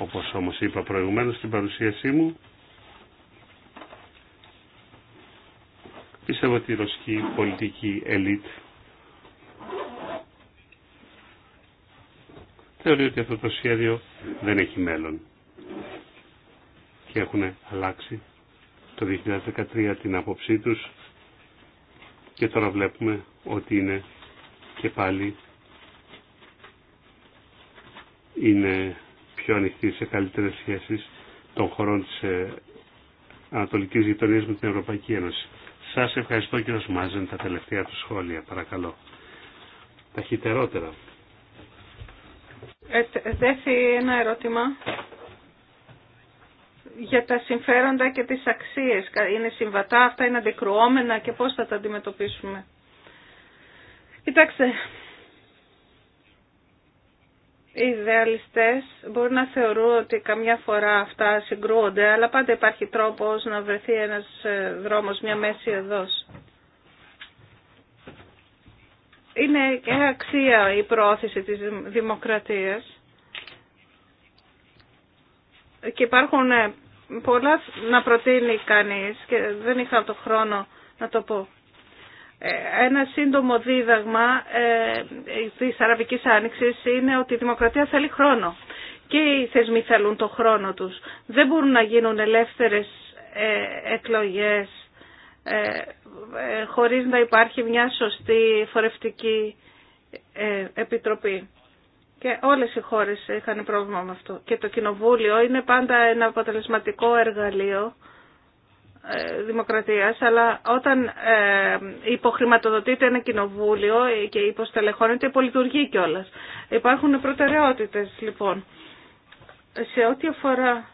Όπως όμως είπα προηγουμένως στην παρουσίασή μου, πιστεύω ότι η ρωσική πολιτική ελίτ θεωρεί ότι αυτό το σχέδιο δεν έχει μέλλον και έχουν αλλάξει το 2013 την άποψή τους και τώρα βλέπουμε ότι είναι και πάλι είναι πιο ανοιχτή σε καλύτερες σχέσεις των χωρών της ε, Ανατολικής Γειτονίας με την Ευρωπαϊκή Ένωση. Σας ευχαριστώ κύριο Μάζεν τα τελευταία του σχόλια, παρακαλώ. Ταχυτερότερα. Ε, Δέθη ένα ερώτημα για τα συμφέροντα και τις αξίες. Είναι συμβατά αυτά, είναι αντικρουόμενα και πώς θα τα αντιμετωπίσουμε. Κοιτάξτε, οι ιδεαλιστές μπορεί να θεωρούν ότι καμιά φορά αυτά συγκρούονται, αλλά πάντα υπάρχει τρόπος να βρεθεί ένας ε, δρόμος, μια μέση εδώ. Είναι αξία η προώθηση της δημοκρατίας και υπάρχουν ε, πολλά να προτείνει κανείς και δεν είχα το χρόνο να το πω. Ένα σύντομο δίδαγμα ε, της Αραβικής Άνοιξης είναι ότι η δημοκρατία θέλει χρόνο και οι θεσμοί θέλουν το χρόνο τους. Δεν μπορούν να γίνουν ελεύθερες ε, εκλογές ε, χωρίς να υπάρχει μια σωστή φορευτική επιτροπή. Και όλες οι χώρες είχαν πρόβλημα με αυτό. Και το κοινοβούλιο είναι πάντα ένα αποτελεσματικό εργαλείο ε, δημοκρατίας, αλλά όταν ε, υποχρηματοδοτείται ένα κοινοβούλιο και υποστελεχώνεται, υπολειτουργεί κιόλας. Υπάρχουν προτεραιότητες, λοιπόν. Σε ό,τι αφορά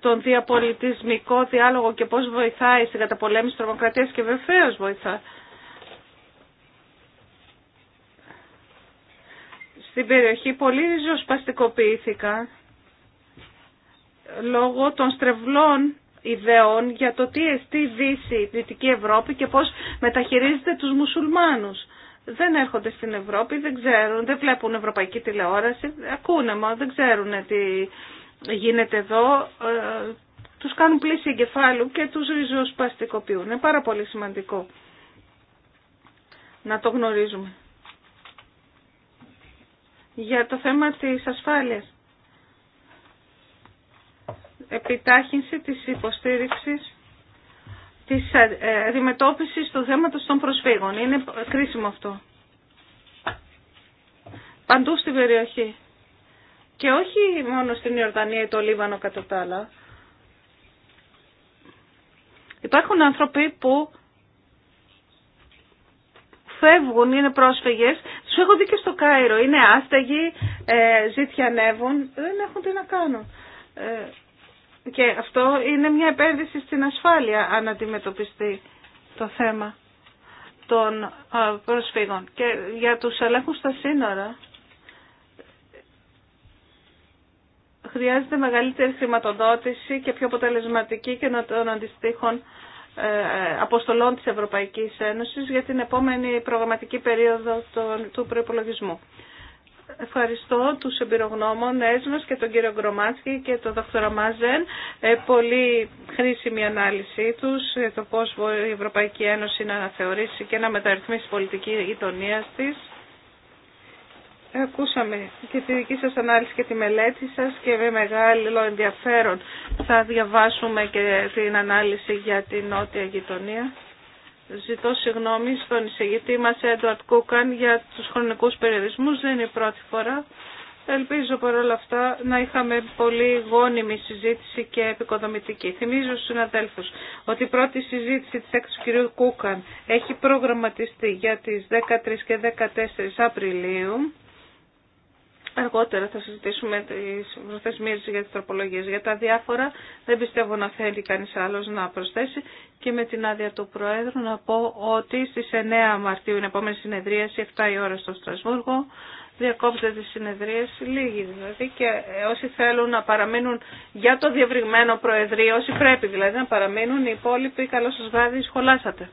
τον διαπολιτισμικό διάλογο και πώς βοηθάει στην καταπολέμηση τρομοκρατίας και βεβαίω βοηθά. Στην περιοχή πολύ ριζοσπαστικοποιήθηκαν λόγω των στρεβλών ιδεών για το τι εστί Δύση, η Δυτική Ευρώπη και πώς μεταχειρίζεται τους μουσουλμάνους. Δεν έρχονται στην Ευρώπη, δεν ξέρουν, δεν βλέπουν ευρωπαϊκή τηλεόραση, ακούνε μα, δεν ξέρουν τι γίνεται εδώ. Ε, τους κάνουν πλήση εγκεφάλου και τους ριζοσπαστικοποιούν. Είναι πάρα πολύ σημαντικό να το γνωρίζουμε. Για το θέμα της ασφάλειας επιτάχυνση της υποστήριξης της ε, ε, αντιμετώπισης του θέματος των προσφύγων. Είναι κρίσιμο αυτό. Παντού στην περιοχή. Και όχι μόνο στην Ιορδανία ή το Λίβανο κατά τα άλλα. Υπάρχουν άνθρωποι που φεύγουν, είναι πρόσφυγες. Τους έχω δει και στο Κάιρο. Είναι άστεγοι, ε, ζήτια ανέβουν, δεν έχουν τι να κάνουν. Ε, και αυτό είναι μια επένδυση στην ασφάλεια αν αντιμετωπιστεί το θέμα των προσφύγων. Και για τους ελέγχους στα σύνορα χρειάζεται μεγαλύτερη χρηματοδότηση και πιο αποτελεσματική και των αντιστοίχων ε, αποστολών της Ευρωπαϊκής Ένωσης για την επόμενη προγραμματική περίοδο του προϋπολογισμού. Ευχαριστώ τους εμπειρογνώμων μας και τον κύριο Γκρομάτσκι και τον δόκτωρα Μάζεν. Ε, πολύ χρήσιμη ανάλυση τους ε, το πώς μπορεί η Ευρωπαϊκή Ένωση να αναθεωρήσει και να μεταρρυθμίσει πολιτική γειτονία της. Ε, ακούσαμε και τη δική σας ανάλυση και τη μελέτη σας και με μεγάλο ενδιαφέρον θα διαβάσουμε και την ανάλυση για την νότια γειτονία. Ζητώ συγγνώμη στον εισηγητή μας Έντουαρτ Κούκαν για τους χρονικούς περιορισμούς. Δεν είναι η πρώτη φορά. Ελπίζω παρόλα αυτά να είχαμε πολύ γόνιμη συζήτηση και επικοδομητική. Θυμίζω στους συναδέλφους ότι η πρώτη συζήτηση της έξω του κ. Κούκαν έχει προγραμματιστεί για τις 13 και 14 Απριλίου Αργότερα θα συζητήσουμε τις προθεσμίες για τις τροπολογίες. Για τα διάφορα δεν πιστεύω να θέλει κανείς άλλος να προσθέσει και με την άδεια του Προέδρου να πω ότι στις 9 Μαρτίου είναι επόμενη συνεδρίαση, 7 η ώρα στο Στρασβούργο. Διακόπτεται η συνεδρίαση, λίγοι δηλαδή, και ε, όσοι θέλουν να παραμείνουν για το διευρυγμένο Προεδρείο, όσοι πρέπει δηλαδή να παραμείνουν, οι υπόλοιποι, καλό σας βράδυ, σχολάσατε.